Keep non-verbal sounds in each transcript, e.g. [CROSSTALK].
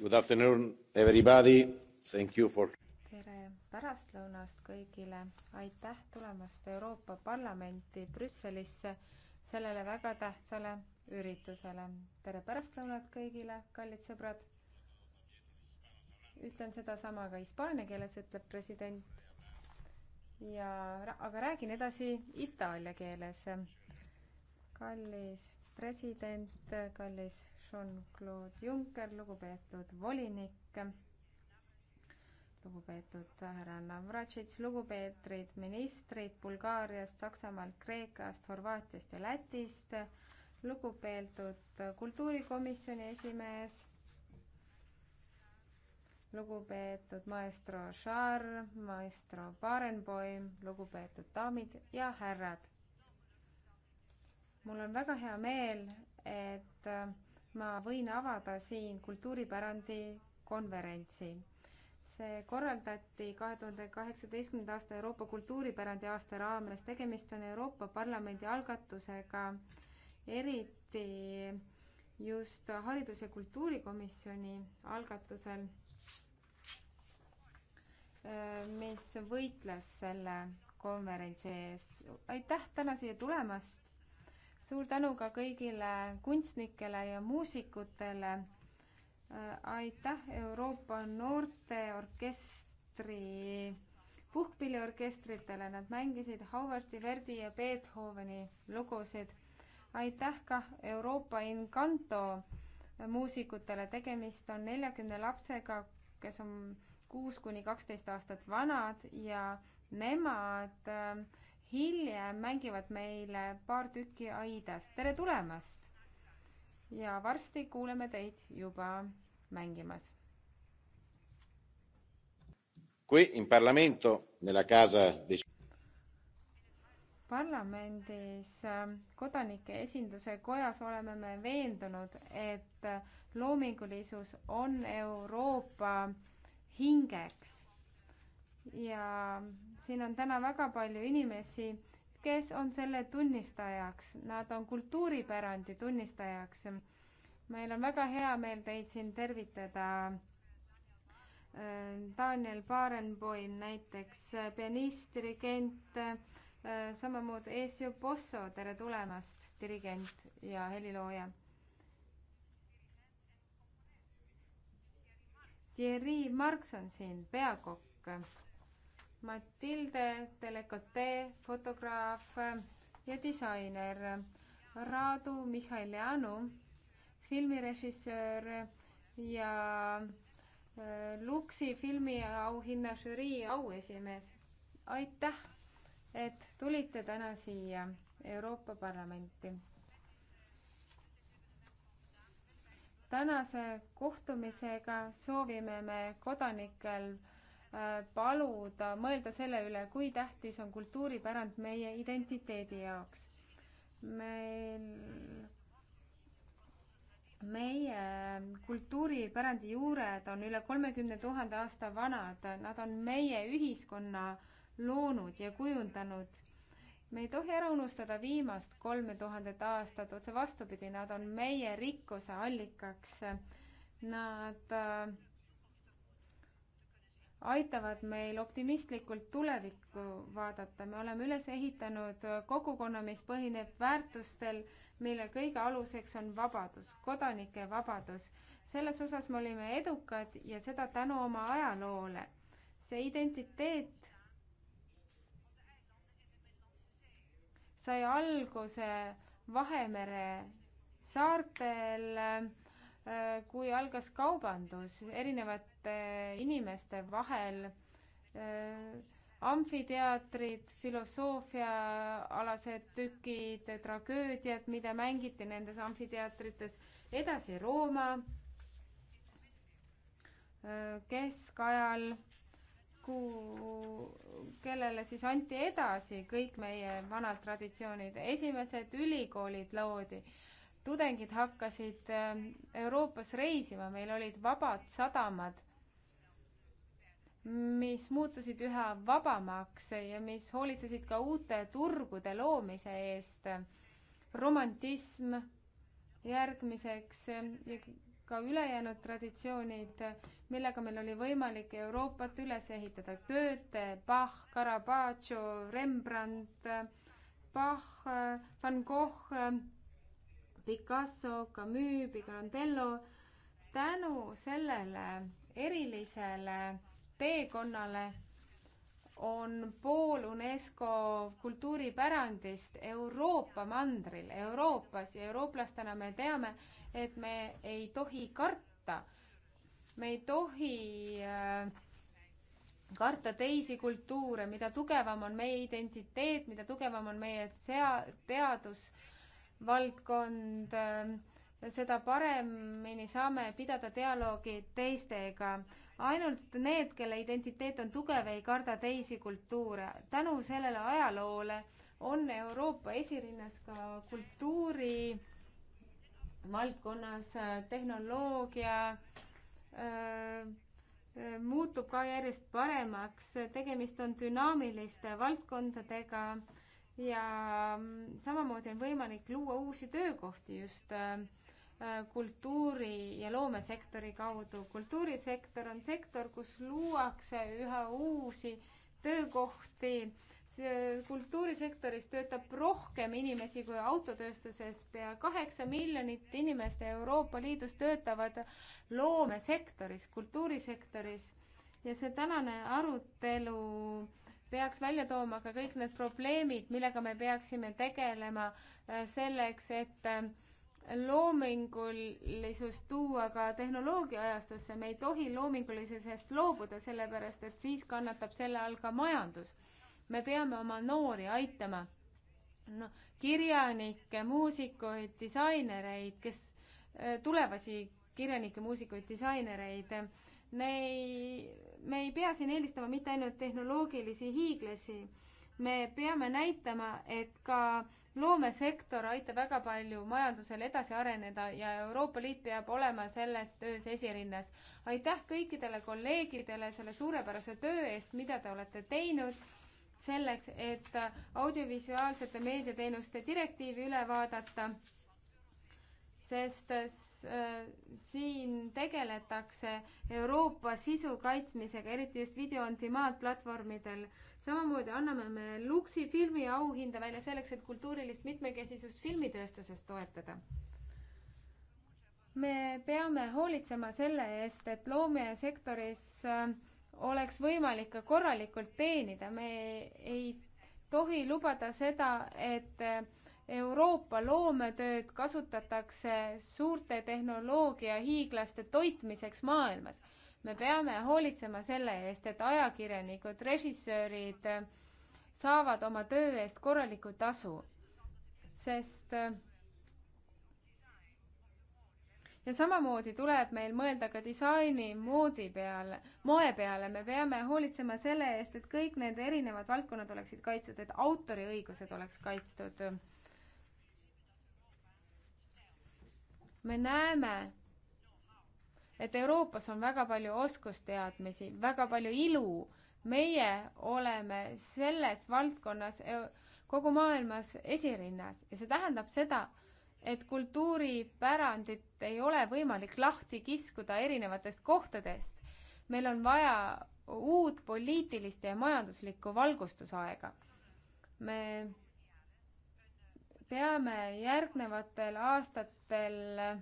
Good afternoon, everybody. Thank you for. tere pärastlõunast kõigile. aitäh tulemast Euroopa Parlamenti Brüsselisse sellele väga tähtsale üritusele. tere pärastlõunat kõigile, kallid sõbrad. ütlen sedasama ka hispaania keeles, ütleb president. ja, aga räägin edasi itaalia keeles. kallis president, kallis Jean-Claude Juncker, lugupeetud volinik, lugupeetud härra Navratšits, lugupeetrid ministrid Bulgaariast, Saksamaalt, Kreekast, Horvaatiast ja Lätist, lugupeetud kultuurikomisjoni esimees lugupeetud maestro Šar, maestro Barenboim, lugupeetud daamid ja härrad mul on väga hea meel, et äh, ma võin avada siin kultuuripärandi konverentsi. see korraldati kahe tuhande kaheksateistkümnenda aasta Euroopa kultuuripärandi aasta raames. tegemist on Euroopa Parlamendi algatusega, eriti just Haridus- ja Kultuurikomisjoni algatusel, äh, mis võitles selle konverentsi eest. aitäh täna siia tulemast suur tänu ka kõigile kunstnikele ja muusikutele. aitäh Euroopa Noorteorkestri, puhkpilliorkestritele, nad mängisid Howardi, Verdi ja Beethoveni lugusid. aitäh ka Euroopa Incanto muusikutele, tegemist on neljakümne lapsega, kes on kuus kuni kaksteist aastat vanad ja nemad äh, hiljem mängivad meile paar tükki Aidast. tere tulemast! ja varsti kuuleme teid juba mängimas. Qui in Parlamento, nella casa dei parlamendis ähm, kodanike esinduse kojas oleme me veendunud, et loomingulisus on Euroopa hingeks ja siin on täna väga palju inimesi, kes on selle tunnistajaks, nad on kultuuripärandi tunnistajaks. meil on väga hea meel teid siin tervitada. Äh, Daniel Barenboim näiteks, äh, pianist, dirigent, äh, samamoodi Ezio Posso, tere tulemast, dirigent ja helilooja. Thierry Marx on siin, peakokk Matilde Telekote, fotograaf ja disainer, Raadu Mihhailianu, filmirežissöör ja äh, Luksi filmiauhinna žürii auesimees. aitäh, et tulite täna siia Euroopa Parlamenti. tänase kohtumisega soovime me kodanikel Äh, paluda mõelda selle üle, kui tähtis on kultuuripärand meie identiteedi jaoks. meil, meie kultuuripärandi juured on üle kolmekümne tuhande aasta vanad, nad on meie ühiskonna loonud ja kujundanud. me ei tohi ära unustada viimast kolme tuhandet aastat, otse vastupidi, nad on meie rikkuse allikaks. Nad äh, aitavad meil optimistlikult tulevikku vaadata. me oleme üles ehitanud kogukonna, mis põhineb väärtustel, mille kõige aluseks on vabadus, kodanike vabadus. selles osas me olime edukad ja seda tänu oma ajaloole. see identiteet sai alguse Vahemere saartel, äh, kui algas kaubandus, erinevad erinevate inimeste vahel äh, amfiteatrid, filosoofiaalased tükid, tragöödiad, mida mängiti nendes amfiteatrites, edasi Rooma äh, keskajal, kuhu, kellele siis anti edasi kõik meie vanad traditsioonid, esimesed ülikoolid loodi, tudengid hakkasid äh, Euroopas reisima, meil olid vabad sadamad mis muutusid üha vabamaks ja mis hoolitsesid ka uute turgude loomise eest. romantism järgmiseks ja ka ülejäänud traditsioonid, millega meil oli võimalik Euroopat üles ehitada. Goethe, Bach, Caravaggio, Rembrandt, Bach, Van Gogh, Picasso, Camus, Picandello. tänu sellele erilisele teekonnale on pool UNESCO kultuuripärandist Euroopa mandril, Euroopas ja eurooplastena me teame, et me ei tohi karta, me ei tohi äh, karta teisi kultuure, mida tugevam on meie identiteet, mida tugevam on meie sea-, teadusvaldkond, äh, seda paremini saame pidada dialoogi teistega ainult need, kelle identiteet on tugev, ei karda teisi kultuure. tänu sellele ajaloole on Euroopa esirinnas ka kultuuri valdkonnas äh, tehnoloogia öö, äh, äh, muutub ka järjest paremaks, tegemist on dünaamiliste valdkondadega ja mm, samamoodi on võimalik luua uusi töökohti just Äh, kultuuri- ja loomesektori kaudu. kultuurisektor on sektor, kus luuakse üha uusi töökohti. kultuurisektoris töötab rohkem inimesi kui autotööstuses. pea kaheksa miljonit inimest Euroopa Liidus töötavad loomesektoris, kultuurisektoris. ja see tänane arutelu peaks välja tooma ka kõik need probleemid, millega me peaksime tegelema äh, selleks, et äh, loomingulisus tuua ka tehnoloogia ajastusse, me ei tohi loomingulisusest loobuda, sellepärast et siis kannatab selle all ka majandus. me peame oma noori aitama, noh, kirjanikke, muusikuid, disainereid, kes, äh, tulevasi kirjanikke, muusikuid, disainereid, me ei, me ei pea siin eelistama mitte ainult tehnoloogilisi hiiglasi me peame näitama, et ka loomesektor aitab väga palju majandusel edasi areneda ja Euroopa Liit peab olema selles töös esirinnas. aitäh kõikidele kolleegidele selle suurepärase töö eest, mida te olete teinud selleks, et audiovisuaalsete meediateenuste direktiivi üle vaadata, sest äh, siin tegeletakse Euroopa sisu kaitsmisega, eriti just video on demand platvormidel samamoodi anname me Luksi filmi auhinda välja selleks, et kultuurilist mitmekesisust filmitööstuses toetada. me peame hoolitsema selle eest, et loomesektoris äh, oleks võimalik ka korralikult teenida, me ei tohi lubada seda, et äh, Euroopa loometööd kasutatakse suurte tehnoloogia hiiglaste toitmiseks maailmas me peame hoolitsema selle eest, et ajakirjanikud, režissöörid saavad oma töö eest korralikku tasu, sest ja samamoodi tuleb meil mõelda ka disaini, moodi peale, moe peale, me peame hoolitsema selle eest, et kõik need erinevad valdkonnad oleksid kaitstud, et autoriõigused oleks kaitstud. me näeme, et Euroopas on väga palju oskusteadmisi, väga palju ilu. meie oleme selles valdkonnas e, kogu maailmas esirinnas ja see tähendab seda, et kultuuripärandit ei ole võimalik lahti kiskuda erinevatest kohtadest. meil on vaja uut poliitilist ja majanduslikku valgustusaega. me peame järgnevatel aastatel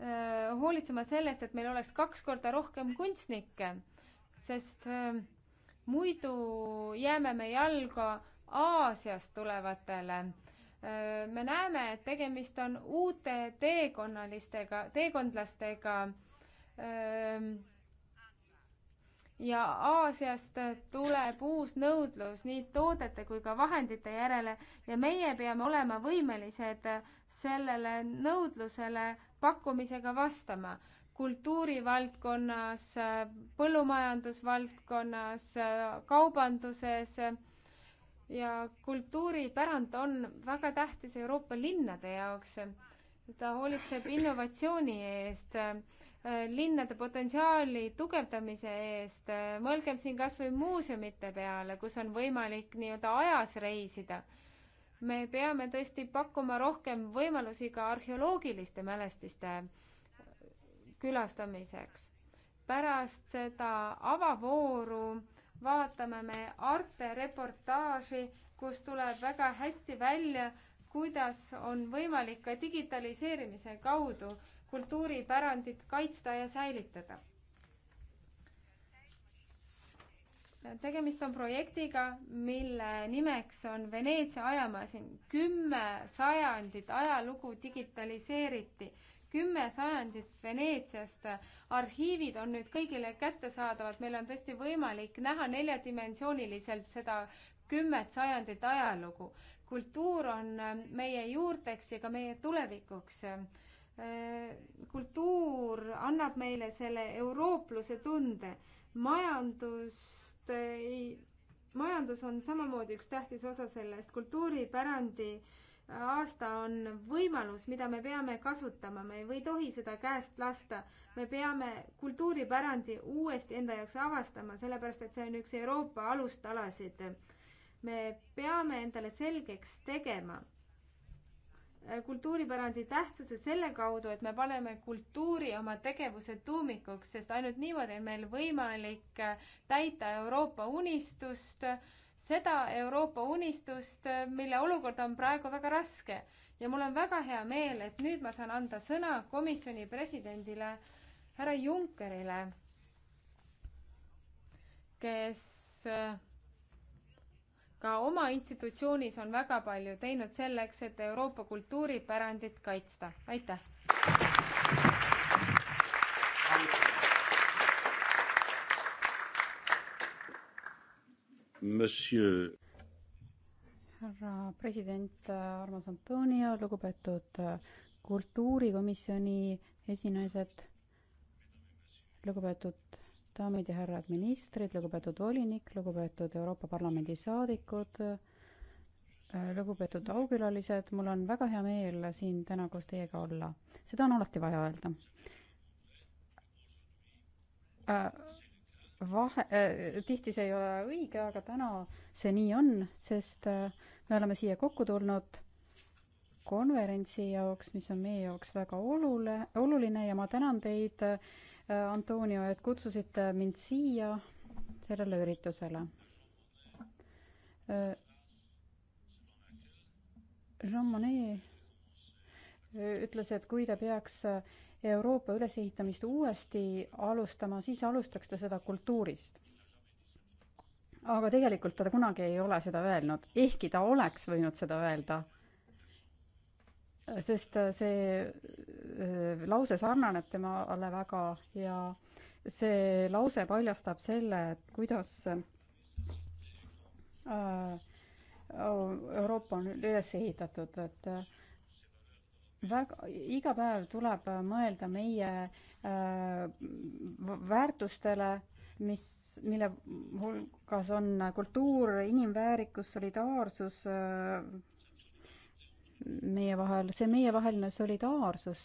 Äh, hoolitsema sellest, et meil oleks kaks korda rohkem kunstnikke, sest äh, muidu jääme me jalga Aasiast tulevatele. Äh, me näeme, et tegemist on uute teekonnalistega, teekondlastega. Ähm, ja Aasiast tuleb uus nõudlus nii toodete kui ka vahendite järele ja meie peame olema võimelised sellele nõudlusele pakkumisega vastama kultuurivaldkonnas, põllumajandusvaldkonnas, kaubanduses ja kultuuripärand on väga tähtis Euroopa linnade jaoks. ta hoolitseb innovatsiooni eest, linnade potentsiaali tugevdamise eest, mõelgem siin kas või muuseumite peale, kus on võimalik nii-öelda ajas reisida me peame tõesti pakkuma rohkem võimalusi ka arheoloogiliste mälestiste külastamiseks. pärast seda avavooru vaatame me Arte reportaaži, kus tuleb väga hästi välja, kuidas on võimalik ka digitaliseerimise kaudu kultuuripärandit kaitsta ja säilitada tegemist on projektiga, mille nimeks on Veneetsia ajamasin. kümme sajandit ajalugu digitaliseeriti, kümme sajandit Veneetsiast. arhiivid on nüüd kõigile kättesaadavad, meil on tõesti võimalik näha neljadimensiooniliselt seda kümmet sajandit ajalugu. kultuur on meie juurteks ja ka meie tulevikuks kultuur annab meile selle euroopluse tunde, majandus ei, majandus on samamoodi üks tähtis osa sellest, kultuuripärandi aasta on võimalus, mida me peame kasutama, me ei või tohi seda käest lasta. me peame kultuuripärandi uuesti enda jaoks avastama, sellepärast et see on üks Euroopa alustalasid. me peame endale selgeks tegema Äh, kultuuripärandi tähtsuse selle kaudu, et me paneme kultuuri oma tegevuse tuumikuks, sest ainult niimoodi on meil võimalik äh, täita Euroopa unistust, seda Euroopa unistust, äh, mille olukord on praegu väga raske. ja mul on väga hea meel, et nüüd ma saan anda sõna komisjoni presidendile, härra Junckerile, kes ka oma institutsioonis on väga palju teinud selleks, et Euroopa kultuuripärandit kaitsta. aitäh! Monsieur härra president, armas Antonio, lugupeetud kultuurikomisjoni esinaised, lugupeetud daamid ja härrad ministrid, lugupeetud volinik, lugupeetud Euroopa Parlamendi saadikud, lugupeetud aukülalised, mul on väga hea meel siin täna koos teiega olla. seda on alati vaja öelda. Äh, vahe äh,, tihti see ei ole õige, aga täna see nii on, sest äh, me oleme siia kokku tulnud konverentsi jaoks, mis on meie jaoks väga olule-, oluline ja ma tänan teid äh, Äh, Antonio, et kutsusite mind siia sellele üritusele. Äh, Jean Monnet äh, ütles, et kui ta peaks Euroopa ülesehitamist uuesti alustama, siis alustaks ta seda kultuurist. aga tegelikult ta kunagi ei ole seda öelnud, ehkki ta oleks võinud seda öelda. sest see Äh, lause sarnaneb temale väga ja see lause paljastab selle, et kuidas äh, Euroopa on üles ehitatud, et äh, väga, iga päev tuleb mõelda meie väärtustele, mis, mille hulgas on kultuur, inimväärikus, solidaarsus, meie vahel, see meievaheline solidaarsus,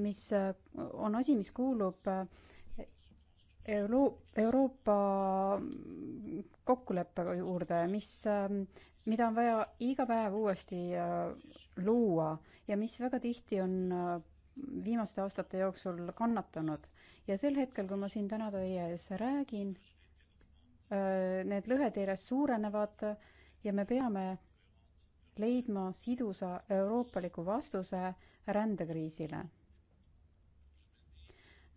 mis äh, on asi, mis kuulub äh, Euro-, Euroopa kokkuleppe juurde, mis, ähm, mida on vaja iga päev uuesti äh, luua ja mis väga tihti on viimaste aastate jooksul kannatanud. ja sel hetkel, kui ma siin täna teie ees räägin, need lõhed järjest suurenevad ja me peame leidma sidusa euroopaliku vastuse rändekriisile.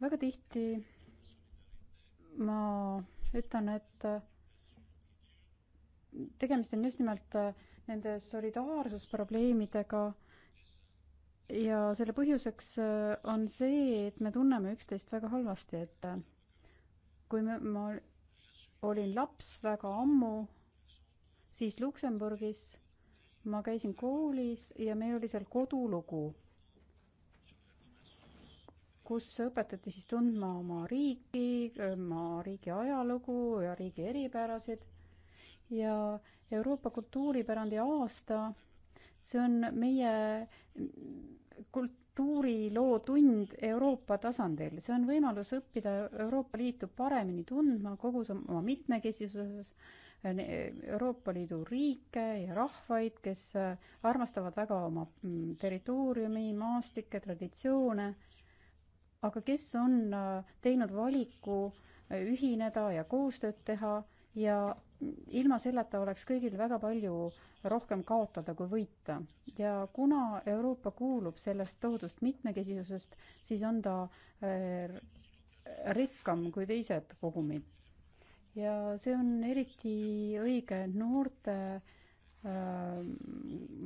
väga tihti ma ütlen, et tegemist on just nimelt nende solidaarsusprobleemidega ja selle põhjuseks on see, et me tunneme üksteist väga halvasti, et kui me, ma olin laps väga ammu, siis Luksemburgis ma käisin koolis ja meil oli seal kodulugu, kus õpetati siis tundma oma riiki, oma riigi ajalugu ja riigi eripärasid ja Euroopa kultuuripärandi aasta, see on meie kultuuriloo tund Euroopa tasandil, see on võimalus õppida Euroopa Liitu paremini tundma kogu oma mitmekesisuses E, Euroopa Liidu riike ja rahvaid, kes äh, armastavad väga oma mm, territooriumi, maastikke, traditsioone, aga kes on äh, teinud valiku äh, ühineda ja koostööd teha ja ilma selleta oleks kõigil väga palju rohkem kaotada kui võita. ja kuna Euroopa kuulub sellest tohutust mitmekesisusest, siis on ta rikkam kui teised kogumid ja see on eriti õige noorte äh,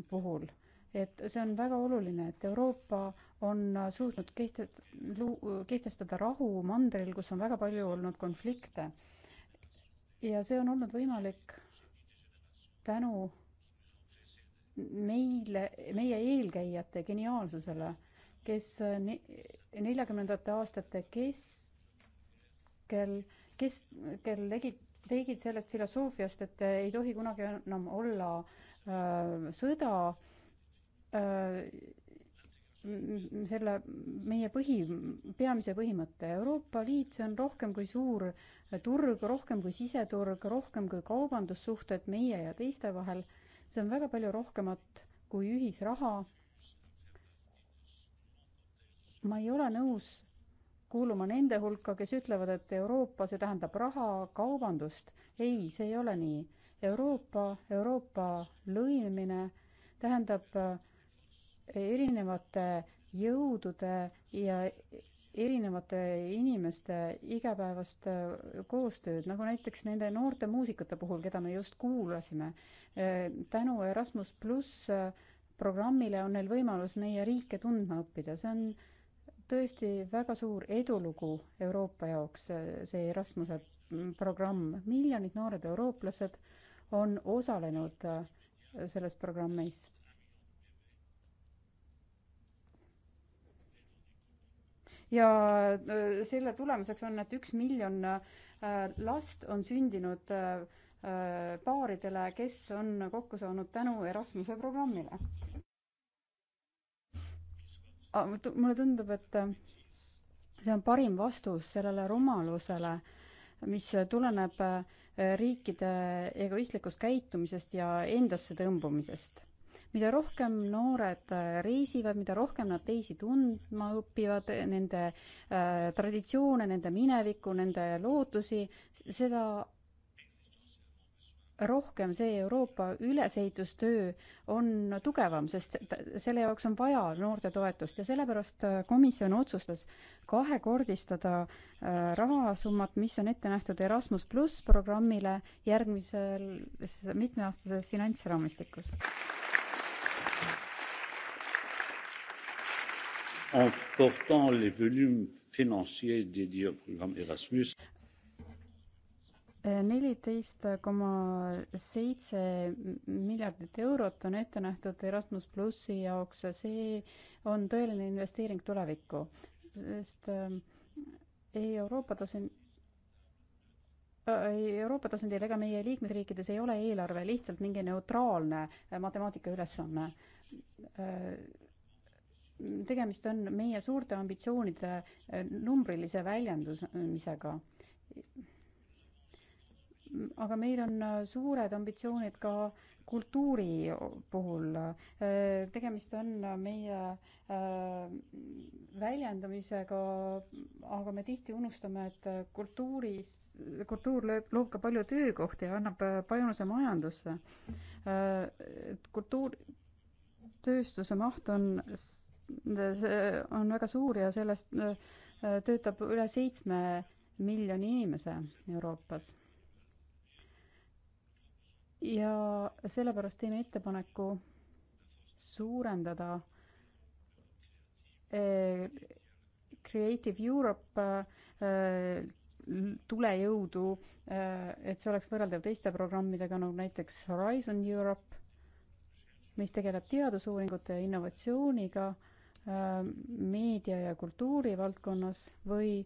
puhul, et see on väga oluline, et Euroopa on suutnud kehtest-, kehtestada rahu mandril, kus on väga palju olnud konflikte. ja see on olnud võimalik tänu meile, meie eelkäijate geniaalsusele, kes neljakümnendate aastate keskel äh, kes, kel tegid, tegid sellest filosoofiast, et ei tohi kunagi enam olla äh, sõda äh,, selle meie põhi, peamise põhimõtte. Euroopa Liit, see on rohkem kui suur turg, rohkem kui siseturg, rohkem kui kaubandussuhted meie ja teiste vahel. see on väga palju rohkemat kui ühisraha. ma ei ole nõus kuuluma nende hulka, kes ütlevad, et Euroopa, see tähendab raha, kaubandust. ei, see ei ole nii. Euroopa, Euroopa lõimimine tähendab äh, erinevate jõudude ja erinevate inimeste igapäevast äh, koostööd, nagu näiteks nende noorte muusikute puhul, keda me just kuulasime. Äh, tänu Erasmus pluss programmile on neil võimalus meie riike tundma õppida, see on tõesti väga suur edulugu Euroopa jaoks, see Erasmuse programm. miljonid noored eurooplased on osalenud äh, selles programmis. ja äh, selle tulemuseks on, et üks miljon äh, last on sündinud paaridele, kes on kokku saanud tänu Erasmuse programmile mulle tundub, et äh, see on parim vastus sellele rumalusele, mis tuleneb äh, riikide egoistlikust käitumisest ja endasse tõmbumisest. mida rohkem noored äh, reisivad, mida rohkem nad teisi tundma õpivad, nende traditsioone, nende minevikku, nende lootusi, seda rohkem see Euroopa ülesehitustöö on tugevam, sest selle jaoks on vaja noorte toetust ja sellepärast äh, komisjon otsustas kahekordistada äh, rahasummat, mis on ette nähtud Erasmus pluss programmile järgmises mitmeaastases finantsraamistikus. en portant les volumes financiers dédiés au programme Erasmus neliteist koma seitse miljardit eurot on ette nähtud Erasmus plussi jaoks, see on tõeline investeering tulevikku, sest äh, ei Euroopa tasand, äh, Euroopa tasandil ega meie liikmesriikides ei ole eelarve lihtsalt mingi neutraalne äh, matemaatika ülesanne tegemist on meie suurte ambitsioonide numbrilise väljendusmisega aga meil on äh, suured ambitsioonid ka kultuuri puhul. Äh, tegemist on äh, meie väljendamisega, aga me tihti unustame, et kultuuris, kultuur lööb, loob ka palju töökohti ja annab panuse majandusse. et kultuurtööstuse maht on, on väga suur ja sellest töötab üle seitsme miljoni inimese Euroopas ja sellepärast teeme ettepaneku suurendada eh, Creative Europe eh, tulejõudu, eh, et see oleks võrreldav teiste programmidega, nagu näiteks Horizon Europe, mis tegeleb teadusuuringute ja innovatsiooniga meedia ja kultuuri valdkonnas või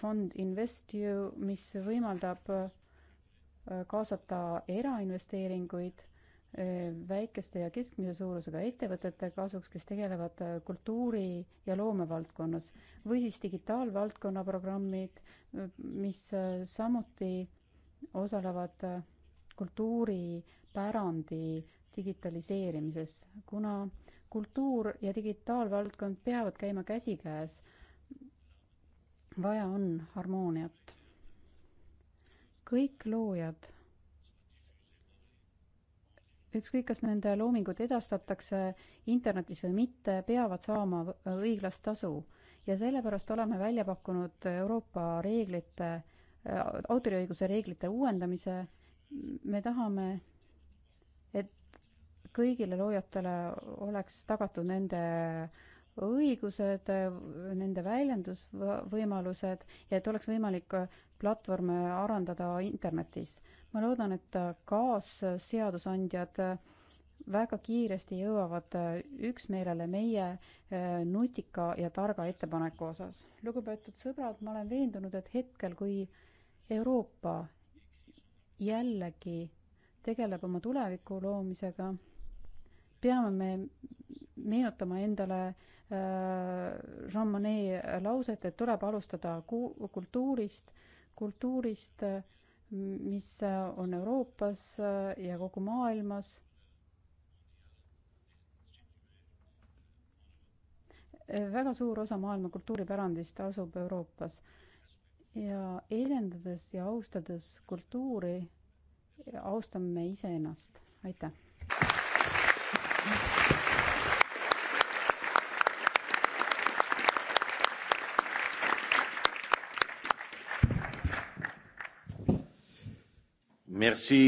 fond InvestEU, mis võimaldab Äh, kaasata erainvesteeringuid äh, väikeste ja keskmise suurusega ettevõtete kasuks, kes tegelevad äh, kultuuri- ja loomevaldkonnas või siis digitaalvaldkonna programmid, mis samuti osalevad kultuuripärandi digitaliseerimises, kuna kultuur ja digitaalvaldkond peavad käima käsikäes. vaja on harmooniat kõik loojad, ükskõik, kas nende loomingut edastatakse internetis või mitte, peavad saama õiglast tasu ja sellepärast oleme välja pakkunud Euroopa reeglite, autoriõiguse reeglite uuendamise. me tahame, et kõigile loojatele oleks tagatud nende õigused, nende väljendusvõimalused ja et oleks võimalik platvorme arendada internetis. ma loodan, et kaasseadusandjad väga kiiresti jõuavad äh, üksmeelele meie äh, nutika ja targa ettepaneku osas. lugupeetud sõbrad, ma olen veendunud, et hetkel, kui Euroopa jällegi tegeleb oma tuleviku loomisega, peame me meenutama endale äh, Jean Monnet lauset, et tuleb alustada kultuurist kultuurist, mis on Euroopas ja kogu maailmas. väga suur osa maailma kultuuripärandist asub Euroopas ja edendades ja austades kultuuri, austame iseennast. aitäh! Merci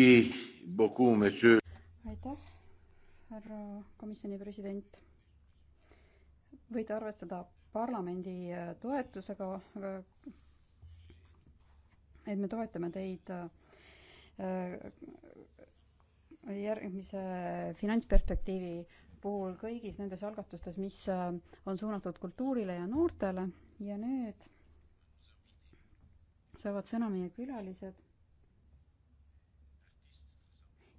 beaucoup, monsieur. aitäh, härra komisjoni president. võite arvestada parlamendi äh, toetusega, et me toetame teid äh, äh, järgmise finantsperspektiivi puhul kõigis nendes algatustes, mis on suunatud kultuurile ja noortele ja nüüd saavad sõna meie külalised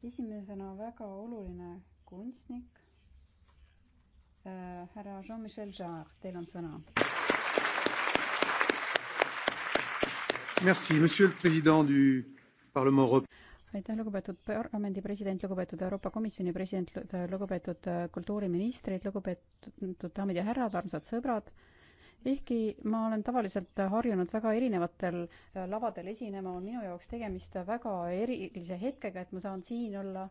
esimesena väga oluline kunstnik äh,, härra Jean-Michel Jarre, teil on sõna. Merci, monsieur le president du Parlement Euroopa aitäh, lugupeetud parlamendi president, lugupeetud Euroopa Komisjoni president, lugupeetud kultuuriministrid, lugupeetud daamid ja härrad, armsad sõbrad ehkki ma olen tavaliselt harjunud väga erinevatel äh, lavadel esinema, on minu jaoks tegemist väga erilise hetkega, et ma saan siin olla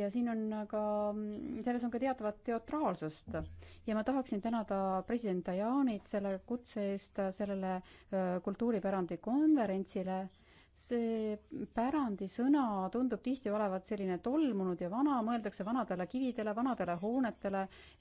ja siin on ka, mm, selles on ka teatavat teatraalsust. ja ma tahaksin tänada president Tajanit selle kutse eest sellele äh, kultuuripärandi konverentsile see pärandisõna tundub tihti olevat selline tolmunud ja vana, mõeldakse vanadele kividele, vanadele hoonetele,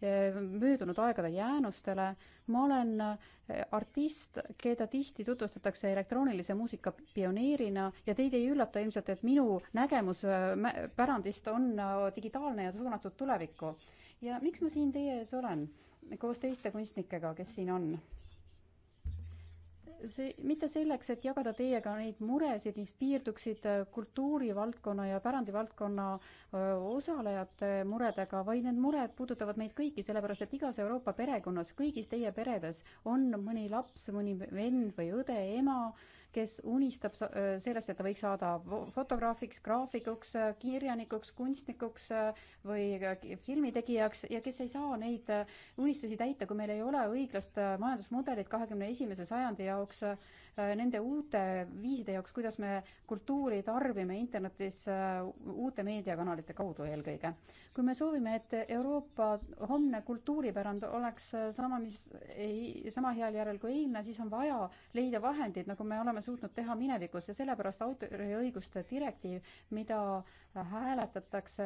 eh, möödunud aegade jäänustele. ma olen eh, artist, keda tihti tutvustatakse elektroonilise muusika pioneerina ja teid ei üllata ilmselt, et minu nägemus eh, pärandist on digitaalne ja suunatud tulevikku. ja miks ma siin teie ees olen koos teiste kunstnikega, kes siin on? see, mitte selleks, et jagada teiega neid muresid, mis piirduksid äh, kultuurivaldkonna ja pärandivaldkonna äh, osalejate muredega, vaid need mured puudutavad meid kõiki, sellepärast et igas Euroopa perekonnas, kõigis teie peredes on mõni laps, mõni vend või õde, ema, kes unistab äh, sellest, et ta võiks saada fotograafiks, graafikuks, äh, kirjanikuks, kunstnikuks äh, või filmitegijaks ja kes ei saa neid unistusi täita, kui meil ei ole õiglast majandusmudelit kahekümne esimese sajandi jaoks Äh, nende uute viiside jaoks, kuidas me kultuuri tarbime internetis äh, uute meediakanalite kaudu eelkõige. kui me soovime, et Euroopa homne kultuuripärand oleks äh, sama, mis ei, sama heal järel kui eilne, siis on vaja leida vahendeid, nagu me oleme suutnud teha minevikus ja sellepärast autoriõiguste direktiiv, mida hääletatakse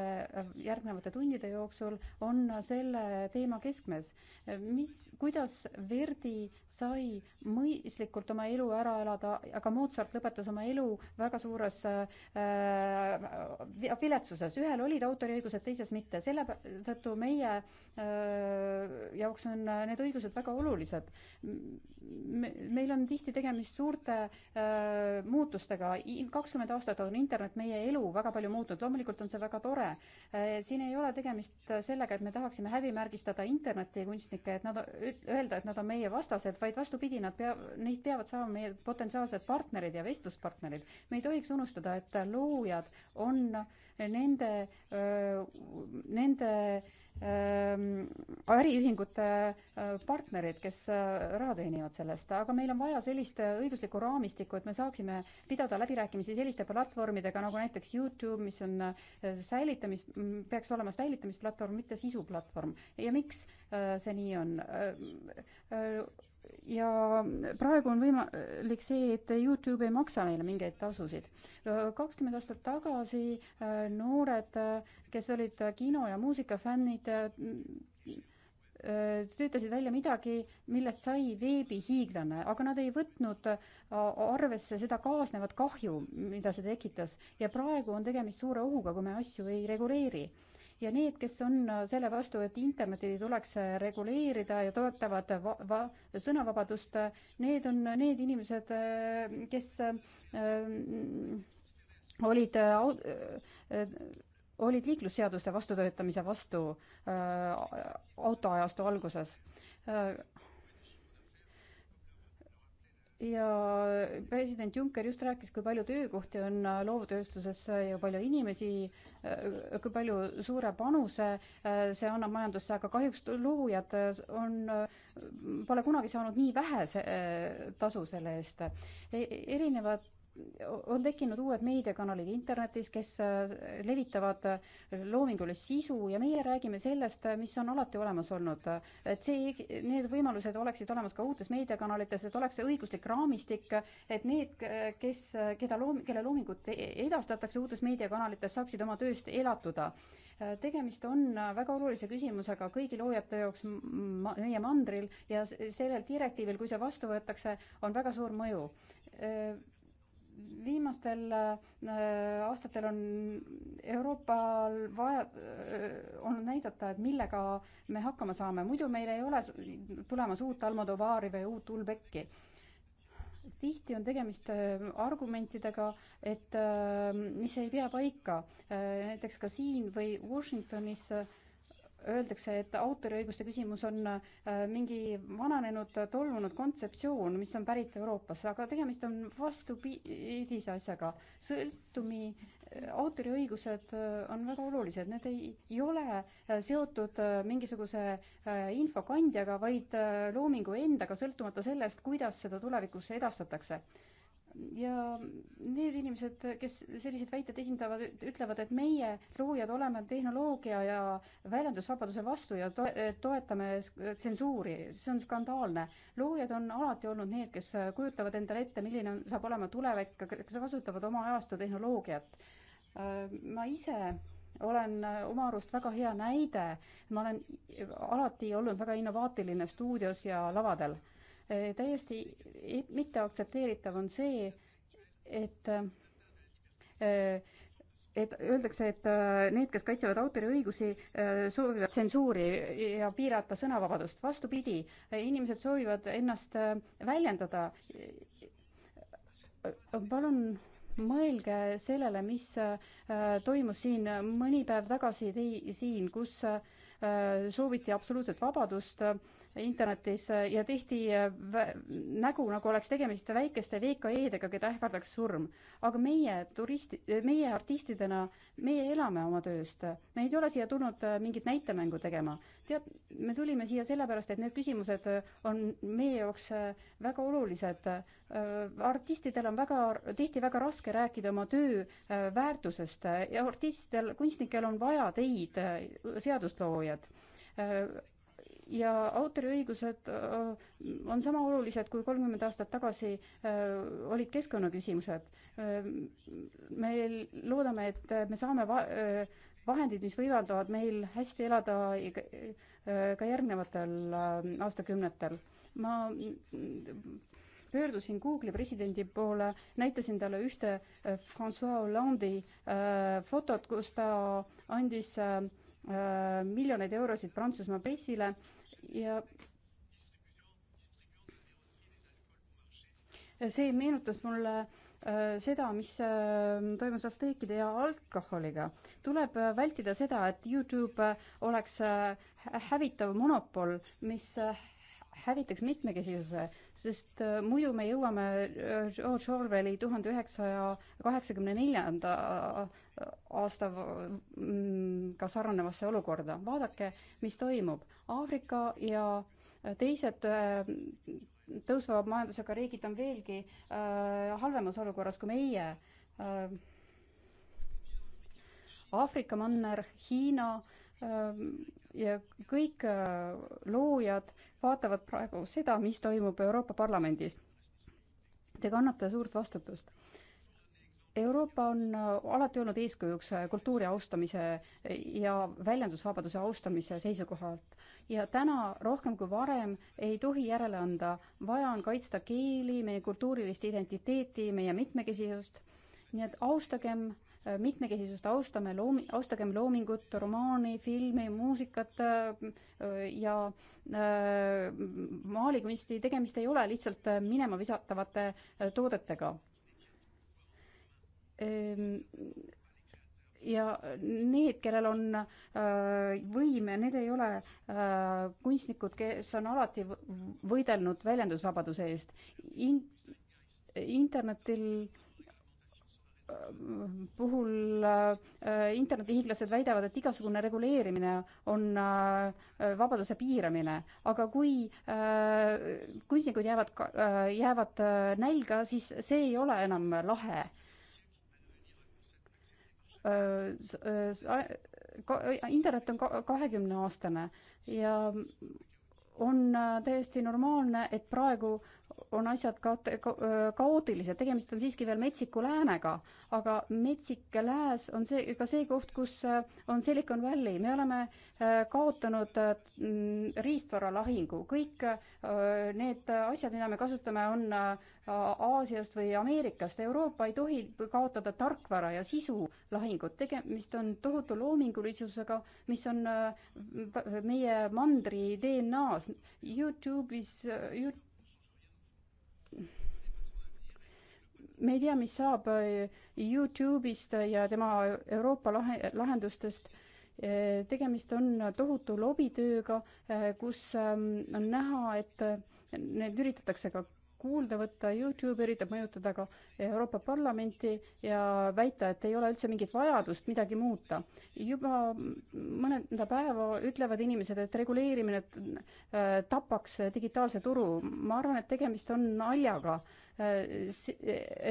järgnevate tundide jooksul, on selle teema keskmes. mis, kuidas Verdi sai mõistlikult oma elu ära elada, aga Mozart lõpetas oma elu väga suures äh, viletsuses, ühel olid autoriõigused, teises mitte, selle tõttu meie äh, jaoks on need õigused väga olulised me,. meil on tihti tegemist suurte äh, muutustega, kakskümmend aastat on internet meie elu väga palju muutnud, seotud. loomulikult on see väga tore. Eh, siin ei ole tegemist eh, sellega, et me tahaksime häbimärgistada internetikunstnikke, et nad, öelda, et nad on meie vastased, vaid vastupidi, nad pea-, neist peavad saama meie potentsiaalsed partnerid ja vestluspartnerid. me ei tohiks unustada, et loojad on nende, eh, nende öö, Ehm, äriühingute äh, partnerid, kes äh, raha teenivad sellest, aga meil on vaja sellist äh, õiguslikku raamistikku, et me saaksime pidada läbirääkimisi selliste platvormidega nagu näiteks Youtube, mis on säilitamis, peaks olema säilitamisplatvorm, mitte sisuplatvorm. ja miks see nii on? ja praegu on võimalik see, et Youtube ei maksa meile mingeid tasusid. kakskümmend aastat tagasi äh, noored, äh, kes olid kino- ja muusikafännid, äh, töötasid välja midagi, millest sai veebihiiglane, aga nad ei võtnud arvesse seda kaasnevat kahju, mida see tekitas. ja praegu on tegemist suure ohuga, kui me asju ei reguleeri ja need, kes on äh, selle vastu, et interneti tuleks äh, reguleerida ja toetavad va-, va-, sõnavabadust, äh, need on need inimesed, kes olid olid liiklusseaduste vastutöötamise vastu autoajastu alguses ja president Juncker just rääkis, kui palju töökohti on loovutööstuses ja palju inimesi, äh, kui palju suure panuse äh, see annab majandusse, aga kahjuks loojad on, äh, pole kunagi saanud nii vähe tasu selle eest e. erinevad on tekkinud uued meediakanalid internetis, kes äh, levitavad äh, loomingulist sisu ja meie räägime sellest, äh, mis on alati olemas olnud. et see, need võimalused oleksid olemas ka uutes meediakanalites, et oleks õiguslik raamistik, et need, kes, keda loom-, kelle loomingut e-, edastatakse uutes meediakanalites, saaksid oma tööst elatuda tegemist on väga olulise küsimusega kõigi loojate jaoks meie mandril ja sellel direktiivil, kui see vastu võetakse, on väga suur mõju viimastel äh, aastatel on Euroopal vaja äh, olnud näidata, et millega me hakkama saame, muidu meil ei ole tulemas uut Almodovari või uut Ulbeki tihti on tegemist äh, argumentidega, et mis ei pea paika. näiteks ka siin või Washingtonis äh, öeldakse, et autoriõiguste küsimus on äh, mingi vananenud, tolmunud kontseptsioon, mis on pärit Euroopasse, aga tegemist on vastupidise asjaga. sõltumi, äh, autoriõigused äh, on väga olulised, need ei, ei ole seotud mingisuguse infokandjaga, vaid loomingu endaga, sõltumata sellest, kuidas seda tulevikus edastatakse ja need inimesed, kes selliseid väiteid esindavad, ütlevad, et meie, loojad, oleme tehnoloogia ja väljendusvabaduse vastu ja to-, toetame tsensuuri, see on skandaalne. loojad on alati olnud need, kes kujutavad endale ette, milline on, saab olema tulevik, kes kasutavad oma ajastu tehnoloogiat. Ma ise olen oma arust väga hea näide, ma olen alati olnud väga innovaatiline stuudios ja lavadel Äh, täiesti mitteaktsepteeritav on see, et äh, et öeldakse, et äh, need, kes kaitsevad autoriõigusi, soovivad tsensuuri ja piirata sõnavabadust. vastupidi, inimesed soovivad ennast väljendada. palun mõelge sellele, mis toimus siin mõni päev tagasi siin, kus sooviti absoluutset vabadust internetis äh, ja tihti äh, nägu, nagu oleks tegemist väikeste VKE-dega, keda ähvardaks surm. aga meie turisti, meie artistidena, meie elame oma tööst. me ei ole siia tulnud äh, mingit näitemängu tegema. tead, me tulime siia sellepärast, et need küsimused on meie jaoks väga olulised. artistidel on väga, tihti väga raske rääkida oma töö väärtusest ja artistidel, kunstnikel on vaja teid, seadusloojad ja autoriõigused äh, on sama olulised kui kolmkümmend aastat tagasi äh, olid keskkonnaküsimused. Äh, me loodame, et me saame va vahendid, mis võimaldavad meil hästi elada ka järgnevatel aastakümnetel. ma pöördusin Google'i presidendi poole, näitasin talle ühte Francois Hollande'i fotot, kus ta andis äh, Äh, miljoneid eurosid Prantsusmaa pressile ja see meenutas mulle äh, seda, mis äh, toimus asteekide ja alkoholiga. tuleb vältida seda, et Youtube oleks hävitav monopol, mis hävitaks mitmekesisuse, sest äh, muidu me jõuame äh, George Orwelli tuhande üheksasaja kaheksakümne neljanda äh, aastaga mm, sarnanevasse olukorda. vaadake, mis toimub. Aafrika ja teised tõusva majandusega riigid on veelgi halvemas olukorras kui meie. Aafrika manner, Hiina ja kõik loojad vaatavad praegu seda, mis toimub Euroopa Parlamendis. Te kannate suurt vastutust. Euroopa on äh, alati olnud eeskujuks äh, kultuuri austamise äh, ja väljendusvabaduse austamise seisukohalt ja täna rohkem kui varem ei tohi järele anda, vaja on kaitsta keeli, meie kultuurilist identiteeti, meie mitmekesisust, nii et austagem Äh, mitmekesisust austame, loomi, austagem loomingut, romaani, filmi, muusikat äh, ja äh, maalikunsti tegemist ei ole lihtsalt minema visatavate toodetega. Ehm, ja need, kellel on võim, need ei ole kunstnikud, kes on alati võidelnud väljendusvabaduse eest In. internetil puhul äh, internetihiiglased väidavad, et igasugune reguleerimine on äh, vabaduse piiramine, aga kui äh, kunstnikud jäävad, jäävad nälga, siis see ei ole enam lahe internet on kahekümne aastane ja on täiesti normaalne, et praegu on asjad ka kaootilised, tegemist on siiski veel metsiku läänega, aga metsik lääs on see, ka see koht, kus äh, on Silicon Valley, me oleme äh, kaotanud äh, riistvara lahingu, kõik need asjad, mida me kasutame, on Aasiast või Ameerikast, Euroopa ei tohi kaotada tarkvara ja sisu lahingut, tegemist on tohutu loomingulisusega, mis on meie mandri DNA-s. Youtube'is, me ei tea, mis saab eh, Youtube'ist ja tema Euroopa lahe, lahendustest. Eh, tegemist on tohutu lobitööga, eh, kus ehm, on näha, et need üritatakse ka kuulda võtta, Youtube üritab mõjutada ka Euroopa Parlamenti ja väita, et ei ole üldse mingit vajadust midagi muuta. juba mõnda päeva ütlevad inimesed, et reguleerimine äh, tapaks digitaalse turu. ma arvan, et tegemist on naljaga äh,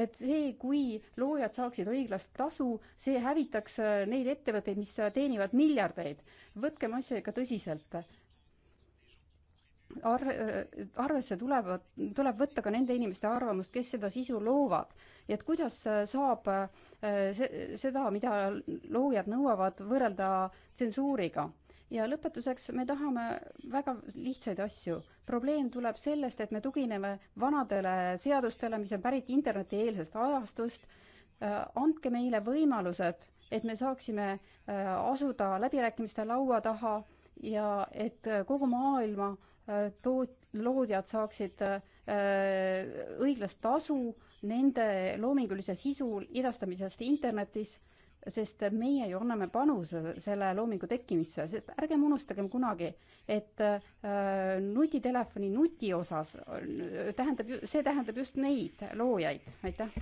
et see, kui loojad saaksid õiglast tasu, see hävitaks neid ettevõtteid, mis teenivad miljardeid. võtkem asja ikka tõsiselt ar-, äh, arvesse tulevad, tuleb võtta ka nende inimeste arvamust, kes seda sisu loovad. et kuidas äh, saab äh, se-, seda, mida loojad nõuavad, võrrelda tsensuuriga. ja lõpetuseks, me tahame väga lihtsaid asju. probleem tuleb sellest, et me tugineme vanadele seadustele, mis on pärit internetieelsest ajastust, andke meile võimalused, et me saaksime asuda läbirääkimiste laua taha ja et kogu maailma äh, Äh, toot-, loodjad saaksid äh, õiglast tasu nende loomingulise sisu edastamisest internetis, sest meie ju anname panuse selle loomingu tekkimisse, sest ärgem unustagem kunagi, et äh, nutitelefoni nuti osas tähendab, see tähendab just neid loojaid, aitäh.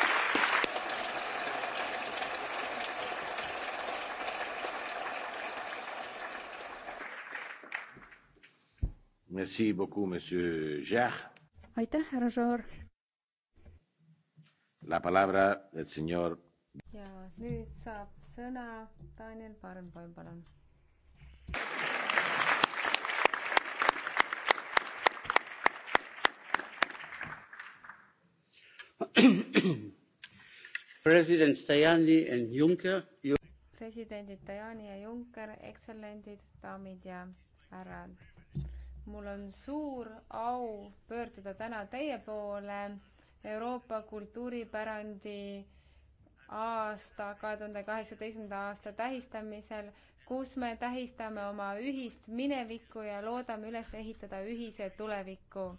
Merci beaucoup, monsieur Jach. aitäh, härra Žor. La palabra el señor. ja nüüd saab sõna Daniel Barenboim, palun. president Tajani and Juncker you.... presidendid Tajani ja Juncker, ekstsellendid, daamid ja härrad mul on suur au pöörduda täna teie poole Euroopa kultuuripärandi aasta, kahe tuhande kaheksateistkümnenda aasta tähistamisel, kus me tähistame oma ühist minevikku ja loodame üles ehitada ühise tuleviku.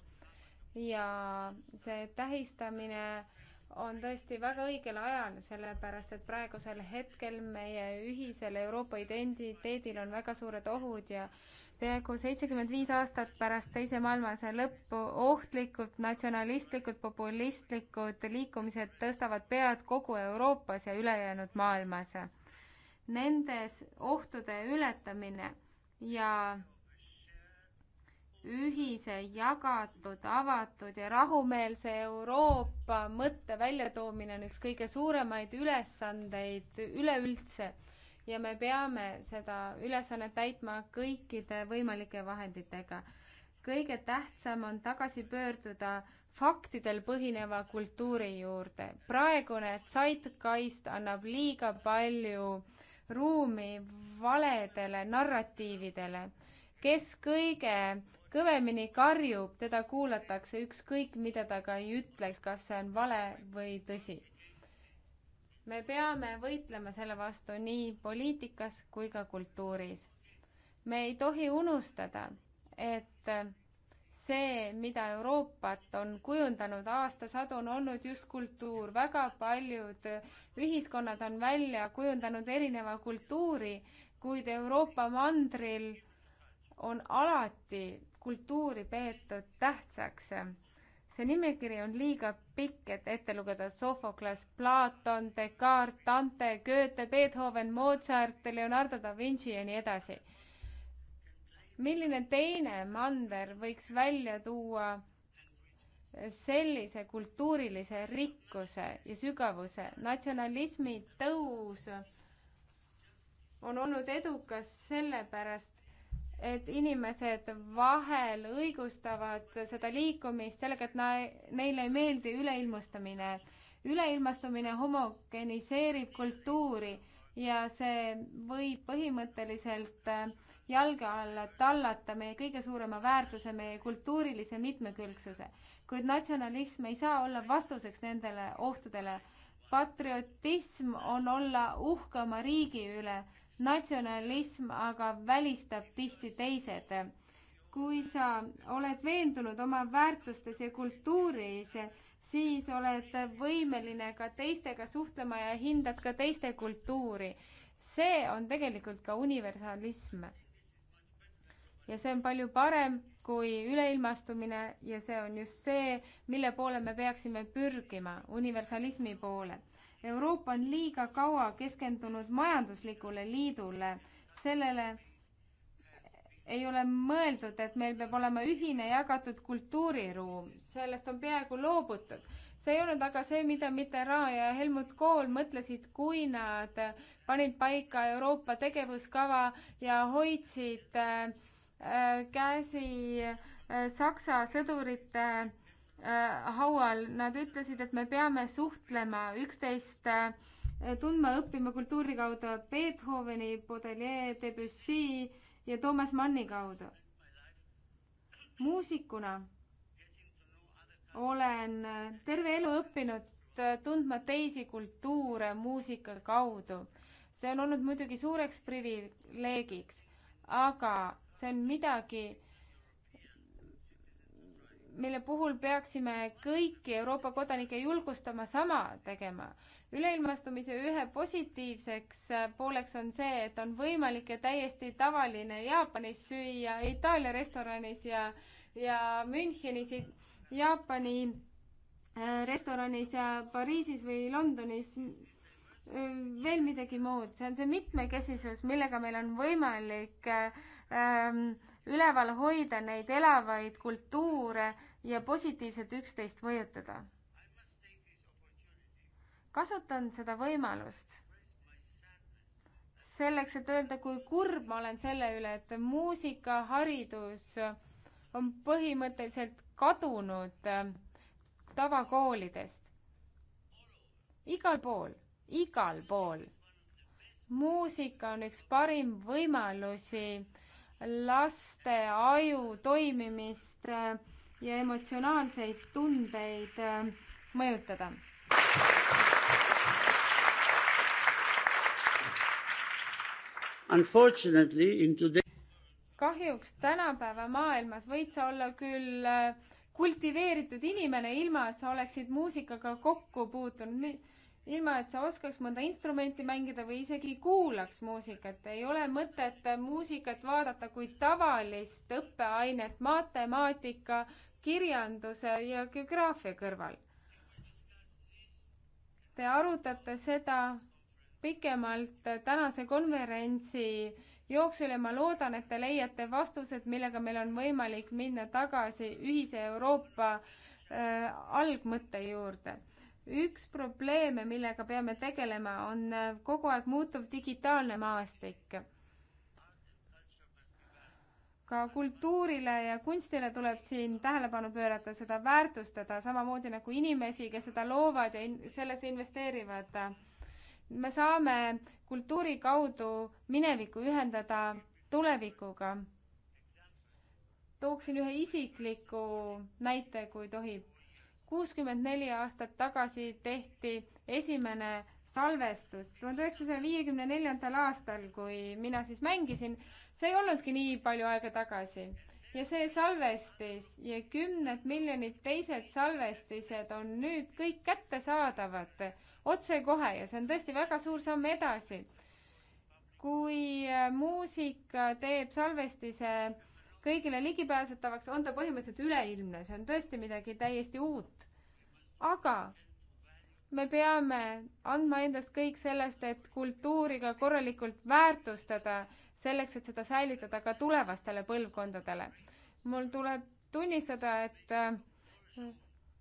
ja see tähistamine on tõesti väga õigel ajal, sellepärast et praegusel hetkel meie ühisel Euroopa identiteedil on väga suured ohud ja äh, peaaegu seitsekümmend viis aastat pärast Teise maailmasõja lõppu ohtlikud natsionalistlikud, populistlikud liikumised tõstavad pead kogu Euroopas ja ülejäänud maailmas. Nendes ohtude ületamine ja ühise, jagatud, avatud ja rahumeelse Euroopa mõtte väljatoomine on üks kõige suuremaid ülesandeid üleüldse ja me peame seda ülesannet täitma kõikide võimalike vahenditega. kõige tähtsam on tagasi pöörduda faktidel põhineva kultuuri juurde. praegune zeitgeist annab liiga palju ruumi valedele narratiividele. kes kõige kõvemini karjub, teda kuulatakse ükskõik, mida ta ka ei ütleks, kas see on vale või tõsi me peame võitlema selle vastu nii poliitikas kui ka kultuuris. me ei tohi unustada, et see, mida Euroopat on kujundanud aastasadu, on olnud just kultuur. väga paljud ühiskonnad on välja kujundanud erineva kultuuri, kuid Euroopa mandril on alati kultuuri peetud tähtsaks see nimekiri on liiga pikk, et ette lugeda Sofokles, Platon, Descartes, Dante, Goethe, Beethoven, Mozart, Leonardo da Vinci ja nii edasi. milline teine mander võiks välja tuua sellise kultuurilise rikkuse ja sügavuse, natsionalismi tõus on olnud edukas sellepärast, et inimesed vahel õigustavad seda liikumist sellega, et na-, neile ei meeldi üleilmustamine. üleilmastumine homogeniseerib kultuuri ja see võib põhimõtteliselt äh, jalge alla tallata meie kõige suurema väärtuse, meie kultuurilise mitmekülgsuse. kuid natsionalism ei saa olla vastuseks nendele ohtudele. patriotism on olla uhke oma riigi üle natsionalism aga välistab tihti teised. kui sa oled veendunud oma väärtustes ja kultuuris, siis oled võimeline ka teistega suhtlema ja hindad ka teiste kultuuri. see on tegelikult ka universalism. ja see on palju parem kui üleilmastumine ja see on just see, mille poole me peaksime pürgima, universalismi poole Euroopa on liiga kaua keskendunud majanduslikule liidule, sellele ei ole mõeldud, et meil peab olema ühine jagatud kultuuriruum, sellest on peaaegu loobutud. see ei olnud aga see, mida Mitterrand ja Helmut Kohl mõtlesid, kui nad panid paika Euroopa tegevuskava ja hoidsid äh, äh käsi äh, Saksa sõdurite äh, Äh, haual, nad ütlesid, et me peame suhtlema üksteist äh, tundma, õppima kultuuri kaudu Beethoveni, Baudelaire, Debussy ja Thomas Manni kaudu. muusikuna olen äh, terve elu õppinud tundma teisi kultuure muusika kaudu. see on olnud muidugi suureks privileegiks, aga see on midagi, mille puhul peaksime kõiki Euroopa kodanikke julgustama sama tegema. üleilmastumise ühe positiivseks äh, pooleks on see, et on võimalik ja täiesti tavaline Jaapanis süüa Itaalia restoranis ja, ja Münchenis Jaapani äh, restoranis ja Pariisis või Londonis äh, veel midagi muud, see on see mitmekesisus, millega meil on võimalik ähm, üleval hoida neid elavaid kultuure ja positiivselt üksteist mõjutada. kasutan seda võimalust selleks, et öelda, kui kurb ma olen selle üle, et muusikaharidus on põhimõtteliselt kadunud äh, tavakoolidest. igal pool, igal pool. muusika on üks parim võimalusi laste aju toimimist äh, ja emotsionaalseid tundeid äh, mõjutada. Unfortunately in today kahjuks tänapäeva maailmas võid sa olla küll äh, kultiveeritud inimene, ilma et sa oleksid muusikaga kokku puutunud ilma, et sa oskaks mõnda instrumenti mängida või isegi kuulaks muusikat. ei ole mõtet muusikat vaadata kui tavalist õppeainet matemaatika, kirjanduse ja geograafia kõrval. Te arutate seda pikemalt tänase konverentsi jooksul ja ma loodan, et te leiate vastused, millega meil on võimalik minna tagasi ühise Euroopa äh, algmõtte juurde üks probleeme, millega peame tegelema, on äh, kogu aeg muutuv digitaalne maastik. ka kultuurile ja kunstile tuleb siin tähelepanu pöörata, seda väärtustada, samamoodi nagu inimesi, kes seda loovad ja in sellesse investeerivad. me saame kultuuri kaudu minevikku ühendada tulevikuga. tooksin ühe isikliku näite, kui tohib kuuskümmend neli aastat tagasi tehti esimene salvestus tuhande üheksasaja viiekümne neljandal aastal, kui mina siis mängisin. see ei olnudki nii palju aega tagasi ja see salvestis ja kümned miljonid teised salvestised on nüüd kõik kättesaadavad otsekohe ja see on tõesti väga suur samm edasi. kui äh, muusika teeb salvestise kõigile ligipääsetavaks, on ta põhimõtteliselt üleilmne, see on tõesti midagi täiesti uut. aga me peame andma endast kõik sellest, et kultuuri ka korralikult väärtustada, selleks, et seda säilitada ka tulevastele põlvkondadele. mul tuleb tunnistada, et äh,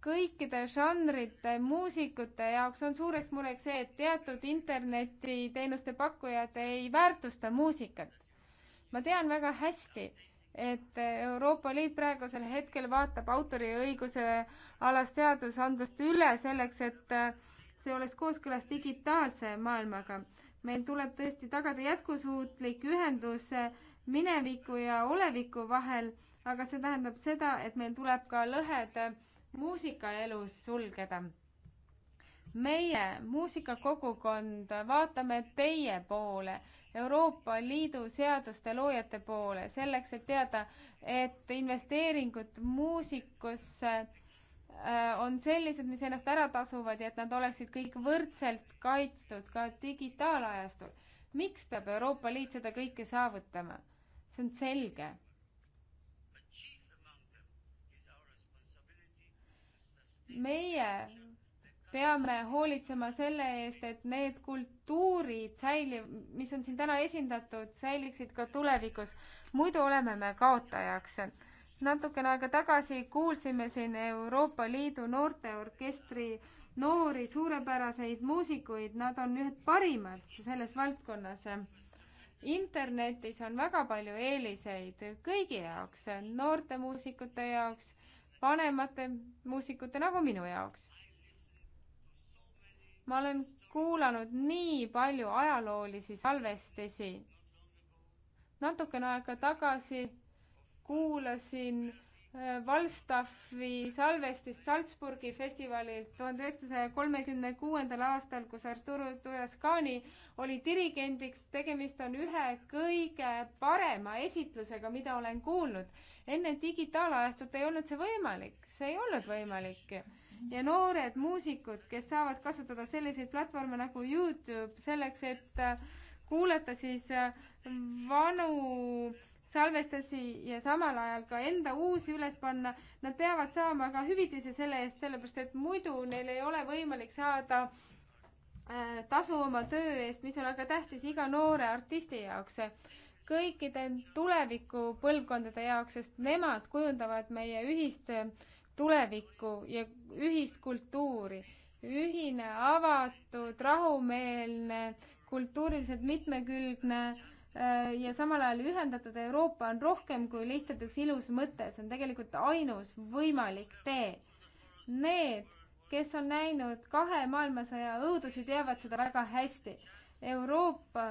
kõikide žanrite muusikute jaoks on suureks mureks see, et teatud internetiteenuste pakkujad ei väärtusta muusikat. ma tean väga hästi, et Euroopa Liit praegusel hetkel vaatab autoriõiguse alast seadusandlust üle selleks, et äh, see oleks kooskõlas digitaalse maailmaga. meil tuleb tõesti tagada jätkusuutlik ühendus äh, mineviku ja oleviku vahel, aga see tähendab seda, et meil tuleb ka lõhed äh, muusikaelus sulgeda. meie muusikakogukond, vaatame teie poole Euroopa Liidu seaduste loojate poole, selleks et teada, et investeeringud muusikusse äh, on sellised, mis ennast ära tasuvad ja et nad oleksid kõik võrdselt kaitstud ka digitaalajastul. miks peab Euroopa Liit seda kõike saavutama? see on selge. meie peame hoolitsema selle eest, et need kultuurid säili-, mis on siin täna esindatud, säiliksid ka tulevikus. muidu oleme me kaotajaks. natukene aega tagasi kuulsime siin Euroopa Liidu noorteorkestri noori suurepäraseid muusikuid, nad on ühed parimad selles valdkonnas. internetis on väga palju eeliseid kõigi jaoks, noorte muusikute jaoks, vanemate muusikute nagu minu jaoks ma olen kuulanud nii palju ajaloolisi salvestisi. natukene aega tagasi kuulasin Valstaffi äh, salvestist Salzburgi festivalilt tuhande üheksasaja kolmekümne kuuendal aastal, kus Arturo Tujaskani oli dirigendiks. tegemist on ühe kõige parema esitlusega, mida olen kuulnud. enne digitaalajastut ei olnud see võimalik, see ei olnud võimalik ja noored muusikud, kes saavad kasutada selliseid platvorme nagu Youtube selleks, et äh, kuulata siis äh, vanu salvestasi ja samal ajal ka enda uusi üles panna, nad peavad saama ka hüvitise selle eest, sellepärast et muidu neil ei ole võimalik saada äh, tasu oma töö eest, mis on väga tähtis iga noore artisti jaoks, kõikide tulevikupõlvkondade jaoks, sest nemad kujundavad meie ühist tulevikku ja ühist kultuuri. ühine, avatud, rahumeelne, kultuuriliselt mitmekülgne äh, ja samal ajal ühendatud Euroopa on rohkem kui lihtsalt üks ilus mõte, see on tegelikult ainus võimalik tee. Need, kes on näinud kahe maailmasõja õudusi, teavad seda väga hästi. Euroopa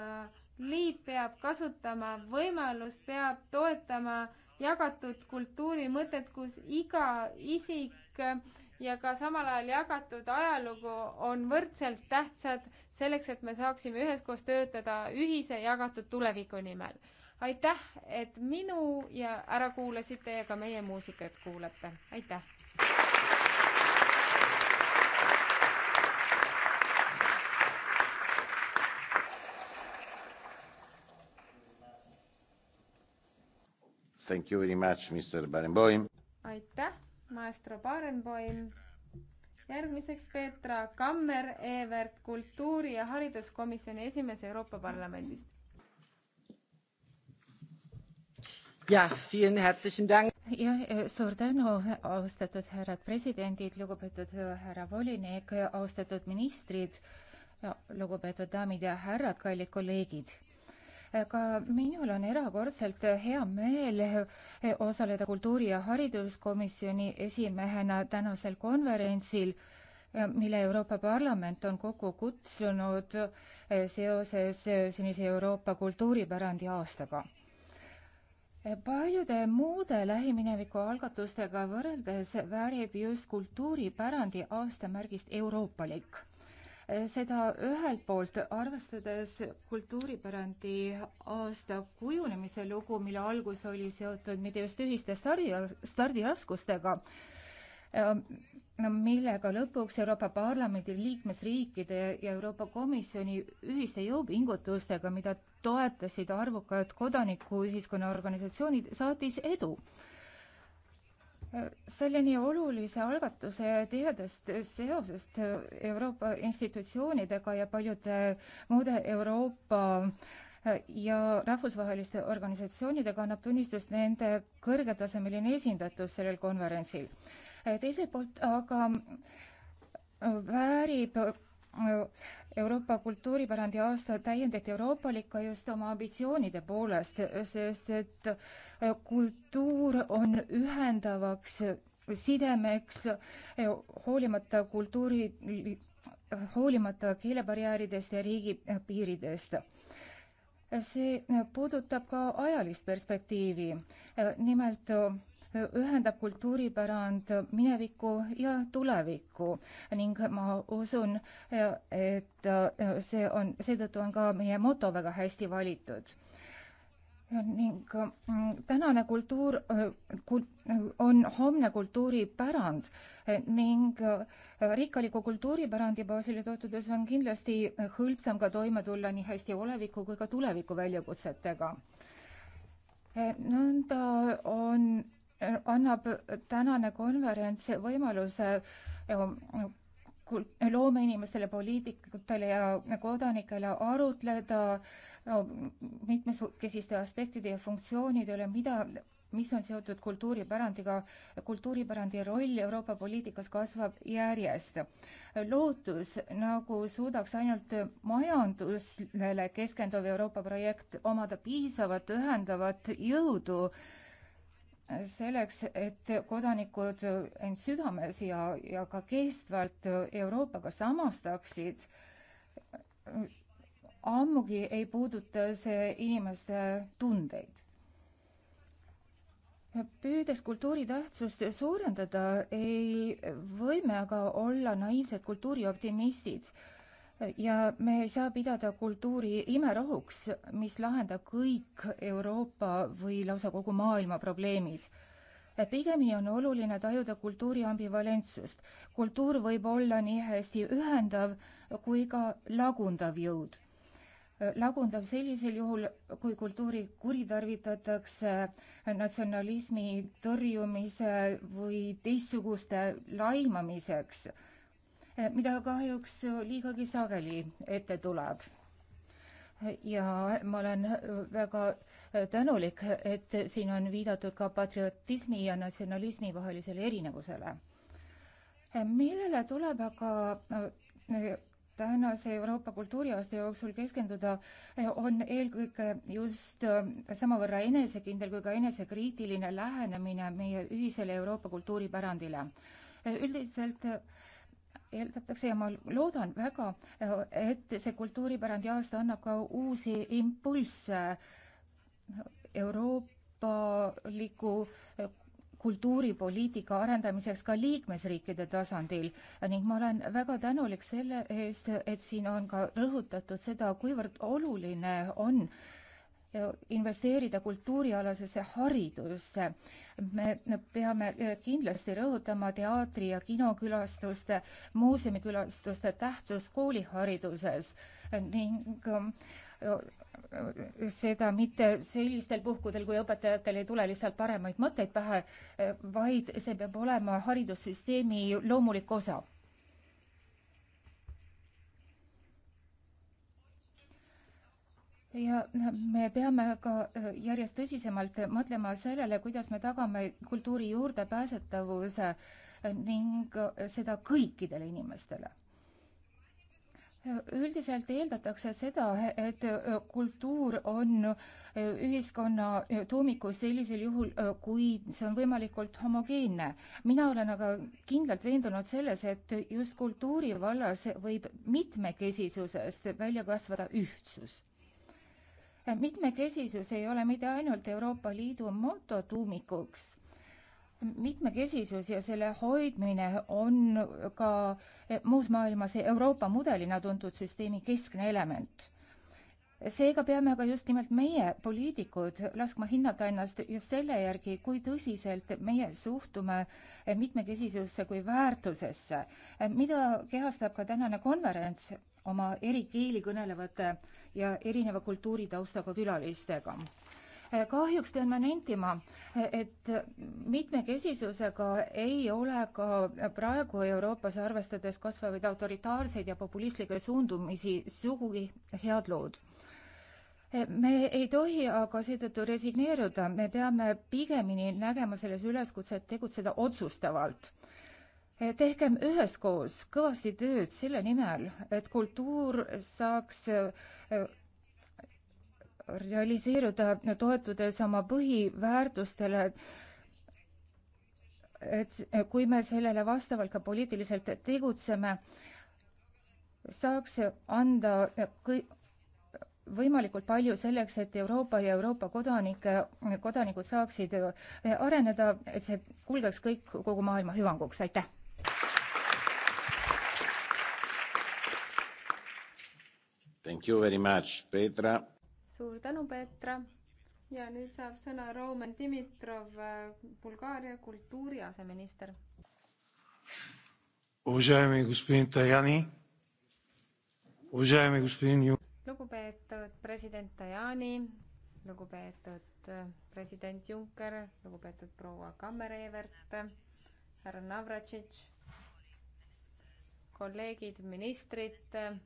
Liit peab kasutama võimalust, peab toetama äh, jagatud kultuuri mõtet, kus iga isik ja ka samal ajal jagatud ajalugu on võrdselt tähtsad selleks, et me saaksime üheskoos töötada ühise jagatud tuleviku nimel. aitäh, et minu ja ära kuulasite ja ka meie muusikat kuulate, aitäh! Thank you very much, Mr Barenboim. aitäh, maestro Barenboim. järgmiseks Petra Kammer, EVERT kultuuri- ja hariduskomisjoni esimees Euroopa Parlamendist. jah, vielen herzlichen Dank. jah, e, suur tänu, austatud härrad presidendid, lugupeetud härra volinik, austatud ministrid, lugupeetud daamid ja härrad, kallid kolleegid ka minul on erakordselt hea meel eh, osaleda kultuuri- ja hariduskomisjoni esimehena tänasel konverentsil, eh, mille Euroopa Parlament on kokku kutsunud eh, seoses senise Euroopa kultuuripärandi aastaga paljude muude lähimineviku algatustega võrreldes väärib just kultuuripärandi aastamärgist euroopalik seda ühelt poolt arvestades kultuuripärandi aasta kujunemise lugu, mille algus oli seotud mitte just ühiste stardi, stardiraskustega, äh, millega lõpuks Euroopa Parlamendi liikmesriikide ja Euroopa Komisjoni ühiste jõupingutustega, mida toetasid arvukad kodanikuühiskonna organisatsioonid, saatis edu selle nii olulise algatuse tihedast seosest Euroopa institutsioonidega ja paljude muude Euroopa äh, ja rahvusvaheliste organisatsioonidega annab tunnistust nende kõrgetasemeline esindatus sellel konverentsil. Äh, teiselt poolt aga väärib Euroopa kultuuripärandi aasta täiendati euroopalika just oma ambitsioonide poolest, sest et kultuur on ühendavaks sidemeks hoolimata kultuuri, hoolimata keelebarjääridest ja riigipiiridest. see puudutab ka ajalist perspektiivi, nimelt ühendab kultuuripärand minevikku ja tulevikku ning ma usun, et see on, seetõttu on ka meie moto väga hästi valitud ning mm, tänane kultuur on homne kultuuripärand ning rikkaliku kultuuripärandi baasile toetudes on kindlasti hõlpsam ka toime tulla nii hästi oleviku kui ka tuleviku väljakutsetega. nõnda on annab tänane konverents võimaluse eh, loomeinimestele, poliitikutele ja kodanikele arutleda no, eh, mitmesugusiste aspektide ja funktsioonide üle, mida, mis on seotud kultuuripärandiga. kultuuripärandi roll Euroopa poliitikas kasvab järjest. lootus, nagu suudaks ainult majandusele keskenduv Euroopa projekt omada piisavat ühendavat jõudu, selleks, et kodanikud end südames ja, ja ka kestvalt Euroopaga samastaksid, ammugi ei puuduta see inimeste tundeid püüdes kultuuri tähtsust suurendada, ei võime aga olla naiivsed kultuurioptimistid ja me ei saa pidada kultuuri imerahuks, mis lahendab kõik Euroopa või lausa kogu maailma probleemid. pigemini on oluline tajuda kultuuri ambivalentsust. kultuur võib olla nii hästi ühendav kui ka lagundav jõud. lagundav sellisel juhul, kui kultuuri kuritarvitatakse natsionalismi tõrjumise või teistsuguste laimamiseks Eh, mida kahjuks liigagi sageli ette tuleb ja ma olen väga eh, tänulik, et siin on viidatud ka patriotismi ja natsionalismi vahelisele erinevusele. Eh, millele tuleb aga tänase Euroopa kultuuriaasta jooksul keskenduda, on eelkõige just samavõrra enesekindel kui ka enesekriitiline lähenemine meie ühisele Euroopa kultuuripärandile. üldiselt äh, eeldatakse ja ma loodan väga, et see kultuuripärandi aasta annab ka uusi impulsse euroopaliku kultuuripoliitika arendamiseks ka liikmesriikide tasandil ning ma olen väga tänulik selle eest, et siin on ka rõhutatud seda, kuivõrd oluline on äh, investeerida kultuurialasesse haridusse. me peame e, kindlasti rõhutama teatri- ja kinokülastuste, muuseumikülastuste tähtsust koolihariduses ning e, e, seda mitte sellistel puhkudel, kui õpetajatel ei tule lihtsalt paremaid mõtteid pähe, vaid see peab olema haridussüsteemi loomulik osa ja me peame ka äh, järjest tõsisemalt mõtlema sellele, kuidas me tagame kultuuri juurdepääsetavuse äh, ning äh, seda kõikidele inimestele. üldiselt eeldatakse seda, et kultuur on ühiskonna tuumikus sellisel juhul, kui see on võimalikult homogeenne. mina olen aga kindlalt veendunud selles, et just kultuuri vallas võib mitmekesisusest välja kasvada ühtsus mitmekesisus ei ole mitte ainult Euroopa Liidu moto tuumikuks, mitmekesisus ja selle hoidmine on ka muus maailmas Euroopa mudelina tuntud süsteemi keskne element. seega peame aga just nimelt meie, poliitikud, laskma hinnata ennast just selle järgi, kui tõsiselt meie suhtume mitmekesisusse kui väärtusesse, mida kehastab ka tänane konverents oma eri keeli kõnelevate ja erineva kultuuritaustaga külalistega äh, kahjuks pean ma nentima, äh, et mitmekesisusega ei ole ka praegu Euroopas, arvestades kasvavaid autoritaarseid ja populistlikke suundumisi, sugugi head lood äh, me ei tohi aga seetõttu resigneeruda, me peame pigemini nägema selles üleskutset tegutseda otsustavalt. Eh, tehkem üheskoos kõvasti tööd selle nimel, et kultuur saaks eh, realiseeruda, toetudes oma põhiväärtustele, et eh, kui me sellele vastavalt ka poliitiliselt tegutseme, saaks anda kõi-, võimalikult palju selleks, et Euroopa ja Euroopa kodanike, kodanikud saaksid areneda, et see kulgeks kõik kogu maailma hüvanguks, aitäh! Thank you very much, Petra. suur tänu, Petra. ja nüüd saab sõna Roman Dimitrov, äh, Bulgaaria kultuuri aseminister. lugupeetud president Tajani, lugupeetud äh, president Juncker, lugupeetud proua Kammer-Evert, härra Navratšitš, kolleegid, ministrid äh,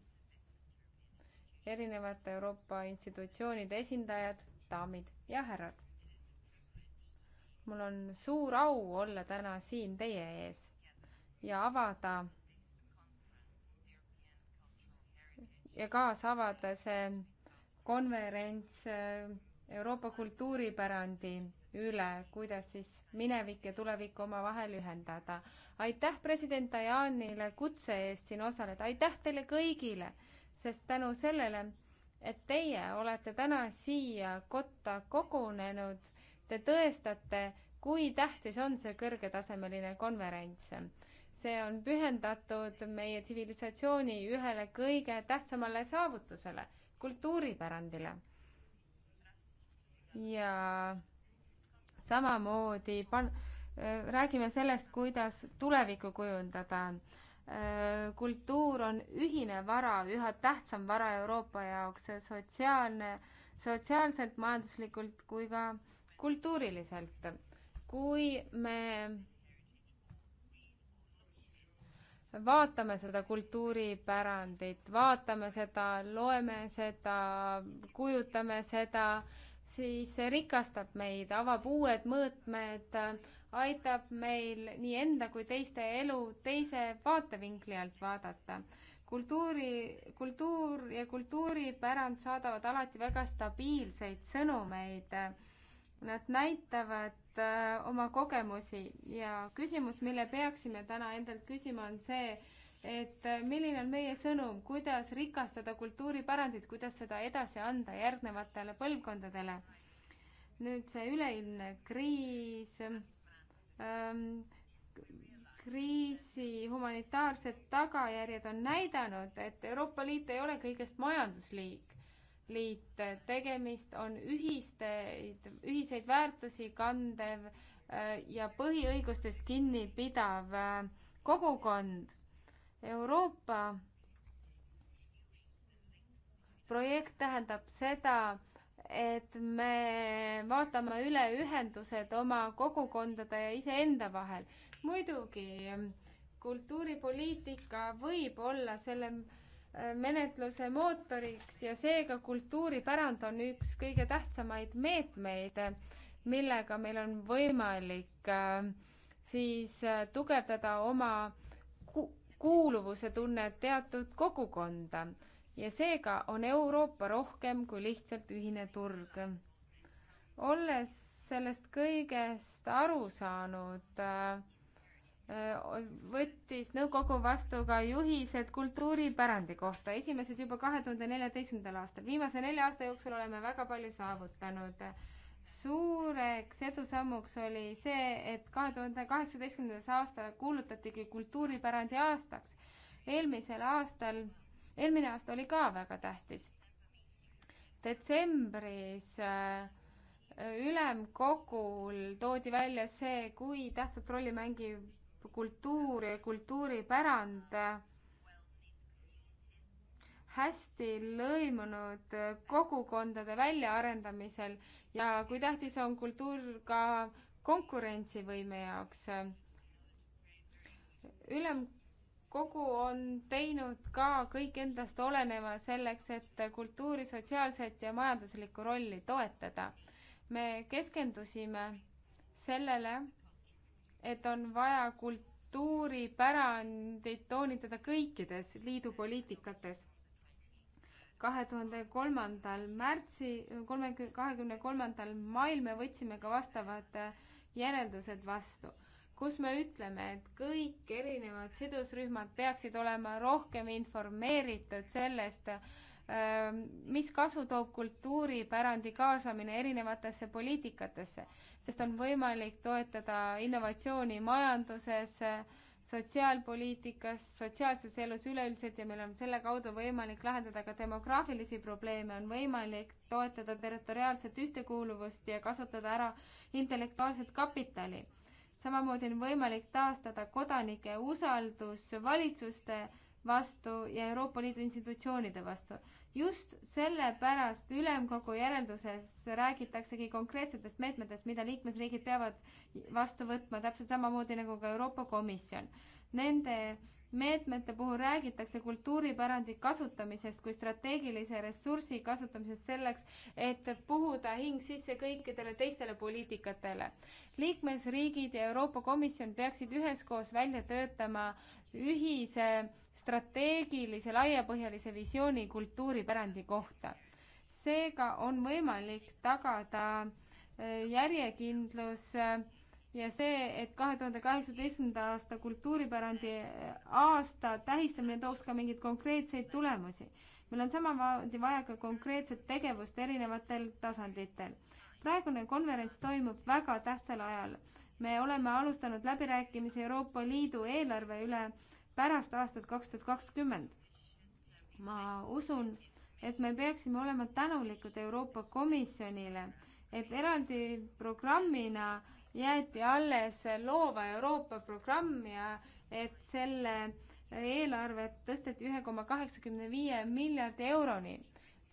erinevate Euroopa institutsioonide esindajad, daamid ja härrad. mul on suur au olla täna siin teie ees ja avada ja kaasavada see konverents äh, Euroopa kultuuripärandi üle, kuidas siis minevik ja tulevik omavahel ühendada. aitäh president Tajanile kutse eest siin osaleda, aitäh teile kõigile sest tänu sellele, et teie olete täna siia kotta kogunenud, te tõestate, kui tähtis on see kõrgetasemeline konverents. see on pühendatud meie tsivilisatsiooni ühele kõige tähtsamale saavutusele, kultuuripärandile. ja samamoodi pan-, äh, räägime sellest, kuidas tulevikku kujundada Äh, kultuur on ühine vara, üha tähtsam vara Euroopa jaoks, sotsiaalne, sotsiaalselt, majanduslikult kui ka kultuuriliselt. kui me vaatame seda kultuuripärandit, vaatame seda, loeme seda, kujutame seda, siis see rikastab meid, avab uued mõõtmed äh, aitab meil nii enda kui teiste elu teise vaatevinkli alt vaadata. kultuuri, kultuur ja kultuuripärand saadavad alati väga stabiilseid sõnumeid. Nad näitavad äh, oma kogemusi ja küsimus, mille peaksime täna endalt küsima, on see, et äh, milline on meie sõnum, kuidas rikastada kultuuripärandit, kuidas seda edasi anda järgnevatele põlvkondadele. nüüd see üleilmne kriis Ehm, kriisi humanitaarsed tagajärjed on näidanud, et Euroopa Liit ei ole kõigest majandusliik, liit, tegemist on ühiste, ühiseid väärtusi kandev eh, ja põhiõigustest kinni pidav eh, kogukond. Euroopa projekt tähendab seda, et me vaatame üle ühendused oma kogukondade ja iseenda vahel. muidugi kultuuripoliitika võib olla selle äh, menetluse mootoriks ja seega kultuuripärand on üks kõige tähtsamaid meetmeid, millega meil on võimalik äh, siis äh, tugevdada oma kuuluvuse tunnet teatud kogukonda ja seega on Euroopa rohkem kui lihtsalt ühine turg. olles sellest kõigest aru saanud, äh, võttis nõukogu vastu ka juhised kultuuripärandi kohta, esimesed juba kahe tuhande neljateistkümnendal aastal. viimase nelja aasta jooksul oleme väga palju saavutanud. suureks edusammuks oli see, et kahe tuhande kaheksateistkümnendas aasta kuulutatigi kultuuripärandi aastaks. eelmisel aastal eelmine aasta oli ka väga tähtis. detsembris äh, ülemkogul toodi välja see, kui tähtsat rolli mängib kultuur ja kultuuripärand hästi lõimunud kogukondade väljaarendamisel ja kui tähtis on kultuur ka konkurentsivõime jaoks. ülem kogu on teinud ka kõik endast oleneva selleks, et kultuuri sotsiaalset ja majanduslikku rolli toetada. me keskendusime sellele, et on vaja kultuuripärandit toonitada kõikides liidu poliitikates. kahe tuhande kolmandal märtsi, kolmekümne, kahekümne kolmandal mail me võtsime ka vastavad järeldused vastu kus me ütleme, et kõik erinevad sidusrühmad peaksid olema rohkem informeeritud sellest, ähm, mis kasu toob kultuuripärandi kaasamine erinevatesse poliitikatesse, sest on võimalik toetada innovatsiooni majanduses, sotsiaalpoliitikas, sotsiaalses elus üleüldiselt ja meil on selle kaudu võimalik lahendada ka demograafilisi probleeme, on võimalik toetada territoriaalset ühtekuuluvust ja kasutada ära intellektuaalset kapitali samamoodi on võimalik taastada kodanike usaldus valitsuste vastu ja Euroopa Liidu institutsioonide vastu. just sellepärast ülemkogu järelduses räägitaksegi konkreetsetest meetmetest, mida liikmesriigid peavad vastu võtma, täpselt samamoodi nagu ka Euroopa Komisjon. Nende meetmete puhul räägitakse kultuuripärandi kasutamisest kui strateegilise ressursi kasutamisest selleks, et puhuda hing sisse kõikidele teistele poliitikatele. liikmesriigid ja Euroopa Komisjon peaksid üheskoos välja töötama ühise strateegilise laiapõhjalise visiooni kultuuripärandi kohta. seega on võimalik tagada äh, järjekindlus äh, ja see, et kahe tuhande kaheksateistkümnenda aasta kultuuripärandi äh, aasta tähistamine tooks ka mingeid konkreetseid tulemusi. meil on samamoodi vaja ka konkreetset tegevust erinevatel tasanditel. praegune konverents toimub väga tähtsal ajal. me oleme alustanud läbirääkimisi Euroopa Liidu eelarve üle pärast aastat kaks tuhat kakskümmend. ma usun, et me peaksime olema tänulikud Euroopa Komisjonile, et eraldi programmina äh, jäeti alles loova Euroopa programm ja et selle eelarvet tõsteti ühe koma kaheksakümne viie miljardi euroni.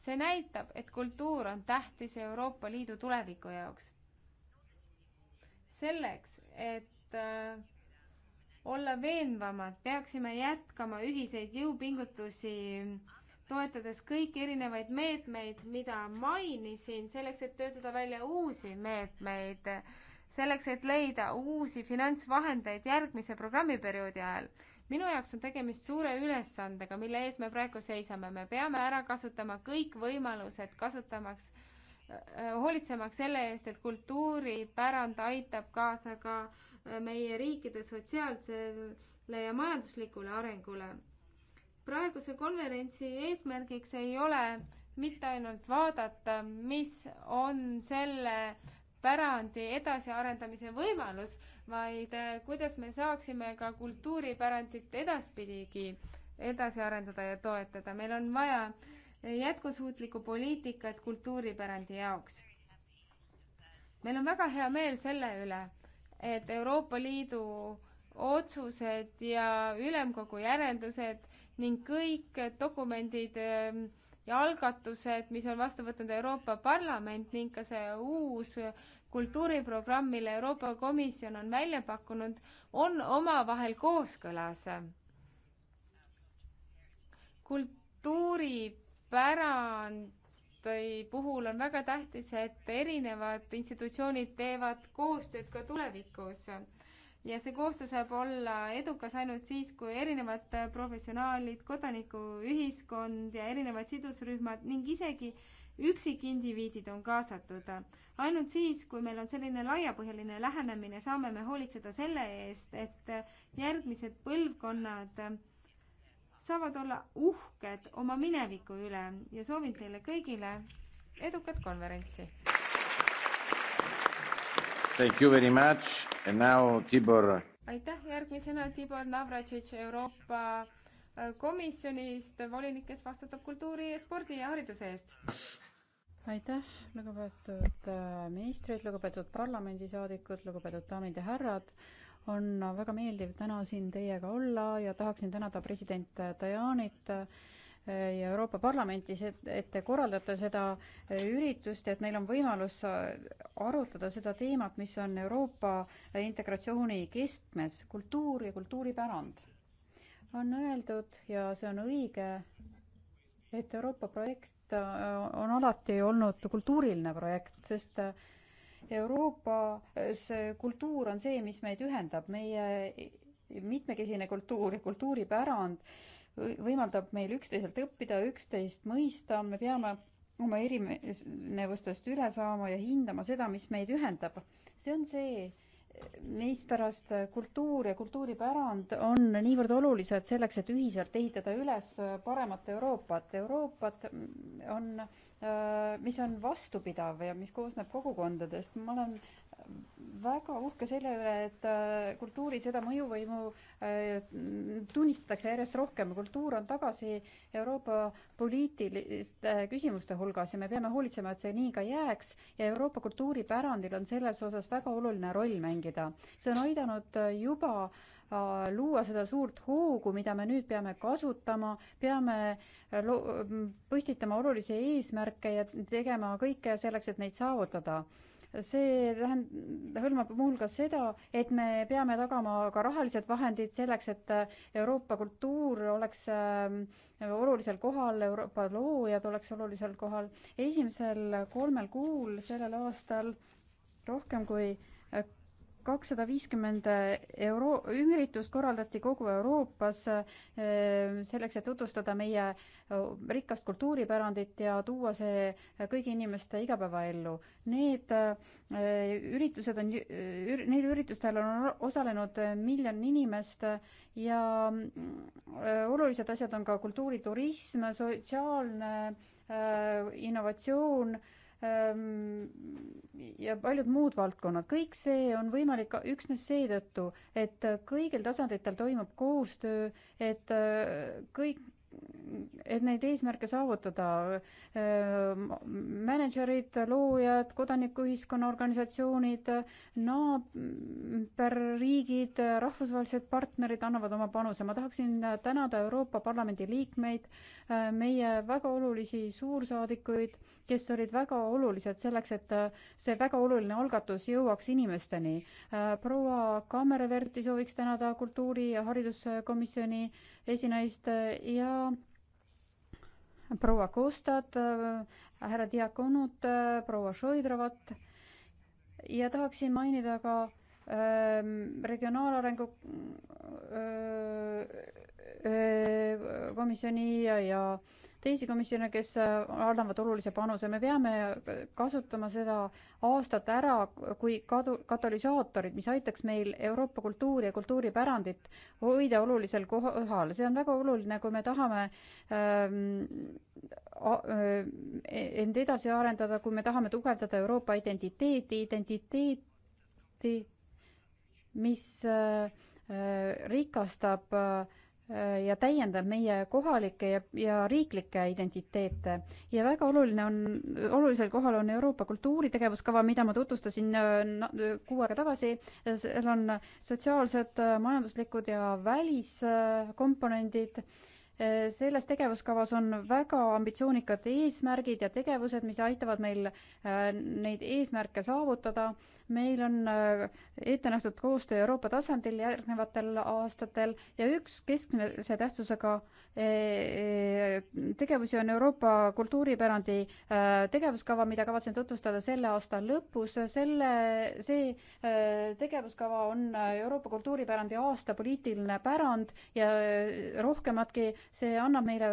see näitab, et kultuur on tähtis Euroopa Liidu tuleviku jaoks. selleks, et äh, olla veenvamad, peaksime jätkama ühiseid jõupingutusi, toetades kõiki erinevaid meetmeid, mida mainisin, selleks, et töötada välja uusi meetmeid äh, selleks, et leida uusi finantsvahendeid järgmise programmiperioodi ajal. minu jaoks on tegemist suure ülesandega, mille ees me praegu seisame. me peame ära kasutama kõik võimalused, kasutamaks, äh, äh, hoolitsemaks selle eest, et kultuuripärand aitab kaasa ka äh, meie riikide sotsiaalsele ja majanduslikule arengule. praeguse konverentsi eesmärgiks ei ole mitte ainult vaadata, mis on selle pärandi edasiarendamise võimalus, vaid äh, kuidas me saaksime ka kultuuripärandit edaspidigi edasi arendada ja toetada. meil on vaja jätkusuutlikku poliitikat kultuuripärandi jaoks. meil on väga hea meel selle üle, et Euroopa Liidu otsused ja ülemkogu järeldused ning kõik dokumendid äh, ja algatused, mis on vastu võtnud Euroopa Parlament ning ka see uus kultuuriprogramm, mille Euroopa Komisjon on välja pakkunud, on omavahel kooskõlas. kultuuripärandi puhul on väga tähtis, et erinevad institutsioonid teevad koostööd ka tulevikus ja see koostöö saab olla edukas ainult siis, kui erinevad professionaalid, kodanikuühiskond ja erinevad sidusrühmad ning isegi üksikindiviidid on kaasatud. ainult siis, kui meil on selline laiapõhjaline lähenemine, saame me hoolitseda selle eest, et järgmised põlvkonnad saavad olla uhked oma mineviku üle ja soovin teile kõigile edukat konverentsi! aitäh, järgmisena Tibor Navratšitš Euroopa äh, Komisjonist, volinik, kes vastutab kultuuri, spordi ja hariduse eest. aitäh, lugupeetud äh, ministrid, lugupeetud parlamendisaadikud, lugupeetud daamid ja härrad on väga meeldiv täna siin teiega olla ja tahaksin tänada president Tajanit äh, ja Euroopa Parlamenti, et te korraldate seda üritust ja et meil on võimalus arutada seda teemat, mis on Euroopa integratsiooni kestmes, kultuur ja kultuuripärand. on öeldud ja see on õige, et Euroopa projekt äh, on alati olnud kultuuriline projekt, sest Euroopas kultuur on see, mis meid ühendab, meie mitmekesine kultuur ja kultuuripärand võimaldab meil üksteiselt õppida, üksteist mõista, me peame oma erinevustest üle saama ja hindama seda, mis meid ühendab. see on see, mispärast kultuur ja kultuuripärand on niivõrd olulised selleks, et ühiselt ehitada üles paremat Euroopat. Euroopat on, mis on vastupidav ja mis koosneb kogukondadest. ma olen väga uhke selle üle, et äh, kultuuri seda mõjuvõimu äh, tunnistatakse järjest rohkem. kultuur on tagasi Euroopa poliitiliste küsimuste hulgas ja me peame hoolitsema, et see nii ka jääks ja Euroopa kultuuripärandil on selles osas väga oluline roll mängida. see on aidanud äh, juba luua seda suurt hoogu, mida me nüüd peame kasutama, peame lo-, püstitama olulisi eesmärke ja tegema kõike selleks, et neid saavutada see tähend-, hõlmab muuhulgas seda, et me peame tagama ka rahalised vahendid selleks, et äh, Euroopa kultuur oleks ähm, olulisel kohal, Euroopa loojad oleks olulisel kohal. esimesel kolmel kuul sellel aastal rohkem kui kakssada viiskümmend euro, üritust korraldati kogu Euroopas ehm, selleks, et tutvustada meie eh, rikast kultuuripärandit ja tuua see kõigi inimeste igapäevaellu. Need eh, üritused on, eh, neil üritustel on osalenud miljon inimest ja olulised asjad on ka kultuuriturism, sotsiaalne innovatsioon Ehm, ja paljud muud valdkonnad, kõik see on võimalik üksnes seetõttu, et kõigil tasanditel toimub koostöö, et äh, kõik et neid eesmärke saavutada, ehm, mänedžerid, loojad, kodanikuühiskonna organisatsioonid, naaberriigid, rahvusvahelised partnerid annavad oma panuse. ma tahaksin tänada Euroopa Parlamendi liikmeid, ehm, meie väga olulisi suursaadikuid, kes olid väga olulised selleks, et see väga oluline algatus jõuaks inimesteni. Ehm, proua Kaamerverti sooviks tänada kultuuri- ja hariduskomisjoni esinaist ja proua Kostat, härra Diakonut, proua Šoidrovat ja tahaksin mainida ka öö, ähm, regionaalarengu öö, äh, öö, äh, komisjoni ja, ja öö, teisi komisjone, kes äh, annavad olulise panuse, me peame kasutama seda aastat ära kui kadu, katalüsaatorit, mis aitaks meil Euroopa kultuuri ja kultuuripärandit hoida olulisel kohal, see on väga oluline, kui me tahame ähm, äh, end edasi arendada, kui me tahame tugevdada Euroopa identiteeti, identiteeti, mis äh, äh, rikastab äh, Äh, ja täiendab meie kohalikke ja, ja riiklikke identiteete. ja väga oluline on, olulisel kohal on Euroopa kultuuritegevuskava, mida ma tutvustasin äh, äh, kuu aega tagasi, seal on sotsiaalsed, majanduslikud ja väliskomponendid, selles tegevuskavas on väga ambitsioonikad eesmärgid ja tegevused, mis aitavad meil neid eesmärke saavutada meil on äh, ette nähtud koostöö Euroopa tasandil järgnevatel aastatel ja üks keskmise tähtsusega äh, äh, tegevusi on Euroopa kultuuripärandi tegevuskava, mida kavatsen tutvustada selle aasta lõpus. selle, see tegevuskava on Euroopa kultuuripärandi aasta poliitiline pärand ja rohkematki, see annab meile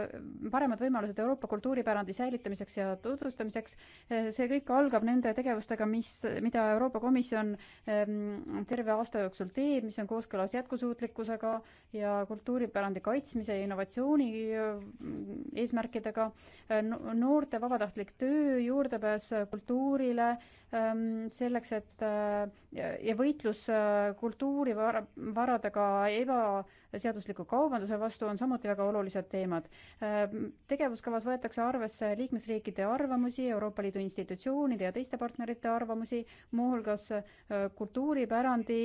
paremad võimalused Euroopa kultuuripärandi säilitamiseks ja tutvustamiseks. see kõik algab nende tegevustega, mis, mida Euroopa komisjon ehm, terve aasta jooksul teeb, mis on kooskõlas jätkusuutlikkusega ja kultuuripärandi kaitsmise ja innovatsiooni ehm, eesmärkidega, noorte vabatahtlik töö, juurdepääs kultuurile, Ehm, selleks, et äh, ja võitlus äh, kultuurivara, varadega ebaseadusliku kaubanduse vastu on samuti väga olulised teemad. Ehm, tegevuskavas võetakse arvesse liikmesriikide arvamusi, Euroopa Liidu institutsioonide ja teiste partnerite arvamusi, muuhulgas äh, kultuuripärandi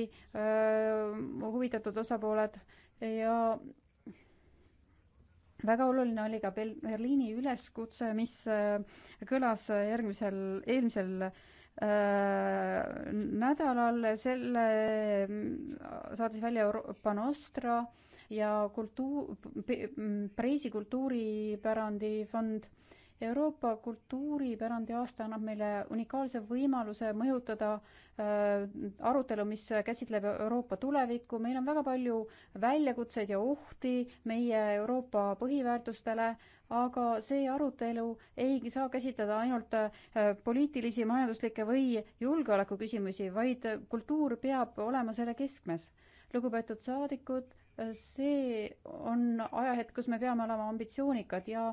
huvitatud osapooled ja väga oluline oli ka Berliini üleskutse, mis kõlas järgmisel, eelmisel Äh, nädalal, selle mm, saatis välja Euroopa Nostra ja kultuur, Preisi kultuuripärandi fond. Euroopa kultuuripärandi aasta annab meile unikaalse võimaluse mõjutada äh, arutelu, mis käsitleb Euroopa tulevikku, meil on väga palju väljakutseid ja ohti meie Euroopa põhiväärtustele aga see arutelu ei saa käsitleda ainult äh, poliitilisi, majanduslikke või julgeolekuküsimusi, vaid kultuur peab olema selle keskmes. lugupeetud saadikud, äh, see on ajahetk, kus me peame olema ambitsioonikad ja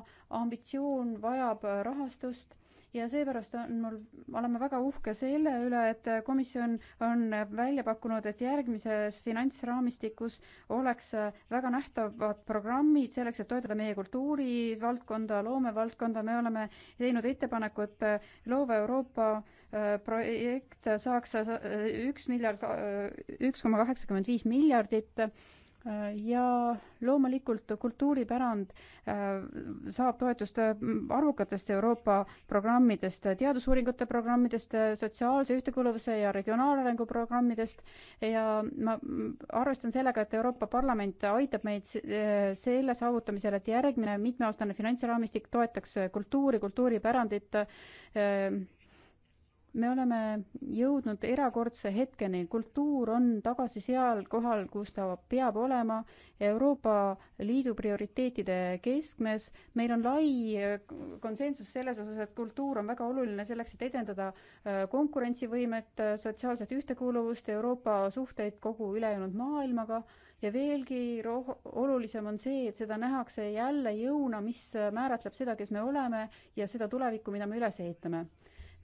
ambitsioon vajab äh, rahastust ja seepärast on mul, oleme väga uhke selle üle, et komisjon on välja pakkunud, et järgmises finantsraamistikus oleks väga nähtavad programmid selleks, et toetada meie kultuurivaldkonda, loomevaldkonda, me oleme teinud ettepaneku, et loova Euroopa äh, projekt saaks äh, üks miljard, äh, üks koma kaheksakümmend viis miljardit ja loomulikult kultuuripärand äh, saab toetust äh, arvukatest Euroopa programmidest, teadusuuringute programmidest, äh, sotsiaalse ühtekuuluvuse ja regionaalarengu programmidest ja ma arvestan sellega, et Euroopa Parlament aitab meid selle saavutamisel, et järgmine mitmeaastane finantsraamistik toetaks kultuuri, kultuuripärandit, me oleme jõudnud erakordse hetkeni, kultuur on tagasi seal kohal, kus ta peab olema, Euroopa Liidu prioriteetide keskmes, meil on lai konsensus selles osas, et kultuur on väga oluline selleks, et edendada äh, konkurentsivõimet, äh, sotsiaalset ühtekuuluvust, Euroopa suhteid kogu ülejäänud maailmaga ja veelgi roh-, olulisem on see, et seda nähakse jälle jõuna, mis äh, määratleb seda, kes me oleme ja seda tulevikku, mida me üles ehitame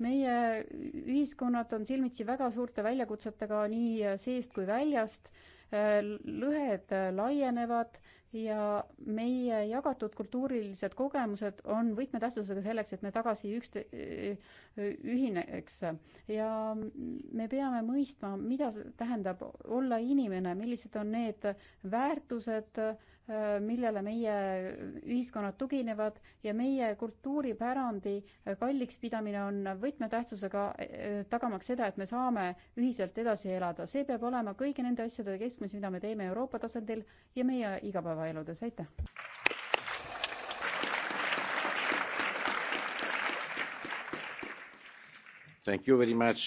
meie ühiskonnad on silmitsi väga suurte väljakutsetega nii seest kui väljast, lõhed laienevad ja meie jagatud kultuurilised kogemused on võtmetähtsusega selleks, et me tagasi ükste-, ühineks. ja me peame mõistma, mida tähendab olla inimene, millised on need väärtused, Äh, millele meie ühiskonnad tuginevad ja meie kultuuripärandi äh, kalliks pidamine on võtmetähtsusega, äh, tagamaks seda, et me saame ühiselt edasi elada. see peab olema kõigi nende asjade keskmes, mida me teeme Euroopa tasandil ja meie igapäevaeludes, aitäh! Thank you very much,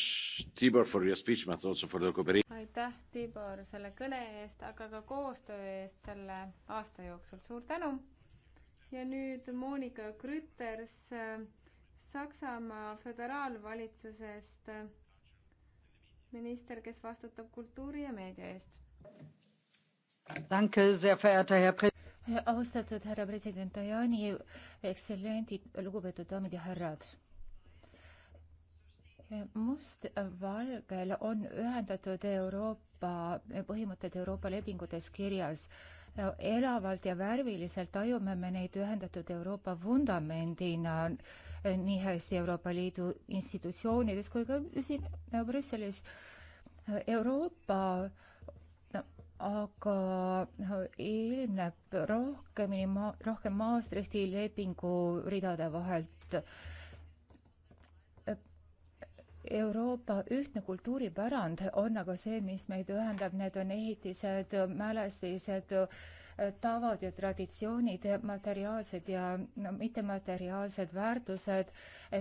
Tibor, for your speech, but also for the cooperation. aitäh, Tibor, selle kõne eest, aga ka koostöö eest selle aasta jooksul, suur tänu! ja nüüd Monika Krüters äh, Saksamaa föderaalvalitsusest, äh, minister, kes vastutab kultuuri ja meedia eest. austatud härra president Tajani, ekstsellendid, lugupeetud daamid ja härrad mustvalgel on ühendatud Euroopa põhimõtted Euroopa lepingutes kirjas. elavalt ja värviliselt tajume me neid ühendatud Euroopa vundamendina nii hästi Euroopa Liidu institutsioonides kui ka siin Brüsselis. Euroopa aga ilmneb rohkem, rohkem Maastrichti lepingu ridade vahelt Euroopa ühtne kultuuripärand on aga see, mis meid ühendab, need on ehitised, mälestised, tavad ja traditsioonid, materiaalsed ja mittemateriaalsed väärtused,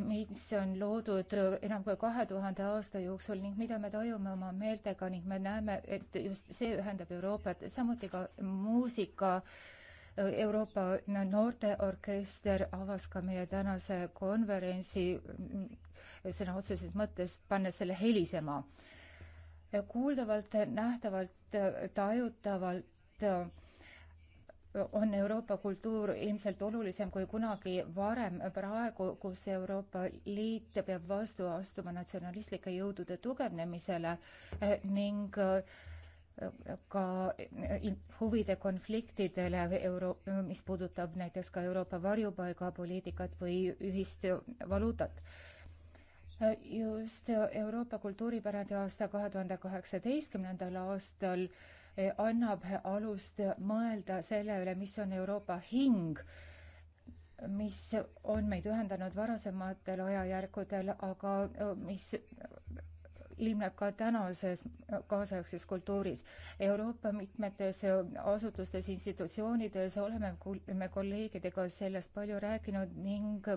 mis on loodud enam kui kahe tuhande aasta jooksul ning mida me tajume oma meeltega ning me näeme, et just see ühendab Euroopat, samuti ka muusika Euroopa noorteorkester avas ka meie tänase konverentsi sõna otseses mõttes panna selle helisema. kuuldavalt, nähtavalt, tajutavalt on Euroopa kultuur ilmselt olulisem kui kunagi varem praegu, kus Euroopa Liit peab vastu astuma natsionalistlike jõudude tugevnemisele ning ka huvide konfliktidele euro, mis puudutab näiteks ka Euroopa varjupaigapoliitikat või ühist valuutat just Euroopa kultuuripärandi aasta kahe tuhande kaheksateistkümnendal aastal eh, annab alust mõelda selle üle, mis on Euroopa hing, mis on meid ühendanud varasematel ajajärkudel, aga eh, mis ilmneb ka tänases kaasaegses kultuuris. Euroopa mitmetes asutustes, institutsioonides oleme me kolleegidega sellest palju rääkinud ning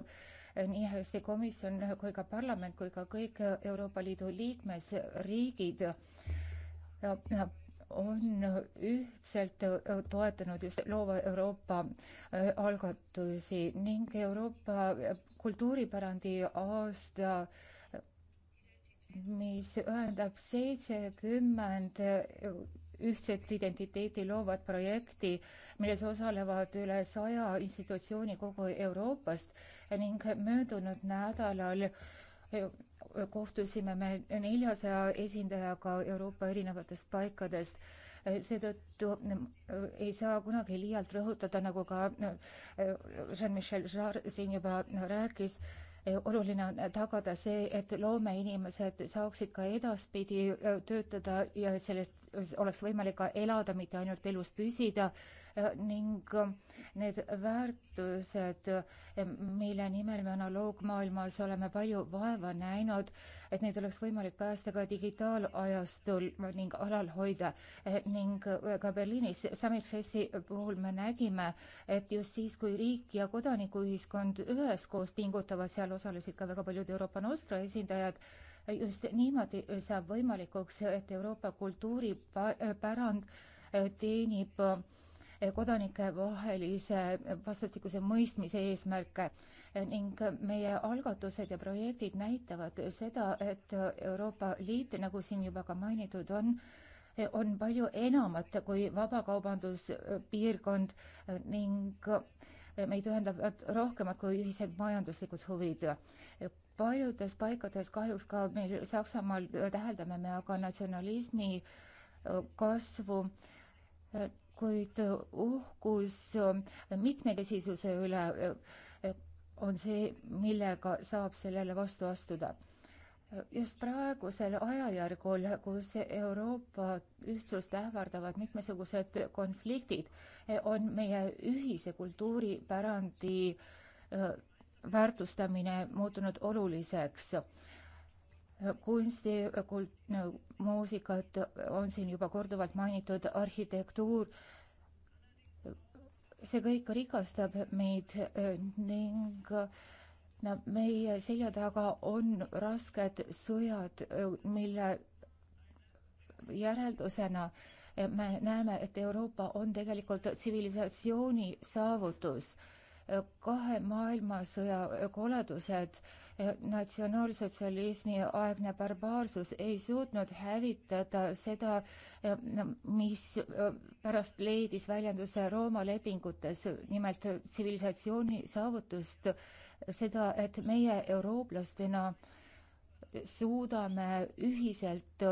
Äh, nii hästi komisjon kui ka parlament kui ka kõik Euroopa Liidu liikmesriigid on ühtselt toetanud just loova Euroopa äh, algatusi ning Euroopa kultuuripärandi aasta mis ühendab seitsekümmend ühtset identiteeti loovat projekti, milles osalevad üle saja institutsiooni kogu Euroopast ning möödunud nädalal eh, kohtusime me neljasaja esindajaga Euroopa erinevatest paikadest. Eh, seetõttu eh, ei saa kunagi liialt rõhutada, nagu ka Jean-Michel Jarre siin juba rääkis, oluline on tagada see, et loomeinimesed saaksid ka edaspidi töötada ja et sellest oleks võimalik ka elada, mitte ainult elus püsida Äh, ning äh, need väärtused, äh, mille nimel me analoogmaailmas oleme palju vaeva näinud, et neid oleks võimalik päästa ka digitaalajastul ning alal hoida. ning ka Berliinis Summit Festi puhul me nägime, et just siis, kui riik ja kodanikuühiskond üheskoos pingutavad, seal osalesid ka väga paljud Euroopa Nostra esindajad, just niimoodi saab võimalikuks, et Euroopa kultuuripärand teenib äh, kodanikevahelise vastastikuse mõistmise eesmärke ning meie algatused ja projektid näitavad seda, et Euroopa Liit, nagu siin juba ka mainitud on, on palju enamat kui vabakaubanduspiirkond ning meid ühendavad rohkemad kui ühised majanduslikud huvid. paljudes paikades kahjuks ka meil Saksamaal täheldame me aga natsionalismi kasvu kuid äh, uhkus äh, mitmekesisuse üle äh, on see, millega saab sellele vastu astuda. just praegusel ajajärgul, kus Euroopa ühtsust ähvardavad mitmesugused konfliktid, on meie ühise kultuuripärandi väärtustamine muutunud oluliseks kunsti, kult-, muusikat on siin juba korduvalt mainitud, arhitektuur, see kõik rikastab meid ning meie selja taga on rasked sõjad, mille järeldusena me näeme, et Euroopa on tegelikult tsivilisatsiooni saavutus kahe maailmasõja koledused, natsionaalsotsialismi aegne barbaarsus ei suutnud hävitada seda, mis pärast leidis väljenduse Rooma lepingutes, nimelt tsivilisatsiooni saavutust, seda, et meie eurooplastena suudame ühiselt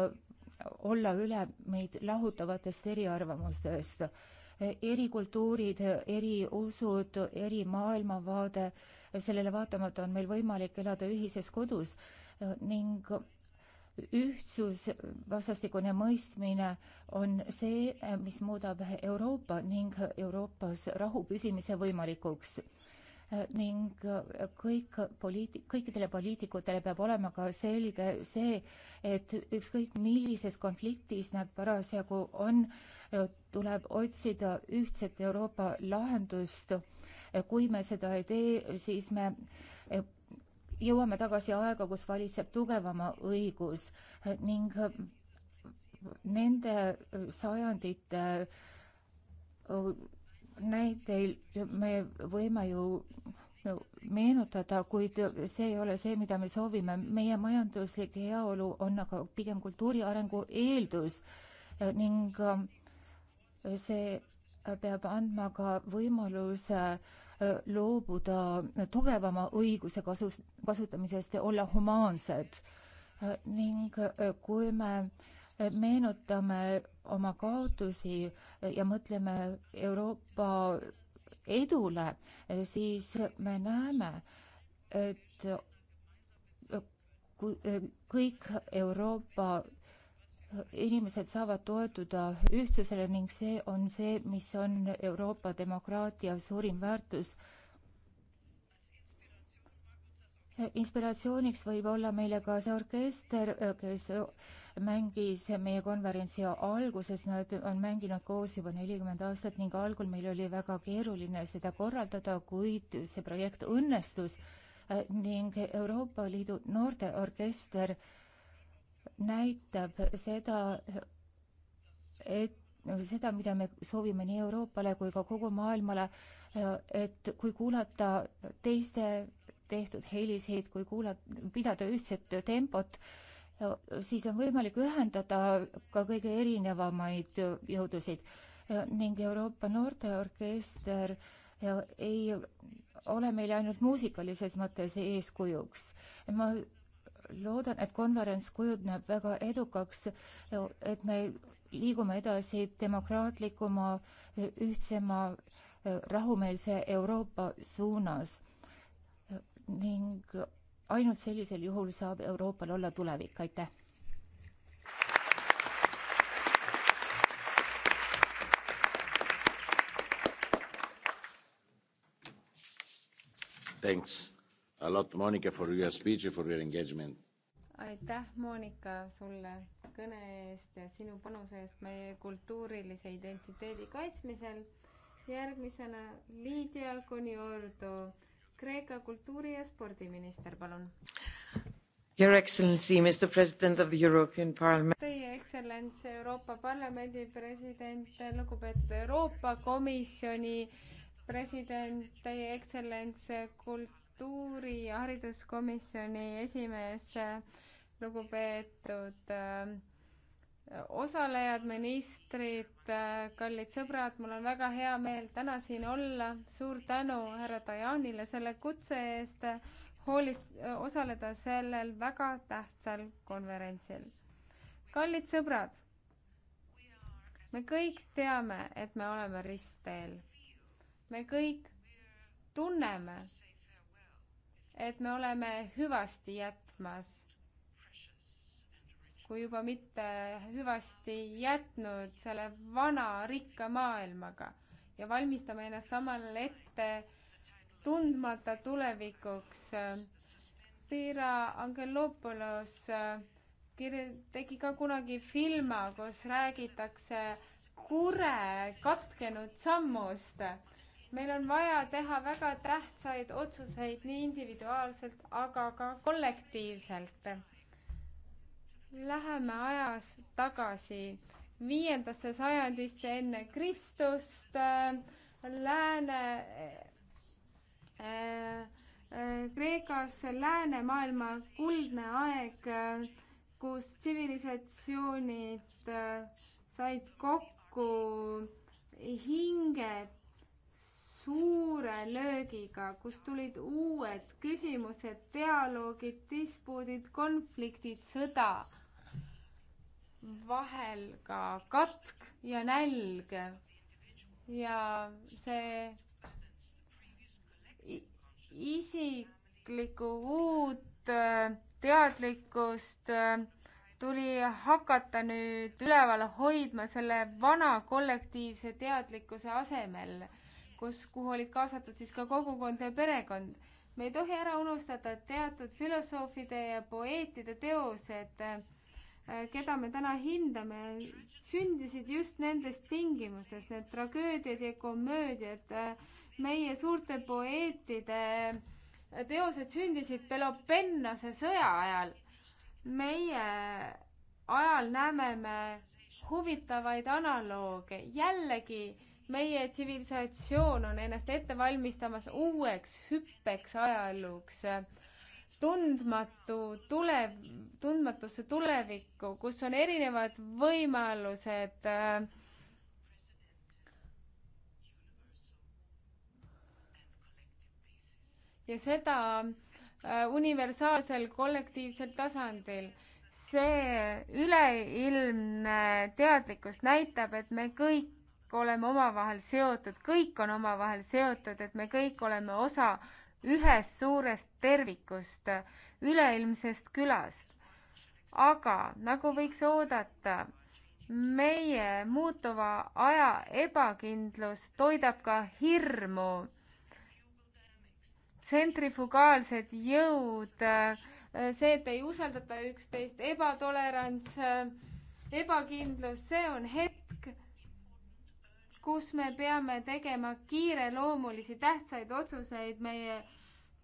olla üle meid lahutavatest eriarvamustest eri kultuurid, eri usud, eri maailmavaade, sellele vaatamata on meil võimalik elada ühises kodus ning ühtsus, vastastikune mõistmine on see, mis muudab Euroopa ning Euroopas rahu püsimise võimalikuks ning äh, kõik poliit-, kõikidele poliitikutele peab olema ka selge see, et ükskõik millises konfliktis nad parasjagu on, äh, tuleb otsida ühtset Euroopa lahendust. Äh, kui me seda ei tee, siis me jõuame tagasi aega, kus valitseb tugevama õigus ning nende sajandite näiteil me võime ju no, meenutada, kuid see ei ole see, mida me soovime. meie majanduslik heaolu on aga pigem kultuuri arengu eeldus ning äh, see peab andma ka võimaluse äh, loobuda tugevama õiguse kasus, kasutamisest ja olla humaansed. Äh, ning kui me meenutame oma kaotusi ja mõtleme Euroopa edule, siis me näeme, et kõik Euroopa inimesed saavad toetuda ühtsusele ning see on see, mis on Euroopa demokraatia suurim väärtus inspiratsiooniks võib olla meile ka see orkester, kes mängis meie konverentsi alguses, nad on mänginud koos juba nelikümmend aastat ning algul meil oli väga keeruline seda korraldada, kuid see projekt õnnestus ning Euroopa Liidu noorteorkester näitab seda, et seda, mida me soovime nii Euroopale kui ka kogu maailmale, et kui kuulata teiste tehtud heliseid, kui kuulat-, pidada ühtset tempot, siis on võimalik ühendada ka kõige erinevamaid jõudusid ning Euroopa Noorteorkester ei ole meile ainult muusikalises mõttes eeskujuks. ma loodan, et konverents kujuneb väga edukaks, et me liigume edasi demokraatlikuma, ühtsema, rahumeelse Euroopa suunas ning ainult sellisel juhul saab Euroopal olla tulevik, aitäh! Thanks a lot, Monika, for your speech ja for your engagement. aitäh, Monika, sulle kõne eest ja sinu panuse eest meie kultuurilise identiteedi kaitsmisel. järgmisena Lydia Coniordo Kreeka kultuuri- ja spordiminister, palun. Your Excellency, Mr President of the European Parliament. Teie Excellents, Euroopa Parlamendi president, lugupeetud Euroopa Komisjoni president, Teie Excellents, kultuuri- ja hariduskomisjoni esimees, lugupeetud äh, osalejad, ministrid, kallid sõbrad, mul on väga hea meel täna siin olla. suur tänu härra Dajanile selle kutse eest hoolit-, osaleda sellel väga tähtsal konverentsil. kallid sõbrad, me kõik teame, et me oleme ristteel. me kõik tunneme, et me oleme hüvasti jätmas kui juba mitte hüvasti jätnud selle vana rikka maailmaga ja valmistame ennast samal ette tundmata tulevikuks. Pira Angelopoulos äh, kir-, tegi ka kunagi filma, kus räägitakse kure katkenud sammust. meil on vaja teha väga tähtsaid otsuseid nii individuaalselt, aga ka kollektiivselt läheme ajas tagasi viiendasse sajandisse enne Kristust äh, lääne äh, Kreekas läänemaailma kuldne aeg, kus tsivilisatsioonid äh, said kokku hinge suure löögiga, kus tulid uued küsimused, dialoogid, dispuudid, konfliktid, sõda vahel ka katk ja nälg ja see isiklikku uut äh, teadlikkust äh, tuli hakata nüüd üleval hoidma selle vana kollektiivse teadlikkuse asemel, kus, kuhu olid kaasatud siis ka kogukond ja perekond. me ei tohi ära unustada, et teatud filosoofide ja poeetide teosed et äh, Äh, keda me täna hindame, sündisid just nendes tingimustes, need tragöödiad ja komöödiad, äh, meie suurte poeetide äh, teosed sündisid Pelopennase sõja ajal. meie ajal näeme me huvitavaid analooge, jällegi meie tsivilisatsioon on ennast ette valmistamas uueks hüppeks ajaluuks tundmatu tule, tundmatusse tulevikku, kus on erinevad võimalused äh, ja seda äh, universaalsel kollektiivsel tasandil. see üleilmne teadlikkus näitab, et me kõik oleme omavahel seotud, kõik on omavahel seotud, et me kõik oleme osa ühest suurest tervikust, üleilmsest külast. aga nagu võiks oodata, meie muutuva aja ebakindlus toidab ka hirmu. tsentrifugaalsed jõud, see, et ei usaldata üksteist, ebatolerants, ebakindlus, see on hetk, kus me peame tegema kiireloomulisi tähtsaid otsuseid meie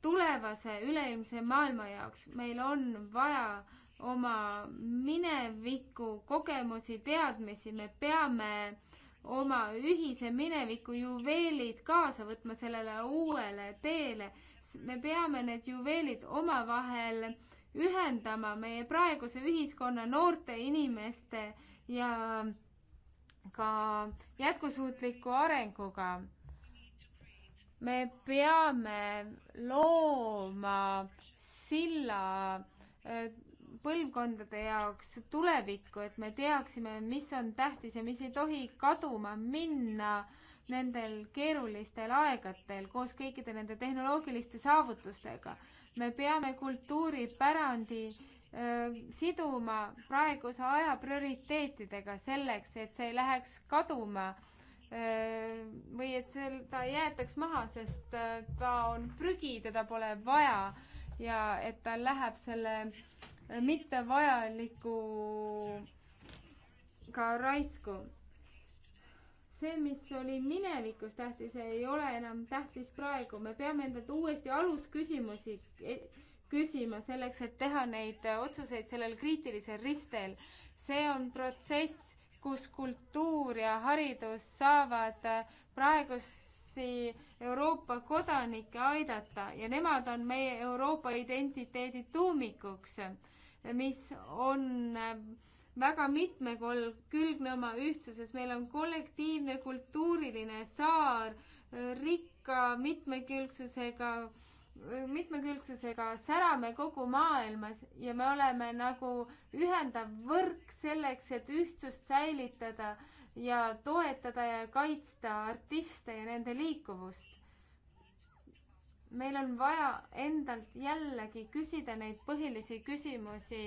tulevase üleilmse maailma jaoks. meil on vaja oma mineviku kogemusi, teadmisi, me peame oma ühise mineviku juveelid kaasa võtma sellele uuele teele. me peame need juveelid omavahel ühendama meie praeguse ühiskonna noorte inimeste ja ka jätkusuutliku arenguga. me peame looma silla äh, põlvkondade jaoks tulevikku, et me teaksime, mis on tähtis ja mis ei tohi kaduma minna nendel keerulistel aegadel koos kõikide nende tehnoloogiliste saavutustega. me peame kultuuripärandi Äh, siduma praeguse aja prioriteetidega selleks, et see ei läheks kaduma äh, või et seal ta ei jäetaks maha, sest äh, ta on prügi, teda pole vaja ja et ta läheb selle mittevajaliku ka raisku. see, mis oli minevikus tähtis, ei ole enam tähtis praegu, me peame endalt uuesti alusküsimusi e, küsima selleks, et teha neid otsuseid sellel kriitilisel ristel. see on protsess, kus kultuur ja haridus saavad praegusi Euroopa kodanikke aidata ja nemad on meie Euroopa identiteedi tuumikuks, mis on väga mitmekülgne oma ühtsuses, meil on kollektiivne kultuuriline saar, rikka mitmekülgsusega äh, mitmekülgsusega särame kogu maailmas ja me oleme nagu ühendav võrk selleks, et ühtsust säilitada ja toetada ja kaitsta artiste ja nende liikuvust. meil on vaja endalt jällegi küsida neid põhilisi küsimusi,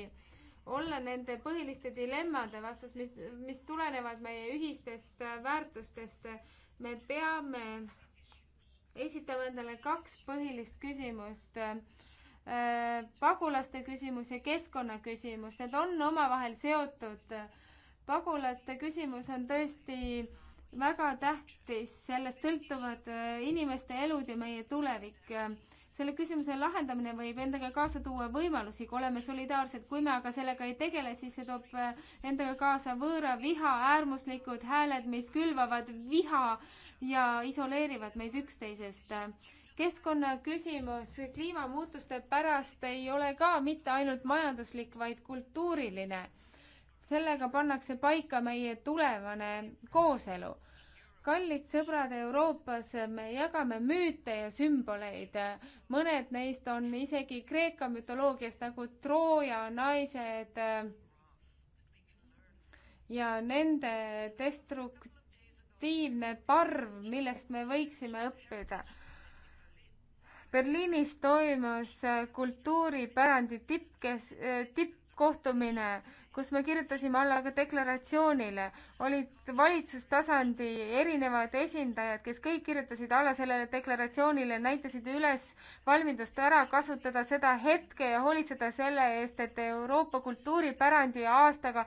olla nende põhiliste dilemmade vastus, mis, mis tulenevad meie ühistest väärtustest. me peame esitame endale kaks põhilist küsimust äh, pagulaste küsimus ja keskkonnaküsimus, need on omavahel seotud. pagulaste küsimus on tõesti väga tähtis, sellest sõltuvad äh, inimeste elud ja meie tulevik. selle küsimuse lahendamine võib endaga kaasa tuua võimalusi, kui oleme solidaarsed, kui me aga sellega ei tegele, siis see toob äh, endaga kaasa võõra viha, äärmuslikud hääled, mis külvavad viha äh, ja isoleerivad meid üksteisest. keskkonnaküsimus kliimamuutuste pärast ei ole ka mitte ainult majanduslik, vaid kultuuriline. sellega pannakse paika meie tulevane kooselu. kallid sõbrad Euroopas, me jagame müüte ja sümboleid. mõned neist on isegi Kreeka mütoloogias nagu Trooja naised ja nende destrukt-, positiivne parv, millest me võiksime õppida. Berliinis toimus äh, kultuuripärandi tippkes-, äh, tippkohtumine, kus me kirjutasime alla ka deklaratsioonile. olid valitsustasandi erinevad esindajad, kes kõik kirjutasid alla sellele deklaratsioonile, näitasid üles valmidust ära kasutada seda hetke ja hoolitseda selle eest, et Euroopa kultuuripärandi aastaga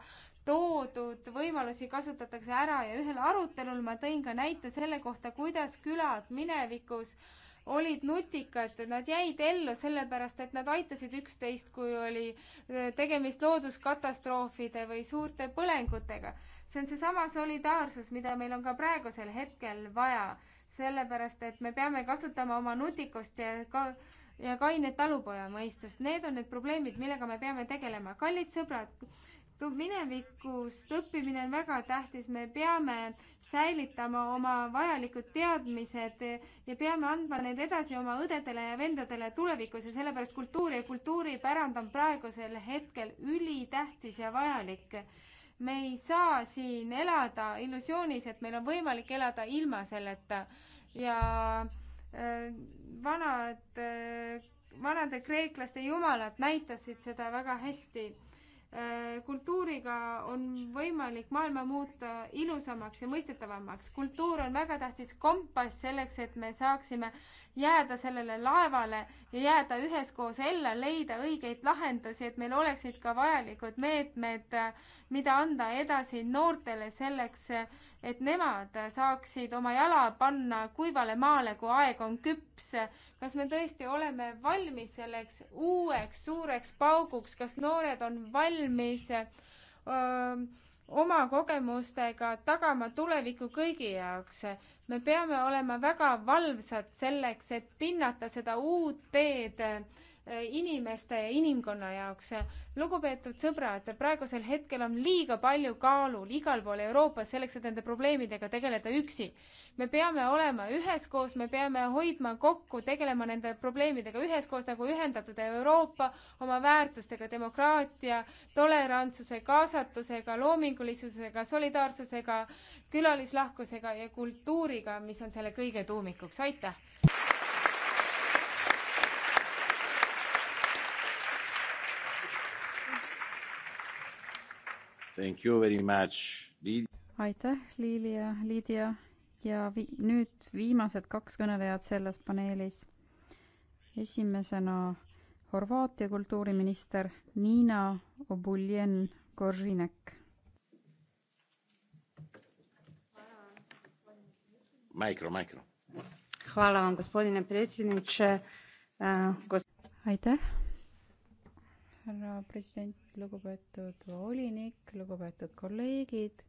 toodud võimalusi kasutatakse ära ja ühel arutelul ma tõin ka näite selle kohta, kuidas külad minevikus olid nutikad, nad jäid ellu sellepärast, et nad aitasid üksteist, kui oli äh, tegemist looduskatastroofide või suurte põlengutega. see on seesama solidaarsus, mida meil on ka praegusel hetkel vaja, sellepärast et me peame kasutama oma nutikust ja ka ja kainet talupojamõistust, need on need probleemid, millega me peame tegelema. kallid sõbrad, minevikust õppimine on väga tähtis, me peame säilitama oma vajalikud teadmised ja peame andma need edasi oma õdedele ja vendadele tulevikus ja sellepärast kultuur ja kultuuripärand on praegusel hetkel ülitähtis ja vajalik. me ei saa siin elada illusioonis, et meil on võimalik elada ilma selleta ja äh, vanad äh, vanade kreeklaste jumalad näitasid seda väga hästi Äh, kultuuriga on võimalik maailma muuta ilusamaks ja mõistetavamaks. kultuur on väga tähtis kompass selleks, et me saaksime jääda sellele laevale ja jääda üheskoos ellu, leida õigeid lahendusi, et meil oleksid ka vajalikud meetmed, äh, mida anda edasi noortele selleks, et nemad saaksid oma jala panna kuivale maale, kui aeg on küps. kas me tõesti oleme valmis selleks uueks suureks pauguks, kas noored on valmis öö, oma kogemustega tagama tuleviku kõigi jaoks. me peame olema väga valvsad selleks, et pinnata seda uut teed inimeste ja inimkonna jaoks. lugupeetud sõbrad, praegusel hetkel on liiga palju kaalul igal pool Euroopas selleks, et nende probleemidega tegeleda üksi. me peame olema üheskoos, me peame hoidma kokku, tegelema nende probleemidega üheskoos nagu ühendatud Euroopa oma väärtustega, demokraatia, tolerantsuse, kaasatusega, loomingulisusega, solidaarsusega, külalislahkusega ja kultuuriga, mis on selle kõige tuumikuks. aitäh! Thank you very much, Liid-. aitäh, Liilia, Liidia ja vi-, nüüd viimased kaks kõnelejat selles paneelis. esimesena Horvaatia kultuuriminister Nina Obuljen Koržinek. Mikro, mikro. aitäh härra president, lugupeetud volinik, lugupeetud kolleegid,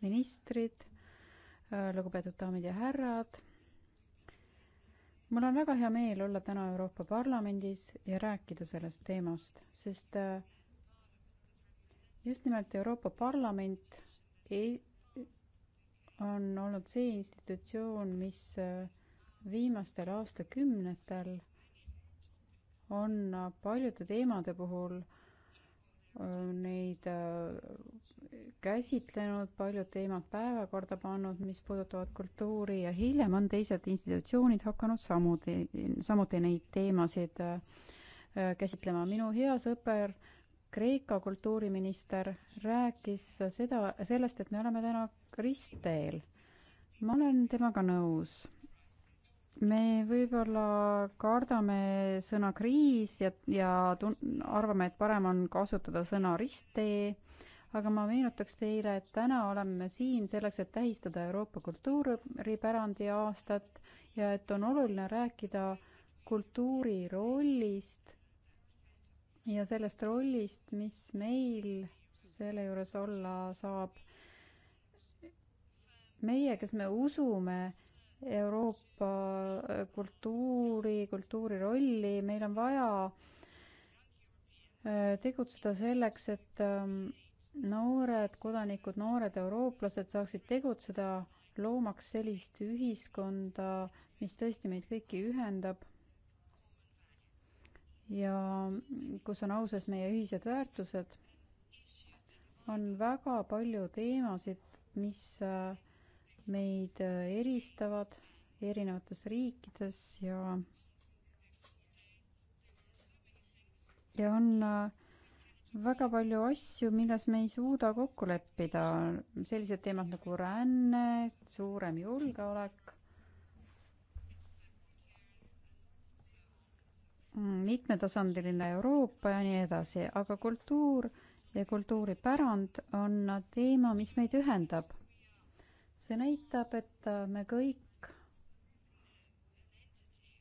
ministrid, lugupeetud daamid ja härrad. mul on väga hea meel olla täna Euroopa Parlamendis ja rääkida sellest teemast, sest äh, just nimelt Euroopa Parlament ei, on olnud see institutsioon, mis äh, viimastel aastakümnetel on paljude teemade puhul neid käsitlenud, paljud teemad päevakorda pannud, mis puudutavad kultuuri ja hiljem on teised institutsioonid hakanud samuti, samuti neid teemasid käsitlema. minu hea sõber, Kreeka kultuuriminister rääkis seda, sellest, et me oleme täna ristteel. ma olen temaga nõus me võib-olla kardame sõna kriis ja, ja tun-, arvame, et parem on kasutada sõna risttee, aga ma meenutaks teile, et täna oleme siin selleks, et tähistada Euroopa kultuuripärandi aastat ja et on oluline rääkida kultuuri rollist ja sellest rollist, mis meil selle juures olla saab. meie, kes me usume Euroopa äh, kultuuri, kultuuri rolli, meil on vaja äh, tegutseda selleks, et ähm, noored kodanikud, noored eurooplased saaksid tegutseda, loomaks sellist ühiskonda, mis tõesti meid kõiki ühendab ja kus on ausas meie ühised väärtused, on väga palju teemasid, mis äh, meid äh, eristavad erinevates riikides ja ja on äh, väga palju asju, milles me ei suuda kokku leppida, sellised teemad nagu ränne, suurem julgeolek. Mm, mitmetasandiline Euroopa ja nii edasi, aga kultuur ja kultuuripärand on teema, mis meid ühendab see näitab, et me kõik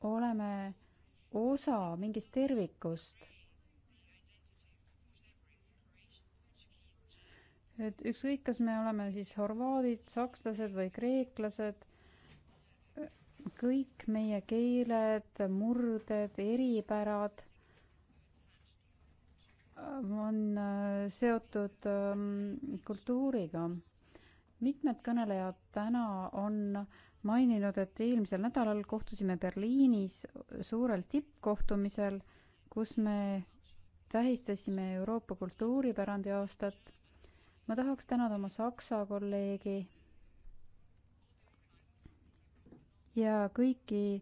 oleme osa mingist tervikust. et ükskõik, kas me oleme siis horvaadid, sakslased või kreeklased, kõik meie keeled, murded, eripärad on äh, seotud ähm, kultuuriga mitmed kõnelejad täna on maininud, et eelmisel nädalal kohtusime Berliinis suurel tippkohtumisel, kus me tähistasime Euroopa kultuuripärandi aastat. ma tahaks tänada oma Saksa kolleegi ja kõiki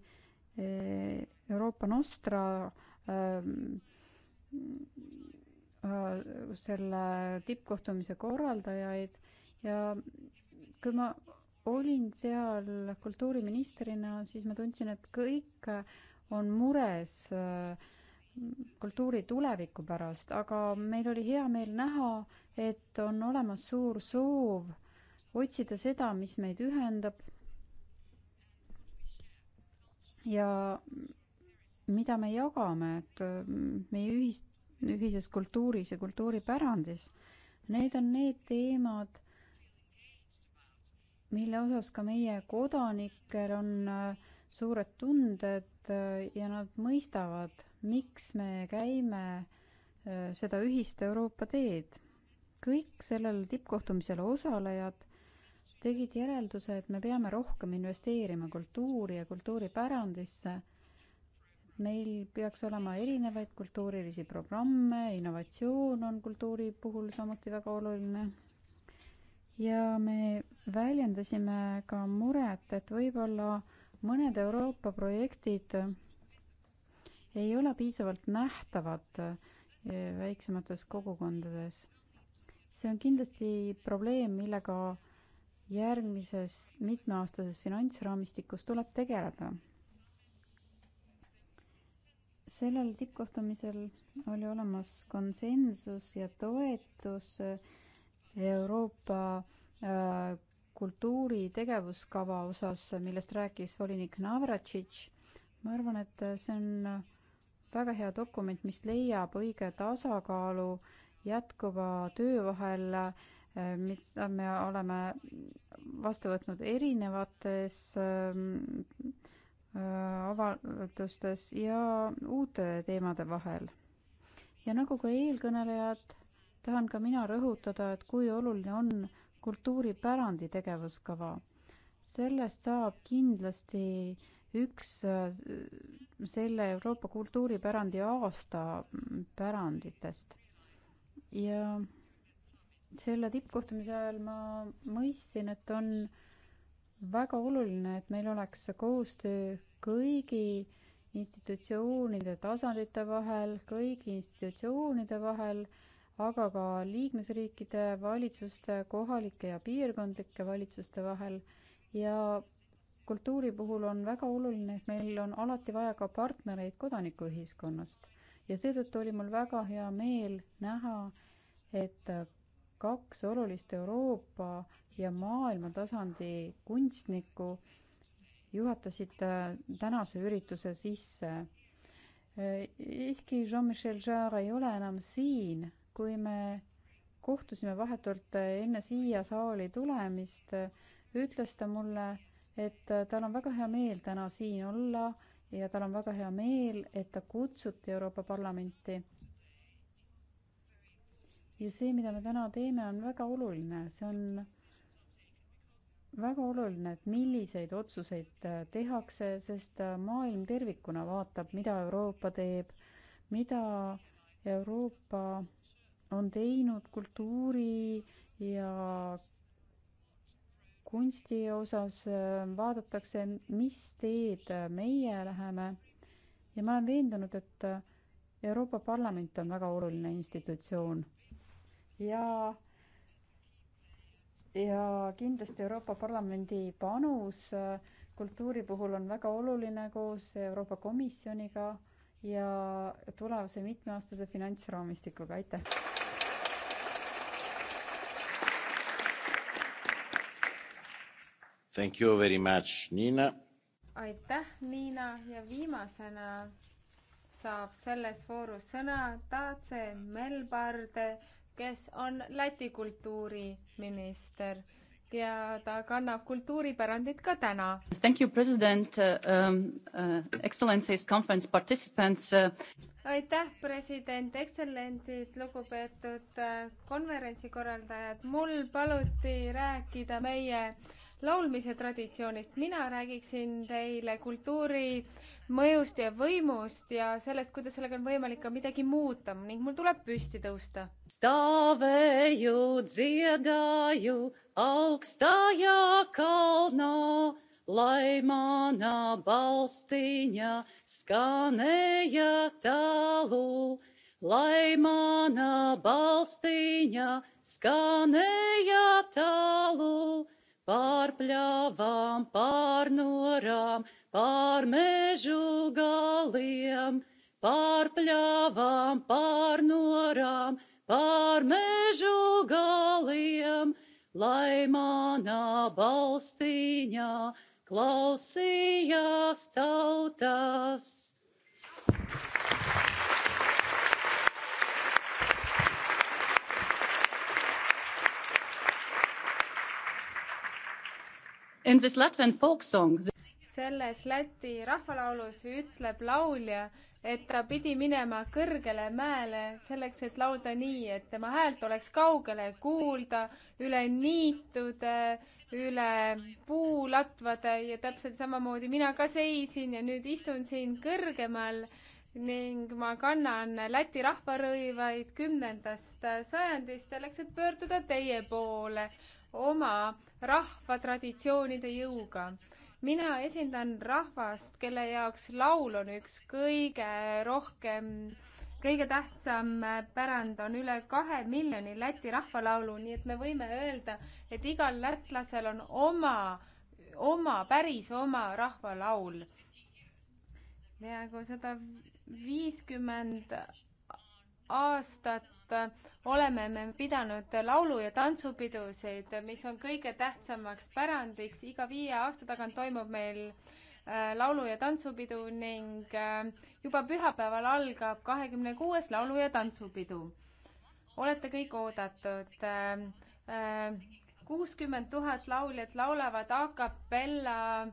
eh, Euroopa Nostra ähm, äh, selle tippkohtumise korraldajaid ja kui ma olin seal kultuuriministrina, siis ma tundsin, et kõik on mures äh, kultuuri tuleviku pärast, aga meil oli hea meel näha, et on olemas suur soov otsida seda, mis meid ühendab ja mida me jagame, et äh, meie ühist, ühises kultuuris ja kultuuripärandis, need on need teemad, mille osas ka meie kodanikel on äh, suured tunded äh, ja nad mõistavad, miks me käime äh, seda ühist Euroopa teed. kõik sellel tippkohtumisel osalejad tegid järelduse, et me peame rohkem investeerima kultuuri ja kultuuripärandisse. meil peaks olema erinevaid kultuurilisi programme, innovatsioon on kultuuri puhul samuti väga oluline. ja me väljendasime ka muret, et võib-olla mõned Euroopa projektid ei ole piisavalt nähtavad eh, väiksemates kogukondades. see on kindlasti probleem, millega järgmises mitmeaastases finantsraamistikus tuleb tegeleda. sellel tippkohtumisel oli olemas konsensus ja toetus Euroopa äh, kultuuri tegevuskava osas, millest rääkis volinik Navratšitš. ma arvan, et see on väga hea dokument, mis leiab õige tasakaalu jätkuva töö vahel, mida me oleme vastu võtnud erinevates äh, avaldustes ja uute teemade vahel. ja nagu ka eelkõnelejad, tahan ka mina rõhutada, et kui oluline on kultuuripärandi tegevuskava. sellest saab kindlasti üks äh, selle Euroopa kultuuripärandi aasta päranditest. ja selle tippkohtumise ajal ma mõistsin, et on väga oluline, et meil oleks koostöö kõigi institutsioonide tasandite vahel, kõigi institutsioonide vahel äh, aga ka liikmesriikide valitsuste, kohalike ja piirkondlike valitsuste vahel ja kultuuri puhul on väga oluline, et meil on alati vaja ka partnereid kodanikuühiskonnast ja seetõttu oli mul väga hea meel näha, et kaks olulist Euroopa ja maailma tasandi kunstnikku juhatasid äh, tänase ürituse sisse. ehkki Jean-Michel Jarre ei ole enam siin, kui me kohtusime vahetult enne siia saali tulemist, ütles ta mulle, et tal on väga hea meel täna siin olla ja tal on väga hea meel, et ta kutsuti Euroopa Parlamenti. ja see, mida me täna teeme, on väga oluline, see on väga oluline, et milliseid otsuseid tehakse, sest maailm tervikuna vaatab, mida Euroopa teeb, mida Euroopa on teinud kultuuri ja kunsti osas vaadatakse, mis teed meie läheme. ja ma olen veendunud, et Euroopa Parlament on väga oluline institutsioon. ja, ja kindlasti Euroopa Parlamendi panus kultuuri puhul on väga oluline koos Euroopa Komisjoniga ja tulevase mitmeaastase finantsraamistikuga, aitäh! Thank you very much, Niina. aitäh, Niina ja viimasena saab selles voorus sõna Taatse Melbarde, kes on Läti kultuuriminister ja ta kannab kultuuripärandit ka täna. Thank you, president uh,, um, uh, excellencies, conference participants uh.... aitäh, president, ekstsellentsid, lugupeetud uh, konverentsi korraldajad, mul paluti rääkida meie uh, laulmise traditsioonist. mina räägiksin teile kultuuri mõjust ja võimust ja sellest, kuidas sellega on võimalik ka midagi muuta ning mul tuleb püsti tõusta. Lai mana balstiņa skanēja tālu, lai mana balstiņa skanēja tālu pār pļāvām, pār norām, pār mežu galiem, pār pļāvām, pār norām, pār mežu galiem, lai manā balstīņā klausījās tautas. Thank you. In this Latvian folk song selles Läti rahvalaulus ütleb laulja, et ta pidi minema kõrgele mäele selleks, et laulda nii, et tema häält oleks kaugele kuulda üle niitude, üle puulatvade ja täpselt samamoodi mina ka seisin ja nüüd istun siin kõrgemal ning ma kannan Läti rahvarõivaid kümnendast sajandist selleks, et pöörduda teie poole oma rahvatraditsioonide jõuga. mina esindan rahvast, kelle jaoks laul on üks kõige rohkem, kõige tähtsam pärand, on üle kahe miljoni Läti rahvalaulu, nii et me võime öelda, et igal lätlasel on oma, oma, päris oma rahvalaul. peaaegu sada viiskümmend aastat oleme me pidanud laulu- ja tantsupidusid, mis on kõige tähtsamaks pärandiks. iga viie aasta tagant toimub meil äh, laulu- ja tantsupidu ning äh, juba pühapäeval algab kahekümne kuues laulu- ja tantsupidu. olete kõik oodatud. Äh, kuuskümmend tuhat lauljat laulavad a capella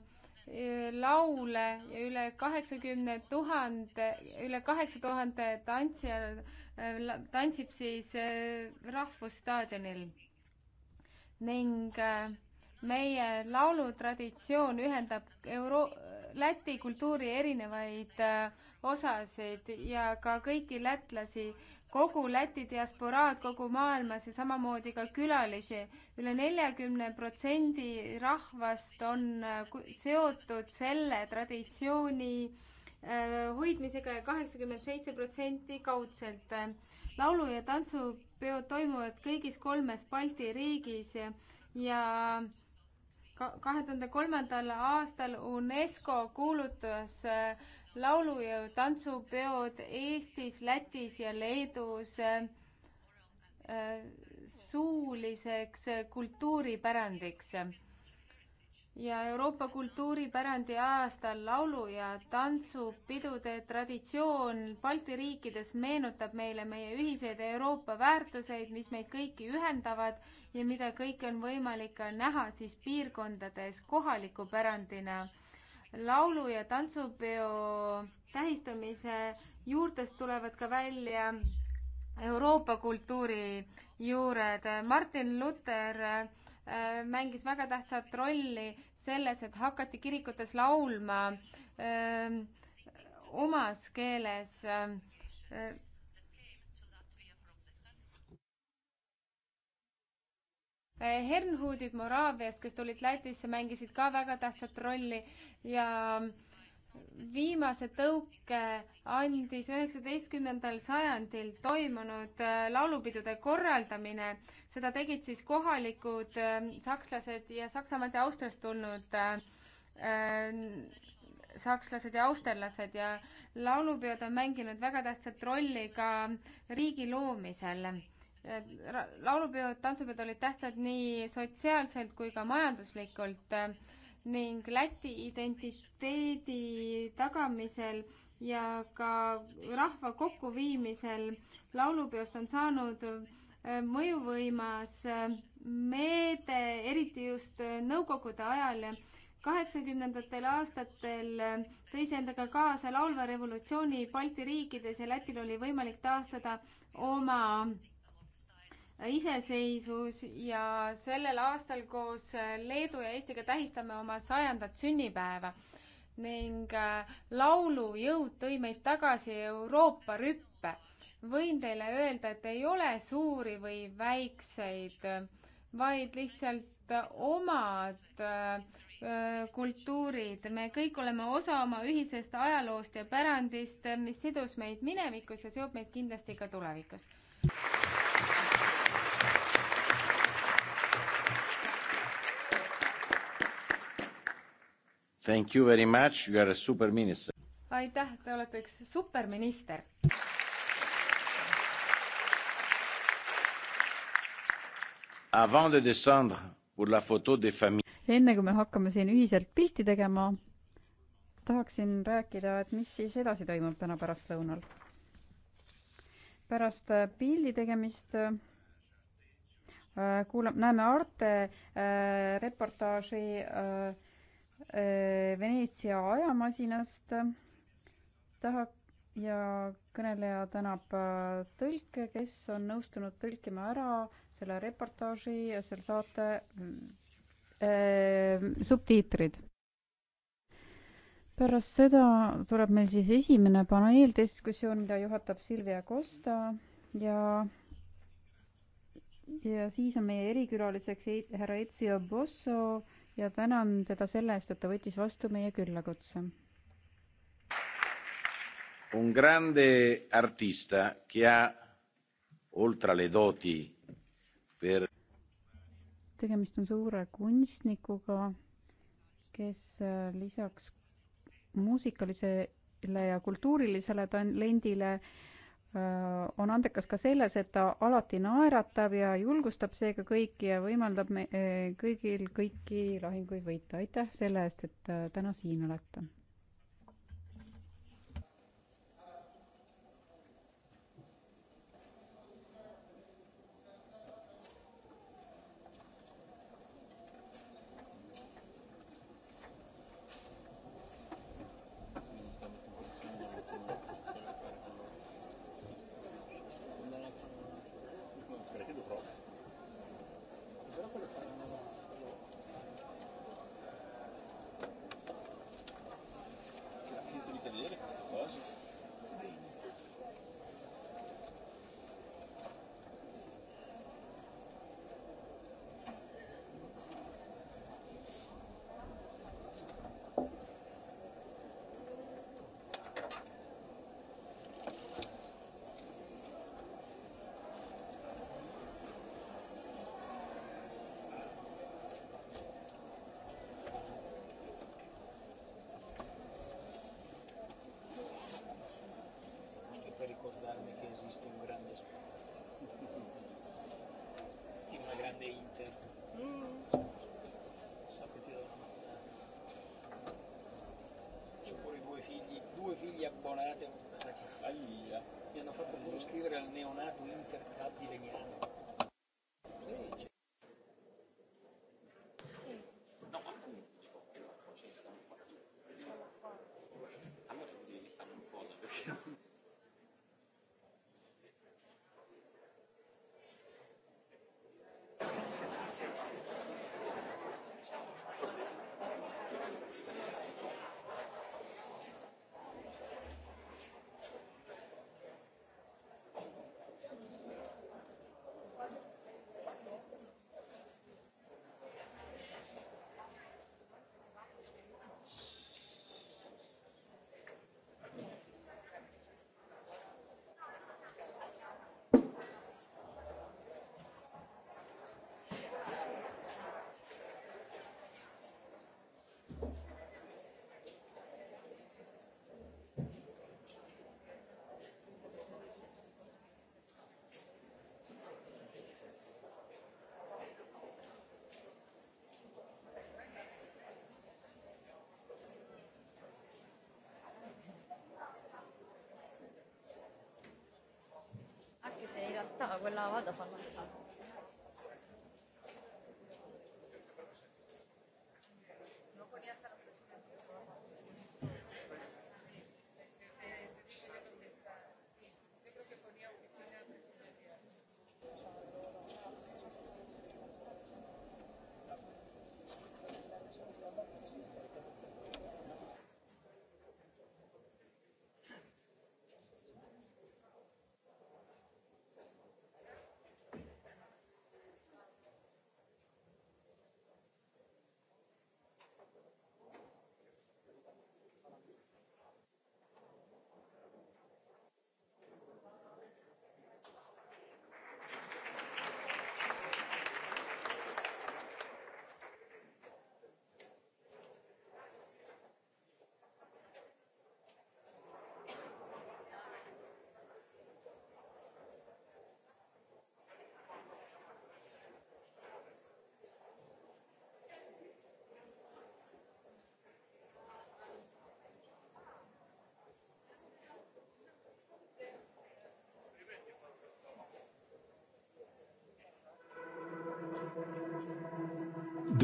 laule ja üle kaheksakümne tuhande, üle kaheksa tuhande tantsija Äh, tantsib siis äh, Rahvusstaadionil ning äh, meie laulutraditsioon ühendab Euro-, Läti kultuuri erinevaid osasid ja ka kõiki lätlasi, kogu Läti diasporaad kogu maailmas ja samamoodi ka külalisi üle. üle neljakümne protsendi rahvast on seotud selle traditsiooni äh, Äh, hoidmisega ja kaheksakümmend seitse protsenti kaudselt. laulu- ja tantsupeod toimuvad kõigis kolmes Balti riigis ja kahe tuhande kolmandal aastal UNESCO kuulutas äh, laulu- ja tantsupeod Eestis, Lätis ja Leedus äh, suuliseks kultuuripärandiks ja Euroopa kultuuripärandi aastal laulu- ja tantsupidude traditsioon Balti riikides meenutab meile meie ühiseid Euroopa väärtuseid, mis meid kõiki ühendavad ja mida kõike on võimalik ka näha siis piirkondades kohaliku pärandina. laulu- ja tantsupeo tähistamise juurtest tulevad ka välja Euroopa kultuuri juured. Martin Luther äh, mängis väga tähtsat rolli selles, et hakati kirikutes laulma öö, ähm, omas keeles öö, ähm, äh, Hernhudid Moraavias, kes tulid Lätisse, mängisid ka väga tähtsat rolli ja viimase tõuke andis üheksateistkümnendal sajandil toimunud äh, laulupidude korraldamine. seda tegid siis kohalikud äh, sakslased ja Saksamaalt ja Austriast tulnud äh, sakslased ja austerlased ja laulupeod on mänginud väga tähtsat rolli ka riigi loomisel laulupeod, tantsupeod olid tähtsad nii sotsiaalselt kui ka majanduslikult ning Läti identiteedi tagamisel ja ka rahva kokkuviimisel laulupeost on saanud äh, mõjuvõimas äh, meede, eriti just äh, nõukogude ajal. kaheksakümnendatel aastatel tõi see endaga kaasa laulva revolutsiooni Balti riikides ja Lätil oli võimalik taastada oma iseseisvus ja sellel aastal koos äh, Leedu ja Eestiga tähistame oma sajandat sünnipäeva ning äh, laulujõud tõi meid tagasi Euroopa rüppe. võin teile öelda, et ei ole suuri või väikseid, äh, vaid lihtsalt omad kultuurid, me kõik oleme osa oma ühisest ajaloost ja pärandist, mis sidus meid minevikus ja seob meid kindlasti ka tulevikus. Thank you very much, you are a super minister. aitäh, te olete üks superminister. Avant de descendre pour la photo des familles. enne kui me hakkame siin ühiselt pilti tegema, tahaksin rääkida, et mis siis edasi toimub täna pärastlõunal. pärast äh, pildi tegemist äh, kuulame, näeme Arte äh, reportaaži äh, Äh, Veneetsia ajamasinast taha ja kõneleja tänab äh, tõlke, kes on nõustunud tõlkima ära selle reportaaži ja selle saate äh, subtiitrid. pärast seda tuleb meil siis esimene paneeldiskussioon, mida juhatab Silvia Kosta ja ja siis on meie erikülaliseks e-, härra Ezio Bosso äh, ja tänan teda selle eest, et ta võttis vastu meie küllakutse. Un grande artista che ha oltre le doti per tegemist on suure kunstnikuga, kes äh, lisaks muusikalisele ja kultuurilisele talendile äh, on andekas ka selles, et ta alati naeratab ja julgustab seega kõiki ja võimaldab me kõigil kõiki lahinguid võita. aitäh selle eest, et äh, täna siin olete No, quella vado a farmacista.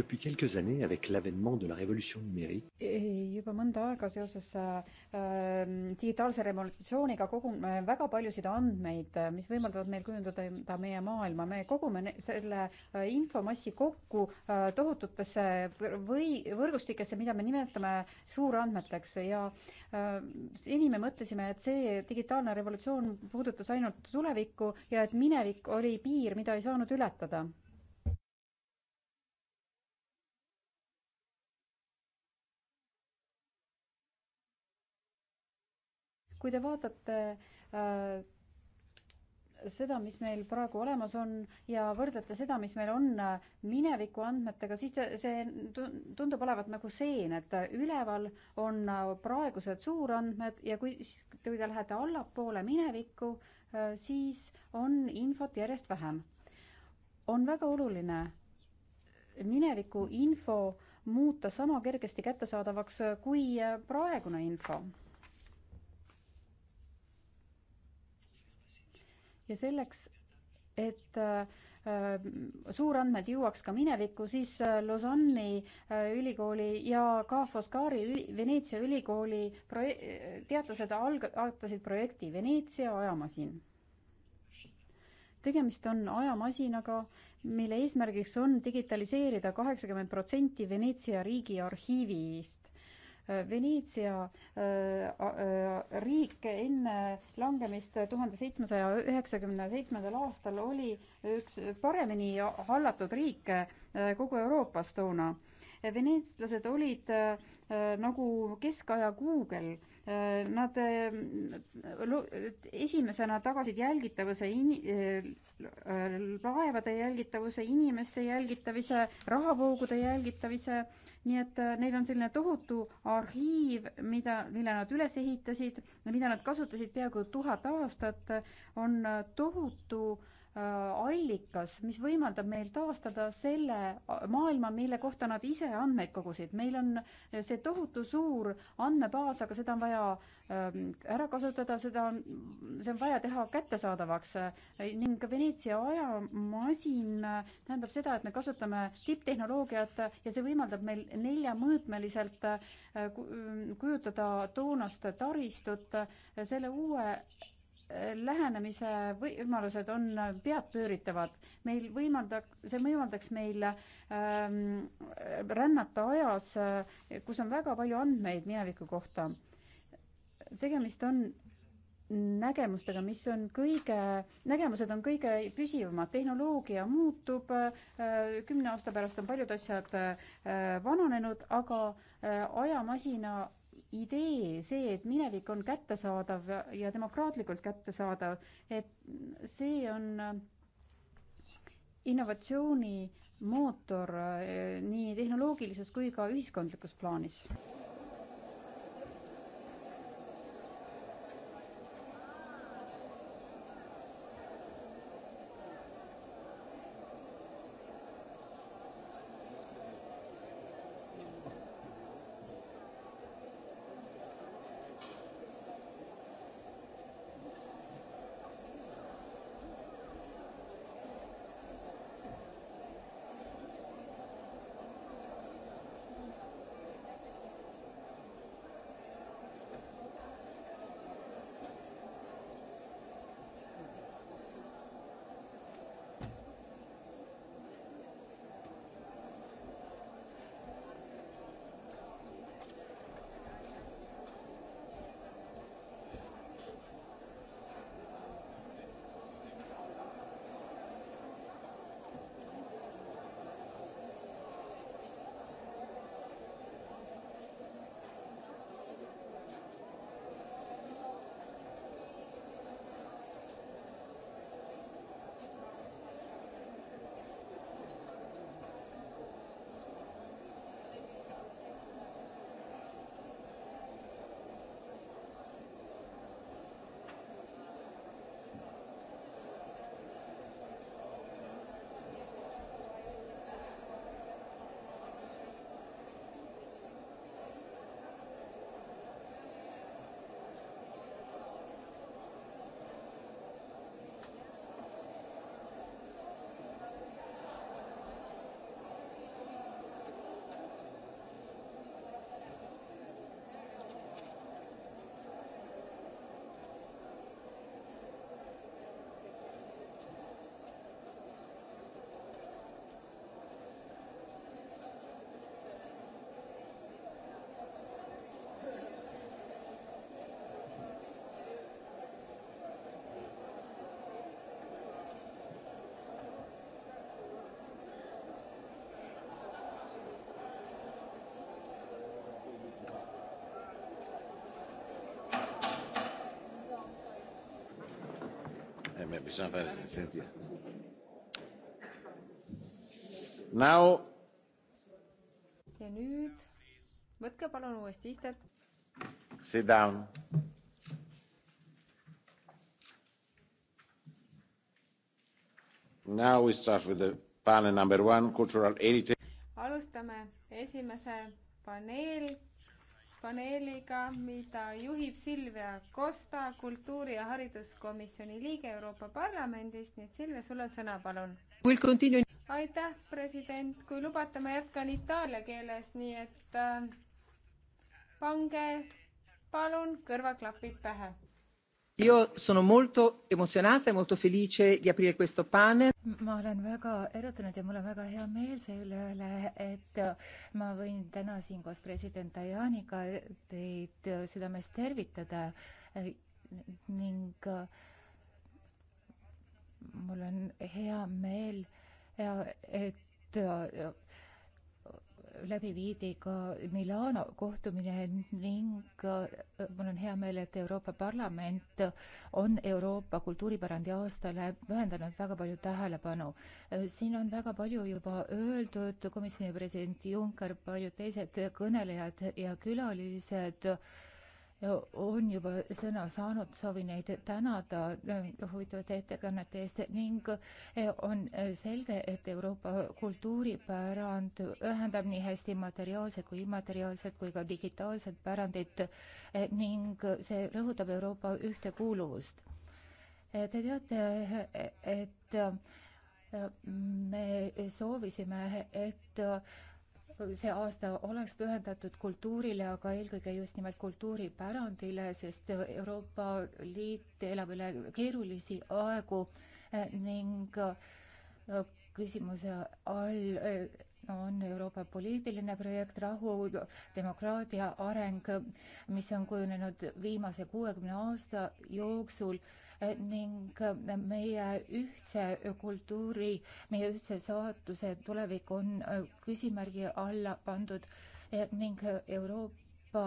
depuis quelques années avec l'avènement de la révolution numérique. E juba mõnda aega seoses äh, digitaalse revolutsiooniga kogume väga paljusid andmeid, äh, mis võimaldavad meil kujundada meie maailma. me kogume selle äh, infomassi kokku äh, tohututesse või võrgustikesse, mida me nimetame suurandmeteks ja äh, seni me mõtlesime, et see digitaalne revolutsioon puudutas ainult tulevikku ja et minevik oli piir, mida ei saanud ületada kui te vaatate äh, seda, mis meil praegu olemas on ja võrdlete seda, mis meil on äh, mineviku andmetega, siis see tundub olevat nagu seen, et äh, üleval on äh, praegused suurandmed ja kui, siis kui te lähete allapoole minevikku, siis on infot järjest vähem. on väga oluline mineviku info muuta sama kergesti kättesaadavaks kui praegune info ja selleks, et äh, suurandmed jõuaks ka minevikku, siis äh, Lausanne'i äh, ülikooli ja ka Foscari Veneetsia ülikooli proje-, teadlased alg-, algatasid projekti Veneetsia ajamasin. tegemist on ajamasinaga, mille eesmärgiks on digitaliseerida kaheksakümmend protsenti Veneetsia riigiarhiivist Veneetsia äh, äh, riik enne langemist tuhande seitsmesaja üheksakümne seitsmendal aastal oli üks paremini hallatud riike äh, kogu Euroopas toona. veneetslased olid nagu keskaja Google Äh, nad äh, esimesena tagasid jälgitavuse in-, äh, laevade jälgitavuse, inimeste jälgitavuse, rahavoogude jälgitavuse, nii et neil on selline tohutu arhiiv, mida, mille nad üles ehitasid, mida nad kasutasid peaaegu tuhat aastat, on tohutu äh, Äh, allikas, mis võimaldab meil taastada selle äh, maailma, mille kohta nad ise andmeid kogusid. meil on äh, see tohutu suur andmebaas, aga seda on vaja ähm, ära kasutada, seda on, see on vaja teha kättesaadavaks ning Veneetsia ajamasin tähendab seda, et me kasutame tipptehnoloogiat ja see võimaldab meil neljamõõtmeliselt kujutada toonast taristut, selle uue lähenemise võimalused on peadpööritavad. meil võimaldak-, see võimaldaks meil ähm, rännata ajas, äh, kus on väga palju andmeid mineviku kohta. tegemist on nägemustega, mis on kõige, nägemused on kõige püsivamad, tehnoloogia muutub, äh, kümne aasta pärast on paljud asjad äh, vananenud, aga ajamasina idee, see, et minevik on kättesaadav ja demokraatlikult kättesaadav, et see on äh, innovatsiooni mootor äh, nii tehnoloogilises kui ka ühiskondlikus plaanis ma bisogna far sentire. Now. ja nüüd võtke palun uuesti istet. Sit down. Now we start with the panel number one, cultural heritage. alustame esimese paneeli paneeliga, mida juhib Silvia Costa, kultuuri- ja hariduskomisjoni liige Euroopa Parlamendist, nii et Silvia, sul on sõna, palun. aitäh, president, kui lubate, ma jätkan itaalia keeles, nii et äh, pange palun kõrvaklapid pähe Io sono molto emozionata e molto felice di aprire questo panel. ma olen väga erutanud ja mul on väga hea meel selle üle, et ma võin täna siin koos president Tajaniga teid südamest tervitada ning mul on hea meel, et läbi viidi ka Milano kohtumine ning äh, mul on hea meel, et Euroopa Parlament on Euroopa kultuuripärandi aastale pühendanud väga palju tähelepanu. Äh, siin on väga palju juba öeldud, komisjoni president Juncker, paljud teised kõnelejad ja külalised on juba sõna saanud, soovin neid tänada äh, huvitavate ettekannete eest ning äh, on äh, selge, et Euroopa kultuuripärand ühendab nii hästi materiaalset kui immateriaalset kui ka digitaalset pärandit ning see rõhutab Euroopa ühtekuuluvust. Te teate, et me soovisime, et see aasta oleks pühendatud kultuurile, aga eelkõige just nimelt kultuuripärandile, sest Euroopa Liit elab üle keerulisi aegu eh, ning eh, küsimuse all eh, on Euroopa poliitiline projekt rahu, demokraatia areng, mis on kujunenud viimase kuuekümne aasta jooksul ning meie ühtse kultuuri, meie ühtse saatuse tulevik on küsimärgi alla pandud ning Euroopa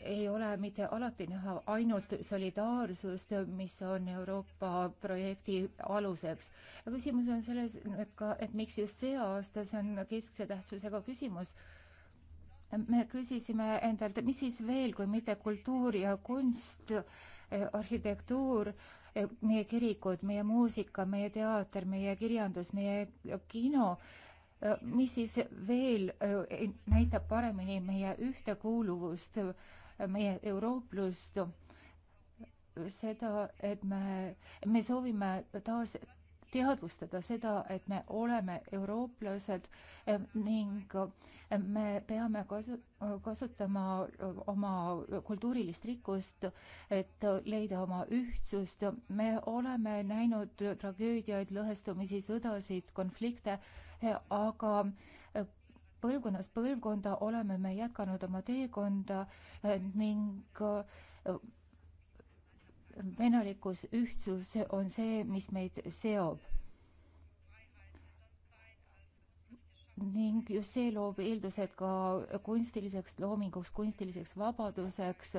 ei ole mitte alati näha ainult solidaarsust, mis on Euroopa projekti aluseks. küsimus on selles ka, et miks just see aasta, see on keskse tähtsusega küsimus me küsisime endalt, mis siis veel, kui mitte kultuur ja kunst, e, arhitektuur, e, meie kirikud, meie muusika, meie teater, meie kirjandus, meie kino, e, mis siis veel näitab paremini meie ühtekuuluvust, meie eurooplust, seda, et me, me soovime taas teadvustada seda, et me oleme eurooplased ning me peame kasu-, kasutama oma kultuurilist rikkust, et leida oma ühtsust. me oleme näinud tragöödiaid, lõhestumisi, sõdasid, konflikte, aga põlvkonnast põlvkonda oleme me jätkanud oma teekonda ning venelikus ühtsus on see, mis meid seob. ning just see loob eeldused ka kunstiliseks loominguks, kunstiliseks vabaduseks,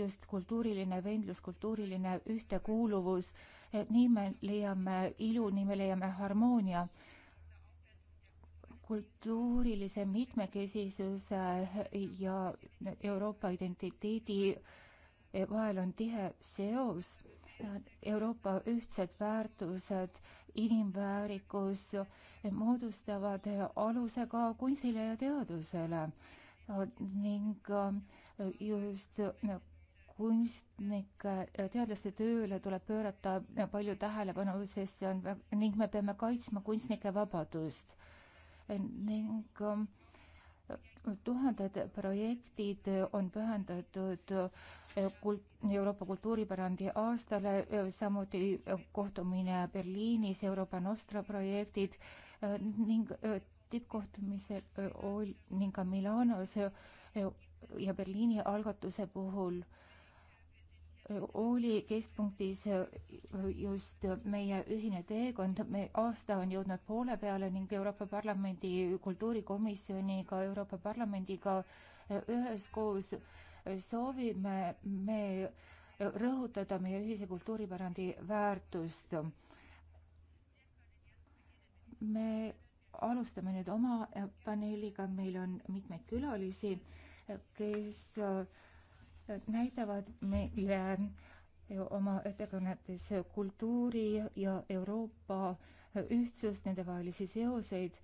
just kultuuriline vendlus, kultuuriline ühtekuuluvus, nii me leiame ilu, nii me leiame harmoonia kultuurilise mitmekesisuse ja Euroopa identiteedi äh, vahel on tihe seos. Euroopa ühtsed väärtused, inimväärikus moodustavad aluse ka kunstile ja teadusele ning äh, just äh, kunstnike, äh, teadlaste tööle tuleb pöörata palju tähelepanu, sest see on, ning me peame kaitsma kunstnike vabadust ning tuhanded projektid on pühendatud eh, kult-, Euroopa kultuuripärandi aastale, eh, samuti eh, kohtumine Berliinis, Euroopa Nostra projektid ning tippkohtumise ning ka Milanos ja Berliini algatuse puhul äh, oli keskpunktis just meie ühine teekond. me, aasta on jõudnud poole peale ning Euroopa Parlamendi kultuurikomisjoniga, Euroopa Parlamendiga üheskoos soovime me rõhutada meie ühise kultuuripärandi väärtust. me alustame nüüd oma paneeliga, meil on mitmeid külalisi, kes äh, näitavad meile eh, oma ettekannetes kultuuri ja Euroopa ühtsust, nendevahelisi seoseid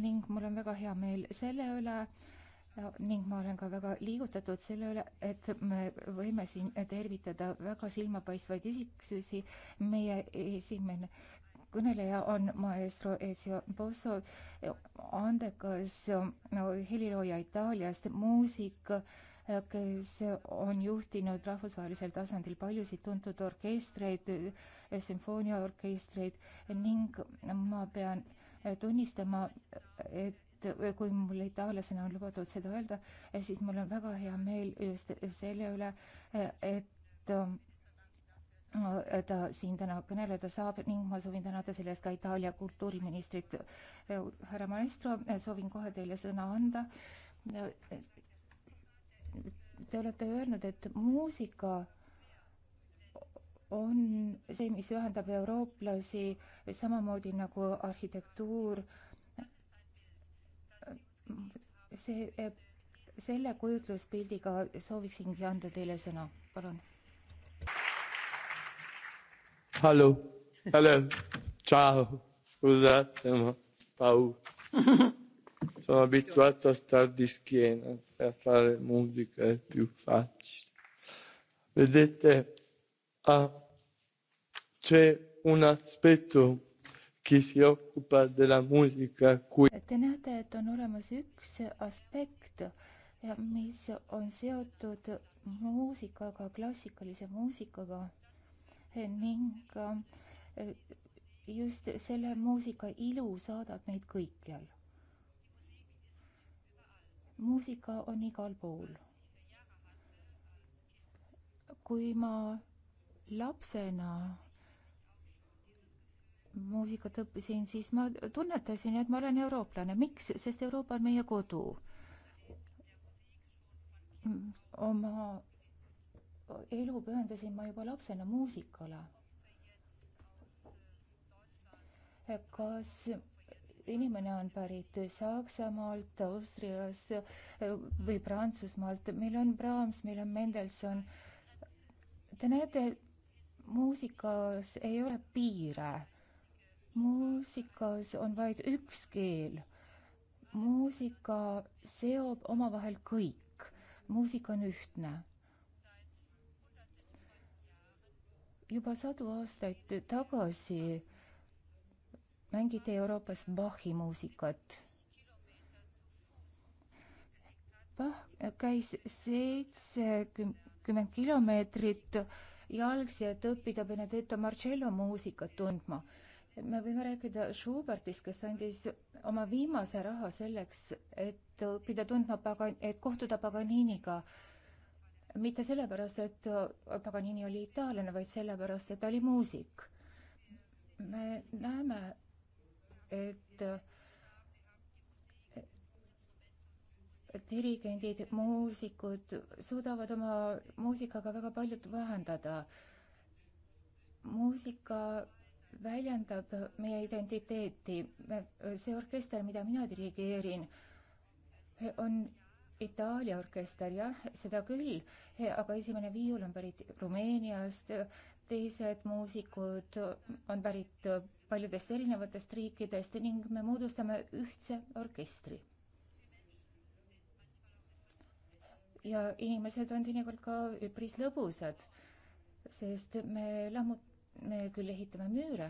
ning mul on väga hea meel selle üle ning ma olen ka väga liigutatud selle üle, et me võime siin tervitada väga silmapaistvaid isiksusi. meie esimene kõneleja on maestro Ezio Bosso, andekas no, helilooja Itaaliast, muusik äh, kes on juhtinud rahvusvahelisel tasandil paljusid tuntud orkestreid, sümfooniaorkestreid ning ma pean tunnistama, et kui mul itaallasena on lubatud seda öelda, siis mul on väga hea meel just selle üle, et ta siin täna kõneleda saab ning ma soovin tänada selle eest ka Itaalia kultuuriministrit. härra maestro, soovin kohe teile sõna anda te olete öelnud, et muusika on see, mis ühendab eurooplasi samamoodi nagu arhitektuur. see, selle kujutluspildiga sooviksingi anda teile sõna, palun. hallo, hallo, tšau, kuidas te olete? Sono abituato a star di schiena per fare musica è più facile. Vedete, ah, c'è un aspetto che si occupa della musica kui... Eh, Te näete, et on olemas üks aspekt, mis on seotud muusikaga, klassikalise muusikaga eh, ning eh, just selle muusika ilu saadab meid kõikjal muusika on igal pool. kui ma lapsena muusikat õppisin, siis ma tunnetasin, et ma olen eurooplane. miks? sest Euroopa on meie kodu. oma elu pühendasin ma juba lapsena muusikale. kas inimene on pärit Saksamaalt, Austriast äh, või Prantsusmaalt, meil on Brahms, meil on Mendelson. Te näete, muusikas ei ole piire. muusikas on vaid üks keel. muusika seob omavahel kõik, muusika on ühtne juba sadu aastaid tagasi mängiti Euroopas Bachi muusikat. Bach käis seitsekümmend kilomeetrit jalgsi, et õppida Benedetto Marcello muusikat tundma. me võime rääkida Schubertist, kes andis oma viimase raha selleks, et õppida tundma pagan-, et kohtuda Paganiniga. mitte sellepärast, et Paganini oli itaallane, vaid sellepärast, et ta oli muusik. me näeme et dirigendid, muusikud suudavad oma muusikaga väga paljut vahendada. muusika väljendab meie identiteeti. see orkester, mida mina dirigeerin, on Itaalia orkester, jah, seda küll, aga esimene viiul on pärit Rumeeniast, teised muusikud on pärit paljudest erinevatest riikidest ning me moodustame ühtse orkestri. ja inimesed on teinekord ka üpris lõbusad, sest me lammut-, me küll ehitame müüre,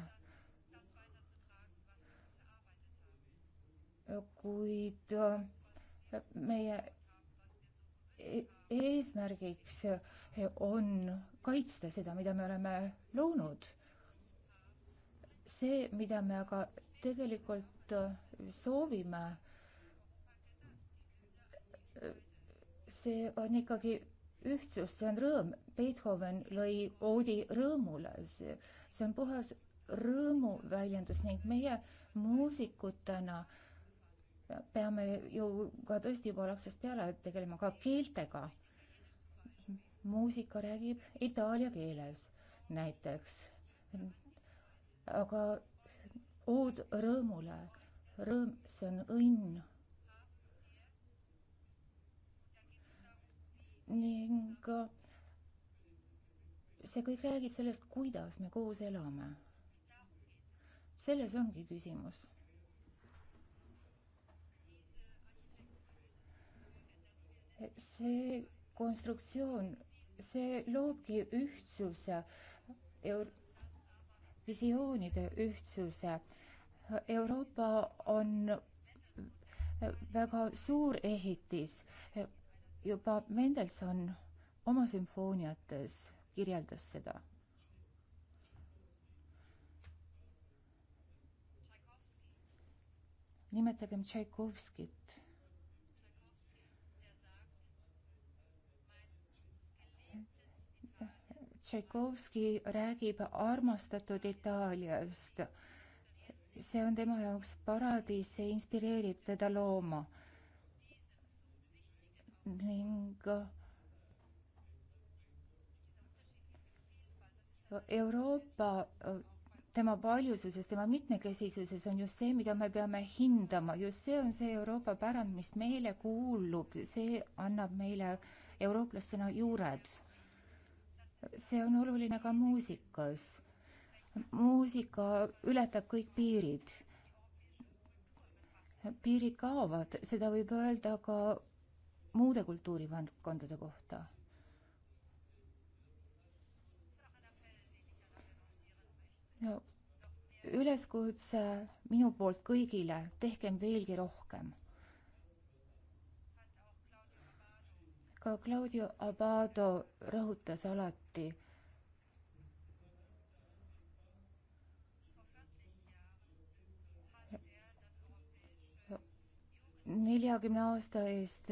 kuid äh, meie e-, eesmärgiks on kaitsta seda, mida me oleme loonud see, mida me aga tegelikult äh, soovime, see on ikkagi ühtsus, see on rõõm. Beethoven lõi oodi rõõmule, see, see on puhas rõõmuväljendus ning meie muusikutena peame ju ka tõesti juba lapsest peale tegelema ka keeltega. muusika räägib itaalia keeles näiteks aga ood rõõmule, rõõm, see on õnn. ning äh, see kõik räägib sellest, kuidas me koos elame. selles ongi küsimus see konstruktsioon, see loobki ühtsuse Euro visioonide ühtsuse. Euroopa on väga suur ehitis. juba Mendelson oma sümfooniates kirjeldas seda. nimetagem Tšaikovskit Tšaikovski räägib armastatud Itaaliast. see on tema jaoks paradiis, see inspireerib teda looma. ning Euroopa tema paljususes, tema mitmekesisuses on just see, mida me peame hindama, just see on see Euroopa pärand, mis meile kuulub, see annab meile eurooplastena juured see on oluline ka muusikas. muusika ületab kõik piirid. piirid kaovad, seda võib öelda ka muude kultuurivaldkondade kohta. üleskutse minu poolt kõigile, tehkem veelgi rohkem ka Claudio Abado rõhutas alati, neljakümne aasta eest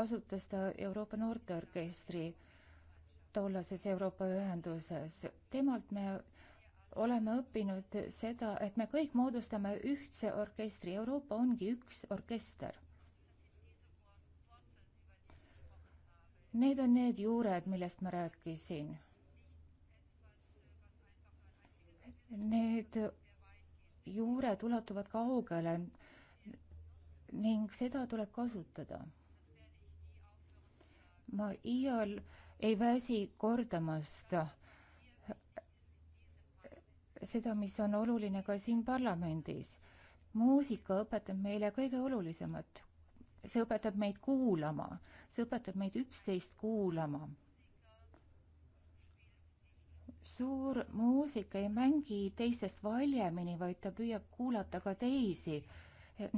asutas ta Euroopa Noorteorkestri tollases Euroopa Ühenduses. temalt me oleme õppinud seda, et me kõik moodustame ühtse orkestri, Euroopa ongi üks orkester Need on need juured, millest ma rääkisin. Need juured ulatuvad kaugele ning seda tuleb kasutada. ma iial ei väsi kordamast seda, mis on oluline ka siin parlamendis. muusika õpetab meile kõige olulisemat, see õpetab meid kuulama, see õpetab meid üksteist kuulama. suur muusik ei mängi teistest valjemini, vaid ta püüab kuulata ka teisi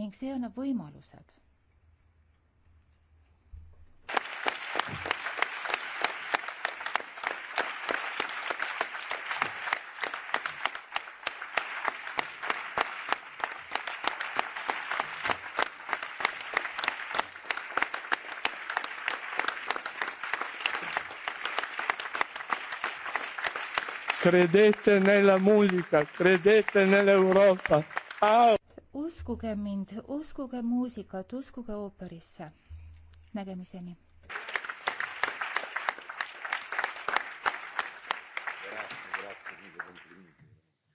ning see annab võimalused Credete nella musica, credete nell'Europa. Au! uskuge mind, uskuge muusikat, uskuge ooperisse. nägemiseni.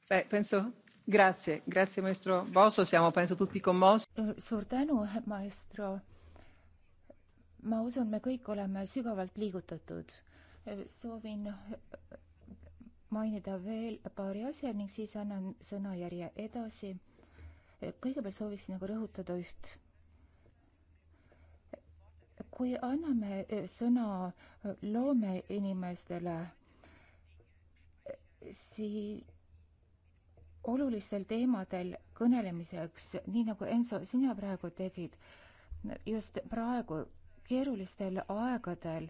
Beh, penso Grazie, grazie maestro Bosso, siamo penso tutti commossi. Eh, suur tänu, maestro. ma usun, me kõik oleme sügavalt liigutatud. Eh, soovin eh, mainida veel paari asja ning siis annan sõnajärje edasi. kõigepealt sooviksin aga nagu rõhutada üht. kui anname eh, sõna loomeinimestele, siis olulistel teemadel kõnelemiseks, nii nagu Enso, sina praegu tegid, just praegu keerulistel aegadel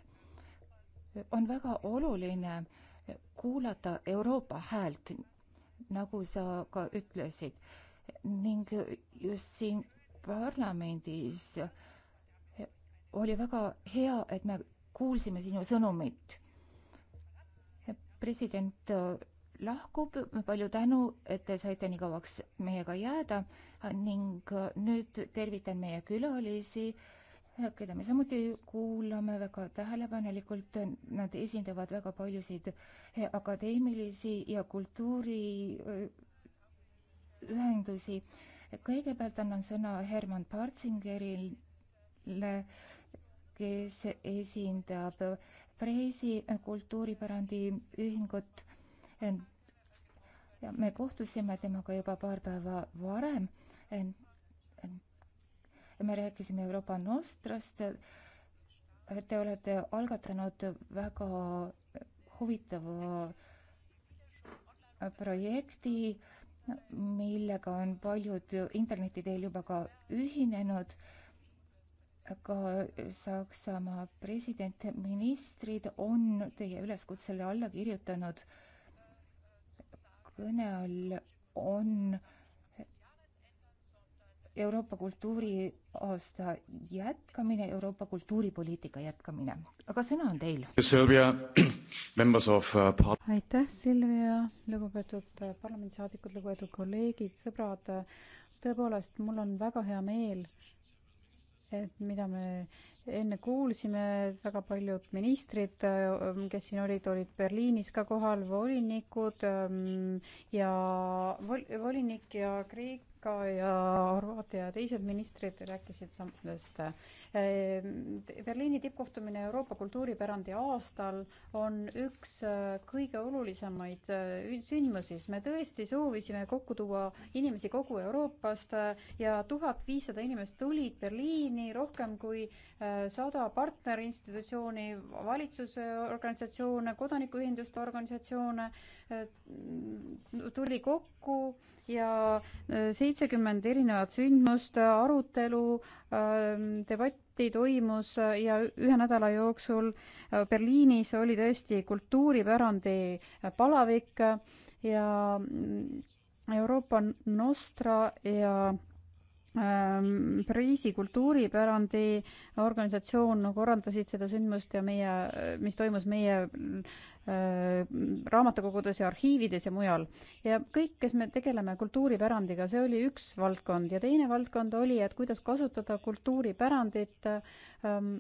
on väga oluline äh, kuulata Euroopa häält, nagu sa ka ütlesid ning just siin parlamendis oli väga hea, et me kuulsime sinu sõnumit. president lahkub, palju tänu, et te saite nii kauaks meiega jääda ning nüüd tervitan meie külalisi keda me samuti kuulame väga tähelepanelikult, nad esindavad väga paljusid akadeemilisi ja kultuuriühendusi. Äh, kõigepealt annan sõna Herman Partsingerile, kes esindab Preisi kultuuripärandi ühingut. me kohtusime temaga juba paar päeva varem me rääkisime Euroopa Nostrast. Te olete algatanud väga huvitava projekti, millega on paljud interneti teel juba ka ühinenud. ka Saksamaa president, ministrid on teie üleskutsele alla kirjutanud. kõne all on äh, Euroopa kultuuriaasta jätkamine, Euroopa kultuuripoliitika jätkamine. aga sõna on teil. Silvia, [CLEARS THROAT] members of uh, aitäh, Silvia, lugupeetud uh, parlamendisaadikud, lugupeetud kolleegid, sõbrad, tõepoolest, mul on väga hea meel, et mida me enne kuulsime, väga paljud ministrid, um, kes siin olid, olid Berliinis ka kohal, volinikud um, ja vol-, volinik ja Kreek-, Kreeka ja Horvaatia ja teised ministrid rääkisid samadest. Ehm, Berliini tippkohtumine Euroopa kultuuripärandi aastal on üks äh, kõige olulisemaid äh, sündmusi. me tõesti soovisime kokku tuua inimesi kogu Euroopast äh, ja tuhat viissada inimest tulid Berliini, rohkem kui sada partnerinstitutsiooni, valitsusorganisatsioone, kodanikuühenduste organisatsioone tuli kokku ja äh, seitsekümmend erinevat sündmust, äh, arutelu, äh, debatti toimus ja ühe nädala jooksul Berliinis oli tõesti kultuuripärandi palavik ja mm, Euroopa Nostra ja Ehm, Pariisi kultuuripärandi organisatsioon nagu korraldasid seda sündmust ja meie, mis toimus meie äh, raamatukogudes ja arhiivides ja mujal. ja kõik, kes me tegeleme kultuuripärandiga, see oli üks valdkond ja teine valdkond oli, et kuidas kasutada kultuuripärandit ähm,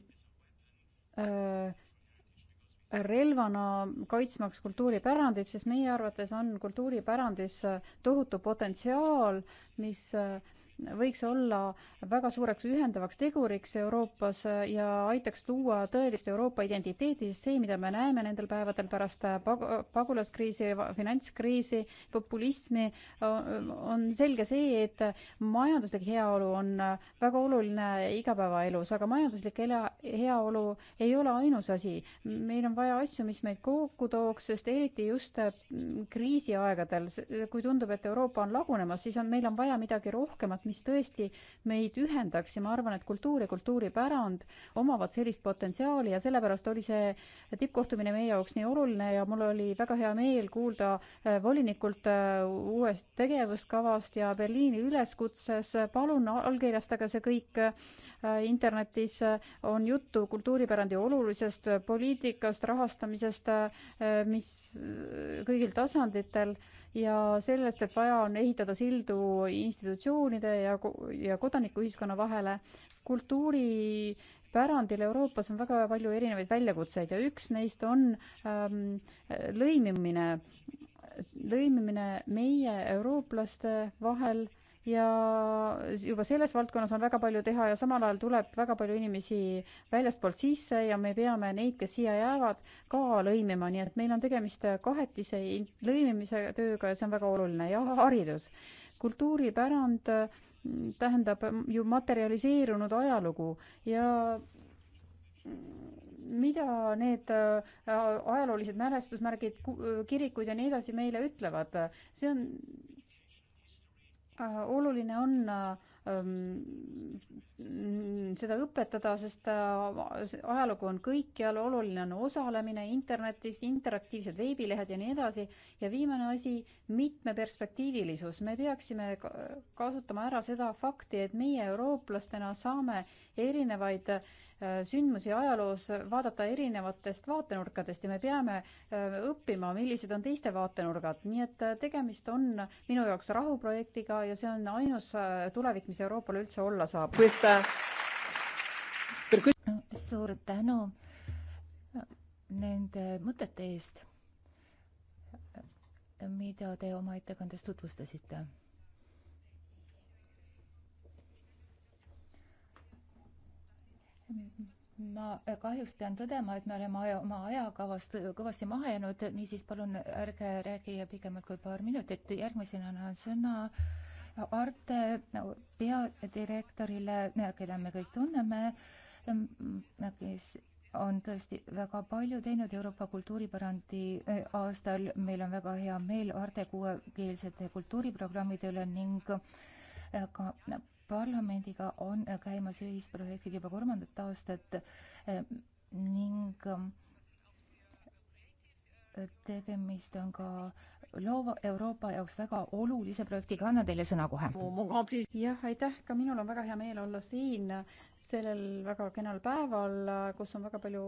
äh, relvana kaitsmaks kultuuripärandit, sest meie arvates on kultuuripärandis tohutu potentsiaal, mis äh, võiks olla väga suureks ühendavaks teguriks Euroopas ja aitaks luua tõelist Euroopa identiteeti, sest see, mida me näeme nendel päevadel pärast pag-, pagulaskriisi, finantskriisi, populismi, on selge see, et majanduslik heaolu on väga oluline igapäevaelus, aga majanduslik ela-, heaolu ei ole ainus asi. meil on vaja asju, mis meid kokku tooks, sest eriti just kriisiaegadel, kui tundub, et Euroopa on lagunemas, siis on, meil on vaja midagi rohkemat, mis tõesti meid ühendaks ja ma arvan, et kultuur ja kultuuripärand omavad sellist potentsiaali ja sellepärast oli see tippkohtumine meie jaoks nii oluline ja mul oli väga hea meel kuulda äh, volinikult äh, uuest tegevuskavast ja Berliini üleskutses, palun allkirjastage see kõik äh, internetis, on juttu kultuuripärandi olulisest poliitikast, rahastamisest, mis kõigil tasanditel ja sellest, et vaja on ehitada sildu institutsioonide ja, ja kodanikuühiskonna vahele. kultuuripärandil Euroopas on väga palju erinevaid väljakutseid ja üks neist on ähm, lõimimine, lõimimine meie eurooplaste vahel ja juba selles valdkonnas on väga palju teha ja samal ajal tuleb väga palju inimesi väljastpoolt sisse ja me peame neid, kes siia jäävad, ka lõimima, nii et meil on tegemist kahetise lõimimise tööga ja see on väga oluline ja haridus. kultuuripärand mm, tähendab ju materialiseerunud ajalugu ja mm, mida need äh, ajaloolised mälestusmärgid, äh, kirikud ja nii edasi meile ütlevad, see on Äh, oluline on äh, ähm, seda õpetada, sest äh, ajalugu on kõikjal, oluline on osalemine internetis, interaktiivsed veebilehed ja nii edasi. ja viimane asi, mitmeperspektiivilisus. me peaksime kasutama ära seda fakti, et meie eurooplastena saame erinevaid äh, sündmusi ajaloos vaadata erinevatest vaatenurkadest ja me peame äh, õppima, millised on teiste vaatenurgad, nii et äh, tegemist on minu jaoks rahuprojektiga ja see on ainus äh, tulevik, mis Euroopale üldse olla saab. suur tänu nende mõtete eest, mida te oma ettekandes tutvustasite ma kahjuks pean tõdema, et me oleme aja, oma ajakavast kõvasti maha jäänud, niisiis palun ärge rääkige pikemalt kui paar minutit, järgmisena annan sõna Arte peadirektorile, keda me kõik tunneme, kes on tõesti väga palju teinud Euroopa kultuuripärandi aastal, meil on väga hea meel Arte kuuekeelsete kultuuriprogrammide üle ning ka parlamendiga on käimas ühisprojektid juba kolmandat aastat eh, ning eh, tegemist on ka loova Euroopa jaoks väga olulise projektiga, annan teile sõna kohe. jah, aitäh, ka minul on väga hea meel olla siin sellel väga kenal päeval, kus on väga palju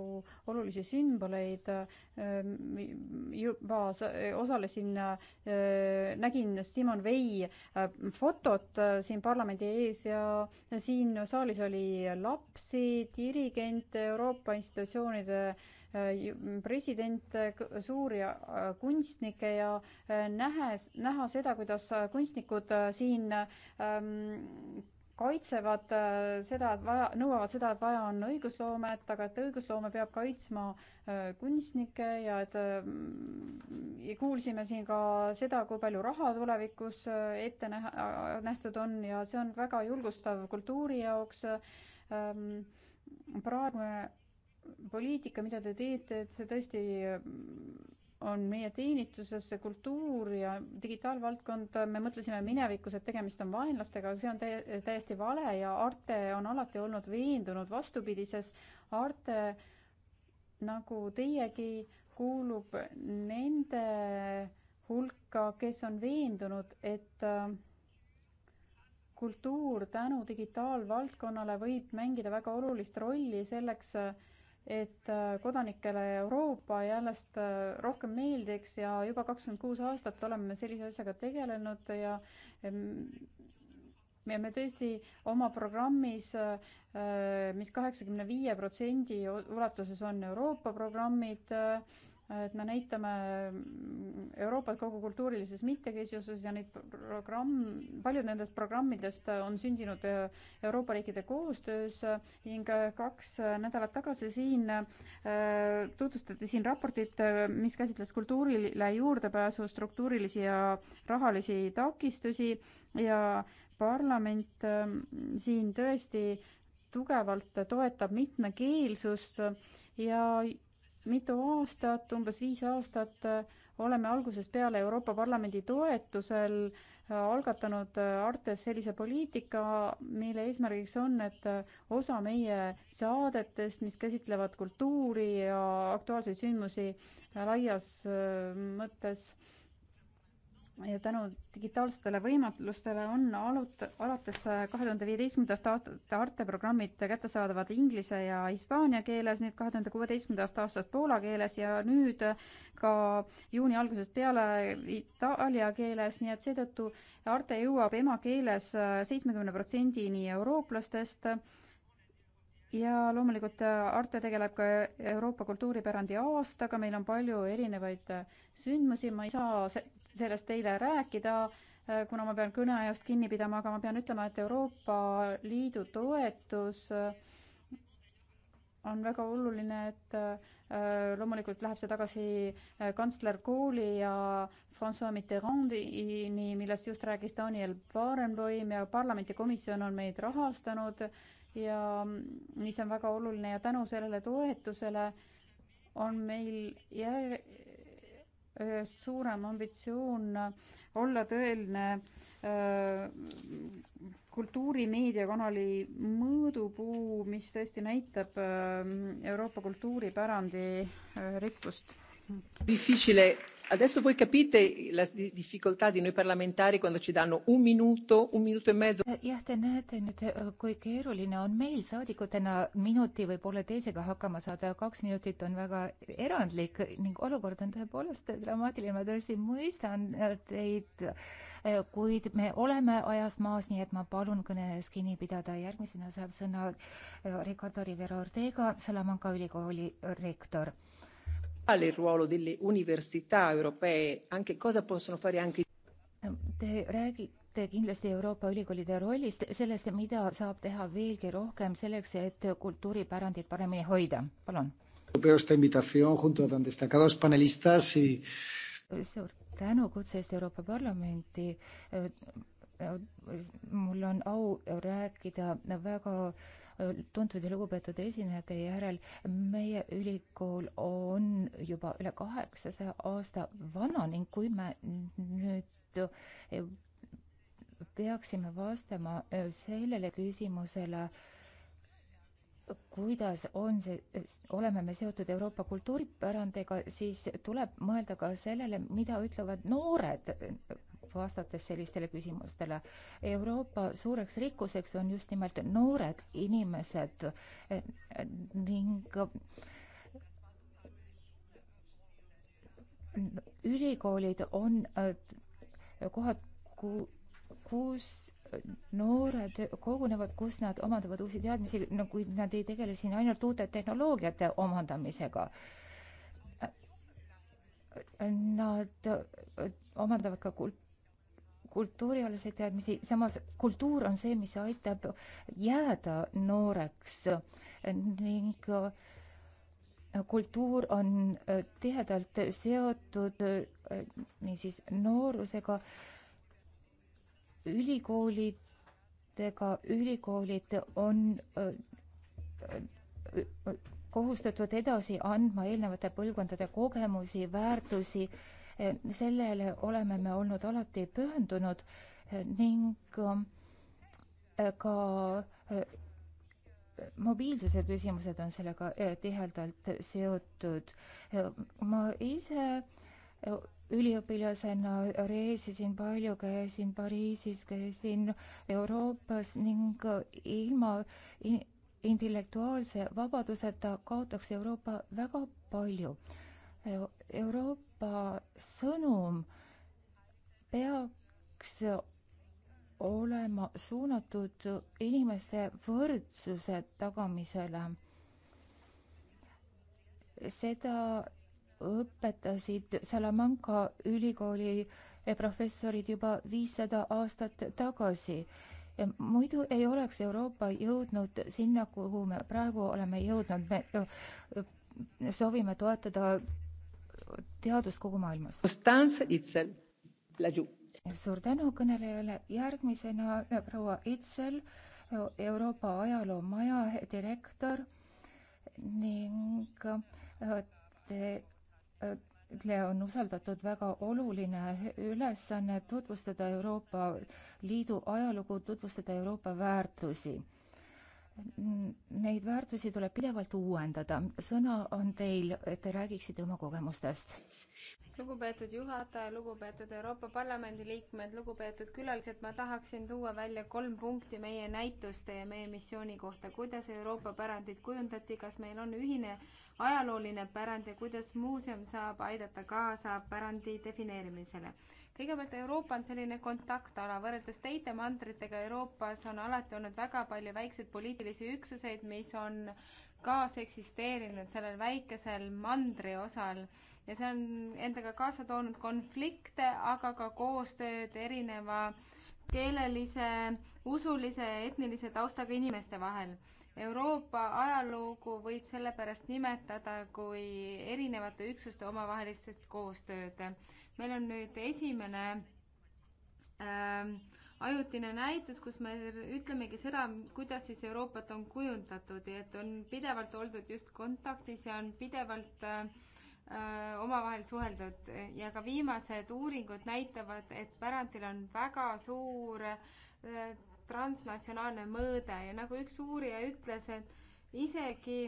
olulisi sümboleid. Ehm, juba osalesin, ehm, nägin Simon Vei ehm, fotot siin parlamendi ees ja siin saalis oli lapsi, dirigente, Euroopa institutsioonide Äh, presidente, äh, suuri kunstnikke ja äh, nähes, näha seda, kuidas kunstnikud siin ähm, kaitsevad seda, et vaja, nõuavad seda, et vaja on õigusloomet, aga et õigusloome peab kaitsma kunstnikke ja et ja kuulsime siin ka seda, kui palju raha tulevikus ette näha, nähtud on ja see on väga julgustav kultuuri jaoks. Ähm, praegune poliitika, mida te teete, et see tõesti mm, on meie teenistuses, see kultuur ja digitaalvaldkond, me mõtlesime minevikus, et tegemist on vaenlastega, see on täie-, täiesti vale ja Arte on alati olnud veendunud vastupidises. Arte, nagu teiegi, kuulub nende hulka, kes on veendunud, et kultuur tänu digitaalvaldkonnale võib mängida väga olulist rolli selleks, et äh, kodanikele Euroopa järjest äh, rohkem meeldiks ja juba kakskümmend kuus aastat oleme me sellise asjaga tegelenud ja ja me tõesti oma programmis mis, äh, mis kaheksakümne viie protsendi ulatuses on Euroopa programmid, et me näitame Euroopat kogu kultuurilises mittekesuses ja neid programm, paljud nendest programmidest on sündinud Euroopa riikide koostöös ning kaks nädalat tagasi siin äh, tutvustati siin raportit, mis käsitles kultuurile juurdepääsu struktuurilisi ja rahalisi takistusi ja parlament äh, siin tõesti tugevalt toetab mitmekeelsust ja mitu aastat, umbes viis aastat äh, oleme algusest peale Euroopa Parlamendi toetusel äh, algatanud äh, Artes sellise poliitika, mille eesmärgiks on, et osa meie saadetest, mis käsitlevad kultuuri ja aktuaalseid sündmusi laias mõttes, ja tänu digitaalsetele võimalustele on alut-, alates äh, kahe tuhande viieteistkümnendast aastast Arte programmid kättesaadavad inglise ja hispaania keeles, nüüd kahe tuhande kuueteistkümnendast aastast poola keeles ja nüüd ka juuni algusest peale itaalia keeles, nii et seetõttu Arte jõuab emakeeles äh, seitsmekümne protsendini eurooplastest ja loomulikult äh, Arte tegeleb ka Euroopa kultuuripärandi aastaga, meil on palju erinevaid sündmusi, ma ei saa sellest teile rääkida, äh, kuna ma pean kõneajast kinni pidama, aga ma pean ütlema, et Euroopa Liidu toetus äh, on väga oluline, et äh, loomulikult läheb see tagasi kantsler Kooli ja Francois Mitterrandini, millest just rääkis Daniel Barenboim ja parlament ja komisjon on meid rahastanud ja mm, mis on väga oluline ja tänu sellele toetusele on meil jär-, suurem ambitsioon äh, olla tõeline kultuurimeediakanali mõõdupuu, mis tõesti näitab Euroopa kultuuripärandi rikkust Difficile. Adesso voi capite la difficoltà di noi parlamentari quando ci danno un minuto, un minuto e mezzo. Eh, jah, te näete nüüd, eh, kui keeruline on meil saadikutena minuti või pooleteisega hakkama saada, kaks minutit on väga erandlik ning olukord on tõepoolest dramaatiline, ma tõesti mõistan eh, teid, kuid me oleme ajast maas, nii et ma palun kõne ees kinni pidada. järgmisena saab sõna Ricardo Rivero Ortega, Salamanca ülikooli rektor il ruolo delle università europee, anche cosa possono fare anche Te räägite kindlasti Euroopa ülikoolide rollist, sellest, mida saab teha veelgi rohkem selleks, et kultuuripärandit paremini hoida. palun. suur tänu kutse eest Euroopa Parlamenti. mul on au rääkida väga äh, tuntud ja lugupeetud esinejate järel. meie ülikool on juba üle kaheksasaja aasta vana ning kui me nüüd eh, peaksime vastama eh, sellele küsimusele, kuidas on see, oleme me seotud Euroopa kultuuripärandiga, siis tuleb mõelda ka sellele, mida ütlevad noored vastates sellistele küsimustele. Euroopa suureks rikkuseks on just nimelt noored inimesed eh, ning eh, ülikoolid on eh, kohad, kus noored kogunevad, kus nad omandavad uusi teadmisi, no kuid nad ei tegele siin ainult uute tehnoloogiate omandamisega. Nad omandavad ka kult-, kultuurialaseid teadmisi, samas kultuur on see, mis aitab jääda nooreks ning äh, kultuur on äh, tihedalt seotud äh, niisiis noorusega, ülikoolidega, ülikoolid on kohustatud edasi andma eelnevate põlvkondade kogemusi, väärtusi äh, sellele oleme me olnud alati pühendunud eh, ning eh, ka eh, mobiilsuse küsimused on sellega tihedalt seotud. ma ise üliõpilasena reisisin palju, käisin Pariisis, käisin Euroopas ning ilma intellektuaalse vabaduseta kaotaks Euroopa väga palju. Euroopa sõnum peaks olema suunatud inimeste võrdsuse tagamisele. seda õpetasid Salamanca ülikooli professorid juba viissada aastat tagasi. muidu ei oleks Euroopa jõudnud sinna, kuhu me praegu oleme jõudnud. me soovime toetada teadust kogu maailmas. suur tänu kõnelejale, järgmisena äh, proua Itsel, äh, Euroopa Ajaloomaja direktor ning äh, te, teile on usaldatud väga oluline ülesanne tutvustada Euroopa Liidu ajalugu, tutvustada Euroopa väärtusi Neid väärtusi tuleb pidevalt uuendada. sõna on teil, et te räägiksite oma kogemustest. lugupeetud juhataja, lugupeetud Euroopa Parlamendi liikmed, lugupeetud külalised, ma tahaksin tuua välja kolm punkti meie näituste ja meie missiooni kohta, kuidas Euroopa pärandit kujundati, kas meil on ühine ajalooline pärand ja kuidas muuseum saab aidata kaasa pärandi defineerimisele kõigepealt Euroopa on selline kontaktala, võrreldes teiste mandritega Euroopas on alati olnud väga palju väikseid poliitilisi üksuseid, mis on kaaseksisteerinud sellel väikesel mandriosal ja see on endaga kaasa toonud konflikte, aga ka koostööd erineva keelelise, usulise ja etnilise taustaga inimeste vahel. Euroopa ajalugu võib sellepärast nimetada kui erinevate üksuste omavahelist koostööd meil on nüüd esimene ähm, ajutine näitus, kus me ütlemegi seda, kuidas siis Euroopat on kujundatud ja et on pidevalt oldud just kontaktis ja on pidevalt äh, omavahel suheldud ja ka viimased uuringud näitavad, et pärandil on väga suur äh, transnatsionaalne mõõde ja nagu üks uurija ütles, et isegi